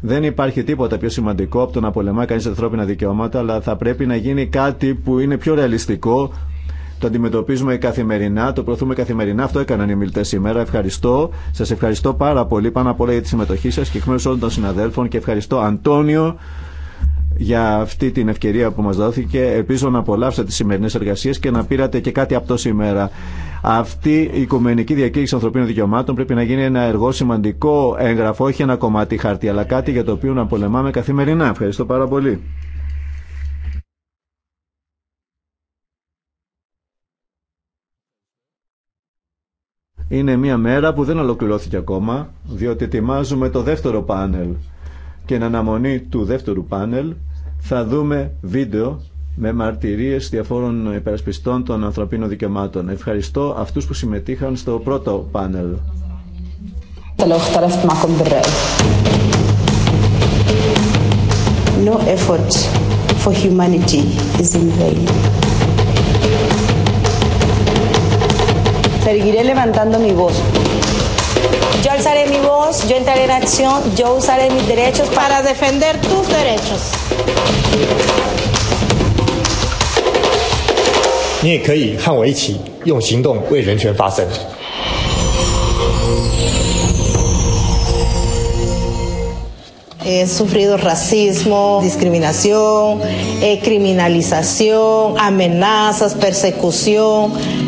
Δεν υπάρχει τίποτα πιο σημαντικό από το να πολεμάει κάνεις ανθρώπινα δικαιώματα, αλλά θα πρέπει να γίνει κάτι που είναι πιο ρεαλιστικό, το αντιμετωπίζουμε καθημερινά, το προωθούμε καθημερινά. Αυτό έκαναν οι μιλητέ σήμερα. Ευχαριστώ. Σα ευχαριστώ πάρα πολύ πάνω απ' όλα για τη συμμετοχή σα και εκ μέρου όλων των συναδέλφων και ευχαριστώ Αντώνιο για αυτή την ευκαιρία που μας δόθηκε. Ελπίζω να απολαύσετε τις σημερινές εργασίες και να πήρατε και κάτι από το σήμερα. Αυτή η Οικουμενική Διακήρυξη Ανθρωπίνων Δικαιωμάτων πρέπει να γίνει ένα εργό σημαντικό έγγραφο, όχι ένα κομμάτι χαρτί, αλλά κάτι για το οποίο να πολεμάμε καθημερινά. Ευχαριστώ πάρα πολύ. Είναι μια μέρα που δεν ολοκληρώθηκε ακόμα, διότι ετοιμάζουμε το δεύτερο πάνελ. Και εν αναμονή του δεύτερου πάνελ θα δούμε βίντεο με μαρτυρίες διαφόρων υπερασπιστών των ανθρωπίνων δικαιωμάτων. Ευχαριστώ αυτούς που συμμετείχαν στο πρώτο πάνελ. No effort for humanity is in vain. Seguiré levantando mi voz. Yo alzaré mi voz, yo entraré en acción, yo usaré mis derechos para, defender tus derechos. He sufrido racismo, discriminación, criminalización, amenazas, persecución.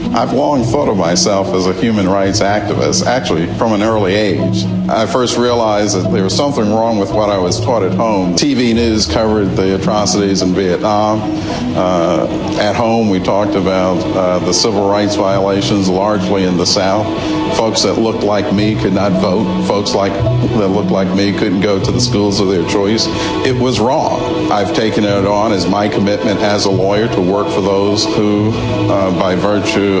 I've long thought of myself as a human rights activist, actually from an early age. I first realized that there was something wrong with what I was taught at home. TV news covered the atrocities in Vietnam. Uh, at home, we talked about uh, the civil rights violations largely in the South. Folks that looked like me could not vote. Folks like that looked like me couldn't go to the schools of their choice. It was wrong. I've taken it on as my commitment as a lawyer to work for those who, uh, by virtue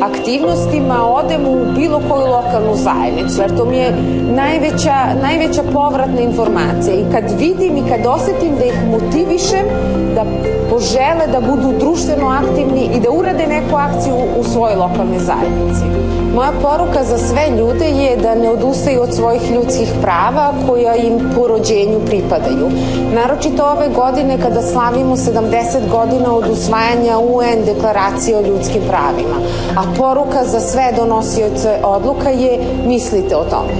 aktivnostima odem u bilo koju lokalnu zajednicu, jer to mi je najveća, najveća povratna informacija i kad vidim i kad osetim da ih mu motivišem da požele da budu društveno aktivni i da urade neku akciju u svojoj lokalnoj zajednici. Moja poruka za sve ljude je da ne odustaju od svojih ljudskih prava koja im po rođenju pripadaju. Naročito ove godine kada slavimo 70 godina od usvajanja UN deklaracije o ljudskim pravima. A poruka za sve donosioce odluka je mislite o tome.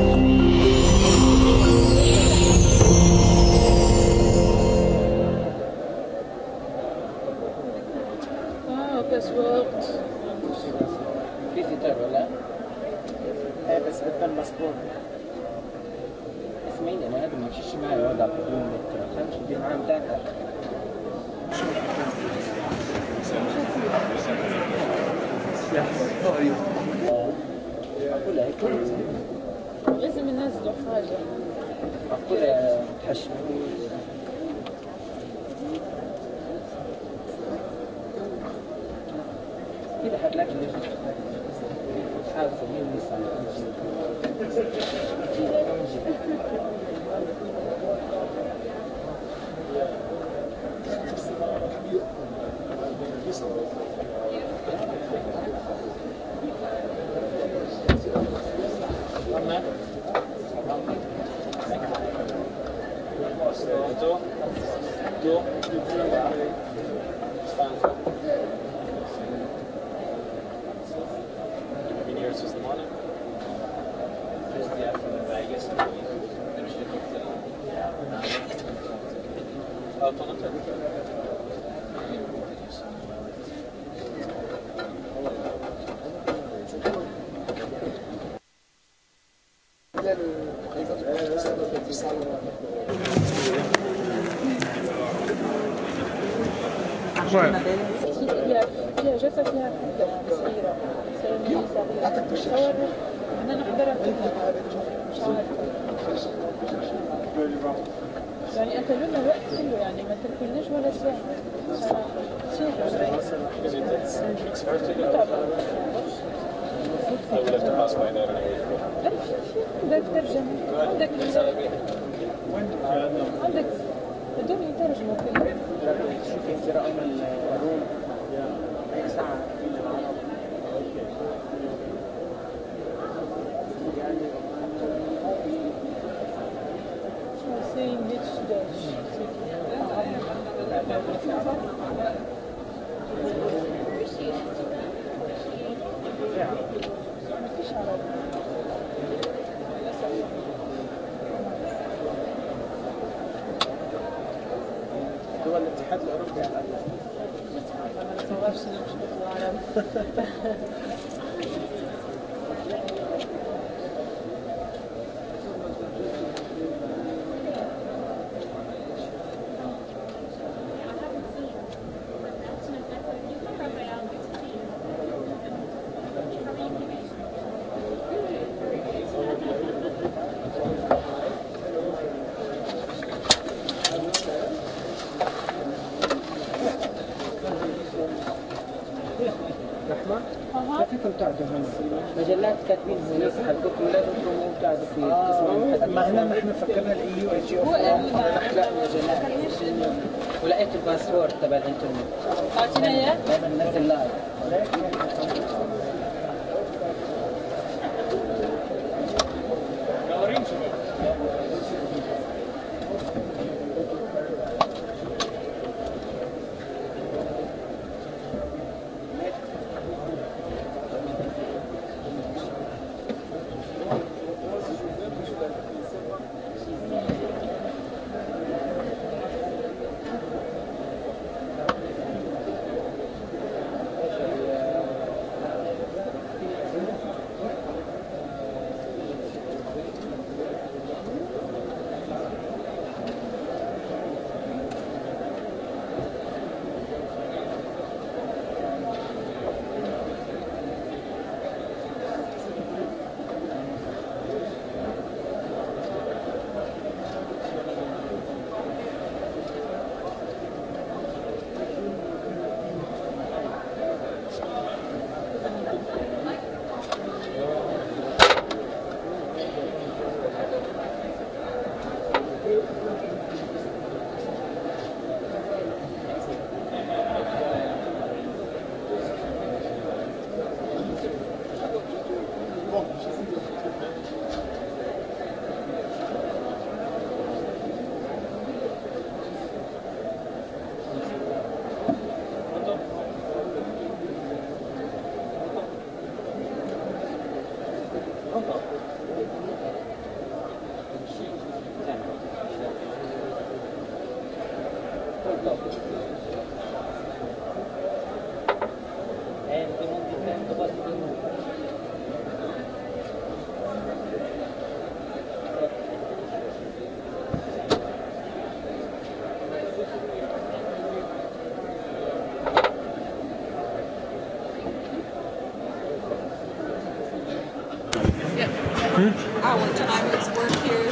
kontakter.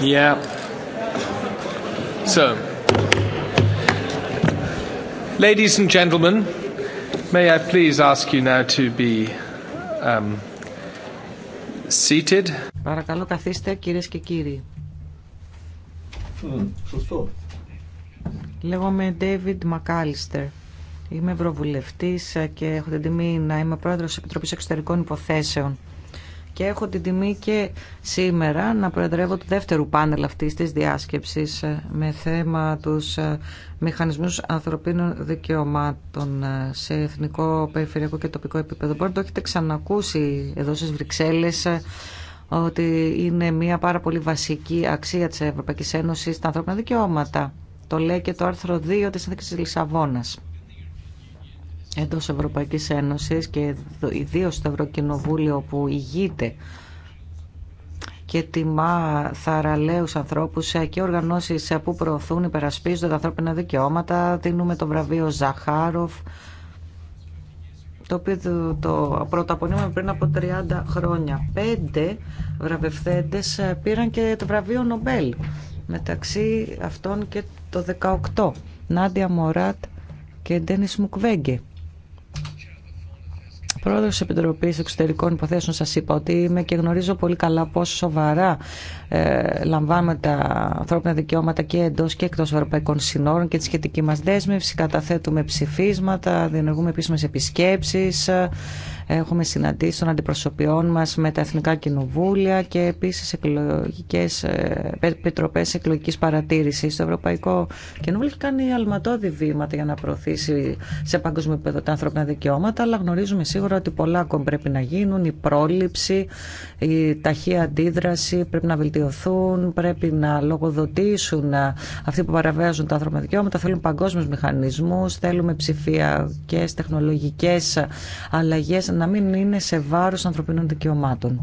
Yeah. So, ladies and gentlemen, may I please ask you now to be um, seated. Παρακαλώ καθίστε κυρίες και κύριοι. σωστό. Λέγομαι David McAllister. Είμαι ευρωβουλευτής ε, και έχω την τιμή να είμαι πρόεδρος της Επιτροπής Εξωτερικών Υποθέσεων και έχω την τιμή και σήμερα να προεδρεύω του δεύτερου πάνελ αυτής της διάσκεψης ε, με θέμα τους ε, μηχανισμούς ανθρωπίνων δικαιωμάτων ε, σε εθνικό, περιφερειακό και τοπικό επίπεδο. Μπορείτε να το έχετε ξανακούσει εδώ στις Βρυξέλλες ότι είναι μια πάρα πολύ βασική αξία της Ευρωπαϊκής Ένωσης τα ανθρώπινα δικαιώματα. Το λέει και το άρθρο 2 της Ένδειξης Λισαβόνας εντός Ευρωπαϊκής Ένωσης και ιδίω στο Ευρωκοινοβούλιο που ηγείται και τιμά θαραλέους ανθρώπους και οργανώσεις που προωθούν, υπερασπίζονται τα ανθρώπινα δικαιώματα. Δίνουμε το βραβείο Ζαχάροφ, το οποίο το πρωταπονήμα πριν από 30 χρόνια. Πέντε βραβευθέντες πήραν και το βραβείο Νομπέλ, μεταξύ αυτών και το 18. Νάντια Μωράτ και Ντένις Μουκβέγγε πρόεδρο τη Επιτροπή Εξωτερικών Υποθέσεων, σα είπα ότι είμαι και γνωρίζω πολύ καλά πόσο σοβαρά ε, λαμβάνουμε τα ανθρώπινα δικαιώματα και εντό και εκτό ευρωπαϊκών συνόρων και τη σχετική μα δέσμευση. Καταθέτουμε ψηφίσματα, διενεργούμε επίσημε επισκέψει Έχουμε συναντήσει των αντιπροσωπιών μας με τα Εθνικά Κοινοβούλια και επίσης εκλογικές, ε, επιτροπές εκλογικής παρατήρησης. Στο Ευρωπαϊκό Κοινοβούλιο έχει κάνει αλματώδη βήματα για να προωθήσει σε παγκόσμιο επίπεδο τα ανθρώπινα δικαιώματα, αλλά γνωρίζουμε σίγουρα ότι πολλά ακόμα πρέπει να γίνουν. Η πρόληψη, η ταχεία αντίδραση πρέπει να βελτιωθούν, πρέπει να λογοδοτήσουν αυτοί που παραβιάζουν τα ανθρώπινα δικαιώματα. Θέλουν παγκόσμιου μηχανισμού, θέλουμε ψηφιακέ, τεχνολογικέ αλλαγέ να μην είναι σε βάρος ανθρωπινών δικαιωμάτων.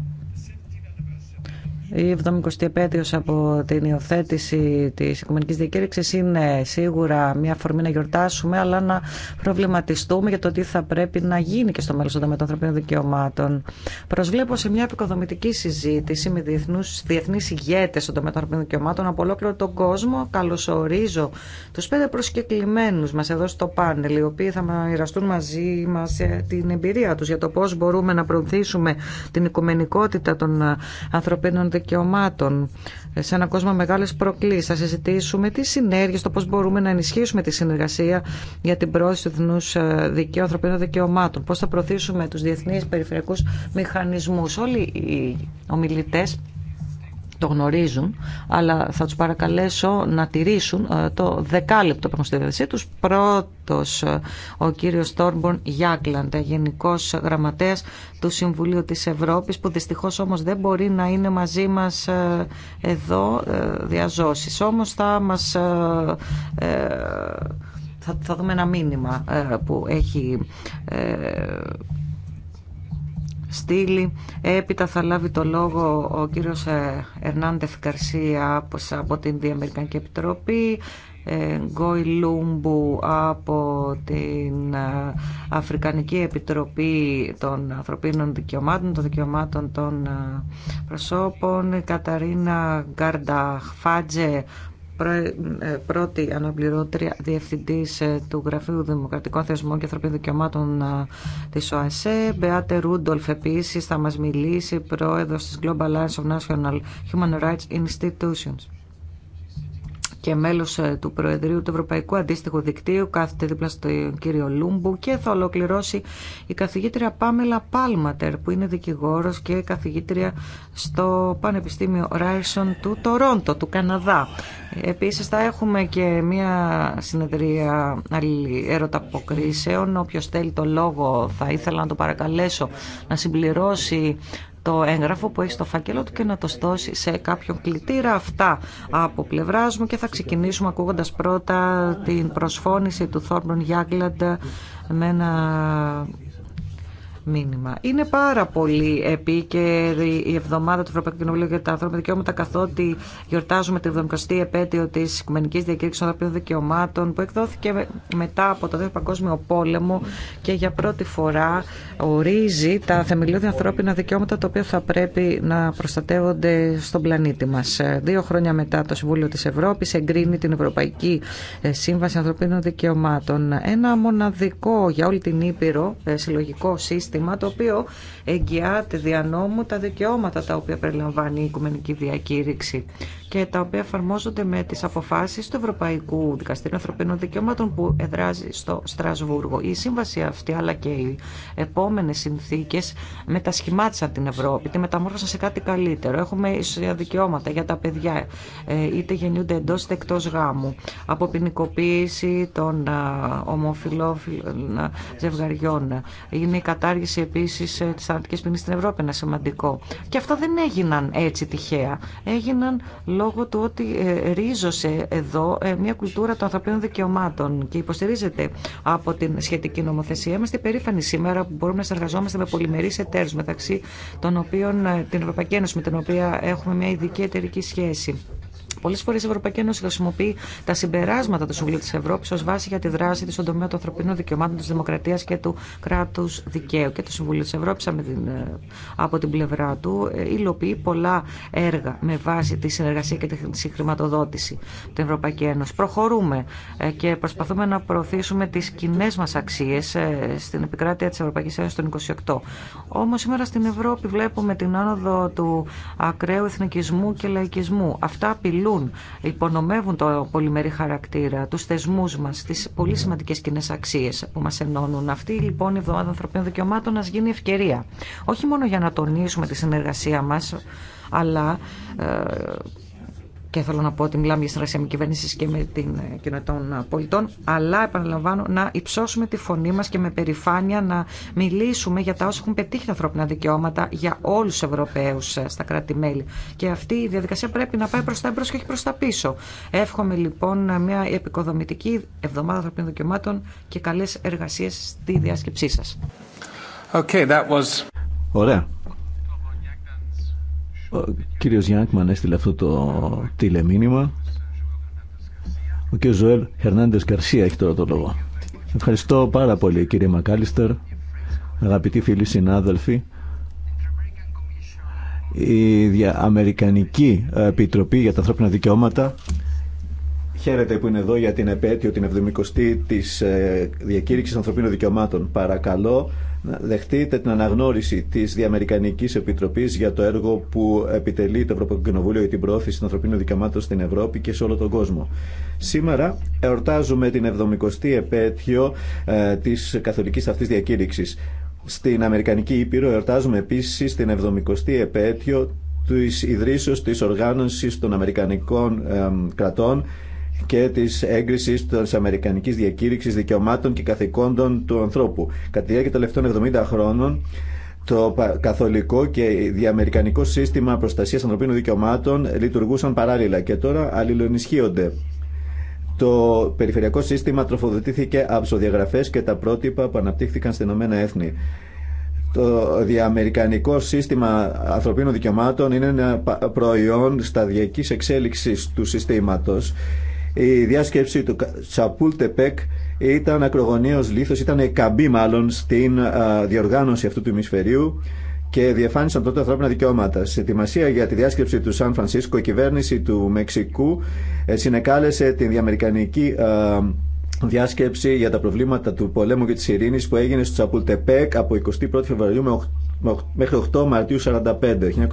Η 70η επέτειο από την υιοθέτηση τη Οικουμενική Διακήρυξη είναι σίγουρα μια αφορμή να γιορτάσουμε, αλλά να προβληματιστούμε για το τι θα πρέπει να γίνει και στο μέλλον των ανθρωπίνων δικαιωμάτων. Προσβλέπω σε μια επικοδομητική συζήτηση με διεθνούς, διεθνείς ηγέτες των ανθρωπίνων δικαιωμάτων από ολόκληρο τον κόσμο. Καλωσορίζω του πέντε προσκεκλημένου μα εδώ στο πάνελ, οι οποίοι θα μοιραστούν μαζί μας ε, την εμπειρία του για το πώ μπορούμε να προωθήσουμε την οικουμενικότητα των ανθρωπίνων δικαιωμάτων δικαιωμάτων σε έναν κόσμο μεγάλε προκλήσει. Θα συζητήσουμε τι συνέργειε, το πώ μπορούμε να ενισχύσουμε τη συνεργασία για την πρόσθεση του διεθνού ε, δικαίου ανθρωπίνων δικαιωμάτων, πώ θα προωθήσουμε του διεθνεί περιφερειακού μηχανισμού. Όλοι οι ομιλητέ το γνωρίζουν, αλλά θα τους παρακαλέσω να τηρήσουν ε, το δεκάλεπτο που έχουν στη τους. Πρώτος ε, ο κύριος Τόρμπον Γιάκλαντ, γενικός γραμματέας του Συμβουλίου της Ευρώπης, που δυστυχώς όμως δεν μπορεί να είναι μαζί μας ε, εδώ διαζώσεις. Όμως θα μας... θα δούμε ένα μήνυμα που έχει στείλει. Έπειτα θα λάβει το λόγο ο κύριος ε, Ερνάντεφ Καρσία από την Διαμερικανική Επιτροπή, ε, Γκόι Λούμπου από την ε, Αφρικανική Επιτροπή των Ανθρωπίνων Δικαιωμάτων, των Δικαιωμάτων των Προσώπων, Καταρίνα Γκάρντα Χφάτζε πρώτη αναπληρώτρια διευθυντή ε, του Γραφείου Δημοκρατικών Θεσμών και Ανθρωπίνων Δικαιωμάτων ε, της ΟΑΣΕ. Μπεάτε Ρούντολφ επίση, θα μας μιλήσει, πρόεδρος τη Global Alliance of National Human Rights Institutions και μέλος ε, του Προεδρείου του Ευρωπαϊκού Αντίστοιχου Δικτύου, κάθεται δίπλα στον κύριο Λούμπου και θα ολοκληρώσει η καθηγήτρια Πάμελα Πάλματερ, που είναι δικηγόρος και καθηγήτρια στο Πανεπιστήμιο Ράισον του Τορόντο, του Καναδά. Επίσης θα έχουμε και μία συνεδρία αποκρίσεων. οποίο θέλει το λόγο θα ήθελα να το παρακαλέσω να συμπληρώσει το έγγραφο που έχει στο φάκελο του και να το στώσει σε κάποιον κλητήρα. Αυτά από πλευρά μου και θα ξεκινήσουμε ακούγοντα πρώτα την προσφώνηση του Θόρμπρον Γιάγκλαντ με ένα μήνυμα. Είναι πάρα πολύ επίκαιρη η εβδομάδα του Ευρωπαϊκού Κοινοβουλίου για τα ανθρώπινα δικαιώματα, καθότι γιορτάζουμε την 70η επέτειο τη Οικουμενική Διακήρυξη των Ανθρωπίνων Δικαιωμάτων, που εκδόθηκε μετά από το Δεύτερο Παγκόσμιο Πόλεμο και για πρώτη φορά ορίζει τα θεμελιώδη ανθρώπινα δικαιώματα, τα οποία θα πρέπει να προστατεύονται στον πλανήτη μα. Δύο χρόνια μετά, το Συμβούλιο τη Ευρώπη εγκρίνει την Ευρωπαϊκή ε, Σύμβαση Ανθρωπίνων Δικαιωμάτων. Ένα μοναδικό για όλη την Ήπειρο ε, συλλογικό σύστημα σύστημα το οποίο εγγυάται δια νόμου τα δικαιώματα τα οποία περιλαμβάνει η Οικουμενική Διακήρυξη και τα οποία εφαρμόζονται με τις αποφάσεις του Ευρωπαϊκού Δικαστήριου Ανθρωπίνων Δικαιωμάτων που εδράζει στο Στρασβούργο. Η σύμβαση αυτή αλλά και οι επόμενες συνθήκες μετασχημάτισαν την Ευρώπη, τη μεταμόρφωσαν σε κάτι καλύτερο. Έχουμε ίσια δικαιώματα για τα παιδιά, ε, είτε γεννιούνται εντό είτε εκτός γάμου, από ποινικοποίηση των ε, ομοφυλόφιλων ε, ζευγαριών. Είναι η κατάργηση επίση επίσης ε, της θανατική στην Ευρώπη είναι σημαντικό. Και αυτά δεν έγιναν έτσι τυχαία. Έγιναν λόγω του ότι ε, ρίζωσε εδώ ε, μια κουλτούρα των ανθρωπίνων δικαιωμάτων και υποστηρίζεται από την σχετική νομοθεσία. Είμαστε περήφανοι σήμερα που μπορούμε να συνεργαζόμαστε με πολυμερείς εταίρου μεταξύ των οποίων την Ευρωπαϊκή Ένωση με την οποία έχουμε μια ειδική εταιρική σχέση. Πολλέ φορέ η Ευρωπαϊκή Ένωση χρησιμοποιεί τα συμπεράσματα του Συμβουλίου τη Ευρώπη ω βάση για τη δράση τη στον τομέα των ανθρωπίνων δικαιωμάτων, τη δημοκρατία και του κράτου δικαίου. Και το Συμβούλιο τη Ευρώπη ε, από την πλευρά του ε, υλοποιεί πολλά έργα με βάση τη συνεργασία και τη χρηματοδότηση του Ευρωπαϊκή Ένωση. Προχωρούμε ε, και προσπαθούμε να προωθήσουμε τι κοινέ μα αξίε στην επικράτεια τη Ευρωπαϊκή Ένωση των 28. Όμω σήμερα στην Ευρώπη βλέπουμε την άνοδο του ακραίου εθνικισμού και λαϊκισμού. Αυτά υπονομεύουν το πολυμερή χαρακτήρα, του θεσμού μα, τις πολύ σημαντικέ κοινέ αξίες που μας ενώνουν. Αυτή λοιπόν η Εβδομάδα Ανθρωπίνων Δικαιωμάτων να γίνει ευκαιρία. Όχι μόνο για να τονίσουμε τη συνεργασία μας, αλλά ε, και θέλω να πω ότι μιλάμε για συνεργασία με κυβέρνηση και με την ε, κοινωνία των ε, πολιτών, αλλά επαναλαμβάνω να υψώσουμε τη φωνή μα και με περηφάνεια να μιλήσουμε για τα όσα έχουν πετύχει τα ανθρώπινα δικαιώματα για όλου του Ευρωπαίου ε, στα κράτη-μέλη. Και αυτή η διαδικασία πρέπει να πάει προ τα εμπρό και όχι προ τα πίσω. Εύχομαι λοιπόν μια επικοδομητική εβδομάδα ανθρωπίνων δικαιωμάτων και καλέ εργασίε στη διάσκεψή σα. Okay, was... Ωραία. Ο κύριος Γιάνκμαν έστειλε αυτό το τηλεμήνυμα. Ο κύριος Ζωέλ Χερνάντες Καρσία έχει τώρα το λόγο. Ευχαριστώ πάρα πολύ κύριε Μακάλιστερ, αγαπητοί φίλοι συνάδελφοι. Η Αμερικανική Επιτροπή για τα Ανθρώπινα Δικαιώματα Χαίρετε που είναι εδώ για την επέτειο, την 70η της ε, διακήρυξης ανθρωπίνων δικαιωμάτων. Παρακαλώ να δεχτείτε την αναγνώριση της Διαμερικανικής Επιτροπής για το έργο που επιτελεί το Ευρωπαϊκό Κοινοβούλιο για την προώθηση των ανθρωπίνων δικαιωμάτων στην Ευρώπη και σε όλο τον κόσμο. Σήμερα εορτάζουμε την 70η επέτειο ε, της καθολικής αυτής διακήρυξης. Στην Αμερικανική Ήπειρο εορτάζουμε επίσης την 70η επέτειο τη ιδρύσεως της οργάνωσης των Αμερικανικών ε, κρατών και τη έγκριση τη αμερικανική διακήρυξη Δικαιωμάτων και Καθηκόντων του Ανθρώπου. Κατά τη διάρκεια των τελευταίων 70 χρόνων, το καθολικό και διαμερικανικό σύστημα προστασία ανθρωπίνων δικαιωμάτων λειτουργούσαν παράλληλα και τώρα αλληλοενισχύονται. Το περιφερειακό σύστημα τροφοδοτήθηκε από οδιαγραφέ και τα πρότυπα που αναπτύχθηκαν στην Ηνωμένα Έθνη. Το διαμερικανικό σύστημα ανθρωπίνων δικαιωμάτων είναι ένα προϊόν σταδιακής εξέλιξη του συστήματος η διάσκεψη του Τεπέκ ήταν ακρογωνίως λίθος, ήταν καμπή μάλλον στην διοργάνωση αυτού του ημισφαιρίου και διεφάνισαν τότε ανθρώπινα δικαιώματα. Σε ετοιμασία για τη διάσκεψη του Σαν Φρανσίσκο, η κυβέρνηση του Μεξικού ε, συνεκάλεσε την διαμερικανική διάσκεψη για τα προβλήματα του πολέμου και τη ειρήνης που έγινε στο Τεπέκ από 21 Φεβρουαρίου με μέχρι 8 Μαρτίου 45,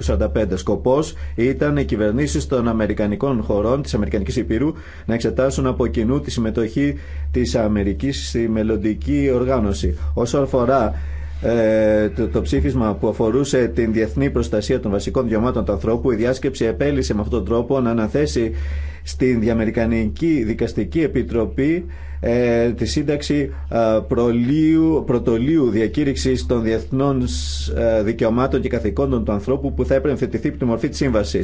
1945. Σκοπός ήταν οι κυβερνήσεις των Αμερικανικών χωρών της Αμερικανικής Υπήρου να εξετάσουν από κοινού τη συμμετοχή της Αμερικής στη μελλοντική οργάνωση. Όσο αφορά ε, το, ψήφισμα που αφορούσε την διεθνή προστασία των βασικών δικαιωμάτων του ανθρώπου, η διάσκεψη επέλυσε με αυτόν τον τρόπο να αναθέσει στην Διαμερικανική Δικαστική Επιτροπή τη σύνταξη ε, προλίου, πρωτολίου διακήρυξη των διεθνών δικαιωμάτων και καθηκόντων του ανθρώπου που θα έπρεπε να θετηθεί από τη μορφή τη σύμβαση.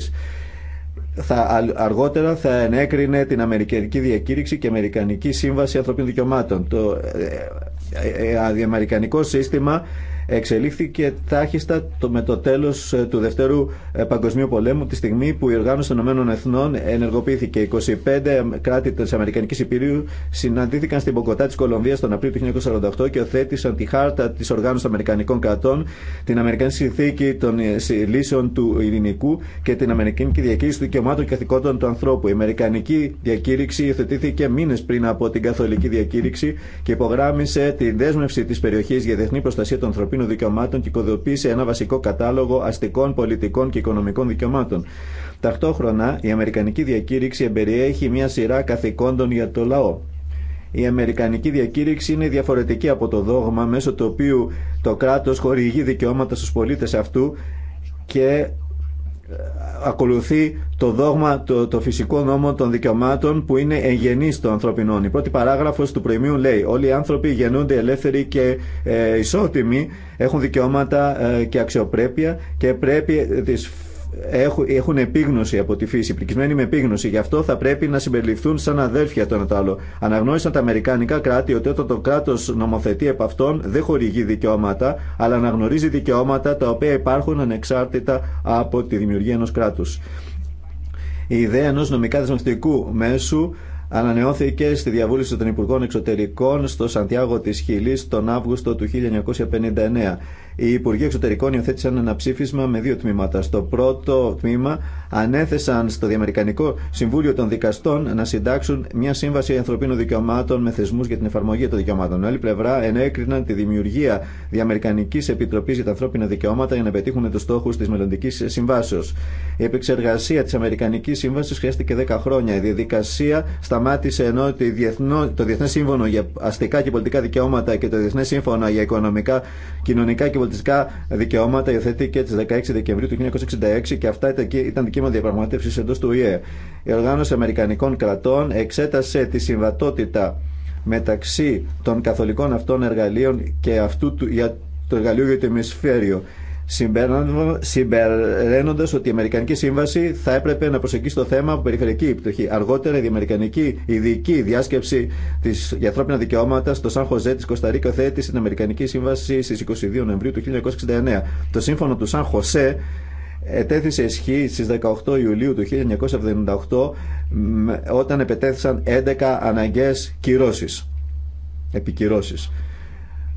Θα, αργότερα θα ενέκρινε την Αμερικανική Διακήρυξη και Αμερικανική Σύμβαση Ανθρωπίνων Δικαιωμάτων. Το ε, αμερικανικό σύστημα εξελίχθηκε τάχιστα το, με το τέλο ε, του Δευτέρου ε, Παγκοσμίου Πολέμου, τη στιγμή που η οργάνωση των Ηνωμένων Εθνών ενεργοποιήθηκε. 25 ε, κράτη τη Αμερικανική Υπηρείου συναντήθηκαν στην Ποκοτά τη Κολομβία τον Απρίλιο του 1948 και οθέτησαν τη χάρτα τη οργάνωση των Αμερικανικών κρατών, την Αμερικανική συνθήκη των λύσεων του Ειρηνικού και την Αμερικανική διακήρυξη του δικαιωμάτων και καθηκόντων του ανθρώπου. Η Αμερικανική διακήρυξη υιοθετήθηκε μήνε πριν από την Καθολική διακήρυξη και υπογράμμισε τη δέσμευση τη περιοχή για διεθνή προστασία των ανθρωπίνων ανθρωπίνων δικαιωμάτων και οικοδοποίησε ένα βασικό κατάλογο αστικών, πολιτικών και οικονομικών δικαιωμάτων. Ταυτόχρονα, η Αμερικανική διακήρυξη εμπεριέχει μια σειρά καθηκόντων για το λαό. Η Αμερικανική διακήρυξη είναι διαφορετική από το δόγμα μέσω του οποίου το κράτος χορηγεί δικαιώματα στους πολίτες αυτού και ακολουθεί το δόγμα, το, το φυσικό νόμο των δικαιωμάτων που είναι εγγενή των ανθρωπινών. Η πρώτη παράγραφος του προημίου λέει όλοι οι άνθρωποι γεννούνται ελεύθεροι και ε, ισότιμοι, έχουν δικαιώματα ε, και αξιοπρέπεια και πρέπει ε, τις έχουν επίγνωση από τη φύση, πληκισμένοι με επίγνωση. Γι' αυτό θα πρέπει να συμπεριληφθούν σαν αδέρφια το ένα το άλλο. Αναγνώρισαν τα Αμερικανικά κράτη ότι όταν το κράτο νομοθετεί επ' αυτών δεν χορηγεί δικαιώματα, αλλά αναγνωρίζει δικαιώματα τα οποία υπάρχουν ανεξάρτητα από τη δημιουργία ενό κράτου. Η ιδέα ενό νομικά δεσμευτικού μέσου ανανεώθηκε στη διαβούλευση των Υπουργών Εξωτερικών στο Σαντιάγο τη Χιλής τον Αύγουστο του 1959. Οι Υπουργοί Εξωτερικών υιοθέτησαν ένα ψήφισμα με δύο τμήματα. Στο πρώτο τμήμα ανέθεσαν στο Διαμερικανικό Συμβούλιο των Δικαστών να συντάξουν μια σύμβαση ανθρωπίνων δικαιωμάτων με θεσμού για την εφαρμογή των δικαιωμάτων. Άλλη πλευρά ενέκριναν τη δημιουργία Διαμερικανική Επιτροπή για τα Ανθρώπινα Δικαιώματα για να πετύχουν του στόχου τη μελλοντική συμβάσεω. Η επεξεργασία τη Αμερικανική Σύμβαση χρειάστηκε 10 χρόνια. Η διαδικασία σταμάτησε ενώ το Διεθνέ Σύμφωνο για Αστικά και Πολιτικά Δικαιώματα και το Διεθνέ Σύμφωνο για Οικονομικά, Κοινωνικά και Πολιτιστικά Δικαιώματα υιοθετήκε τι 16 Δεκεμβρίου του 1966 και αυτά ήταν μα. Με διαπραγμάτευση εντό του ΙΕ. Η Οργάνωση Αμερικανικών Κρατών εξέτασε τη συμβατότητα μεταξύ των καθολικών αυτών εργαλείων και αυτού του, για, το εργαλείο για το ημισφαίριο συμπεραίνοντα ότι η Αμερικανική Σύμβαση θα έπρεπε να προσεγγίσει το θέμα από περιφερειακή πτωχή. Αργότερα η Αμερικανική Ειδική Διάσκεψη της, για ανθρώπινα δικαιώματα στο Σαν Χωζέ τη Κωνσταντίνα θέτει την Αμερικανική Σύμβαση στι 22 Νοεμβρίου του 1969. Το σύμφωνο του Σαν Χωσέ ετέθησε ισχύ στις 18 Ιουλίου του 1978 όταν επετέθησαν 11 αναγκαίες κυρώσεις, επικυρώσεις.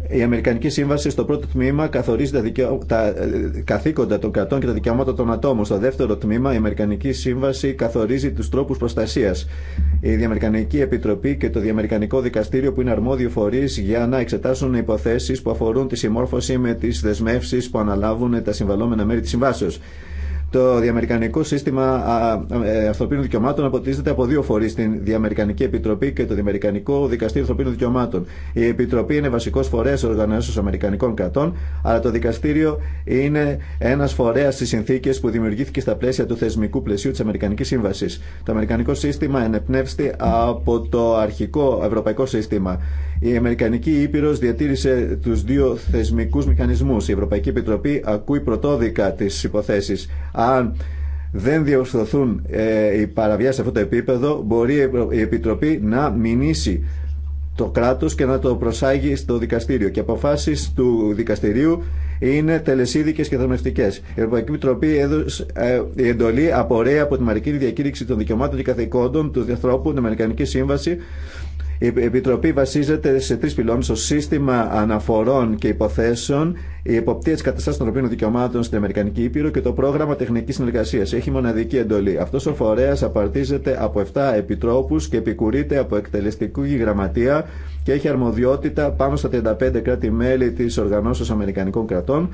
Η Αμερικανική Σύμβαση στο πρώτο τμήμα καθορίζει τα, τα ε, καθήκοντα των κρατών και τα δικαιώματα των ατόμων. Στο δεύτερο τμήμα, η Αμερικανική Σύμβαση καθορίζει του τρόπου προστασία. Η Διαμερικανική Επιτροπή και το Διαμερικανικό Δικαστήριο, που είναι αρμόδιο φορεί για να εξετάσουν υποθέσει που αφορούν τη συμμόρφωση με τι δεσμεύσει που αναλάβουν τα συμβαλώμενα μέρη τη Συμβάσεω. Το διαμερικανικό σύστημα ε, ανθρωπίνων δικαιωμάτων αποτίζεται από δύο φορεί, την Διαμερικανική Επιτροπή και το Διαμερικανικό Δικαστήριο Ανθρωπίνων Δικαιωμάτων. Η Επιτροπή είναι βασικό φορέα οργανώσεω Αμερικανικών κρατών, αλλά το Δικαστήριο είναι ένα φορέα στι συνθήκε που δημιουργήθηκε στα πλαίσια του θεσμικού πλαισίου τη Αμερικανική Σύμβαση. Το Αμερικανικό σύστημα ενεπνεύστη από το αρχικό ευρωπαϊκό σύστημα. Η Αμερικανική Ήπειρο διατήρησε του δύο θεσμικού μηχανισμού. Η Ευρωπαϊκή Επιτροπή ακούει πρωτόδικα τι υποθέσει. Αν δεν διορθωθούν ε, οι παραβιάσει σε αυτό το επίπεδο, μπορεί η Επιτροπή να μηνύσει το κράτος και να το προσάγει στο δικαστήριο. Και αποφάσεις του δικαστηρίου είναι τελεσίδικες και δεσμευτικές. Η Ευρωπαϊκή Επιτροπή έδωσε ε, εντολή απορρέει από τη μαρική διακήρυξη των δικαιωμάτων και καθηκόντων του ανθρώπου, την Αμερικανική Σύμβαση, η Επιτροπή βασίζεται σε τρει πυλώνε: στο σύστημα αναφορών και υποθέσεων, η εποπτεία τη καταστάσεων των ανθρωπίνων δικαιωμάτων στην Αμερικανική Ήπειρο και το πρόγραμμα τεχνική συνεργασία. Έχει μοναδική εντολή. Αυτό ο φορέα απαρτίζεται από 7 επιτρόπου και επικουρείται από εκτελεστική γραμματεία και έχει αρμοδιότητα πάνω στα 35 κράτη-μέλη τη Οργανώσεω Αμερικανικών Κρατών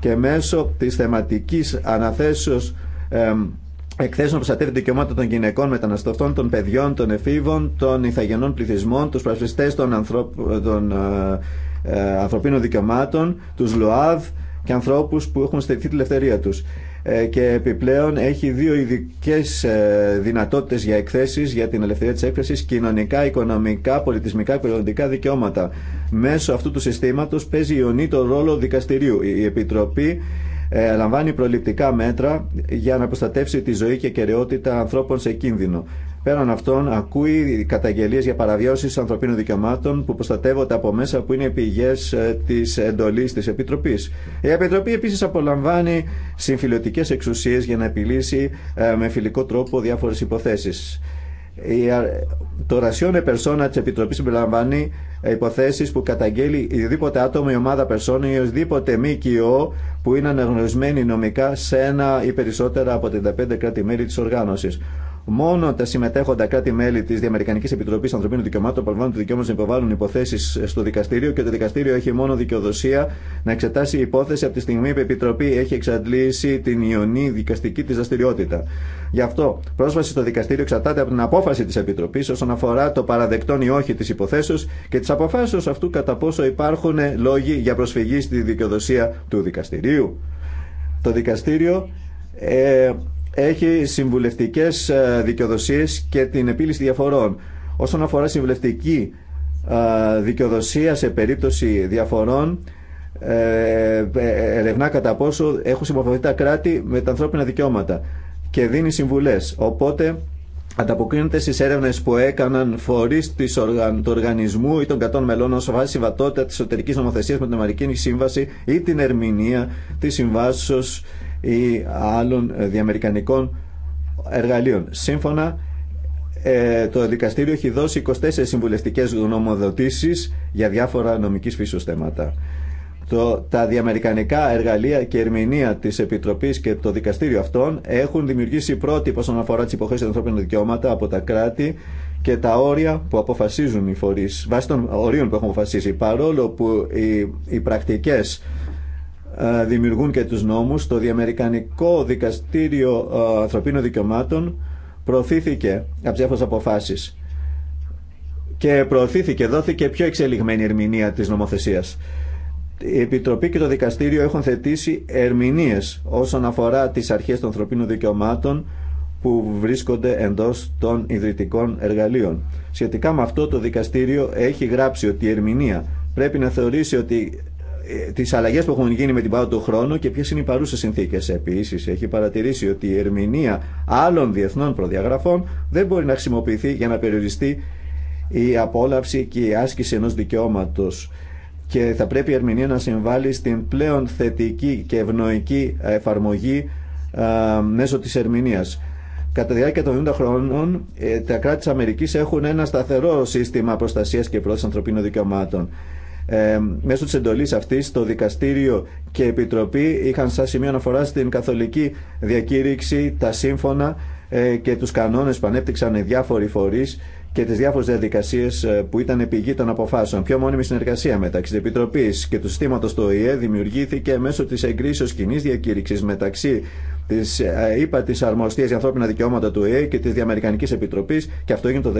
και μέσω τη θεματική αναθέσεω εκθέσεων που δικαιώματα δικαιωμάτων των γυναικών, μεταναστευτών, των παιδιών, των εφήβων, των ηθαγενών πληθυσμών, του πρασπιστέ των, των ε, ε, ανθρωπίνων δικαιωμάτων, του ΛΟΑΔ και ανθρώπου που έχουν στερηθεί τη ελευθερία του. Ε, και επιπλέον έχει δύο ειδικέ ε, δυνατότητε για εκθέσει για την ελευθερία τη έκφραση, κοινωνικά, οικονομικά, πολιτισμικά και δικαιώματα. Μέσω αυτού του συστήματο παίζει η ρόλο δικαστηρίου. Η Επιτροπή ε, λαμβάνει προληπτικά μέτρα για να προστατεύσει τη ζωή και κεραιότητα ανθρώπων σε κίνδυνο. Πέραν αυτών, ακούει καταγγελίε για παραβιώσει ανθρωπίνων δικαιωμάτων που προστατεύονται από μέσα που είναι πηγέ ε, τη εντολή τη Επιτροπή. Η Επιτροπή επίση απολαμβάνει συμφιλωτικέ εξουσίε για να επιλύσει ε, με φιλικό τρόπο διάφορε υποθέσει. Το ρασιόνε περσόνα τη Επιτροπή συμπεριλαμβάνει ε, υποθέσει που καταγγέλει οποιοδήποτε άτομο, η ομάδα περσόνα ή οσδήποτε ΜΚΟ που είναι αναγνωρισμένοι νομικά σε ένα ή περισσότερα από 35 κράτη-μέλη τη οργάνωση. Μόνο τα συμμετέχοντα κράτη-μέλη τη Διαμερικανική Επιτροπή Ανθρωπίνων Δικαιωμάτων απολαμβάνουν το δικαίωμα να υποβάλουν υποθέσει στο δικαστήριο και το δικαστήριο έχει μόνο δικαιοδοσία να εξετάσει υπόθεση από τη στιγμή που η Επιτροπή έχει εξαντλήσει την ιονή δικαστική τη δραστηριότητα. Γι' αυτό πρόσβαση στο δικαστήριο εξαρτάται από την απόφαση τη Επιτροπή όσον αφορά το παραδεκτόν ή όχι τη υποθέσεω και τι αποφάσεω αυτού κατά πόσο υπάρχουν λόγοι για προσφυγή στη δικαιοδοσία του δικαστηρίου. Το δικαστήριο ε, έχει συμβουλευτικέ ε, δικαιοδοσίε και την επίλυση διαφορών. Όσον αφορά συμβουλευτική ε, δικαιοδοσία σε περίπτωση διαφορών, ε, ερευνά κατά πόσο έχουν συμμορφωθεί τα κράτη με τα ανθρώπινα δικαιώματα και δίνει συμβουλές. Οπότε ανταποκρίνεται στι έρευνε που έκαναν φορεί οργαν, του οργανισμού ή των κατών μελών ω βάση συμβατότητα τη εσωτερική νομοθεσία με την Αμερική Σύμβαση ή την ερμηνεία τη συμβάσεως ή άλλων διαμερικανικών εργαλείων. Σύμφωνα, ε, το δικαστήριο έχει δώσει 24 συμβουλευτικέ γνωμοδοτήσει για διάφορα νομική φύσεως θέματα. Το, τα διαμερικανικά εργαλεία και ερμηνεία τη Επιτροπή και το δικαστήριο αυτών έχουν δημιουργήσει πρότυπο όσον αφορά τι υποχρέσει των ανθρώπινων δικαιώματων από τα κράτη και τα όρια που αποφασίζουν οι φορεί, βάσει των ορίων που έχουν αποφασίσει. Παρόλο που οι, οι πρακτικέ ε, δημιουργούν και του νόμου, το Διαμερικανικό Δικαστήριο ε, Ανθρωπίνων Δικαιωμάτων προωθήθηκε από διάφορε αποφάσεις και προωθήθηκε, δόθηκε πιο εξελιγμένη ερμηνεία τη νομοθεσία η Επιτροπή και το Δικαστήριο έχουν θετήσει ερμηνείες όσον αφορά τις αρχές των ανθρωπίνων δικαιωμάτων που βρίσκονται εντός των ιδρυτικών εργαλείων. Σχετικά με αυτό το Δικαστήριο έχει γράψει ότι η ερμηνεία πρέπει να θεωρήσει ότι ε, τις αλλαγές που έχουν γίνει με την πάω του χρόνου και ποιες είναι οι παρούσες συνθήκες. Επίσης, έχει παρατηρήσει ότι η ερμηνεία άλλων διεθνών προδιαγραφών δεν μπορεί να χρησιμοποιηθεί για να περιοριστεί η απόλαυση και η άσκηση ενός δικαιώματος και θα πρέπει η ερμηνεία να συμβάλλει στην πλέον θετική και ευνοϊκή εφαρμογή μέσω της ερμηνείας. Κατά διάρκεια των 90 χρόνων, ε, τα κράτη της Αμερικής έχουν ένα σταθερό σύστημα προστασίας και πρόθεσης ανθρωπίνων δικαιωμάτων. Ε, μέσω της εντολής αυτής, το Δικαστήριο και η Επιτροπή είχαν σαν σημείο αναφορά στην καθολική διακήρυξη, τα σύμφωνα ε, και τους κανόνες που ανέπτυξαν οι διάφοροι φορείς και τι διάφορε διαδικασίε ε, που ήταν πηγή των αποφάσεων. Πιο μόνιμη συνεργασία μεταξύ τη Επιτροπή και του συστήματο του ΟΗΕ δημιουργήθηκε μέσω της εγκρίσεω κοινή διακήρυξη μεταξύ τη ε, ΕΠΑ, τη Αρμοστία για Ανθρώπινα Δικαιώματα του ΟΗΕ και τη Διαμερικανική Επιτροπή, και αυτό έγινε το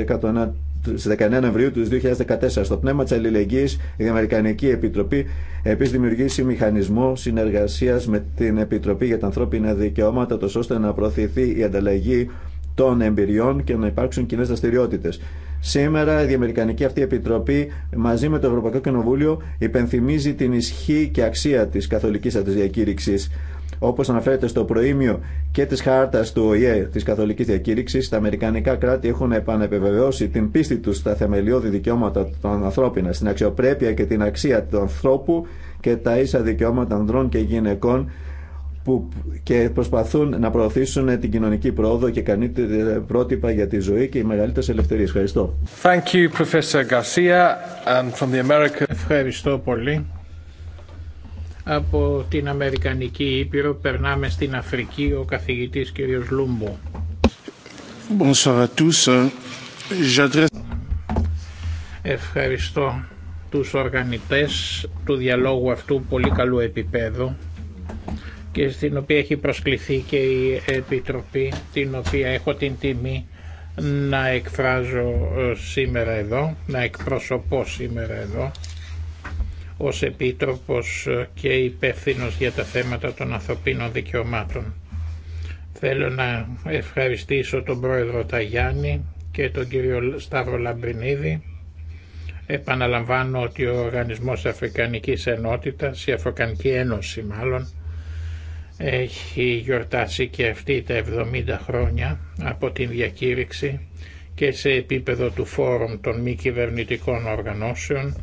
19, του 2014. Στο πνεύμα τη αλληλεγγύη, η Διαμερικανική Επιτροπή επίση δημιουργήσει μηχανισμό συνεργασία με την Επιτροπή για τα Ανθρώπινα Δικαιώματα, ώστε να προωθηθεί η ανταλλαγή των εμπειριών και να υπάρξουν κοινέ δραστηριότητε. Σήμερα η Διαμερικανική αυτή επιτροπή μαζί με το Ευρωπαϊκό Κοινοβούλιο υπενθυμίζει την ισχύ και αξία τη καθολική αντιδιακήρυξη. Όπω αναφέρεται στο προήμιο και τη χάρτα του ΟΗΕ τη Καθολική Διακήρυξη, τα Αμερικανικά κράτη έχουν επανεπεβεβαιώσει την πίστη του στα θεμελιώδη δικαιώματα των ανθρώπινα, στην αξιοπρέπεια και την αξία του ανθρώπου και τα ίσα δικαιώματα ανδρών και γυναικών που και προσπαθούν να προωθήσουν την κοινωνική πρόοδο και κανείτε πρότυπα για τη ζωή και οι μεγαλύτερε ελευθερίε. Ευχαριστώ. Thank you, Professor Garcia, Ευχαριστώ πολύ. Από την Αμερικανική Ήπειρο περνάμε στην Αφρική ο καθηγητής κ. Λούμπο. Bonsoir à tous. Ευχαριστώ τους οργανητές του διαλόγου αυτού πολύ καλού επίπεδου και στην οποία έχει προσκληθεί και η Επιτροπή την οποία έχω την τιμή να εκφράζω ε, σήμερα εδώ, να εκπροσωπώ σήμερα εδώ ως Επίτροπος ε, και υπεύθυνο για τα θέματα των ανθρωπίνων δικαιωμάτων. Θέλω να ευχαριστήσω τον Πρόεδρο Ταγιάννη και τον κύριο Σταύρο Λαμπρινίδη. Επαναλαμβάνω ότι ο Οργανισμός Αφρικανικής Ενότητας, η Αφρικανική Ένωση μάλλον, έχει γιορτάσει και αυτή τα 70 χρόνια από την διακήρυξη και σε επίπεδο του Φόρουμ των Μη Κυβερνητικών Οργανώσεων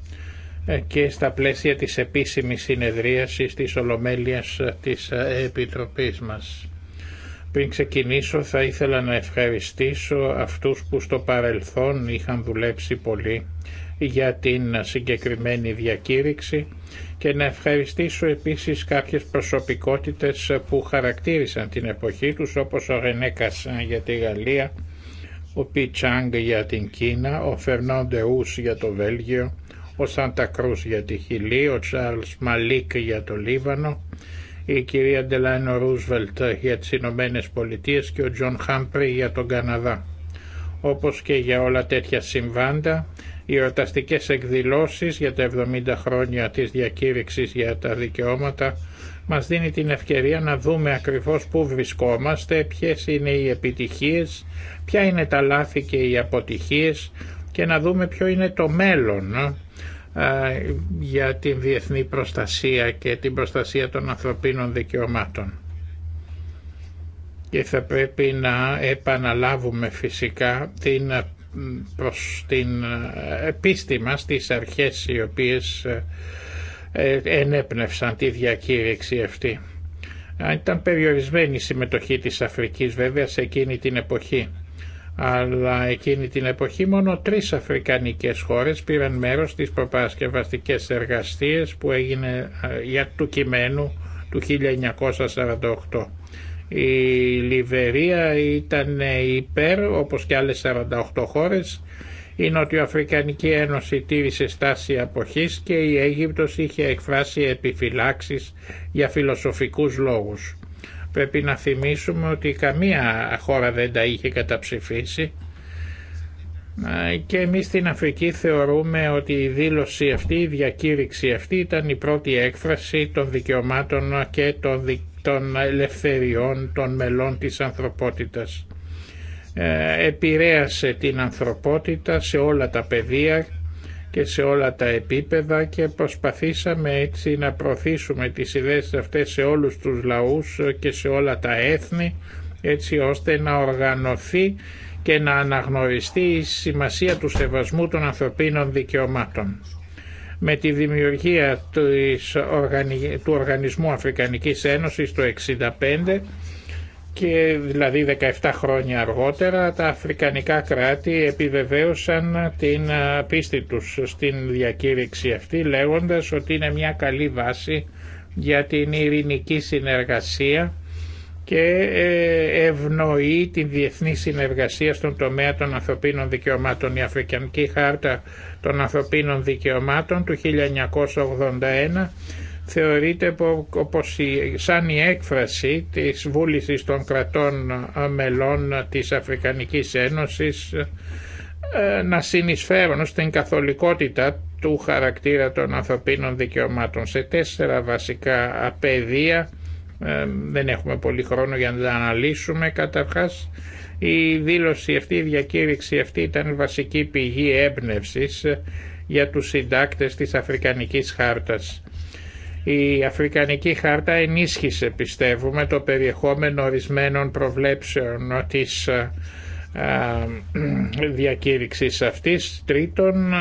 ε, και στα πλαίσια της επίσημης συνεδρίασης της Ολομέλειας της Επιτροπής μας. Πριν ξεκινήσω θα ήθελα να ευχαριστήσω αυτούς που στο παρελθόν είχαν δουλέψει πολύ για την συγκεκριμένη διακήρυξη και να ευχαριστήσω επίσης κάποιες προσωπικότητες που χαρακτήρισαν την εποχή τους όπως ο Ρενέ Κασάν για τη Γαλλία, ο Πι Τσάνγκ για την Κίνα, ο Φερνάντε Ούς για το Βέλγιο, ο Σάντα Κρούς για τη Χιλή, ο Τσάρλς Μαλίκ για το Λίβανο, η κυρία Ντελάινο Ρούσβελτ για τις Ηνωμένε Πολιτείες και ο Τζον Χάμπρι για τον Καναδά. Όπως και για όλα τέτοια συμβάντα, οι εορταστικές εκδηλώσεις για τα 70 χρόνια της διακήρυξης για τα δικαιώματα μας δίνει την ευκαιρία να δούμε ακριβώς πού βρισκόμαστε, ποιες είναι οι επιτυχίες, ποια είναι τα λάθη και οι αποτυχίες και να δούμε ποιο είναι το μέλλον ε, για την διεθνή προστασία και την προστασία των ανθρωπίνων δικαιωμάτων. Και θα πρέπει να επαναλάβουμε φυσικά την προς την ε, πίστη μας τις αρχές οι οποίες ε, ε, ενέπνευσαν τη διακήρυξη αυτή. Ήταν περιορισμένη η συμμετοχή της Αφρικής βέβαια σε εκείνη την εποχή αλλά εκείνη την εποχή μόνο τρεις αφρικανικές χώρες πήραν μέρος στις προπαρασκευαστικές εργαστίες που έγινε για του κειμένου του 1948. Η Λιβερία ήταν υπέρ, όπως και άλλες 48 χώρες. Η Νοτιοαφρικανική Ένωση τήρησε στάση αποχής και η Αίγυπτος είχε εκφράσει επιφυλάξεις για φιλοσοφικούς λόγους. Πρέπει να θυμίσουμε ότι καμία χώρα δεν τα είχε καταψηφίσει και εμείς στην Αφρική θεωρούμε ότι η δήλωση αυτή, η διακήρυξη αυτή ήταν η πρώτη έκφραση των δικαιωμάτων και των των ελευθεριών των μελών της ανθρωπότητας. Ε, επηρέασε την ανθρωπότητα σε όλα τα πεδία και σε όλα τα επίπεδα και προσπαθήσαμε έτσι να προωθήσουμε τις ιδέες αυτές σε όλους τους λαούς και σε όλα τα έθνη έτσι ώστε να οργανωθεί και να αναγνωριστεί η σημασία του σεβασμού των ανθρωπίνων δικαιωμάτων με τη δημιουργία του Οργανισμού Αφρικανικής Ένωσης το 1965 και δηλαδή 17 χρόνια αργότερα τα αφρικανικά κράτη επιβεβαίωσαν την πίστη τους στην διακήρυξη αυτή λέγοντας ότι είναι μια καλή βάση για την ειρηνική συνεργασία και ε, ευνοεί την διεθνή συνεργασία στον τομέα των ανθρωπίνων δικαιωμάτων. Η Αφρικανική Χάρτα των Ανθρωπίνων Δικαιωμάτων του 1981 θεωρείται όπως η, σαν η έκφραση της βούλησης των κρατών ε, μελών της Αφρικανικής Ένωσης ε, να συνεισφέρουν στην καθολικότητα του χαρακτήρα των ανθρωπίνων δικαιωμάτων σε τέσσερα βασικά απαιδεία... Ε, δεν έχουμε πολύ χρόνο για να τα αναλύσουμε. Καταρχάς η δήλωση αυτή, η διακήρυξη αυτή ήταν βασική πηγή έμπνευση ε, για τους συντάκτες της Αφρικανικής Χάρτας. Η Αφρικανική Χάρτα ενίσχυσε πιστεύουμε το περιεχόμενο ορισμένων προβλέψεων της ε, διακήρυξης αυτής. Τρίτον,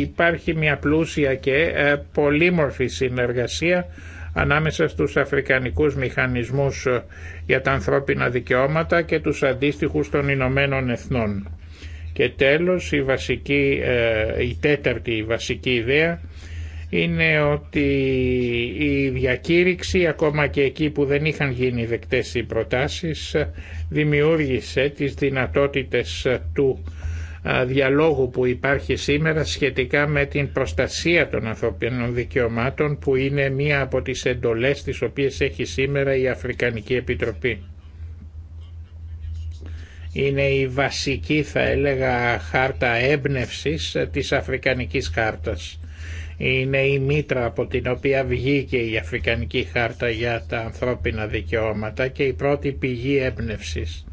υπάρχει μια πλούσια και πολύμορφη συνεργασία ανάμεσα στους αφρικανικούς μηχανισμούς ε, για τα ανθρώπινα δικαιώματα και τους αντίστοιχους των Ηνωμένων Εθνών. Και τέλος η, βασική, ε, η τέταρτη βασική ιδέα είναι ότι η διακήρυξη ακόμα και εκεί που δεν είχαν γίνει δεκτές οι προτάσεις δημιούργησε τις δυνατότητες ε, του διαλόγου που υπάρχει σήμερα σχετικά με την προστασία των ανθρωπίνων δικαιωμάτων που είναι μία από τις εντολές τις οποίες έχει σήμερα η Αφρικανική Επιτροπή. Είναι η βασική θα έλεγα χάρτα έμπνευσης ε, της Αφρικανικής Χάρτας. Είναι η μήτρα από την οποία βγήκε η Αφρικανική Χάρτα για τα ανθρώπινα δικαιώματα και η πρώτη πηγή έμπνευσης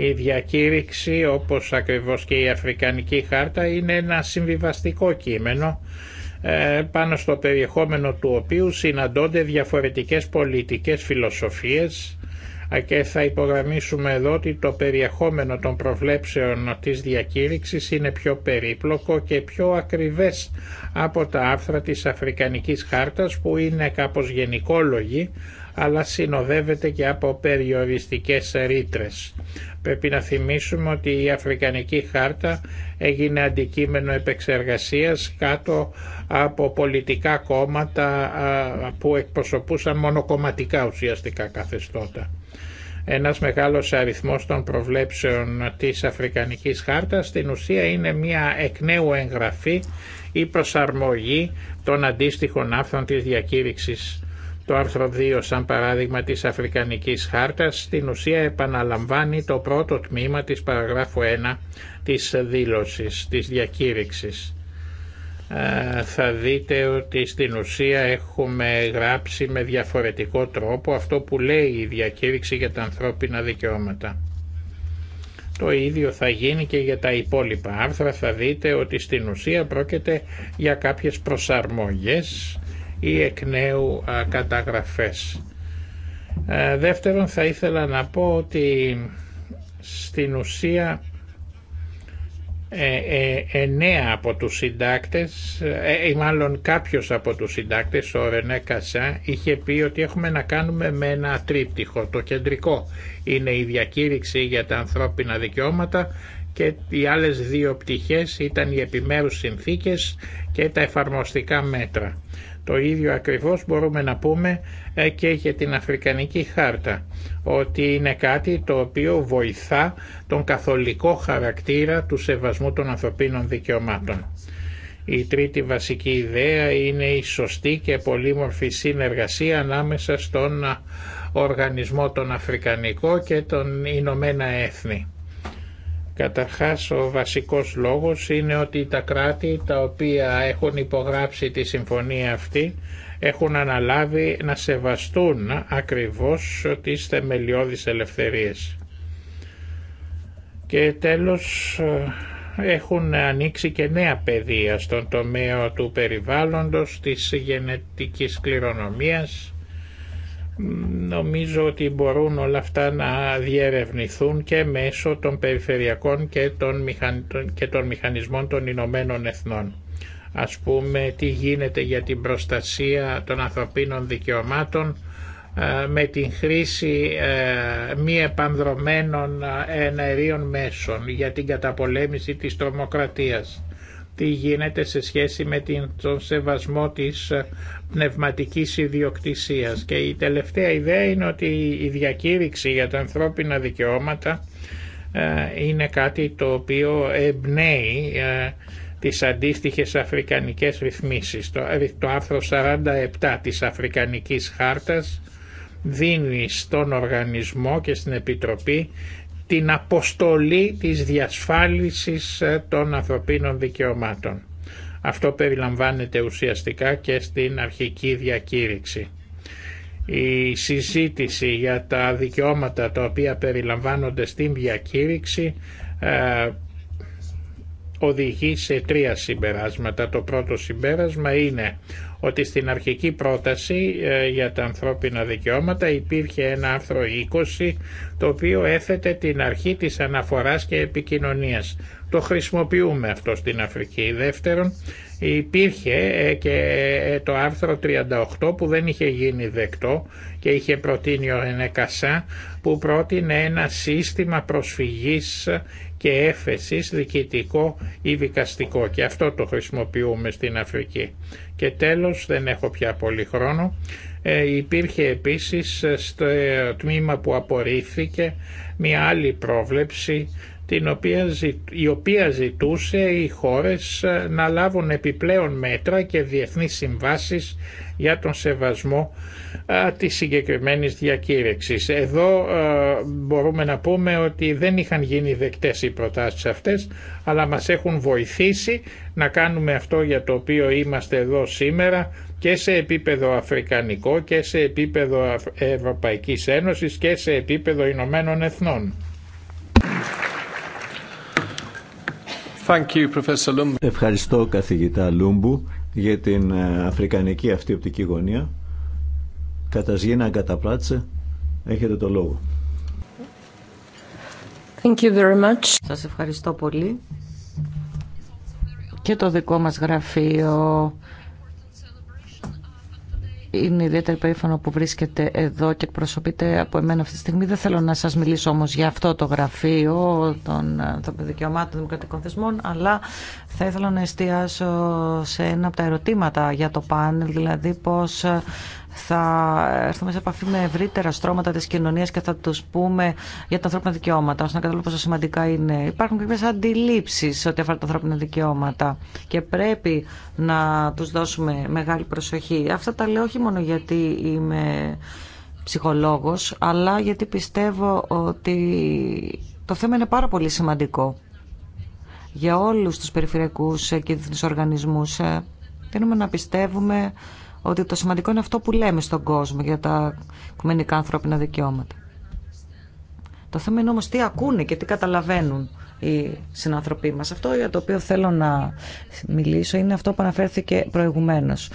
η διακήρυξη όπως ακριβώς και η Αφρικανική Χάρτα είναι ένα συμβιβαστικό κείμενο ε, πάνω στο περιεχόμενο του οποίου συναντώνται διαφορετικές πολιτικές φιλοσοφίες και θα υπογραμμίσουμε εδώ ότι το περιεχόμενο των προβλέψεων της διακήρυξης είναι πιο περίπλοκο και πιο ακριβές από τα άρθρα της Αφρικανικής Χάρτας που είναι κάπως γενικόλογοι αλλά συνοδεύεται και από περιοριστικές ρήτρε. Πρέπει να θυμίσουμε ότι η Αφρικανική Χάρτα έγινε αντικείμενο επεξεργασίας κάτω από πολιτικά κόμματα που εκπροσωπούσαν μονοκομματικά ουσιαστικά καθεστώτα. Ένας μεγάλος αριθμός των προβλέψεων της Αφρικανικής Χάρτας στην ουσία είναι μια εκ νέου εγγραφή ή προσαρμογή των αντίστοιχων άρθρων της διακήρυξης το άρθρο 2 σαν παράδειγμα της Αφρικανικής Χάρτας στην ουσία επαναλαμβάνει το πρώτο τμήμα της παραγράφου 1 της δήλωσης, της διακήρυξης. Ε, θα δείτε ότι στην ουσία έχουμε γράψει με διαφορετικό τρόπο αυτό που λέει η διακήρυξη για τα ανθρώπινα δικαιώματα. Το ίδιο θα γίνει και για τα υπόλοιπα άρθρα. Θα δείτε ότι στην ουσία πρόκειται για κάποιες προσαρμογές ή εκ νέου καταγραφές. Ε, δεύτερον θα ήθελα να πω ότι στην ουσία ε, ε, εννέα από τους συντάκτες, ε, ε μάλλον κάποιος από τους συντάκτες, ο Ρενέ Κασά, είχε πει ότι έχουμε να κάνουμε με ένα τρίπτυχο. Το κεντρικό είναι η διακήρυξη για τα ανθρώπινα δικαιώματα και οι άλλες δύο πτυχές ήταν οι επιμέρους συνθήκες και τα εφαρμοστικά μέτρα. Το ίδιο ακριβώς μπορούμε να πούμε ε, και για την Αφρικανική Χάρτα, ότι είναι κάτι το οποίο βοηθά τον καθολικό χαρακτήρα του σεβασμού των ανθρωπίνων δικαιωμάτων. Η τρίτη βασική ιδέα είναι η σωστή και πολύμορφη συνεργασία ανάμεσα στον ε, Οργανισμό τον Αφρικανικό και τον Ηνωμένα Έθνη Καταρχάς ο βασικός λόγος είναι ότι τα κράτη τα οποία έχουν υπογράψει τη συμφωνία αυτή έχουν αναλάβει να σεβαστούν ακριβώς τις θεμελιώδεις ελευθερίες. Και τέλος έχουν ανοίξει και νέα πεδία στον τομέα του περιβάλλοντος, της γενετικής κληρονομίας Νομίζω ότι μπορούν όλα αυτά να διερευνηθούν και μέσω των περιφερειακών και των, των μηχανισμών των Ηνωμένων Εθνών. Ας πούμε τι γίνεται για την προστασία των ανθρωπίνων δικαιωμάτων ε, με την χρήση ε, μη επανδρομένων ε, εναερίων μέσων για την καταπολέμηση της τρομοκρατίας τι γίνεται σε σχέση με την, τον σεβασμό της ε, πνευματικής ιδιοκτησίας. Και η τελευταία ιδέα είναι ότι η διακήρυξη για τα ανθρώπινα δικαιώματα ε, είναι κάτι το οποίο εμπνέει ε, τις αντίστοιχες αφρικανικές ρυθμίσεις. Το, το άρθρο 47 της Αφρικανικής Χάρτας δίνει στον οργανισμό και στην Επιτροπή την αποστολή της διασφάλισης ε, των ανθρωπίνων δικαιωμάτων. Αυτό περιλαμβάνεται ουσιαστικά και στην αρχική διακήρυξη. Η συζήτηση για τα δικαιώματα τα οποία περιλαμβάνονται στην διακήρυξη ε, οδηγεί σε τρία συμπεράσματα. Το πρώτο συμπέρασμα είναι ότι στην αρχική πρόταση ε, για τα ανθρώπινα δικαιώματα υπήρχε ένα άρθρο 20 το οποίο έθετε την αρχή της αναφοράς και επικοινωνίας. Το χρησιμοποιούμε αυτό στην Αφρική. Δεύτερον, υπήρχε ε, και ε, το άρθρο 38 που δεν είχε γίνει δεκτό και είχε προτείνει ο Ενεκασά που πρότεινε ένα σύστημα προσφυγής και έφεσης διοικητικό ή δικαστικό και αυτό το χρησιμοποιούμε στην Αφρική. Και τέλος, δεν έχω πια πολύ χρόνο, ε, υπήρχε επίσης ε, στο ε, τμήμα που απορρίφθηκε μια άλλη πρόβλεψη την οποία, η οποία ζητούσε οι χώρες ε, να λάβουν επιπλέον μέτρα και διεθνείς συμβάσεις για τον σεβασμό α, της συγκεκριμένης Εδώ μπορούμε να πούμε ότι δεν είχαν γίνει δεκτές οι προτάσεις αυτές, αλλά μας έχουν βοηθήσει να κάνουμε αυτό για το οποίο είμαστε εδώ σήμερα και σε επίπεδο αφρικανικό και σε επίπεδο Ευρωπαϊκής Ένωσης και σε επίπεδο Ηνωμένων Εθνών. Thank you, Professor Ευχαριστώ καθηγητά Λούμπου για την ε, αφρικανική αυτή οπτική γωνία. Καταζήνα καταπλάτσε, έχετε το λόγο. Thank you very much. Σας ευχαριστώ πολύ. Και το δικό μας γραφείο είναι ιδιαίτερα περήφανο που βρίσκεται εδώ και εκπροσωπείται από εμένα αυτή τη στιγμή. Δεν θέλω να σας μιλήσω όμως για αυτό το γραφείο των, δικαιωμάτων των δημοκρατικών θεσμών, αλλά θα ήθελα να εστιάσω σε ένα από τα ερωτήματα για το πάνελ, δηλαδή πώς θα έρθουμε σε επαφή με ευρύτερα στρώματα τη κοινωνία και θα του πούμε για τα ανθρώπινα δικαιώματα, ώστε να καταλάβουμε πόσο σημαντικά είναι. Υπάρχουν κάποιε αντιλήψεις ό,τι αφορά τα ανθρώπινα δικαιώματα και πρέπει να του δώσουμε μεγάλη προσοχή. Αυτά τα λέω όχι μόνο γιατί είμαι ψυχολόγος, αλλά γιατί πιστεύω ότι το θέμα είναι πάρα πολύ σημαντικό για όλους τους περιφερειακούς και διεθνείς οργανισμούς. Θέλουμε ε, να πιστεύουμε ότι το σημαντικό είναι αυτό που λέμε στον κόσμο για τα οικουμενικά ανθρώπινα δικαιώματα. Το θέμα είναι όμως τι ακούνε και τι καταλαβαίνουν οι συνανθρωποί μας. Αυτό για το οποίο θέλω να μιλήσω είναι αυτό που αναφέρθηκε προηγουμένως.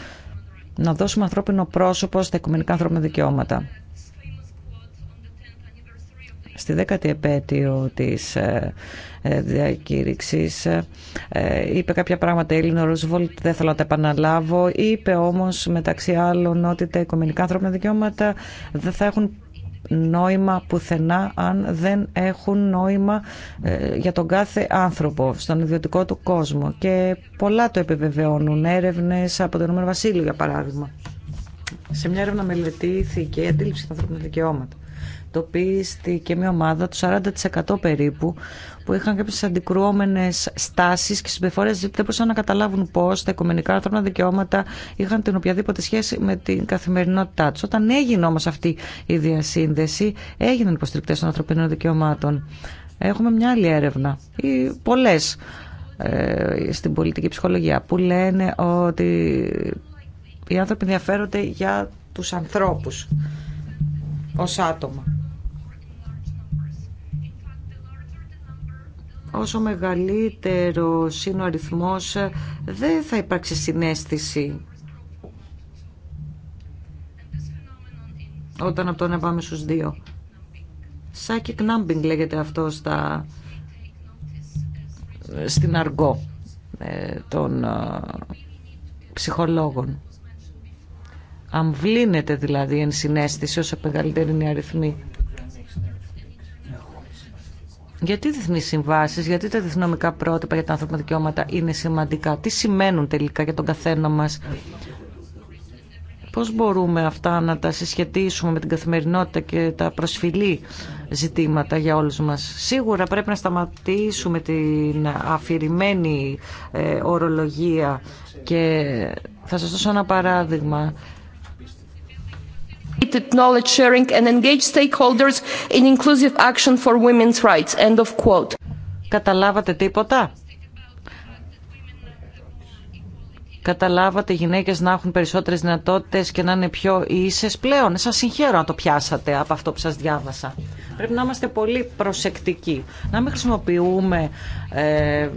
Να δώσουμε ανθρώπινο πρόσωπο στα οικουμενικά ανθρώπινα δικαιώματα. Στη δέκατη επέτειο της ε, ε, διακήρυξης ε, είπε κάποια πράγματα η Έλληνα Ρούσβολτ, δεν θέλω να τα επαναλάβω. Είπε όμως μεταξύ άλλων ότι τα οικομενικά ανθρώπινα δικαιώματα δεν θα έχουν νόημα πουθενά αν δεν έχουν νόημα για τον κάθε άνθρωπο στον ιδιωτικό του κόσμο και πολλά το επιβεβαιώνουν έρευνες από το Ηνωμένο Βασίλειο για παράδειγμα. Σε μια έρευνα μελετήθηκε η αντίληψη των ανθρώπινων δικαιώματων και μια ομάδα του 40% περίπου που είχαν κάποιε αντικρουόμενε στάσει και συμπεριφορέ δεν μπορούσαν να καταλάβουν πώ τα οικομενικά ανθρώπινα δικαιώματα είχαν την οποιαδήποτε σχέση με την καθημερινότητά του. Όταν έγινε όμω αυτή η διασύνδεση, έγιναν υποστηρικτέ των ανθρωπίνων δικαιωμάτων. Έχουμε μια άλλη έρευνα ή πολλέ ε, στην πολιτική ψυχολογία που λένε ότι οι άνθρωποι ενδιαφέρονται για τους ανθρώπους ως άτομα. όσο μεγαλύτερο είναι ο αριθμό δεν θα υπάρξει συνέστηση όταν από το να πάμε στους δύο. Σάκι κνάμπινγκ λέγεται αυτό στα, στην αργό ε, των ε, ψυχολόγων. Αμβλύνεται δηλαδή εν συνέστηση όσο μεγαλύτερη είναι η αριθμή. Γιατί διεθνεί συμβάσει, γιατί τα διεθνομικά πρότυπα για τα ανθρώπινα δικαιώματα είναι σημαντικά, τι σημαίνουν τελικά για τον καθένα μα, Πώ μπορούμε αυτά να τα συσχετίσουμε με την καθημερινότητα και τα προσφυλή ζητήματα για όλους μας. Σίγουρα πρέπει να σταματήσουμε την αφηρημένη ε, ορολογία και θα σας δώσω ένα παράδειγμα knowledge sharing and engage stakeholders in inclusive action for women's rights. End of quote. Καταλάβατε τίποτα? καταλάβατε οι γυναίκες να έχουν περισσότερες δυνατότητες και να είναι πιο ίσες πλέον. Σας συγχαίρω να το πιάσατε από αυτό που σας διάβασα. Πρέπει να είμαστε πολύ προσεκτικοί. Να μην χρησιμοποιούμε ε,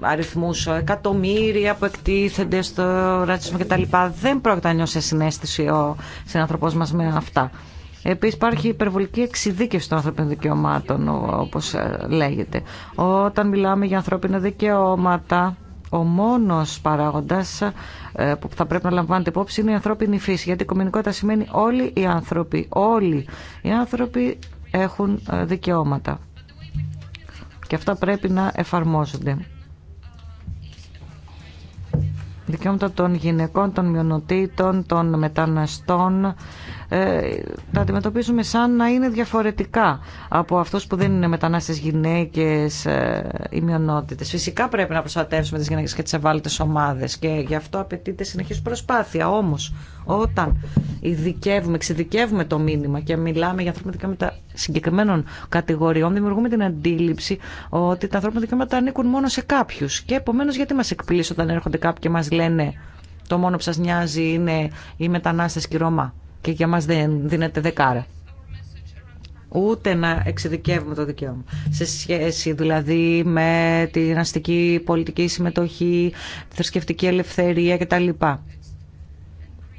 αριθμούς, εκατομμύρια που εκτίθενται στο ρατσισμό κτλ. Δεν πρόκειται να νιώσει συνέστηση ο συνανθρωπός μας με αυτά. Επίσης υπάρχει υπερβολική εξειδίκευση των ανθρωπίνων δικαιωμάτων, όπως ε, λέγεται. Όταν μιλάμε για ανθρώπινα δικαιώματα, ο μόνος παράγοντας ε, που θα πρέπει να λαμβάνετε υπόψη είναι η ανθρώπινη φύση. Γιατί η κομμουνικότητα σημαίνει όλοι οι άνθρωποι. Όλοι οι άνθρωποι έχουν ε, δικαιώματα. Και αυτά πρέπει να εφαρμόζονται. Δικαιώματα των γυναικών, των μειονοτήτων, των μεταναστών, ε, τα αντιμετωπίζουμε σαν να είναι διαφορετικά από αυτούς που δεν είναι μετανάστες γυναίκες ή ε, μειονότητες. Φυσικά πρέπει να προστατεύσουμε τις γυναίκες και τις ευάλωτες ομάδες και γι' αυτό απαιτείται συνεχής προσπάθεια. Όμως όταν ειδικεύουμε, εξειδικεύουμε το μήνυμα και μιλάμε για ανθρώπινα δικαιώματα συγκεκριμένων κατηγοριών, δημιουργούμε την αντίληψη ότι τα ανθρώπινα δικαιώματα ανήκουν μόνο σε κάποιου. Και επομένω, γιατί μα εκπλήσει όταν έρχονται κάποιοι και μα λένε το μόνο που σα νοιάζει είναι οι μετανάστες και οι Ρωμά και για μας δεν δίνεται δεκάρα. Ούτε να εξειδικεύουμε το δικαίωμα. Σε σχέση δηλαδή με την αστική πολιτική συμμετοχή, τη θρησκευτική ελευθερία κτλ.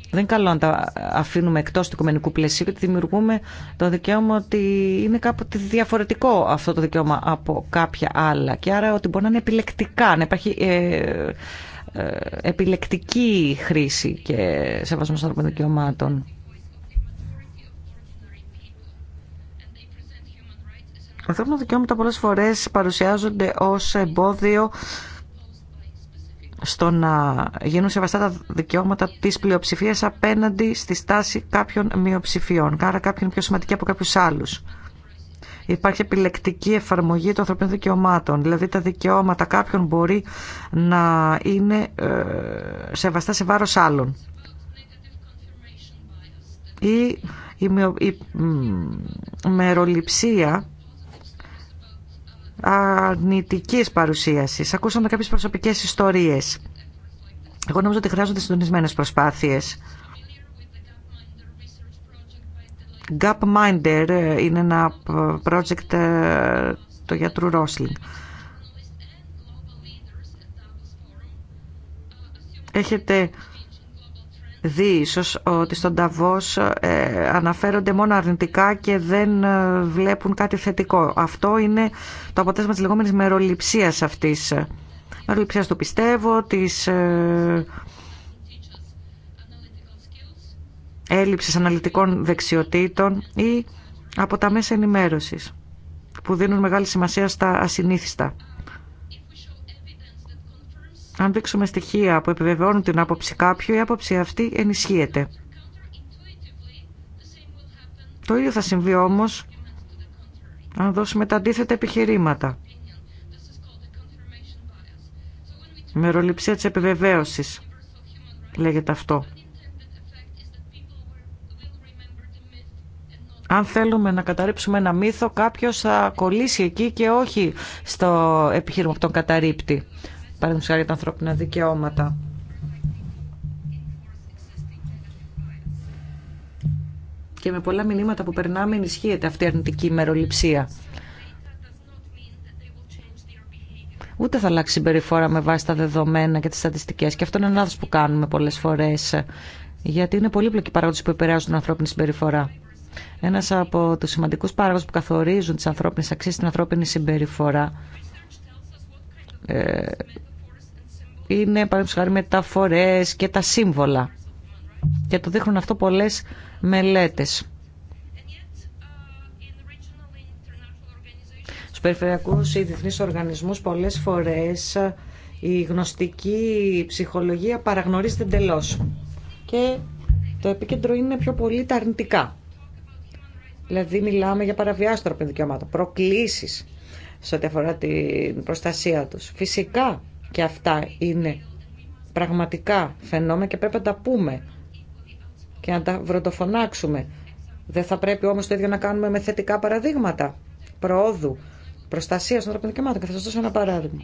Δεν είναι καλό να τα αφήνουμε εκτό του οικουμενικού πλαισίου γιατί δημιουργούμε το δικαίωμα ότι είναι κάποτε διαφορετικό αυτό το δικαίωμα από κάποια άλλα. Και άρα ότι μπορεί να είναι επιλεκτικά, να υπάρχει ε, ε, επιλεκτική χρήση και σεβασμό των δικαιωμάτων. ανθρώπινα δικαιώματα πολλές φορές παρουσιάζονται ως εμπόδιο στο να γίνουν σεβαστά τα δικαιώματα της πλειοψηφίας απέναντι στη στάση κάποιων μειοψηφιών. Άρα κάποιοι πιο σημαντικοί από κάποιους άλλους. Υπάρχει επιλεκτική εφαρμογή των ανθρωπίνων δικαιωμάτων. Δηλαδή τα δικαιώματα κάποιων μπορεί να είναι ε, σεβαστά σε βάρος άλλων. Ή η μεροληψία αρνητικής παρουσίασης. Ακούσαμε κάποιες προσωπικές ιστορίες. Εγώ νομίζω ότι χρειάζονται συντονισμένες προσπάθειες. Gapminder είναι ένα project ε, του γιατρού Ρόσλινγκ. Έχετε δει ίσως ότι στον Ταβός ε, αναφέρονται μόνο αρνητικά και δεν ε, βλέπουν κάτι θετικό. Αυτό είναι το αποτέλεσμα της λεγόμενης μεροληψίας αυτής. Μεροληψίας του πιστεύω, της ε, έλλειψης αναλυτικών δεξιοτήτων ή από τα μέσα ενημέρωσης που δίνουν μεγάλη σημασία στα ασυνήθιστα. Αν δείξουμε στοιχεία που επιβεβαιώνουν την άποψη κάποιου, η άποψη αυτή ενισχύεται. Το ίδιο θα συμβεί όμως αν δώσουμε τα αντίθετα επιχειρήματα. Μεροληψία της επιβεβαίωσης λέγεται αυτό. Αν θέλουμε να καταρρύψουμε ένα μύθο, κάποιος θα κολλήσει εκεί και όχι στο επιχείρημα που τον καταρρύπτει παραδείγματο χάρη τα ανθρώπινα δικαιώματα. Και με πολλά μηνύματα που περνάμε ενισχύεται αυτή η αρνητική ημεροληψία. Ούτε θα αλλάξει συμπεριφορά με βάση τα δεδομένα και τις στατιστικές. Και αυτό είναι ένα που κάνουμε πολλές φορές. Γιατί είναι πολύπλοκοι παράγοντε που επηρεάζουν την ανθρώπινη συμπεριφορά. Ένα από του σημαντικού παράγοντε που καθορίζουν τι ανθρώπινε αξίε, την ανθρώπινη συμπεριφορά, ε, είναι παραδείγματος χάρη φορές και τα σύμβολα. Και το δείχνουν αυτό πολλές μελέτες. Στους περιφερειακούς ή διεθνείς οργανισμούς πολλές φορές η γνωστική ψυχολογία παραγνωρίζεται εντελώ. Και το επίκεντρο είναι πιο πολύ τα αρνητικά. Δηλαδή μιλάμε για παραβιάστροπη δικαιωμάτων, προκλήσεις σε ό,τι αφορά την προστασία τους. Φυσικά και αυτά είναι πραγματικά φαινόμενα και πρέπει να τα πούμε και να τα βροντοφωνάξουμε. Δεν θα πρέπει όμως το ίδιο να κάνουμε με θετικά παραδείγματα προόδου, προστασία των ανθρωπίνων δικαιωμάτων. Και θα σας δώσω ένα παράδειγμα.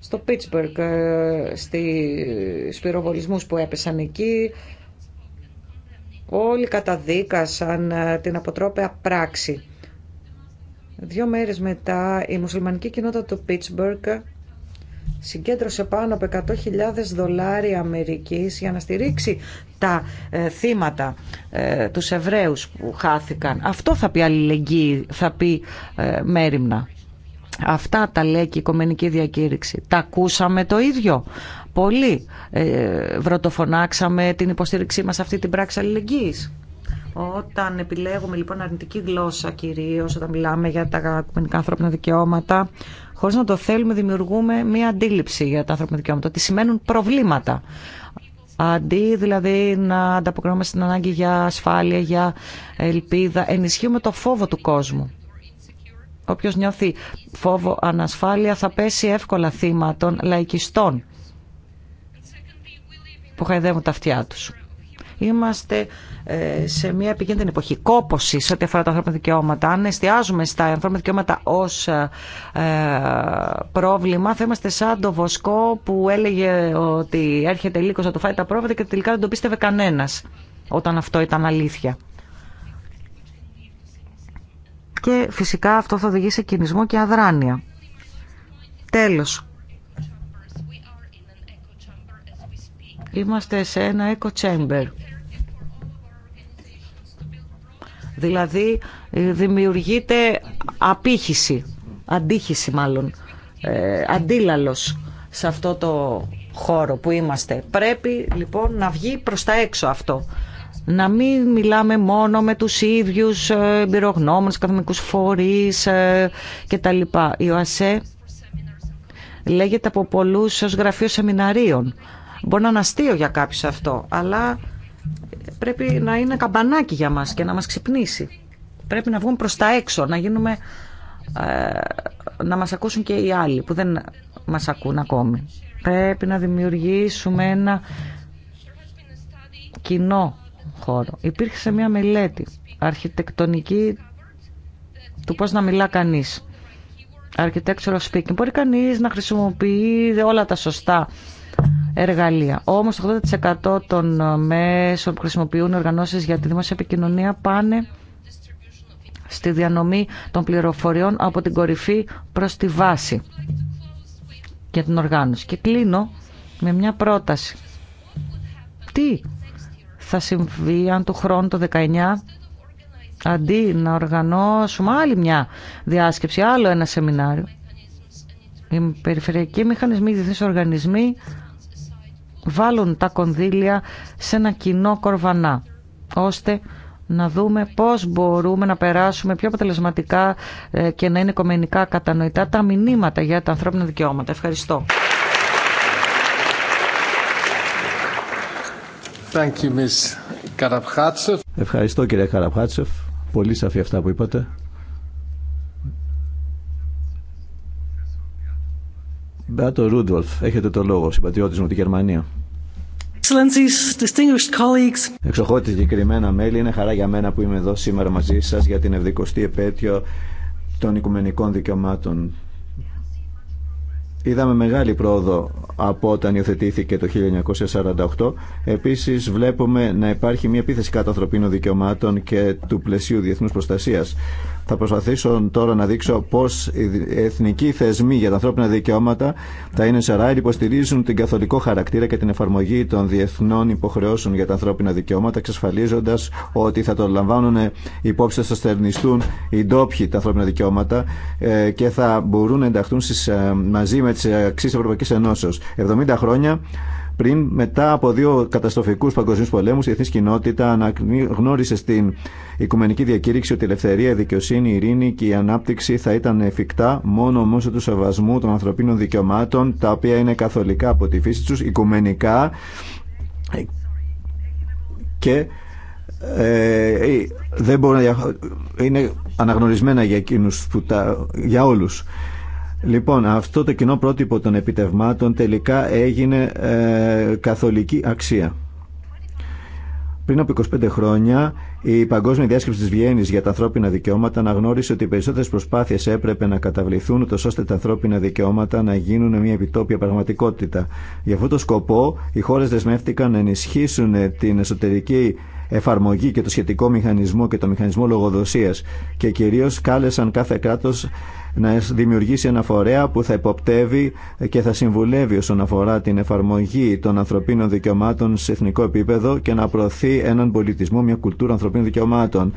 Στο Πίτσμπεργκ, ε, στις πυροβολισμού που έπεσαν εκεί, όλοι καταδίκασαν ε, την αποτρόπαια πράξη. Δύο μέρες μετά η μουσουλμανική κοινότητα του Πίτσμπεργκ συγκέντρωσε πάνω από 100.000 δολάρια Αμερικής για να στηρίξει τα ε, θύματα, ε, τους Εβραίους που χάθηκαν. Αυτό θα πει αλληλεγγύη, θα πει ε, μέρημνα. Αυτά τα λέει και η Οικομενική Διακήρυξη. Τα ακούσαμε το ίδιο. Πολύ ε, βρωτοφωνάξαμε την υποστήριξή μας αυτή την πράξη αλληλεγγύης. Όταν επιλέγουμε λοιπόν αρνητική γλώσσα κυρίως, όταν μιλάμε για τα οικουμενικά ανθρώπινα δικαιώματα, χωρίς να το θέλουμε δημιουργούμε μία αντίληψη για τα ανθρώπινα δικαιώματα, ότι σημαίνουν προβλήματα. Αντί δηλαδή να ανταποκρινόμαστε στην ανάγκη για ασφάλεια, για ελπίδα, ενισχύουμε το φόβο του κόσμου. Όποιος νιώθει φόβο ανασφάλεια θα πέσει εύκολα θύμα των λαϊκιστών που χαϊδεύουν τα αυτιά τους. Είμαστε ε, σε μια επικίνδυνη εποχή κόποση ό,τι αφορά τα ανθρώπινα δικαιώματα. Αν εστιάζουμε στα ανθρώπινα δικαιώματα ω ε, ε, πρόβλημα, θα είμαστε σαν το Βοσκό που έλεγε ότι έρχεται λύκο να το φάει τα πρόβατα και τελικά δεν το πίστευε κανένα όταν αυτό ήταν αλήθεια. Και φυσικά αυτό θα οδηγήσει σε κινησμό και αδράνεια. Τέλος. Είμαστε σε ένα echo chamber Δηλαδή ε, δημιουργείται απήχηση, αντίχηση μάλλον, ε, αντίλαλος σε αυτό το χώρο που είμαστε. Πρέπει λοιπόν να βγει προς τα έξω αυτό. Να μην μιλάμε μόνο με τους ίδιους ε, εμπειρογνώμενους, καθημερινούς φορείς ε, κτλ. Η ΟΑΣΕ λέγεται από πολλούς ως γραφείο σεμιναρίων. Μπορεί να είναι αστείο για κάποιους αυτό, αλλά πρέπει να είναι καμπανάκι για μας και να μας ξυπνήσει. Πρέπει να βγούμε προς τα έξω, να γίνουμε, ε, να μας ακούσουν και οι άλλοι που δεν μας ακούν ακόμη. Πρέπει να δημιουργήσουμε ένα κοινό χώρο. Υπήρχε σε μια μελέτη αρχιτεκτονική του πώς να μιλά κανείς. Architectural speaking. Μπορεί κανείς να χρησιμοποιεί όλα τα σωστά εργαλεία. Όμως 80% των ε, μέσων που χρησιμοποιούν οργανώσεις για τη δημόσια επικοινωνία πάνε στη διανομή των πληροφοριών από την κορυφή προς τη βάση για την οργάνωση. Και κλείνω με μια πρόταση. Τι θα συμβεί αν του χρόνου το 19 αντί να οργανώσουμε άλλη μια διάσκεψη, άλλο ένα σεμινάριο οι περιφερειακοί μηχανισμοί, οι διεθνείς οργανισμοί βάλουν τα κονδύλια σε ένα κοινό κορβανά, ώστε να δούμε πώς μπορούμε να περάσουμε πιο αποτελεσματικά ε, και να είναι οικομενικά κατανοητά τα μηνύματα για τα ανθρώπινα δικαιώματα. Ευχαριστώ. Ευχαριστώ κύριε Καραπχάτσεφ. Πολύ σαφή αυτά που είπατε. Μπράτο Ρούντολφ, έχετε το λόγο, συμπατριώτη μου τη Γερμανία. Εξοχότητε συγκεκριμένα μέλη, είναι χαρά για μένα που είμαι εδώ σήμερα μαζί σα για την ευδικοστή επέτειο των οικουμενικών δικαιωμάτων. Είδαμε μεγάλη πρόοδο από όταν υιοθετήθηκε το 1948. Επίσης βλέπουμε να υπάρχει μια επίθεση κατά ανθρωπίνων δικαιωμάτων και του πλαισίου Διεθνού Προστασία. Θα προσπαθήσω τώρα να δείξω πώ οι εθνικοί θεσμοί για τα ανθρώπινα δικαιώματα τα είναι ράιλ, υποστηρίζουν την καθολικό χαρακτήρα και την εφαρμογή των διεθνών υποχρεώσεων για τα ανθρώπινα δικαιώματα, εξασφαλίζοντα ότι θα το λαμβάνουν υπόψη, θα στερνιστούν οι ντόπιοι τα ανθρώπινα δικαιώματα ε, και θα μπορούν να ενταχθούν ε, μαζί με τι ε, αξίε Ευρωπαϊκή Ενώσεω. 70 χρόνια πριν, μετά από δύο καταστροφικούς παγκοσμίους πολέμους, η εθνική κοινότητα αναγνώρισε στην Οικουμενική Διακήρυξη ότι η ελευθερία, η δικαιοσύνη, η ειρήνη και η ανάπτυξη θα ήταν εφικτά μόνο μέσω του σεβασμού των ανθρωπίνων δικαιωμάτων, τα οποία είναι καθολικά από τη φύση του, οικουμενικά και ε, δεν είναι αναγνωρισμένα για, εκείνους για όλους. Λοιπόν, αυτό το κοινό πρότυπο των επιτευμάτων τελικά έγινε ε, καθολική αξία. Πριν από 25 χρόνια, η Παγκόσμια Διάσκεψη τη Βιέννη για τα ανθρώπινα δικαιώματα αναγνώρισε ότι οι περισσότερε προσπάθειε έπρεπε να καταβληθούν, τόσο ώστε τα ανθρώπινα δικαιώματα να γίνουν μια επιτόπια πραγματικότητα. Για αυτόν τον σκοπό, οι χώρε δεσμεύτηκαν να ενισχύσουν την εσωτερική εφαρμογή και το σχετικό μηχανισμό και το μηχανισμό λογοδοσίας και κυρίως κάλεσαν κάθε κράτος να δημιουργήσει ένα φορέα που θα υποπτεύει και θα συμβουλεύει όσον αφορά την εφαρμογή των ανθρωπίνων δικαιωμάτων σε εθνικό επίπεδο και να προωθεί έναν πολιτισμό, μια κουλτούρα ανθρωπίνων δικαιωμάτων.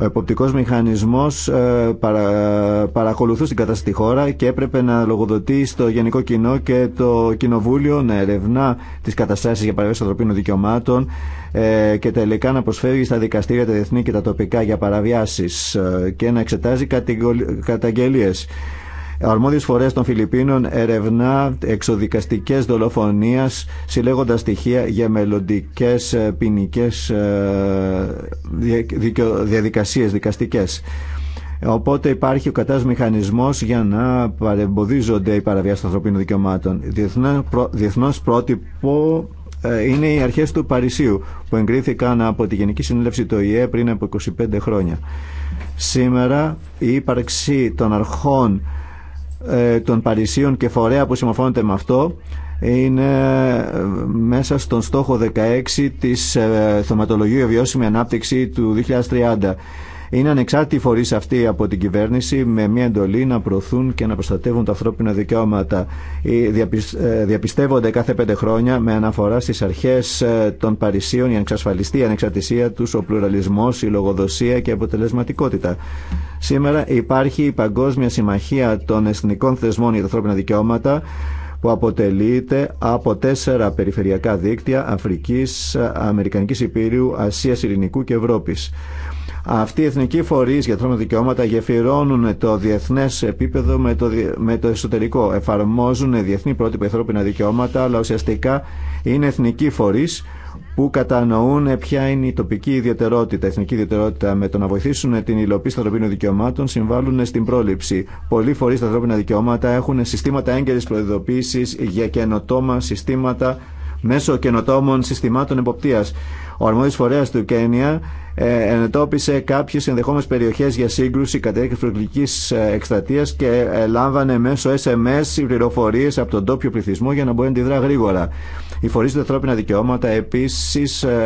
Ο εποπτικός μηχανισμός ε, παρα, παρακολουθούσε την κατάσταση στη χώρα και έπρεπε να λογοδοτεί στο γενικό κοινό και το κοινοβούλιο να ερευνά τις καταστάσεις για παραβίαση ανθρωπίνων δικαιωμάτων ε, και τελικά να προσφέρει στα δικαστήρια τα διεθνή και τα τοπικά για παραβιάσεις ε, και να εξετάζει καταγγελίες αρμόδιες φορές των Φιλιππίνων ερευνά εξοδικαστικές δολοφονίες συλλέγοντας στοιχεία για μελλοντικέ ε, ποινικέ ε, διαδικασίες δικαστικές. Οπότε υπάρχει ο κατάς μηχανισμός για να παρεμποδίζονται οι παραβιάσεις των ανθρωπίνων δικαιωμάτων. Διεθνώς πρότυπο ε, είναι οι αρχές του Παρισίου που εγκρίθηκαν από τη Γενική Συνέλευση του ΙΕ πριν από 25 χρόνια. Σήμερα η ύπαρξη των αρχών ε, των Παρισίων και φορέα που συμμορφώνεται με αυτό είναι ε, μέσα στον στόχο 16 της ε, θεματολογίου για βιώσιμη ανάπτυξη του 2030. Είναι ανεξάρτητοι φορεί αυτοί από την κυβέρνηση με μια εντολή να προωθούν και να προστατεύουν τα ανθρώπινα δικαιώματα. Ε, διαπιστεύονται κάθε πέντε χρόνια με αναφορά στι αρχέ των Παρισίων για να εξασφαλιστεί η ανεξαρτησία του, ο πλουραλισμό, η λογοδοσία και η αποτελεσματικότητα. Σήμερα υπάρχει η Παγκόσμια Συμμαχία των Εθνικών Θεσμών για τα Ανθρώπινα Δικαιώματα που αποτελείται από τέσσερα περιφερειακά δίκτυα Αφρικής, Αμερικανικής Υπήρου, Ασίας, Ειρηνικού και Ευρώπης. Αυτοί οι εθνικοί φορεί για ανθρώπινα δικαιώματα γεφυρώνουν το διεθνέ επίπεδο με το, με το εσωτερικό. Εφαρμόζουν διεθνή πρότυπα ανθρώπινα δικαιώματα, αλλά ουσιαστικά είναι εθνικοί φορεί που κατανοούν ποια είναι η τοπική ιδιαιτερότητα, η εθνική ιδιαιτερότητα με το να βοηθήσουν την υλοποίηση των ανθρωπίνων δικαιωμάτων, συμβάλλουν στην πρόληψη. Πολλοί φορεί τα ανθρώπινα δικαιώματα έχουν συστήματα έγκαιρη προειδοποίηση για καινοτόμα συστήματα μέσω καινοτόμων συστημάτων εποπτεία. Ο αρμόδιο φορέα του Κένια ε, εντόπισε κάποιε ενδεχόμενε περιοχέ για σύγκρουση κατά τη προεκλογική ε, και ε, λάμβανε μέσω SMS πληροφορίε από τον τόπιο πληθυσμό για να μπορεί να αντιδρά γρήγορα. Οι φορεί του ανθρώπινα δικαιώματα επίση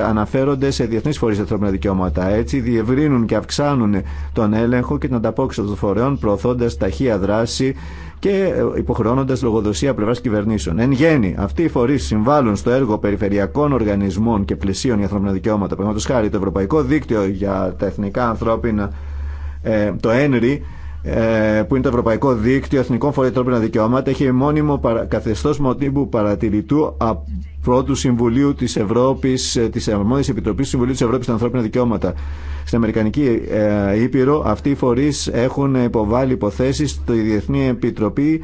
αναφέρονται σε διεθνεί φορεί του ανθρώπινα δικαιώματα. Έτσι, διευρύνουν και αυξάνουν τον έλεγχο και την ανταπόκριση των φορέων, προωθώντα ταχεία δράση και ε, υποχρεώνοντα λογοδοσία πλευρά κυβερνήσεων. Εν γέννη, αυτοί οι φορεί συμβάλλουν στο έργο περιφερειακών οργανισμών και πλησίων για ανθρώπινα δικαιώματα. Παραδείγματο χάρη το Ευρωπαϊκό Δίκτυο για τα Εθνικά Ανθρώπινα, ε, το ΕΝΡΙ, ε, που είναι το Ευρωπαϊκό Δίκτυο Εθνικών Φορετρόπινων Δικαιώματα, έχει μόνιμο καθεστώ μοτίβου παρατηρητού από πρώτου Συμβουλίου τη Ευρώπη, ε, τη Αρμόδια Επιτροπή του Συμβουλίου τη Ευρώπη στα Ανθρώπινα Δικαιώματα. Στην Αμερικανική ε, Ήπειρο, αυτοί οι φορεί έχουν υποβάλει υποθέσει στη Διεθνή Επιτροπή,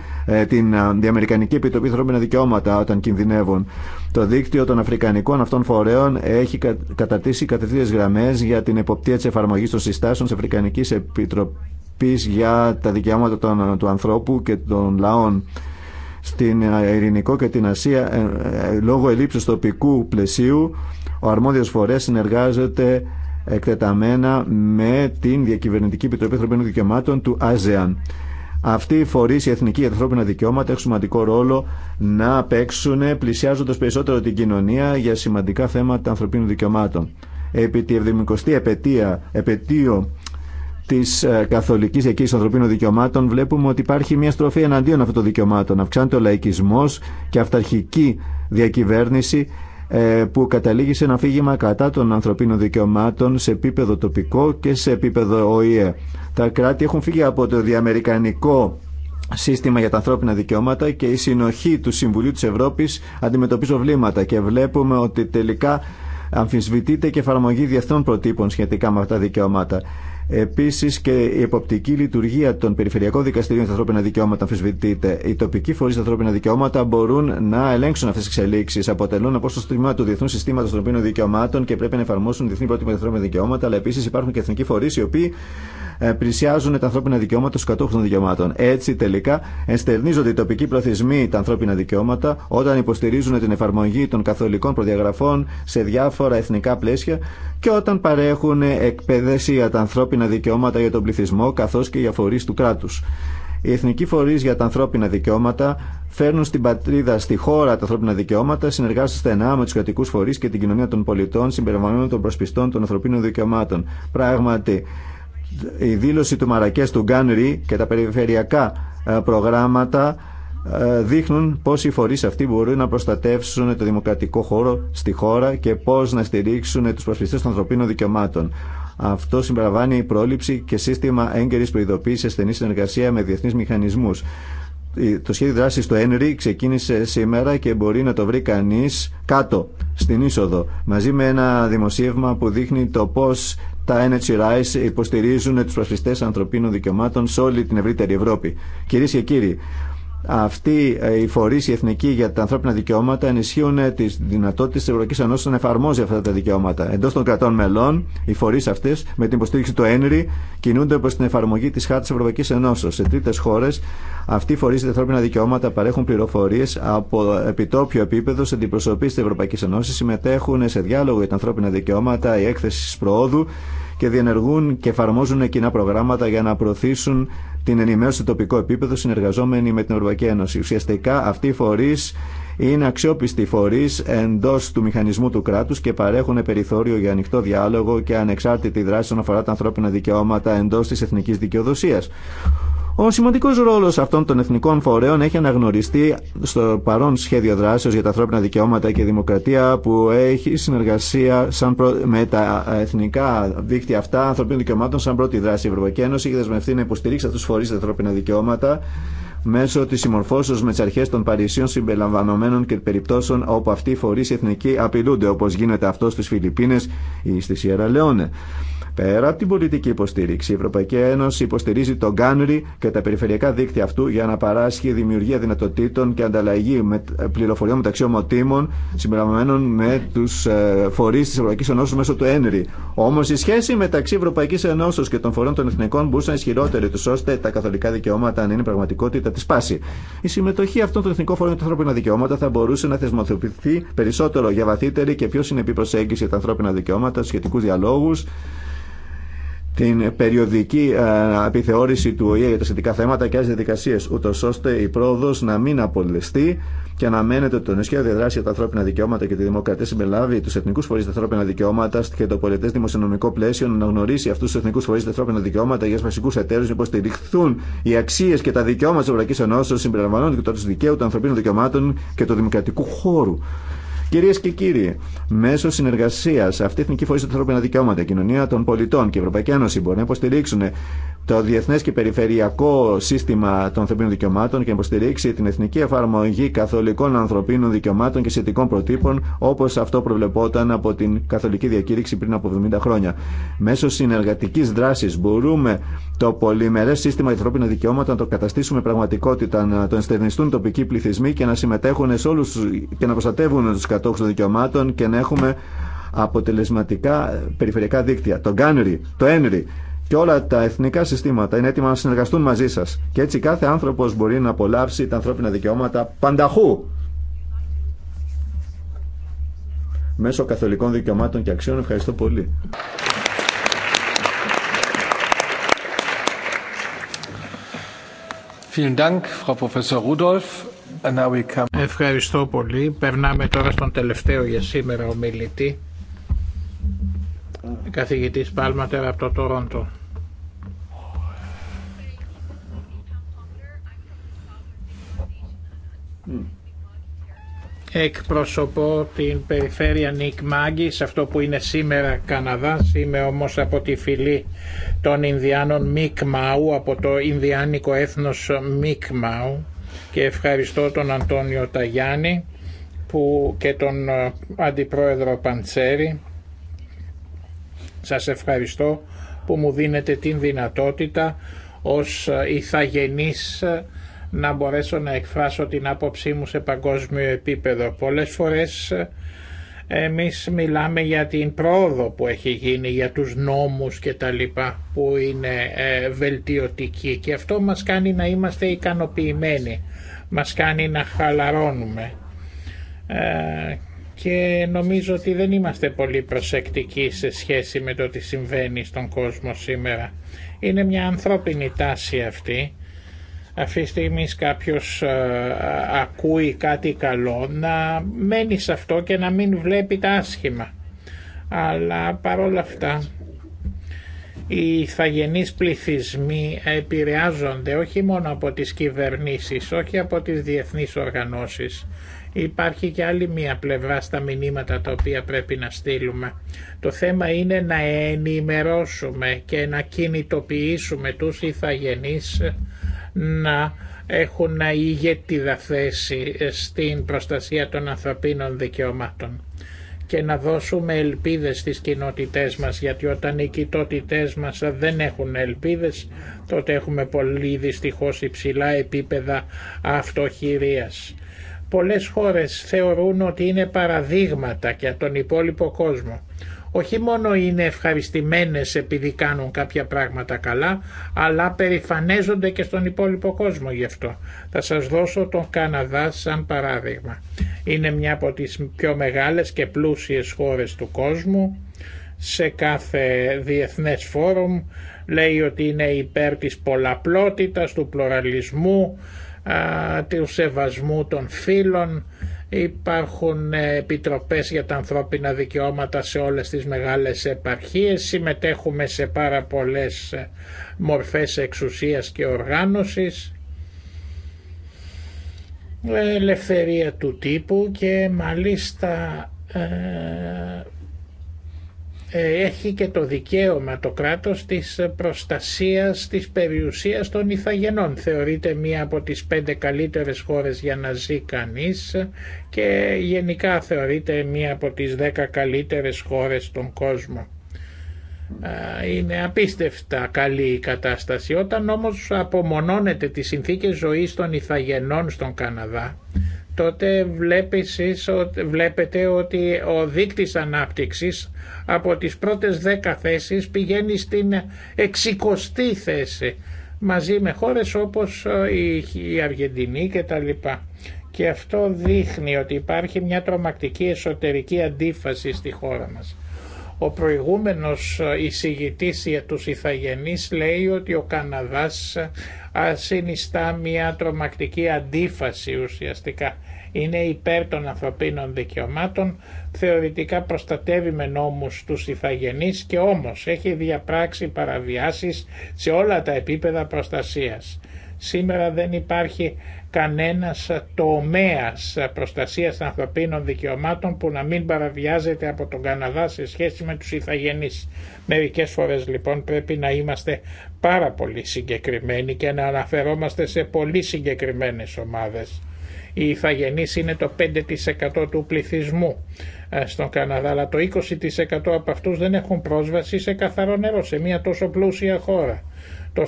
την Διαμερικανική Επιτροπή Ανθρώπινα Δικαιώματα, όταν κινδυνεύουν. Το δίκτυο των Αφρικανικών αυτών φορέων έχει καταρτήσει κατευθείαν γραμμέ για την εποπτεία τη εφαρμογή των συστάσεων τη Αφρικανική Επιτροπή πεις για τα δικαιώματα του ανθρώπου και των λαών στην Ειρηνικό και την Ασία ε, ε, λόγω ελλείψης τοπικού πλαισίου ο αρμόδιος φορέας συνεργάζεται εκτεταμένα με την Διακυβερνητική Επιτροπή Ανθρωπίνων Δικαιωμάτων του ΑΖΕΑΝ. Αυτή οι φορεί, οι εθνικοί ανθρώπινα δικαιώματα, έχει σημαντικό ρόλο να παίξουν, πλησιάζοντα περισσότερο την κοινωνία για σημαντικά θέματα ανθρωπίνων δικαιωμάτων. Επί τη 70η επαιτία, επαιτίο τη ε, καθολική εκεί ανθρωπίνων δικαιωμάτων, βλέπουμε ότι υπάρχει μια στροφή εναντίον αυτών των δικαιωμάτων. Αυξάνεται ο λαϊκισμό και αυταρχική διακυβέρνηση ε, που καταλήγει σε ένα αφήγημα κατά των ανθρωπίνων δικαιωμάτων σε επίπεδο τοπικό και σε επίπεδο ΟΗΕ. Τα κράτη έχουν φύγει από το διαμερικανικό σύστημα για τα ανθρώπινα δικαιώματα και η συνοχή του Συμβουλίου της Ευρώπης αντιμετωπίζει προβλήματα και βλέπουμε ότι τελικά αμφισβητείται και εφαρμογή διεθνών προτύπων σχετικά με αυτά τα δικαιώματα. Επίση και η εποπτική λειτουργία των περιφερειακών δικαστηρίων στα ανθρώπινα δικαιώματα αμφισβητείται. Οι τοπικοί φορεί στα ανθρώπινα δικαιώματα μπορούν να ελέγξουν αυτέ τι εξελίξει. Αποτελούν από στο στήμα του Διεθνού Συστήματο των Ανθρωπίνων Δικαιωμάτων και πρέπει να εφαρμόσουν διεθνή πρότυπα για ανθρώπινα δικαιώματα. Αλλά επίση υπάρχουν και εθνικοί φορεί οι οποίοι ε, πλησιάζουν τα ανθρώπινα δικαιώματα στου κατόχου των δικαιωμάτων. Έτσι τελικά ενστερνίζονται οι τοπικοί προθεσμοί τα ανθρώπινα δικαιώματα όταν υποστηρίζουν την εφαρμογή των καθολικών προδιαγραφών σε διάφορα εθνικά πλαίσια και όταν παρέχουν εκπαίδευση για τα ανθρώπινα δικαιώματα για τον πληθυσμό καθώς και για φορείς του κράτους. Οι εθνικοί φορείς για τα ανθρώπινα δικαιώματα φέρνουν στην πατρίδα, στη χώρα τα ανθρώπινα δικαιώματα, συνεργάζονται στενά με του κρατικούς φορείς και την κοινωνία των πολιτών, συμπεριλαμβανομένων των προσπιστών των ανθρωπίνων δικαιωμάτων. Πράγματι, η δήλωση του Μαρακέ του Γκάνρι και τα περιφερειακά ε, προγράμματα ε, δείχνουν πώς οι φορείς αυτοί μπορούν να προστατεύσουν το δημοκρατικό χώρο στη χώρα και πώς να στηρίξουν τους προσπιστές των ανθρωπίνων δικαιωμάτων. Αυτό συμπεραβάνει η πρόληψη και σύστημα έγκαιρης προειδοποίησης σε στενή συνεργασία με διεθνείς μηχανισμούς. Το σχέδιο δράση του ΕΝΡΙ ξεκίνησε σήμερα και μπορεί να το βρει κανεί κάτω, στην είσοδο, μαζί με ένα δημοσίευμα που δείχνει το πώ τα NHRI υποστηρίζουν του προσφυστέ ανθρωπίνων δικαιωμάτων σε όλη την ευρύτερη Ευρώπη. Κυρίε και κύριοι, αυτοί ε, οι φορεί οι εθνικοί για τα ανθρώπινα δικαιώματα ενισχύουν ε, τι δυνατότητε τη Ευρωπαϊκή Ενώση να εφαρμόζει αυτά τα δικαιώματα. Εντό των κρατών μελών, οι φορεί αυτέ, με την υποστήριξη του ΕΝΡΙ, κινούνται προ την εφαρμογή τη Χάρτη Ευρωπαϊκή Ενώσεω. Σε τρίτε χώρε, αυτοί οι φορεί για τα ανθρώπινα δικαιώματα παρέχουν πληροφορίε από επιτόπιο επίπεδο σε αντιπροσωπή τη Ευρωπαϊκή Ενώση, συμμετέχουν σε διάλογο για τα ανθρώπινα δικαιώματα, η έκθεση προόδου και διενεργούν και εφαρμόζουν κοινά προγράμματα για να προωθήσουν την ενημέρωση σε τοπικό επίπεδο συνεργαζόμενοι με την Ευρωπαϊκή Ένωση. Ουσιαστικά αυτοί οι φορεί είναι αξιόπιστοι φορεί εντό του μηχανισμού του κράτου και παρέχουν περιθώριο για ανοιχτό διάλογο και ανεξάρτητη δράση όσον αφορά τα ανθρώπινα δικαιώματα εντό τη εθνική δικαιοδοσία. Ο σημαντικό ρόλο αυτών των εθνικών φορέων έχει αναγνωριστεί στο παρόν σχέδιο δράσεω για τα ανθρώπινα δικαιώματα και δημοκρατία που έχει συνεργασία σαν με τα εθνικά δίκτυα αυτά ανθρωπίνων δικαιωμάτων σαν πρώτη δράση. Η Ευρωπαϊκή Ένωση έχει δεσμευτεί να υποστηρίξει αυτού του φορεί τα ανθρώπινα δικαιώματα μέσω τη συμμορφώσεω με τι αρχέ των Παρισίων συμπεριλαμβανομένων και περιπτώσεων όπου αυτοί οι φορεί εθνικοί απειλούνται, όπω γίνεται αυτό στι Φιλιππίνε ή στη Σιέρα Λεόνε. Πέρα από την πολιτική υποστήριξη, η Ευρωπαϊκή Ένωση υποστηρίζει τον Γκάνρι και τα περιφερειακά δίκτυα αυτού για να παράσχει δημιουργία δυνατοτήτων και ανταλλαγή με πληροφοριών μεταξύ ομοτήμων συμπεριλαμβανομένων με του ε, φορεί τη Ευρωπαϊκή Ένωση μέσω του ΕΝΡΙ. Όμω η σχέση μεταξύ Ευρωπαϊκή Ένωση και των φορών των εθνικών μπορούσε να ισχυρότερη, του ώστε τα καθολικά δικαιώματα να είναι πραγματικότητα τη πάση. Η συμμετοχή αυτών των εθνικών φορών για τα ανθρώπινα δικαιώματα θα μπορούσε να θεσμοθετηθεί περισσότερο για βαθύτερη και πιο συνεπή προσέγγιση για τα ανθρώπινα δικαιώματα, σχετικού διαλόγου την περιοδική ε, επιθεώρηση του ΟΗΕ για τα σχετικά θέματα και άλλε διαδικασίε, ούτω ώστε η πρόοδο να μην απολυστεί και αναμένεται ότι το νησιά διαδράσει για τα ανθρώπινα δικαιώματα και τη δημοκρατία συμπεριλάβει του εθνικού φορεί τα ανθρώπινα δικαιώματα και το πολιτέ δημοσιονομικό πλαίσιο να γνωρίσει αυτού του εθνικού φορεί τα ανθρώπινα δικαιώματα για βασικού εταίρου να υποστηριχθούν οι αξίε και τα δικαιώματα τη Ευρωπαϊκή Ενώσεω συμπεριλαμβανόντου και του δικαίου των ανθρωπίνων δικαιωμάτων και του δημοκρατικού χώρου. Κυρίε και κύριοι, μέσω συνεργασία αυτή η Εθνική Φορή των Ανθρώπινων Δικαιώματα, η Κοινωνία των Πολιτών και η Ευρωπαϊκή Ένωση μπορεί να υποστηρίξουν το διεθνές και περιφερειακό σύστημα των ανθρωπίνων δικαιωμάτων και υποστηρίξει την εθνική εφαρμογή καθολικών ανθρωπίνων δικαιωμάτων και σχετικών προτύπων όπως αυτό προβλεπόταν από την καθολική διακήρυξη πριν από 70 χρόνια. Μέσω συνεργατικής δράσης μπορούμε το πολυμερές σύστημα ανθρωπίνων δικαιώματων να το καταστήσουμε πραγματικότητα, να τον ενστερνιστούν τοπικοί πληθυσμοί και να συμμετέχουν σε όλους και να προστατεύουν τους κατόχους των δικαιωμάτων και να έχουμε αποτελεσματικά περιφερειακά δίκτυα. Το Γκάνρι, το Ένρι, και όλα τα εθνικά συστήματα είναι έτοιμα να συνεργαστούν μαζί σας. Και έτσι κάθε άνθρωπος μπορεί να απολαύσει τα ανθρώπινα δικαιώματα πανταχού. Μέσω καθολικών δικαιωμάτων και αξιών. Ευχαριστώ πολύ. Ευχαριστώ πολύ. Περνάμε τώρα στον τελευταίο για σήμερα ομιλητή καθηγητής Πάλματερ από το Τόροντο. Εκπροσωπώ την περιφέρεια Νίκ Μάγκη, σε αυτό που είναι σήμερα Καναδά. είμαι όμω από τη φυλή των Ινδιάνων Μικ Μάου, από το Ινδιάνικο έθνος Μικ Μάου και ευχαριστώ τον Αντώνιο Ταγιάννη που και τον ε, Αντιπρόεδρο Παντσέρη σας ευχαριστώ που μου δίνετε την δυνατότητα ως ηθαγενής να μπορέσω να εκφράσω την άποψή μου σε παγκόσμιο επίπεδο. Πολλές φορές εμείς μιλάμε για την πρόοδο που έχει γίνει, για τους νόμους και τα λοιπά που είναι ε, βελτιωτικοί και αυτό μας κάνει να είμαστε ικανοποιημένοι, μας κάνει να χαλαρώνουμε ε, και νομίζω ότι δεν είμαστε πολύ προσεκτικοί σε σχέση με το τι συμβαίνει στον κόσμο σήμερα. Είναι μια ανθρώπινη τάση αυτή. Αυτή τη στιγμή κάποιος ε, ακούει κάτι καλό να μένει σε αυτό και να μην βλέπει τα άσχημα. Αλλά παρόλα αυτά οι ηθαγενείς πληθυσμοί επηρεάζονται όχι μόνο από τις κυβερνήσεις, όχι από τις διεθνείς οργανώσεις, Υπάρχει και άλλη μία πλευρά στα μηνύματα τα οποία πρέπει να στείλουμε. Το θέμα είναι να ενημερώσουμε και να κινητοποιήσουμε τους ηθαγενείς να έχουν ηγετίδα θέση στην προστασία των ανθρωπίνων δικαιωμάτων και να δώσουμε ελπίδες στις κοινότητές μας γιατί όταν οι κοινότητές μας δεν έχουν ελπίδες τότε έχουμε πολύ δυστυχώς υψηλά επίπεδα αυτοχειρίας. Πολλές χώρες θεωρούν ότι είναι παραδείγματα για τον υπόλοιπο κόσμο. Όχι μόνο είναι ευχαριστημένες επειδή κάνουν κάποια πράγματα καλά, αλλά περηφανέζονται και στον υπόλοιπο κόσμο γι' αυτό. Θα σας δώσω τον Καναδά σαν παράδειγμα. Είναι μια από τις πιο μεγάλες και πλούσιες χώρες του κόσμου. Σε κάθε διεθνές φόρουμ λέει ότι είναι υπέρ της πολλαπλότητας, του πλωραλισμού, του σεβασμού των φίλων, υπάρχουν ε, επιτροπές για τα ανθρώπινα δικαιώματα σε όλες τις μεγάλες επαρχίες, συμμετέχουμε σε πάρα πολλές ε, μορφές εξουσίας και οργάνωσης, ελευθερία του τύπου και μάλιστα ε, ε, έχει και το δικαίωμα το κράτος της προστασίας της περιουσίας των ηθαγενών. Θεωρείται μία από τις πέντε καλύτερες χώρες για να ζει κανείς και γενικά θεωρείται μία από τις δέκα καλύτερες χώρες στον κόσμο. Είναι απίστευτα καλή η κατάσταση. Όταν όμως απομονώνεται τις συνθήκες ζωής των ηθαγενών στον Καναδά τότε βλέπεις, βλέπετε ότι ο δίκτυς ανάπτυξης από τις πρώτες 10 θέσεις πηγαίνει στην 60η θέση μαζί με χώρες όπως ε, Αργεντινή και τα λοιπά. Και αυτό δείχνει ότι υπάρχει μια τρομακτική εσωτερική αντίφαση στη χώρα μας. Ο προηγούμενος ε, εισηγητής του τους λέει ότι ο Καναδάς συνιστά μια τρομακτική αντίφαση ουσιαστικά. Είναι υπέρ των ανθρωπίνων δικαιωμάτων, θεωρητικά προστατεύει με νόμους τους ηθαγενείς και όμως έχει διαπράξει παραβιάσεις σε όλα τα επίπεδα προστασίας. Σήμερα δεν υπάρχει κανένας τομέας προστασίας ανθρωπίνων δικαιωμάτων που να μην παραβιάζεται από τον Καναδά σε σχέση με τους ηθαγενείς. Μερικές φορές λοιπόν πρέπει να είμαστε πάρα πολύ συγκεκριμένοι και να αναφερόμαστε σε πολύ συγκεκριμένες ομάδες. Οι ηθαγενείς είναι το 5% του πληθυσμού ε, στον Καναδά, αλλά το 20% από αυτούς δεν έχουν πρόσβαση σε καθαρό νερό σε μια τόσο πλούσια χώρα το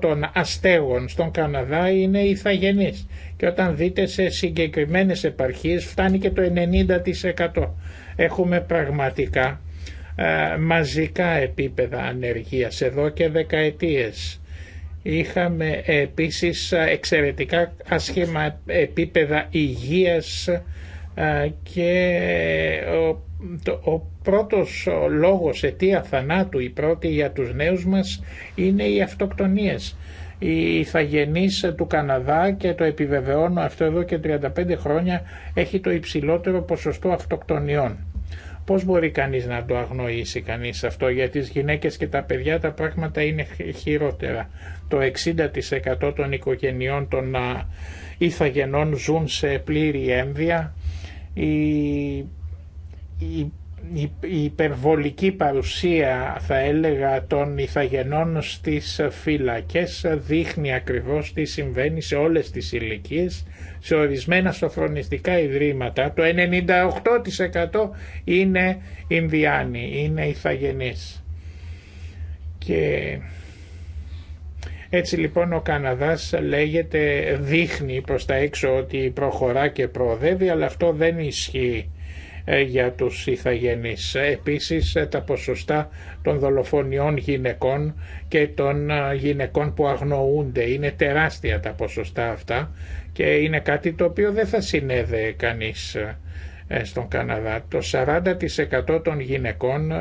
40% των αστέγων στον Καναδά είναι ηθαγενείς και όταν δείτε σε συγκεκριμένες επαρχίες φτάνει και το 90%. Έχουμε πραγματικά ε, μαζικά επίπεδα ανεργίας εδώ και δεκαετίες. Είχαμε επίσης ε, εξαιρετικά ασχήμα επίπεδα υγείας ε, και ο πρώτος λόγος αιτία θανάτου, η πρώτη για τους νέους μας είναι οι αυτοκτονίες. Οι ηθαγενείς του Καναδά και το επιβεβαιώνω αυτό εδώ και 35 χρόνια έχει το υψηλότερο ποσοστό αυτοκτονιών. Πώς μπορεί κανείς να το αγνοήσει κανείς αυτό, για τις γυναίκες και τα παιδιά τα πράγματα είναι χειρότερα. Το 60% των οικογενειών των ηθαγενών ζουν σε πλήρη έμβια. οι η υπερβολική παρουσία θα έλεγα των ηθαγενών στις φυλακές δείχνει ακριβώς τι συμβαίνει σε όλες τις ηλικίε, σε ορισμένα σοφρονιστικά ιδρύματα το 98% είναι Ινδιάνοι, είναι ηθαγενείς και έτσι λοιπόν ο Καναδάς λέγεται δείχνει προς τα έξω ότι προχωρά και προοδεύει αλλά αυτό δεν ισχύει ε, για τους ηθαγενείς. Επίσης ε, τα ποσοστά των δολοφονιών γυναικών και των ε, γυναικών που αγνοούνται είναι τεράστια τα ποσοστά αυτά και είναι κάτι το οποίο δεν θα συνέδεε κανείς στον Καναδά. Το 40% των γυναικών,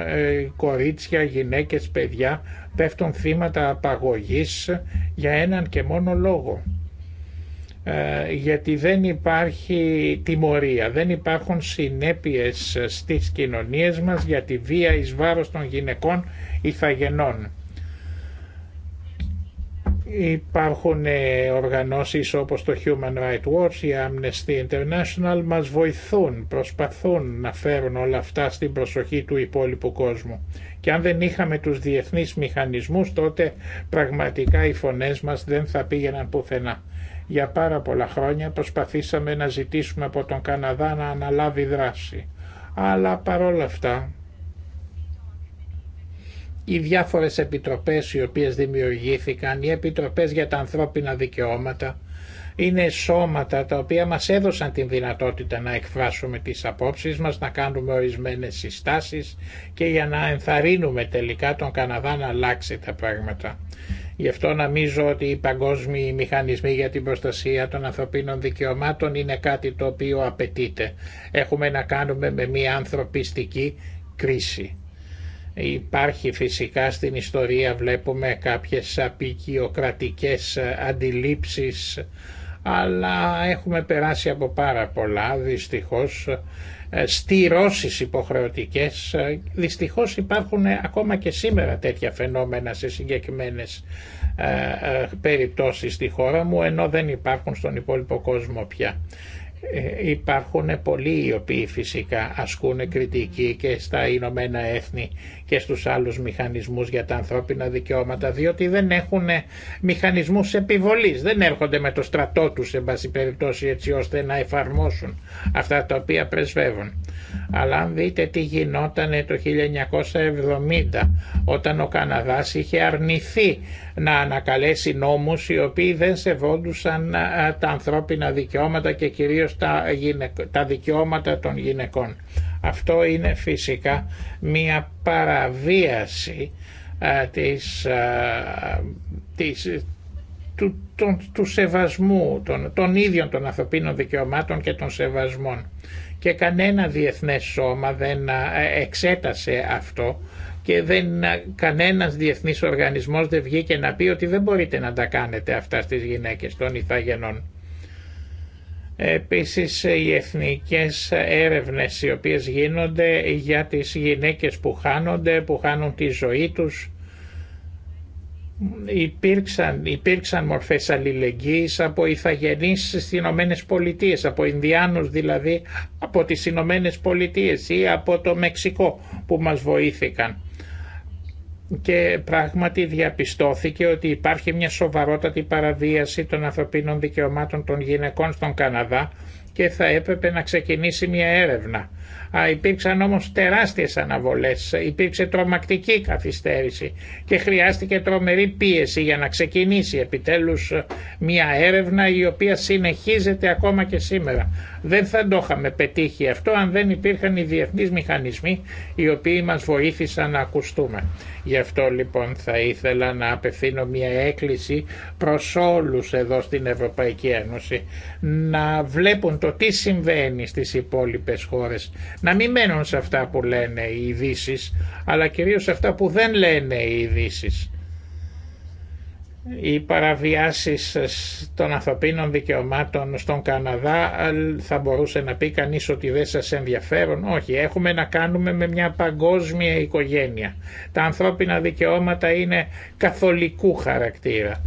κορίτσια, γυναίκες, παιδιά πέφτουν θύματα απαγωγής για έναν και μόνο λόγο ε, γιατί δεν υπάρχει τιμωρία, δεν υπάρχουν συνέπειες στις κοινωνίες μας για τη βία εις βάρος των γυναικών ηθαγενών. Υπάρχουν ε, οργανώσεις όπως το Human Rights Watch, η Amnesty International μας βοηθούν, προσπαθούν να φέρουν όλα αυτά στην προσοχή του υπόλοιπου κόσμου. Και αν δεν είχαμε τους διεθνείς μηχανισμούς τότε πραγματικά οι φωνές μας δεν θα πήγαιναν πουθενά. Για πάρα πολλά χρόνια προσπαθήσαμε να ζητήσουμε από τον Καναδά να αναλάβει δράση. Αλλά παρόλα αυτά οι διάφορες επιτροπές οι οποίες δημιουργήθηκαν, οι επιτροπές για τα ανθρώπινα δικαιώματα, είναι σώματα τα οποία μας έδωσαν την δυνατότητα να εκφράσουμε τις απόψεις μας, να κάνουμε ορισμένες συστάσεις και για να ενθαρρύνουμε τελικά τον Καναδά να αλλάξει τα πράγματα. Γι' αυτό νομίζω ότι οι παγκόσμιοι μηχανισμοί για την προστασία των ανθρωπίνων δικαιωμάτων είναι κάτι το οποίο απαιτείται. Έχουμε να κάνουμε με μια ανθρωπιστική κρίση. Υπάρχει φυσικά στην ιστορία βλέπουμε κάποιες απεικιοκρατικές αντιλήψεις αλλά έχουμε περάσει από πάρα πολλά δυστυχώς ε, στηρώσεις υποχρεωτικές ε, δυστυχώς υπάρχουν ακόμα και σήμερα τέτοια φαινόμενα σε συγκεκριμένες ε, περιπτώσεις στη χώρα μου ενώ δεν υπάρχουν στον υπόλοιπο κόσμο πια υπάρχουν πολλοί οι οποίοι φυσικά ασκούν κριτική και στα Ηνωμένα Έθνη και στους άλλους μηχανισμούς για τα ανθρώπινα δικαιώματα διότι δεν έχουν ε, μηχανισμούς επιβολής, δεν έρχονται με το στρατό τους σε βάση περιπτώσει έτσι ώστε να εφαρμόσουν αυτά τα οποία πρεσβεύουν. Αλλά αν δείτε τι γινόταν το 1970 όταν ο Καναδάς είχε αρνηθεί να ανακαλέσει νόμους οι οποίοι δεν σεβόντουσαν ε, τα ανθρώπινα δικαιώματα και κυρίως τα δικαιώματα των γυναικών. Αυτό είναι φυσικά μία παραβίαση της, της, του, του σεβασμού των, των ίδιων των ανθρωπίνων δικαιωμάτων και των σεβασμών. Και κανένα διεθνές σώμα δεν εξέτασε αυτό και δεν, κανένας διεθνής οργανισμός δεν βγήκε να πει ότι δεν μπορείτε να τα κάνετε αυτά στις γυναίκες των Ιθαγενών. Επίσης οι εθνικές έρευνες οι οποίες γίνονται για τις γυναίκες που χάνονται, που χάνουν τη ζωή τους. Υπήρξαν, υπήρξαν μορφές αλληλεγγύης από ηθαγενείς στις Ηνωμένε Πολιτείε, από Ινδιάνους δηλαδή, από τις Ηνωμένε Πολιτείε ή από το Μεξικό που μας βοήθηκαν και πράγματι διαπιστώθηκε ότι υπάρχει μια σοβαρότατη παραβίαση των ανθρωπίνων δικαιωμάτων των γυναικών στον Καναδά και θα έπρεπε να ξεκινήσει μια έρευνα. Α, υπήρξαν όμως τεράστιες αναβολές, υπήρξε τρομακτική καθυστέρηση και χρειάστηκε τρομερή πίεση για να ξεκινήσει επιτέλους ε, μια έρευνα η οποία συνεχίζεται ακόμα και σήμερα. Δεν θα το είχαμε πετύχει αυτό αν δεν υπήρχαν οι διεθνείς μηχανισμοί οι οποίοι μας βοήθησαν να ακουστούμε. Γι' αυτό λοιπόν θα ήθελα να απευθύνω μια έκκληση προς όλους εδώ στην Ευρωπαϊκή Ένωση να βλέπουν το τι συμβαίνει στις υπόλοιπες χώρες. Να μην μένουν σε αυτά που λένε οι ειδήσει, αλλά κυρίως σε αυτά που δεν λένε οι ειδήσει. Οι παραβιάσεις των ανθρωπίνων δικαιωμάτων στον Καναδά θα μπορούσε να πει κανείς ότι δεν σας ενδιαφέρουν. Όχι, έχουμε να κάνουμε με μια παγκόσμια οικογένεια. Τα ανθρώπινα δικαιώματα είναι καθολικού χαρακτήρα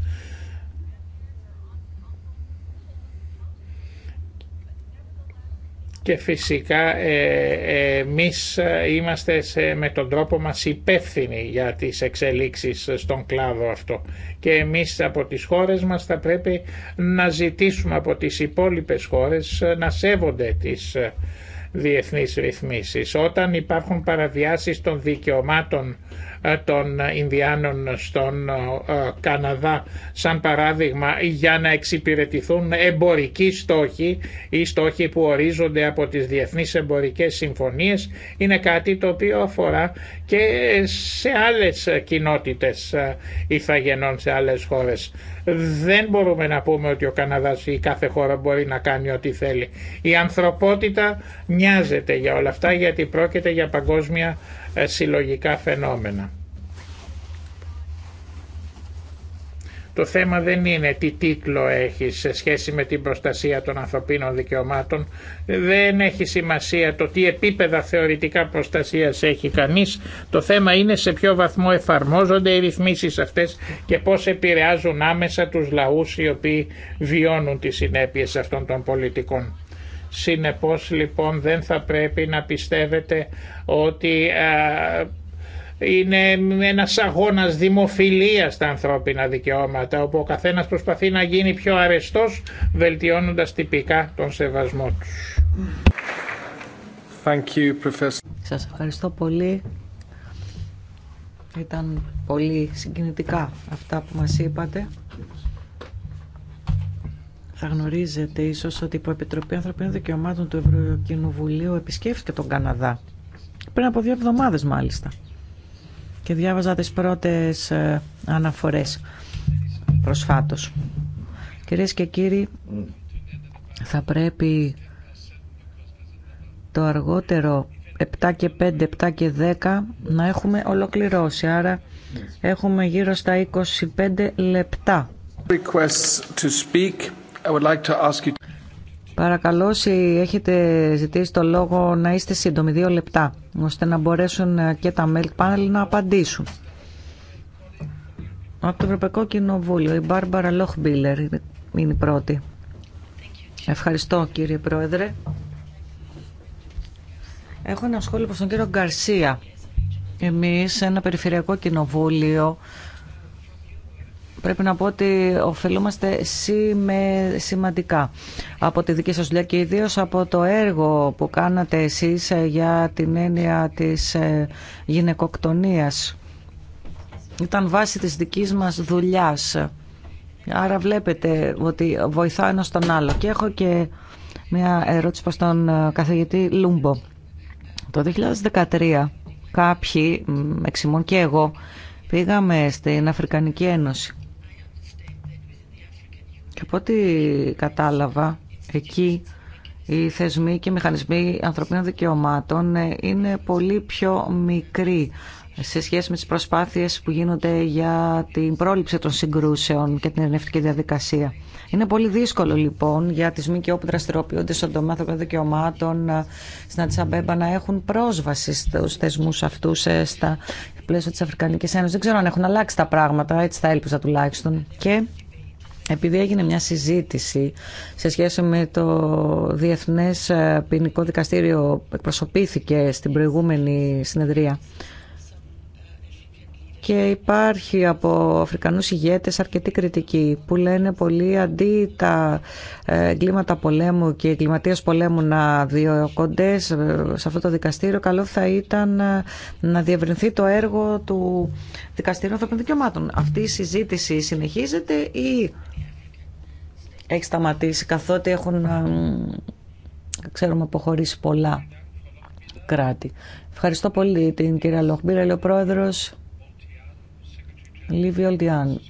και φυσικά ε, ε, εμείς είμαστε με τον τρόπο μας υπεύθυνοι για τις εξελίξεις στον κλάδο αυτό και εμείς από τις χώρες μας θα πρέπει να ζητήσουμε από τις υπόλοιπες χώρες να σέβονται τις ε, διεθνείς ρυθμίσεις. Όταν υπάρχουν παραβιάσεις των δικαιωμάτων των Ινδιάνων στον ε, ε, Καναδά σαν παράδειγμα για να εξυπηρετηθούν εμπορικοί στόχοι ή στόχοι που ορίζονται από τις διεθνείς εμπορικές συμφωνίες είναι κάτι το οποίο αφορά και σε άλλες κοινότητες ε, ηθαγενών σε άλλες χώρες. Δεν μπορούμε να πούμε ότι ο Καναδάς ή κάθε χώρα μπορεί να κάνει ό,τι θέλει. Η ανθρωπότητα μοιάζεται για όλα αυτά γιατί πρόκειται για παγκόσμια ε, συλλογικά φαινόμενα. Το θέμα δεν είναι τι τίτλο έχει σε σχέση με την προστασία των ανθρωπίνων δικαιωμάτων. Δεν έχει σημασία το τι επίπεδα θεωρητικά προστασίας έχει κανείς. Το θέμα είναι σε ποιο βαθμό εφαρμόζονται οι ρυθμίσεις αυτές και πώς επηρεάζουν άμεσα τους λαούς οι οποίοι βιώνουν τις συνέπειες αυτών των πολιτικών. Συνεπώς λοιπόν δεν θα πρέπει να πιστεύετε ότι είναι ένα αγώνας δημοφιλίας τα ανθρώπινα δικαιώματα όπου ο καθένας προσπαθεί να γίνει πιο αρεστός βελτιώνοντας τυπικά τον σεβασμό τους. Thank you, Σας ευχαριστώ πολύ. Ήταν πολύ συγκινητικά αυτά που μας είπατε. Θα γνωρίζετε ίσως ότι η Επιτροπή Ανθρωπίνων Δικαιωμάτων του Ευρωκοινοβουλίου επισκέφθηκε τον Καναδά. Πριν από δύο εβδομάδες μάλιστα. Και διάβαζα τις πρώτες ε, αναφορές προσφάτως. Κυρίες και κύριοι, θα πρέπει το αργότερο 7 και 5, 7 και 10 να έχουμε ολοκληρώσει. Άρα έχουμε γύρω στα 25 λεπτά. Requests to speak. Παρακαλώ, όσοι έχετε ζητήσει το λόγο, να είστε σύντομοι δύο λεπτά, ώστε να μπορέσουν ε, και τα μέλη πάνελ να απαντήσουν. Από το Ευρωπαϊκό Κοινοβούλιο, η Μπάρμπαρα Λοχμπίλερ είναι η πρώτη. Ευχαριστώ, κύριε Πρόεδρε. Έχω ένα σχόλιο προς τον κύριο Γκαρσία. Εμείς, ένα περιφερειακό κοινοβούλιο, πρέπει να πω ότι ωφελούμαστε σημαντικά από τη δική σας δουλειά και ιδίω από το έργο που κάνατε εσείς ε, για την έννοια της ε, γυναικοκτονίας. Ήταν βάση της δικής μας δουλειάς. Άρα βλέπετε ότι βοηθά ένα τον άλλο. Και έχω και μια ερώτηση προς τον ε, καθηγητή Λούμπο. Το 2013 κάποιοι, εξημών και εγώ, πήγαμε στην Αφρικανική Ένωση και από ό,τι κατάλαβα, εκεί οι θεσμοί και οι μηχανισμοί ανθρωπίνων δικαιωμάτων ε, είναι πολύ πιο μικροί σε σχέση με τις προσπάθειες που γίνονται για την πρόληψη των συγκρούσεων και την ερνευτική διαδικασία. Είναι πολύ δύσκολο λοιπόν για τις και που δραστηριοποιούνται στον τομέα ανθρωπίνων δικαιωμάτων ε, στην Αντισαμπέμπα να έχουν πρόσβαση στους θεσμούς αυτούς ε, στα πλαίσια της Αφρικανικής Ένωσης. Δεν ξέρω αν έχουν αλλάξει τα πράγματα, έτσι θα έλπιζα τουλάχιστον. Και επειδή έγινε μια συζήτηση σε σχέση με το Διεθνές ε, Ποινικό Δικαστήριο που εκπροσωπήθηκε στην προηγούμενη συνεδρία και υπάρχει από Αφρικανούς ηγέτες αρκετή κριτική που λένε πολύ αντί τα ε, εγκλήματα πολέμου και εγκληματίες πολέμου να διοκόντες σε αυτό το δικαστήριο καλό θα ήταν ε, να διευρυνθεί το έργο του Δικαστήριου Ανθρωπίνων Δικαιωμάτων. Αυτή η συζήτηση συνεχίζεται ή έχει σταματήσει καθότι έχουν, ξέρουμε, αποχωρήσει πολλά κράτη. Ευχαριστώ πολύ την κυρία Λοχμπύρα, λέει ο πρόεδρος Λίβι Ολτιάν,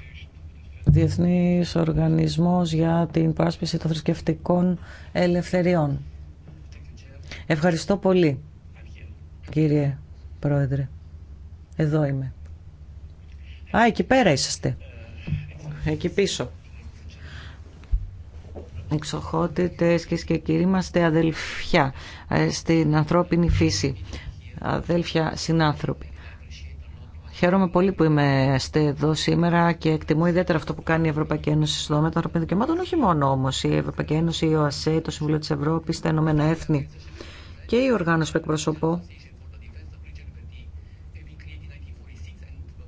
Διεθνής Οργανισμός για την Πράσπιση των Θρησκευτικών Ελευθεριών. Ευχαριστώ πολύ, κύριε πρόεδρε. Εδώ είμαι. Α, εκεί πέρα είσαστε. Εκεί πίσω εξοχότητες και και κύριοι είμαστε αδελφιά ε, στην ανθρώπινη φύση αδέλφια συνάνθρωποι Χαίρομαι πολύ που είμαστε εδώ σήμερα και εκτιμώ ιδιαίτερα αυτό που κάνει η Ευρωπαϊκή Ένωση στο δομέα των ανθρωπίνων δικαιωμάτων, όχι μόνο όμω η Ευρωπαϊκή Ένωση, η ΟΑΣΕ, το Συμβουλίο τη Ευρώπη, τα Ηνωμένα Έθνη και η οργάνωση που εκπροσωπώ.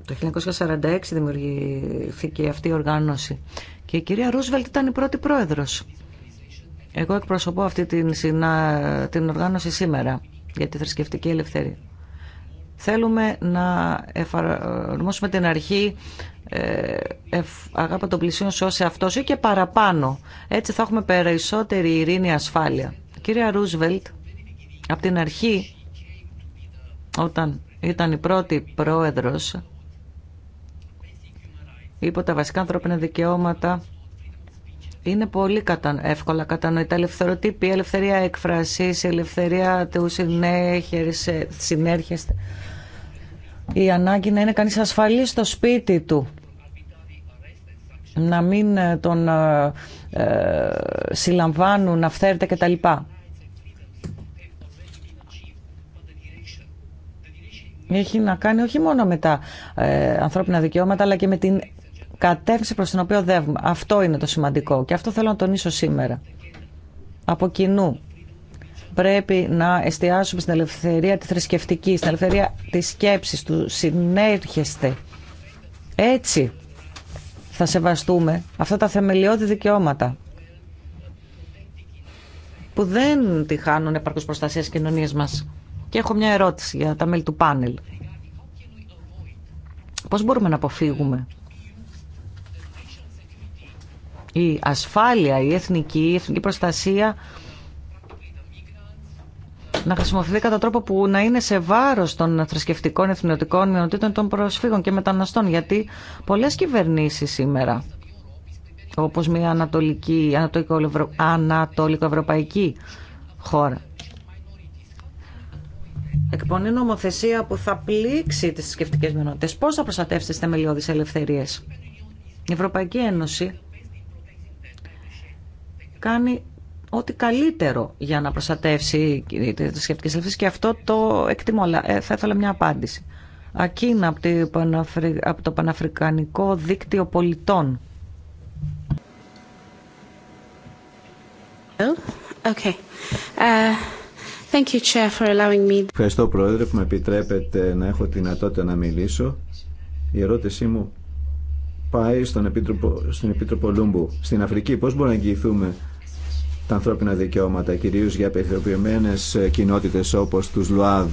Το 1946 δημιουργήθηκε αυτή η οργάνωση και η κυρία Ρούσβελτ ήταν η πρώτη πρόεδρος. Εγώ εκπροσωπώ αυτή την, συνα... την οργάνωση σήμερα για τη θρησκευτική ελευθερία. Θέλουμε να εφαρμόσουμε την αρχή ε, αγάπη των πλησίων σε όσοι αυτός ή και παραπάνω. Έτσι θα έχουμε περισσότερη ειρήνη ασφάλεια. Κυρία Ρούσβελτ, από την αρχή, όταν ήταν η πρώτη πρόεδρος, υπό τα βασικά ανθρώπινα δικαιώματα είναι πολύ εύκολα κατανοητά. Ελευθεροτύπη, ελευθερία έκφρασης, ελευθερία του συνέρχεστε. Η ανάγκη να είναι κανείς ασφαλής στο σπίτι του. Να μην ε, τον ε, ε συλλαμβάνουν αυθαίρετα κτλ. Έχει να κάνει όχι μόνο με τα ε, ανθρώπινα δικαιώματα αλλά και με την κατεύθυνση προς την οποία οδεύουμε. Αυτό είναι το σημαντικό και αυτό θέλω να τονίσω σήμερα. Από κοινού πρέπει να εστιάσουμε στην ελευθερία τη θρησκευτική, στην ελευθερία της σκέψης, του συνέρχεστε. Έτσι θα σεβαστούμε αυτά τα θεμελιώδη δικαιώματα που δεν τη χάνουν επαρκώς προστασία στις κοινωνίες μας. Και έχω μια ερώτηση για τα μέλη του πάνελ. Πώς μπορούμε να αποφύγουμε η ασφάλεια, η εθνική, η εθνική προστασία να χρησιμοποιηθεί κατά τρόπο που να είναι σε βάρος των θρησκευτικών, εθνοτικών μειονοτήτων των προσφύγων και μεταναστών. Γιατί πολλές κυβερνήσεις σήμερα, όπως μια ανατολική, ανατολικοευρωπαϊκή χώρα, εκπονεί νομοθεσία που θα πλήξει τις θρησκευτικές μειονότητες. Πώς θα προστατεύσει τις θεμελιώδεις ελευθερίες. Η Ευρωπαϊκή Ένωση κάνει ό,τι καλύτερο για να προστατεύσει τι σχετικές ελευθερίες και αυτό το εκτιμώ, αλλά ε, θα ήθελα μια απάντηση. Ακίνα από το Παναφρικανικό Δίκτυο Πολιτών. Okay. Uh, Ευχαριστώ, Πρόεδρε, που με επιτρέπετε να έχω τη δυνατότητα να μιλήσω. Η ερώτησή μου πάει στον Επίτροπο, στην Επίτροπο Λούμπου. Στην Αφρική πώς μπορούμε να εγγυηθούμε τα ανθρώπινα δικαιώματα, κυρίως για περιθωριοποιημένες κοινότητες όπως τους ΛΟΑΔ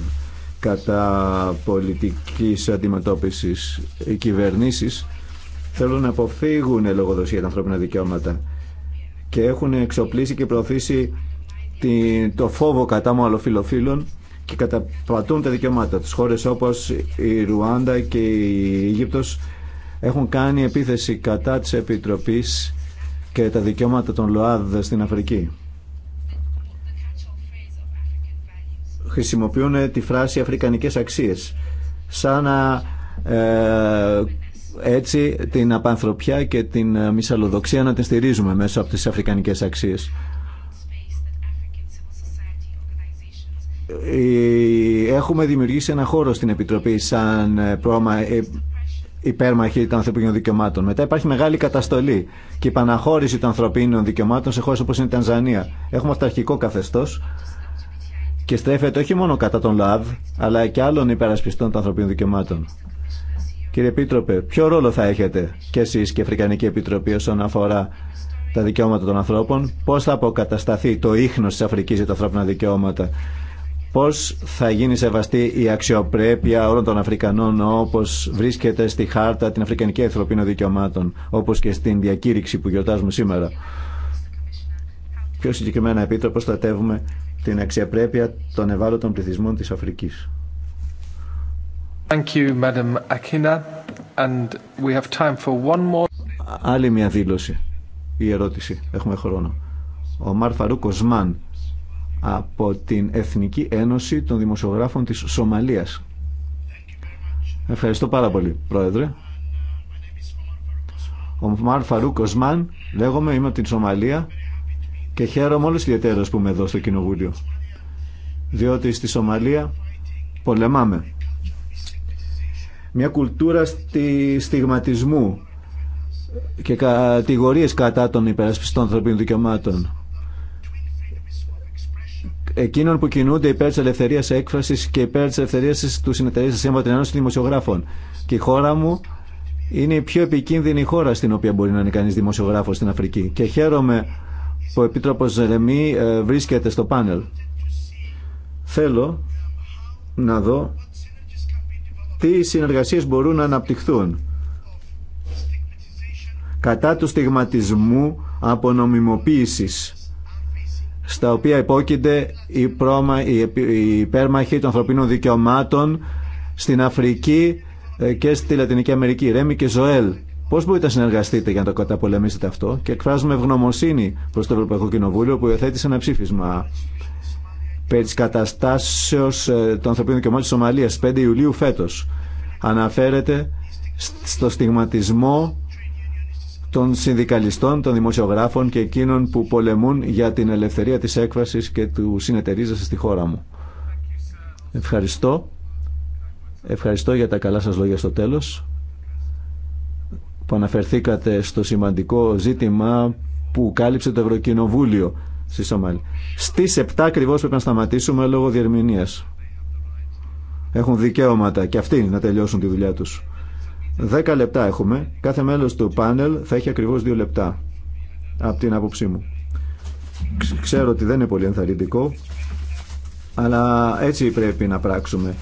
κατά πολιτικής αντιμετώπισης οι κυβερνήσεις θέλουν να αποφύγουν λογοδοσία τα ανθρώπινα δικαιώματα και έχουν εξοπλίσει και προωθήσει το φόβο κατά μοαλοφιλοφίλων και καταπατούν τα δικαιώματα τους. Χώρες όπως η Ρουάντα και η Αίγυπτος έχουν κάνει επίθεση κατά της Επιτροπής και τα δικαιώματα των ΛΟΑΔ στην Αφρική. Χρησιμοποιούν τη φράση αφρικανικές αξίες σαν να ε, έτσι την απανθρωπιά και την ε, μυσαλλοδοξία να την στηρίζουμε μέσα από τις αφρικανικές αξίες. Ε, έχουμε δημιουργήσει ένα χώρο στην Επιτροπή σαν πρόγραμμα υπέρμαχοι των ανθρωπίνων δικαιωμάτων. Μετά υπάρχει μεγάλη καταστολή και η παναχώρηση των ανθρωπίνων δικαιωμάτων σε χώρε όπω είναι η Τανζανία. Έχουμε αυταρχικό καθεστώ και στρέφεται όχι μόνο κατά τον ΛΑΔ, αλλά και άλλων υπερασπιστών των ανθρωπίνων δικαιωμάτων. Κύριε Επίτροπε, ποιο ρόλο θα έχετε και εσεί και η Αφρικανική Επιτροπή όσον αφορά τα δικαιώματα των ανθρώπων, πώ θα αποκατασταθεί το ίχνος τη Αφρική για τα ανθρώπινα δικαιώματα πώς θα γίνει σεβαστή η αξιοπρέπεια όλων των Αφρικανών όπως βρίσκεται στη χάρτα την Αφρικανική Εθνοπίνων Δικαιωμάτων όπως και στην διακήρυξη που γιορτάζουμε σήμερα. Πιο συγκεκριμένα επίτροπο στατεύουμε την αξιοπρέπεια των ευάλωτων πληθυσμών της Αφρικής. Thank you, Madam Akina. And we have time for one more... Άλλη μια δήλωση ή ερώτηση. Έχουμε χρόνο. Ο Μαρ Φαρούκ από την Εθνική Ένωση των Δημοσιογράφων της Σομαλίας. Ευχαριστώ πάρα πολύ, Πρόεδρε. Ο Μαρ Φαρού Κοσμάν, λέγομαι, είμαι από την Σομαλία και χαίρομαι όλους ιδιαίτερα που είμαι εδώ στο Κοινοβούλιο. Διότι στη Σομαλία πολεμάμε. Μια κουλτούρα στη στιγματισμού και κατηγορίες κατά των υπερασπιστών ανθρωπίνων δικαιωμάτων εκείνων που κινούνται υπέρ τη ελευθερία έκφραση και υπέρ τη ελευθερία του συνεταιρία τη Σύμβατη Δημοσιογράφων. Και η χώρα μου είναι η πιο επικίνδυνη χώρα στην οποία μπορεί να είναι κανεί δημοσιογράφο στην Αφρική. Και χαίρομαι που ο Επίτροπο Ζερεμί ε, βρίσκεται στο πάνελ. Θέλω να δω τι συνεργασίε μπορούν να αναπτυχθούν κατά του στιγματισμού απονομιμοποίησης στα οποία υπόκεινται οι, πρόμα, οι υπέρμαχοι των ανθρωπίνων δικαιωμάτων στην Αφρική ε, και στη Λατινική Αμερική. Ρέμι και Ζωέλ, Πώ μπορείτε να συνεργαστείτε για να το καταπολεμήσετε αυτό και εκφράζουμε ευγνωμοσύνη προ το Ευρωπαϊκό Κοινοβούλιο που υιοθέτησε ένα ψήφισμα περί τη καταστάσεω ε, των ανθρωπίνων δικαιωμάτων τη Σομαλία 5 Ιουλίου φέτο. Αναφέρεται στο στιγματισμό των συνδικαλιστών, των δημοσιογράφων και εκείνων που πολεμούν για την ελευθερία της έκφρασης και του συνεταιρίζεσαι στη χώρα μου. Ευχαριστώ. Ευχαριστώ για τα καλά σας λόγια στο τέλος που αναφερθήκατε στο σημαντικό ζήτημα που κάλυψε το Ευρωκοινοβούλιο στη Σομαλία. Στις 7 ακριβώ πρέπει να σταματήσουμε λόγω διερμηνίας. Έχουν δικαίωματα και αυτοί να τελειώσουν τη δουλειά τους. Δέκα λεπτά έχουμε. Κάθε μέλος του πάνελ θα έχει ακριβώς δύο λεπτά από την άποψή μου. Ξέρω ότι δεν είναι πολύ ενθαρρυντικό, αλλά έτσι πρέπει να πράξουμε.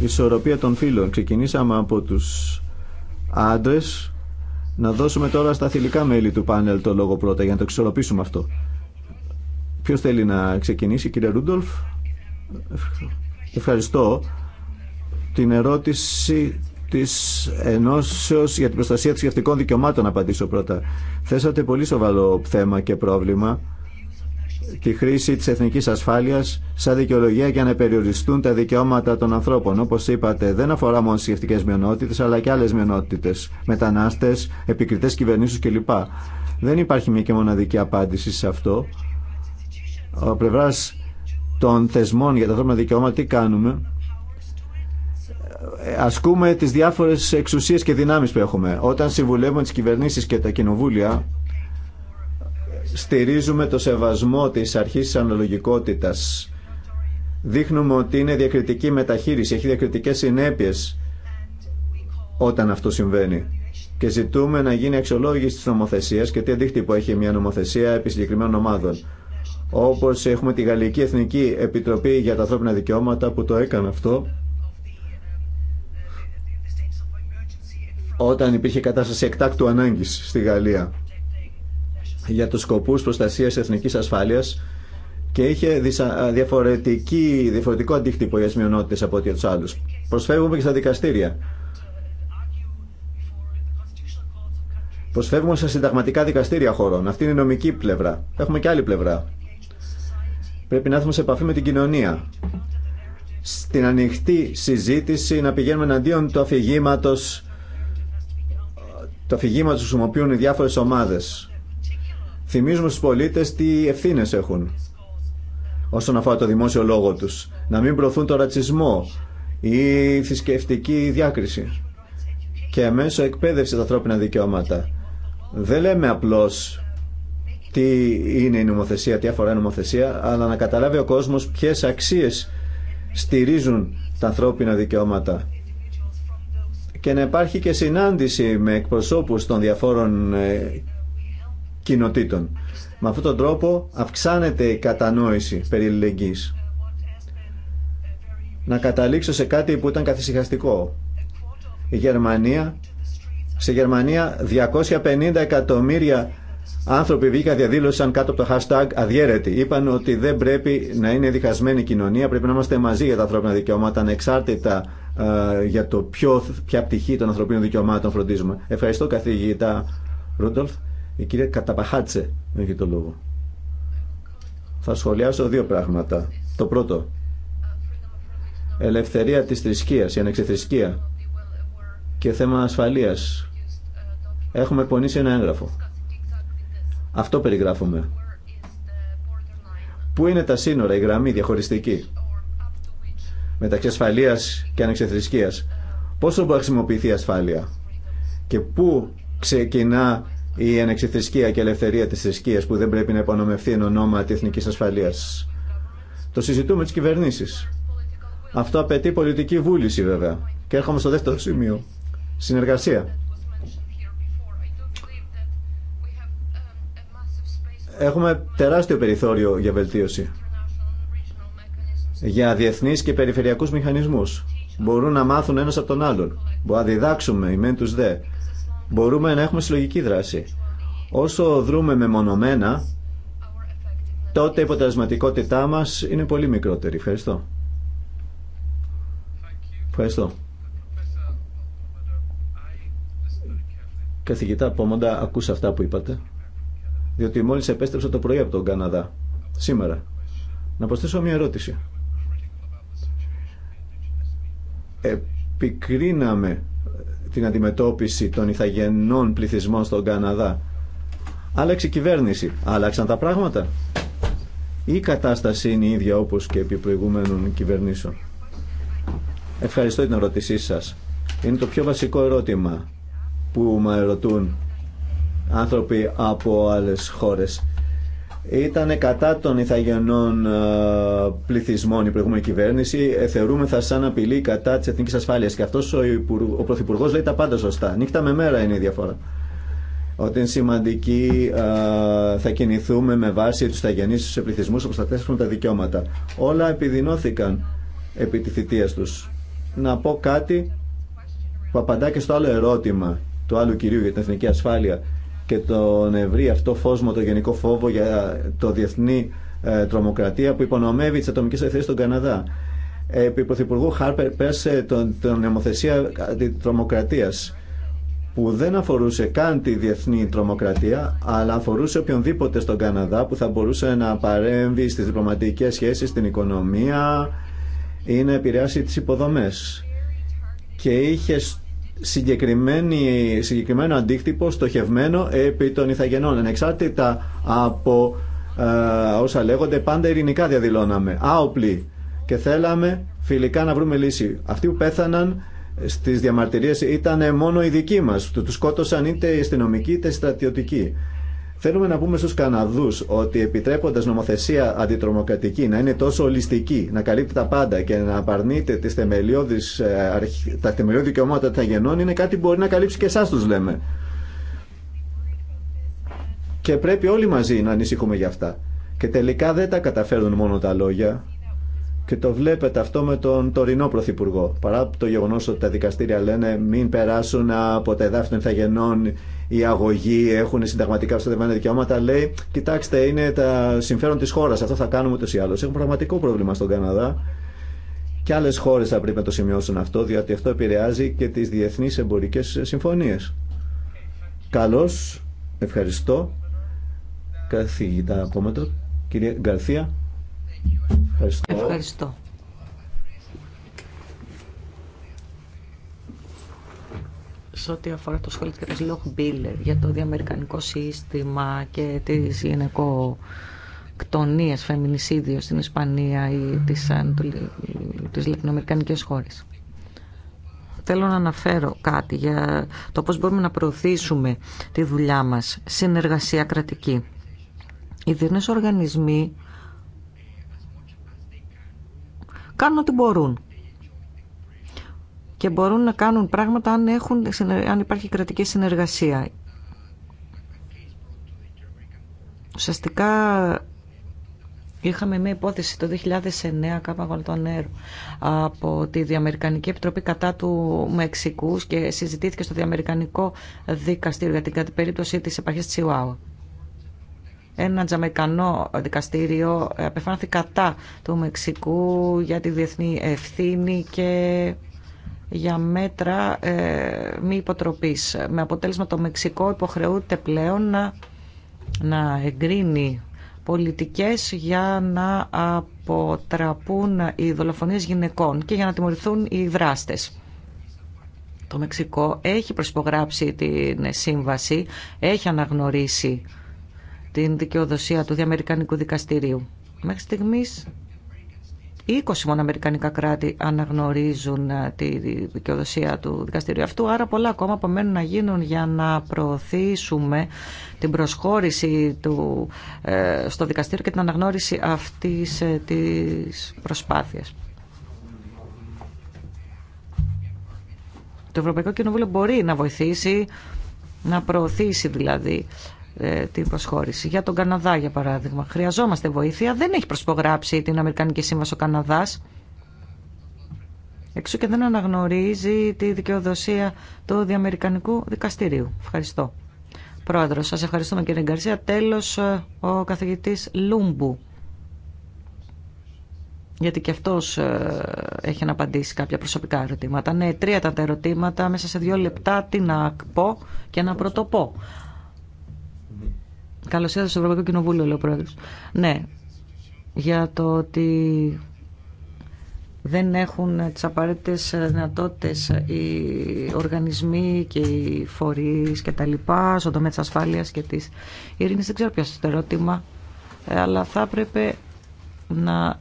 Η ισορροπία των φίλων. Ξεκινήσαμε από τους άντρες. Να δώσουμε τώρα στα θηλυκά μέλη του πάνελ το λόγο πρώτα για να το εξορροπήσουμε αυτό. Ποιος θέλει να ξεκινήσει, κύριε Ρούντολφ. Ευχαριστώ. Την ερώτηση Τη Ενώσεω για την προστασία των Σχετικών δικαιωμάτων, απαντήσω πρώτα. Θέσατε πολύ σοβαρό θέμα και πρόβλημα τη χρήση της εθνικής ασφάλειας σαν δικαιολογία για να περιοριστούν τα δικαιώματα των ανθρώπων. Όπως είπατε, δεν αφορά μόνο τις σκεφτικές μειονότητες, αλλά και άλλες μειονότητες, μετανάστες, επικριτές κυβερνήσεως κλπ. Δεν υπάρχει μία και μοναδική απάντηση σε αυτό. Ο πλευράς των θεσμών για τα ανθρώπινα δικαιώματα τι κάνουμε, ασκούμε τις διάφορες εξουσίες και δυνάμεις που έχουμε. Όταν συμβουλεύουμε τις κυβερνήσεις και τα κοινοβούλια, στηρίζουμε το σεβασμό της αρχής της αναλογικότητας. Δείχνουμε ότι είναι διακριτική μεταχείριση, έχει διακριτικές συνέπειες όταν αυτό συμβαίνει. Και ζητούμε να γίνει αξιολόγηση της νομοθεσίας και τι αντίκτυπο έχει μια νομοθεσία επί συγκεκριμένων ομάδων. Όπως έχουμε τη Γαλλική Εθνική Επιτροπή για τα Ανθρώπινα Δικαιώματα που το έκανε αυτό όταν υπήρχε κατάσταση εκτάκτου ανάγκης στη Γαλλία για τους σκοπούς προστασίας εθνικής ασφάλειας και είχε διαφορετική, διαφορετικό αντίκτυπο για τις μειονότητες από ό,τι τους άλλους. Προσφεύγουμε και στα δικαστήρια. Προσφεύγουμε στα συνταγματικά δικαστήρια χωρών. Αυτή είναι η νομική πλευρά. Έχουμε και άλλη πλευρά. Πρέπει να έρθουμε σε επαφή με την κοινωνία. Στην ανοιχτή συζήτηση να πηγαίνουμε εναντίον του αφηγήματος το αφηγήμα του χρησιμοποιούν οι διάφορες ομάδες. Θυμίζουμε στου πολίτε τι ευθύνε έχουν όσον αφορά το δημόσιο λόγο τους. Να μην προωθούν το ρατσισμό ή θρησκευτική διάκριση. Και μέσω εκπαίδευση τα ανθρώπινα δικαιώματα. Δεν λέμε απλώς τι είναι η νομοθεσία, τι αφορά η νομοθεσία, αλλά να αμεσω ποιες αξίες στηρίζουν τα ανθρώπινα νομοθεσια αλλα να καταλαβει ο κόσμο ποιε αξιες στηριζουν τα ανθρωπινα δικαιωματα και να υπάρχει και συνάντηση με εκπροσώπους των διαφόρων ε, κοινοτήτων. Με αυτόν τον τρόπο αυξάνεται η κατανόηση περί Να καταλήξω σε κάτι που ήταν καθησυχαστικό. Η Γερμανία, σε Γερμανία 250 εκατομμύρια Άνθρωποι βγήκαν, διαδήλωσαν κάτω από το hashtag αδιέρετη. Είπαν ότι δεν πρέπει να είναι διχασμένη η κοινωνία, πρέπει να είμαστε μαζί για τα ανθρώπινα δικαιώματα, ανεξάρτητα ε, για το ποιο, ποια πτυχή των ανθρωπίνων δικαιωμάτων φροντίζουμε. Ευχαριστώ καθηγητά Ρούντολφ. Η κυρία Καταπαχάτσε έχει το λόγο. Θα σχολιάσω δύο πράγματα. Το πρώτο, ελευθερία της θρησκείας, η ανεξιθρησκεία και θέμα ασφαλείας. Έχουμε πονήσει ένα έγγραφο αυτό περιγράφουμε. Πού είναι τα σύνορα, η γραμμή διαχωριστική μεταξύ ασφαλεία και ανεξιθρησκεία. Πόσο μπορεί να χρησιμοποιηθεί η ασφάλεια και πού ξεκινά η ανεξιθρησκεία και η ελευθερία τη θρησκεία που δεν πρέπει να υπονομευθεί εν ονόματι εθνική ασφαλείας. Το συζητούμε τι κυβερνήσει. Αυτό απαιτεί πολιτική βούληση βέβαια. Και έρχομαι στο δεύτερο σημείο. Συνεργασία. έχουμε τεράστιο περιθώριο για βελτίωση. Για διεθνείς και περιφερειακούς μηχανισμούς. Μπορούν να μάθουν ένας από τον άλλον. Μπορούμε να διδάξουμε οι μεν τους δε. Μπορούμε να έχουμε συλλογική δράση. Όσο δρούμε μεμονωμένα, τότε η αποτελεσματικότητά μας είναι πολύ μικρότερη. Ευχαριστώ. Ευχαριστώ. Καθηγητά Πόμοντα, ακούσα αυτά που είπατε διότι μόλις επέστρεψα το πρωί από τον Καναδά, σήμερα. Να προσθέσω μια ερώτηση. Επικρίναμε την αντιμετώπιση των ηθαγενών πληθυσμών στον Καναδά. Άλλαξε η κυβέρνηση. Άλλαξαν τα πράγματα. Ή η κατάσταση είναι η ίδια όπως και επί προηγούμενων κυβερνήσεων. Ευχαριστώ την ερώτησή σας. Είναι το πιο βασικό ερώτημα που με ερωτούν άνθρωποι από άλλες χώρες. Ήταν κατά των ηθαγενών ε, πληθυσμών η προηγούμενη κυβέρνηση. Ε, Θεωρούμεθα σαν απειλή κατά τη εθνική ασφάλεια. Και αυτό ο, ο Πρωθυπουργό λέει τα πάντα σωστά. Νύχτα με μέρα είναι η διαφορά. Ότι είναι σημαντική ε, θα κινηθούμε με βάση του ηθαγενεί του πληθυσμού που θέσουν τα δικαιώματα. Όλα επιδεινώθηκαν επί τη θητεία του. Να πω κάτι που απαντά και στο άλλο ερώτημα του άλλου κυρίου για την εθνική ασφάλεια και τον ευρύ αυτό φόσμο, το γενικό φόβο για το διεθνή ε, τρομοκρατία που υπονομεύει τι ατομικέ ελευθερίε στον Καναδά. Επί Πρωθυπουργού Χάρπερ πέρασε τον, τον νομοθεσία αντιτρομοκρατία που δεν αφορούσε καν τη διεθνή τρομοκρατία, αλλά αφορούσε οποιονδήποτε στον Καναδά που θα μπορούσε να παρέμβει στις διπλωματικές σχέσεις, στην οικονομία ή να επηρεάσει τις υποδομές. Και είχε συγκεκριμένο αντίκτυπο στοχευμένο επί των Ιθαγενών. Ανεξάρτητα από ε, όσα λέγονται, πάντα ειρηνικά διαδηλώναμε. Άοπλοι. Και θέλαμε φιλικά να βρούμε λύση. Αυτοί που πέθαναν στις διαμαρτυρίες ήταν μόνο οι δικοί μας τους σκότωσαν είτε οι αστυνομικοί είτε οι στρατιωτικοί. Θέλουμε να πούμε στου Καναδού ότι επιτρέποντα νομοθεσία αντιτρομοκρατική να είναι τόσο ολιστική, να καλύπτει τα πάντα και να απαρνείται τις θεμελιώδεις, ε, τα θεμελιώδη δικαιώματα των γενών είναι κάτι που μπορεί να καλύψει και εσά του λέμε. Και πρέπει όλοι μαζί να ανησυχούμε για αυτά. Και τελικά δεν τα καταφέρνουν μόνο τα λόγια, και το βλέπετε αυτό με τον τωρινό Πρωθυπουργό. Παρά το γεγονό ότι τα δικαστήρια λένε μην περάσουν από τα εδάφη των Ιθαγενών οι αγωγοί, έχουν συνταγματικά προστατευμένα δικαιώματα, λέει κοιτάξτε είναι τα συμφέρον τη χώρα, αυτό θα κάνουμε ούτω ή άλλω. Έχουν πραγματικό πρόβλημα στον Καναδά. Και άλλε χώρε θα πρέπει να το σημειώσουν αυτό, διότι αυτό επηρεάζει και τι διεθνεί εμπορικέ συμφωνίε. Καλώ, ευχαριστώ. Καθηγητά απόμετρο, κυρία Γκαρθία. Ευχαριστώ. Ευχαριστώ. σε ό,τι αφορά το σχόλιο της Λόχ Μπίλερ για το διαμερικανικό σύστημα και τις κτονίες φεμινισίδιο στην Ισπανία ή τις, τις λατινοαμερικανικές χώρες. Θέλω να αναφέρω κάτι για το πώς μπορούμε να προωθήσουμε τη δουλειά μας. Συνεργασία κρατική. Οι διεθνείς οργανισμοί κάνουν ό,τι μπορούν. Και μπορούν να κάνουν πράγματα αν, έχουν, αν υπάρχει κρατική συνεργασία. Ουσιαστικά Είχαμε μια υπόθεση το 2009 κάπου Νέρο από τη Διαμερικανική Επιτροπή κατά του Μεξικού και συζητήθηκε στο Διαμερικανικό Δικαστήριο για την περίπτωση της επαρχής Τσιουάου ένα τζαμεκανό δικαστήριο απεφάνθη κατά του Μεξικού για τη διεθνή ευθύνη και για μέτρα ε, μη υποτροπής. Με αποτέλεσμα το Μεξικό υποχρεούται πλέον να, να εγκρίνει πολιτικές για να αποτραπούν οι δολοφονίες γυναικών και για να τιμωρηθούν οι δράστες. Το Μεξικό έχει προσυπογράψει την σύμβαση, έχει αναγνωρίσει την δικαιοδοσία του Διαμερικανικού Δικαστηρίου. Μέχρι στιγμής 20 μόνο αμερικανικά κράτη αναγνωρίζουν ε, τη δικαιοδοσία του δικαστηρίου αυτού, άρα πολλά ακόμα απομένουν να γίνουν για να προωθήσουμε την προσχώρηση του, ε, στο δικαστήριο και την αναγνώριση αυτής ε, της προσπάθειας. Το Ευρωπαϊκό Κοινοβούλιο μπορεί να βοηθήσει, να προωθήσει δηλαδή ε, την προσχώρηση. Για τον Καναδά, για παράδειγμα. Χρειαζόμαστε βοήθεια. Δεν έχει προσπογράψει την Αμερικανική Σύμβαση ο Καναδά. Εξού και δεν αναγνωρίζει τη δικαιοδοσία του Διαμερικανικού Δικαστηρίου. Ευχαριστώ. Πρόεδρο, Σα ευχαριστούμε κύριε Γκαρσία. Τέλο ε, ο καθηγητής Λούμπου. Γιατί και αυτός ε, έχει να απαντήσει κάποια προσωπικά ερωτήματα. Ναι, τρία τα ερωτήματα μέσα σε δύο λεπτά τι να πω και να πρωτοπώ. Καλώ ήρθατε στο Ευρωπαϊκό Κοινοβούλιο, λέει ο πρόεδρο. Ναι, για το ότι δεν έχουν τι απαραίτητε δυνατότητε οι οργανισμοί και οι φορεί και τα λοιπά στον τομέα τη ασφάλεια και τη ειρήνη. Δεν ξέρω ποιο το ερώτημα, ε, αλλά θα έπρεπε να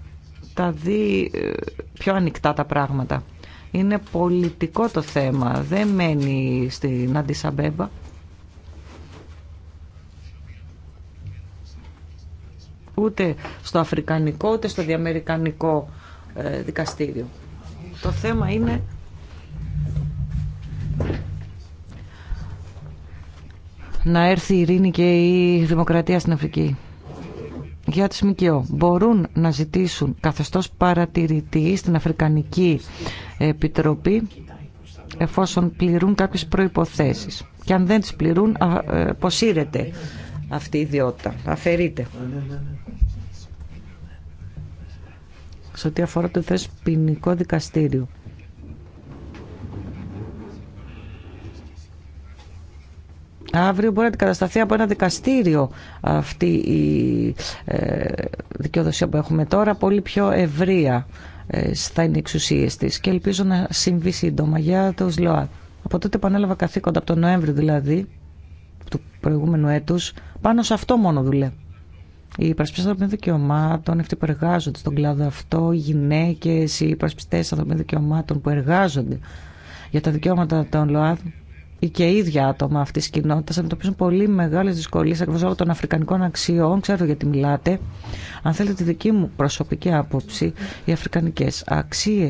τα δει ε, πιο ανοιχτά τα πράγματα. Είναι πολιτικό το θέμα, δεν μένει στην Αντισαμπέμπα ούτε στο αφρικανικό ούτε στο διαμερικανικό ε, δικαστήριο. Το θέμα είναι να έρθει η ειρήνη και η δημοκρατία στην Αφρική. Για τις ΜΚΟ μπορούν να ζητήσουν καθεστώς παρατηρητή στην Αφρικανική Επιτροπή εφόσον πληρούν κάποιες προϋποθέσεις. Και αν δεν τις πληρούν, ε, αποσύρεται αυτή η ιδιότητα. Αφαιρείται. Σε ό,τι αφορά το θεσπινικό ποινικό δικαστήριο. Αύριο μπορεί να αντικατασταθεί από ένα δικαστήριο αυτή η ε, δικαιοδοσία που έχουμε τώρα, πολύ πιο ευρεία θα ε, είναι οι εξουσίε τη και ελπίζω να συμβεί σύντομα για το ΛΟΑΤ. Από τότε που ανέλαβα καθήκοντα, από τον Νοέμβριο δηλαδή, του προηγούμενου έτους, πάνω σε αυτό μόνο δουλεύει. Οι υπερασπιστέ ανθρωπίνων δικαιωμάτων, αυτοί που εργάζονται στον κλάδο αυτό, οι γυναίκε, οι υπερασπιστέ ανθρωπίνων δικαιωμάτων που εργάζονται για τα δικαιώματα των ΛΟΑΔ ή και ίδια άτομα αυτή τη κοινότητα αντιμετωπίζουν πολύ μεγάλε δυσκολίε ακριβώ όλων των αφρικανικών αξιών. Ξέρω γιατί μιλάτε. Αν θέλετε τη δική μου προσωπική άποψη, οι αφρικανικέ αξίε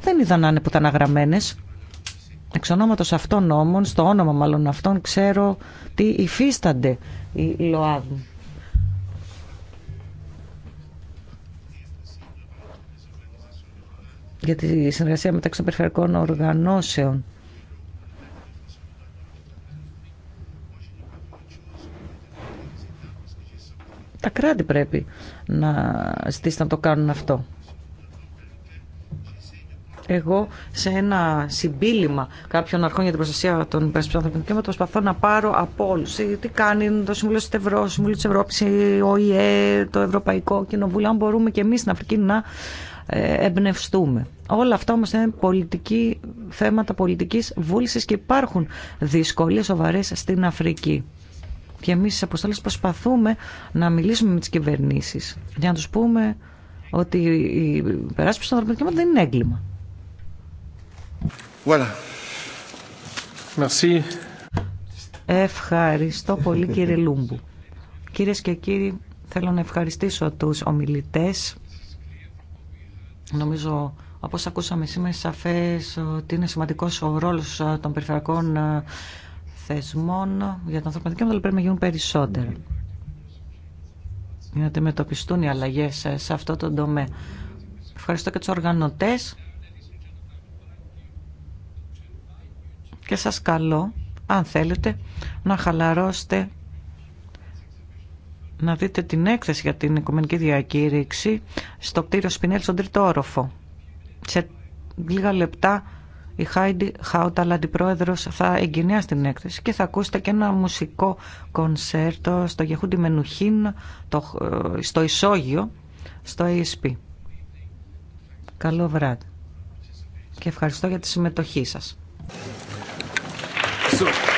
δεν είδαν να είναι που ήταν εξ ονόματος αυτών νόμων, στο όνομα μάλλον αυτών, ξέρω τι υφίστανται οι ΛΟΑΔΜ. για τη συνεργασία μεταξύ των περιφερειακών οργανώσεων. Τα κράτη πρέπει να στήσουν να το κάνουν αυτό εγώ σε ένα συμπίλημα κάποιων αρχών για την προστασία των υπερασπιστών ανθρωπίνων δικαιωμάτων προσπαθώ να πάρω από όλου. Ε, τι κάνει το Συμβούλιο τη Ευρώ, Συμβούλιο τη Ευρώπη, ο ΟΗΕ, το Ευρωπαϊκό Κοινοβούλιο, αν μπορούμε και εμεί στην Αφρική να ε, εμπνευστούμε. Όλα αυτά όμως είναι πολιτική, θέματα πολιτικής βούλησης και υπάρχουν δυσκολίες σοβαρές στην Αφρική. Και εμείς στις αποστολές προσπαθούμε να μιλήσουμε με τις κυβερνήσεις για να του πούμε ότι η περάσπιση των ανθρωπίνων δεν είναι έγκλημα. Ευχαριστώ πολύ κύριε Λούμπου. Κυρίες και κύριοι, θέλω να ευχαριστήσω τους ομιλητές. Νομίζω Όπω ακούσαμε σήμερα, είναι σαφέ ότι είναι σημαντικό ο ρόλο των περιφερειακών ε, θεσμών για τα ανθρώπινα δικαιώματα, αλλά πρέπει να γίνουν περισσότερα. Για να αντιμετωπιστούν οι αλλαγέ ε, σε αυτό το τομέα. Ευχαριστώ και του οργανωτέ και σας καλώ, αν θέλετε, να χαλαρώσετε να δείτε την έκθεση για την Οικουμενική Διακήρυξη στο κτίριο Σπινέλ στον τρίτο όροφο. Σε λίγα λεπτά η Χάιντι Χάουταλα, αντιπρόεδρος, θα εγκαινιάσει στην έκθεση και θα ακούσετε και ένα μουσικό κονσέρτο στο Γεχούντι Μενουχίν, ε, στο Ισόγειο, στο ASP. Καλό βράδυ και ευχαριστώ για τη συμμετοχή σας. Έξω!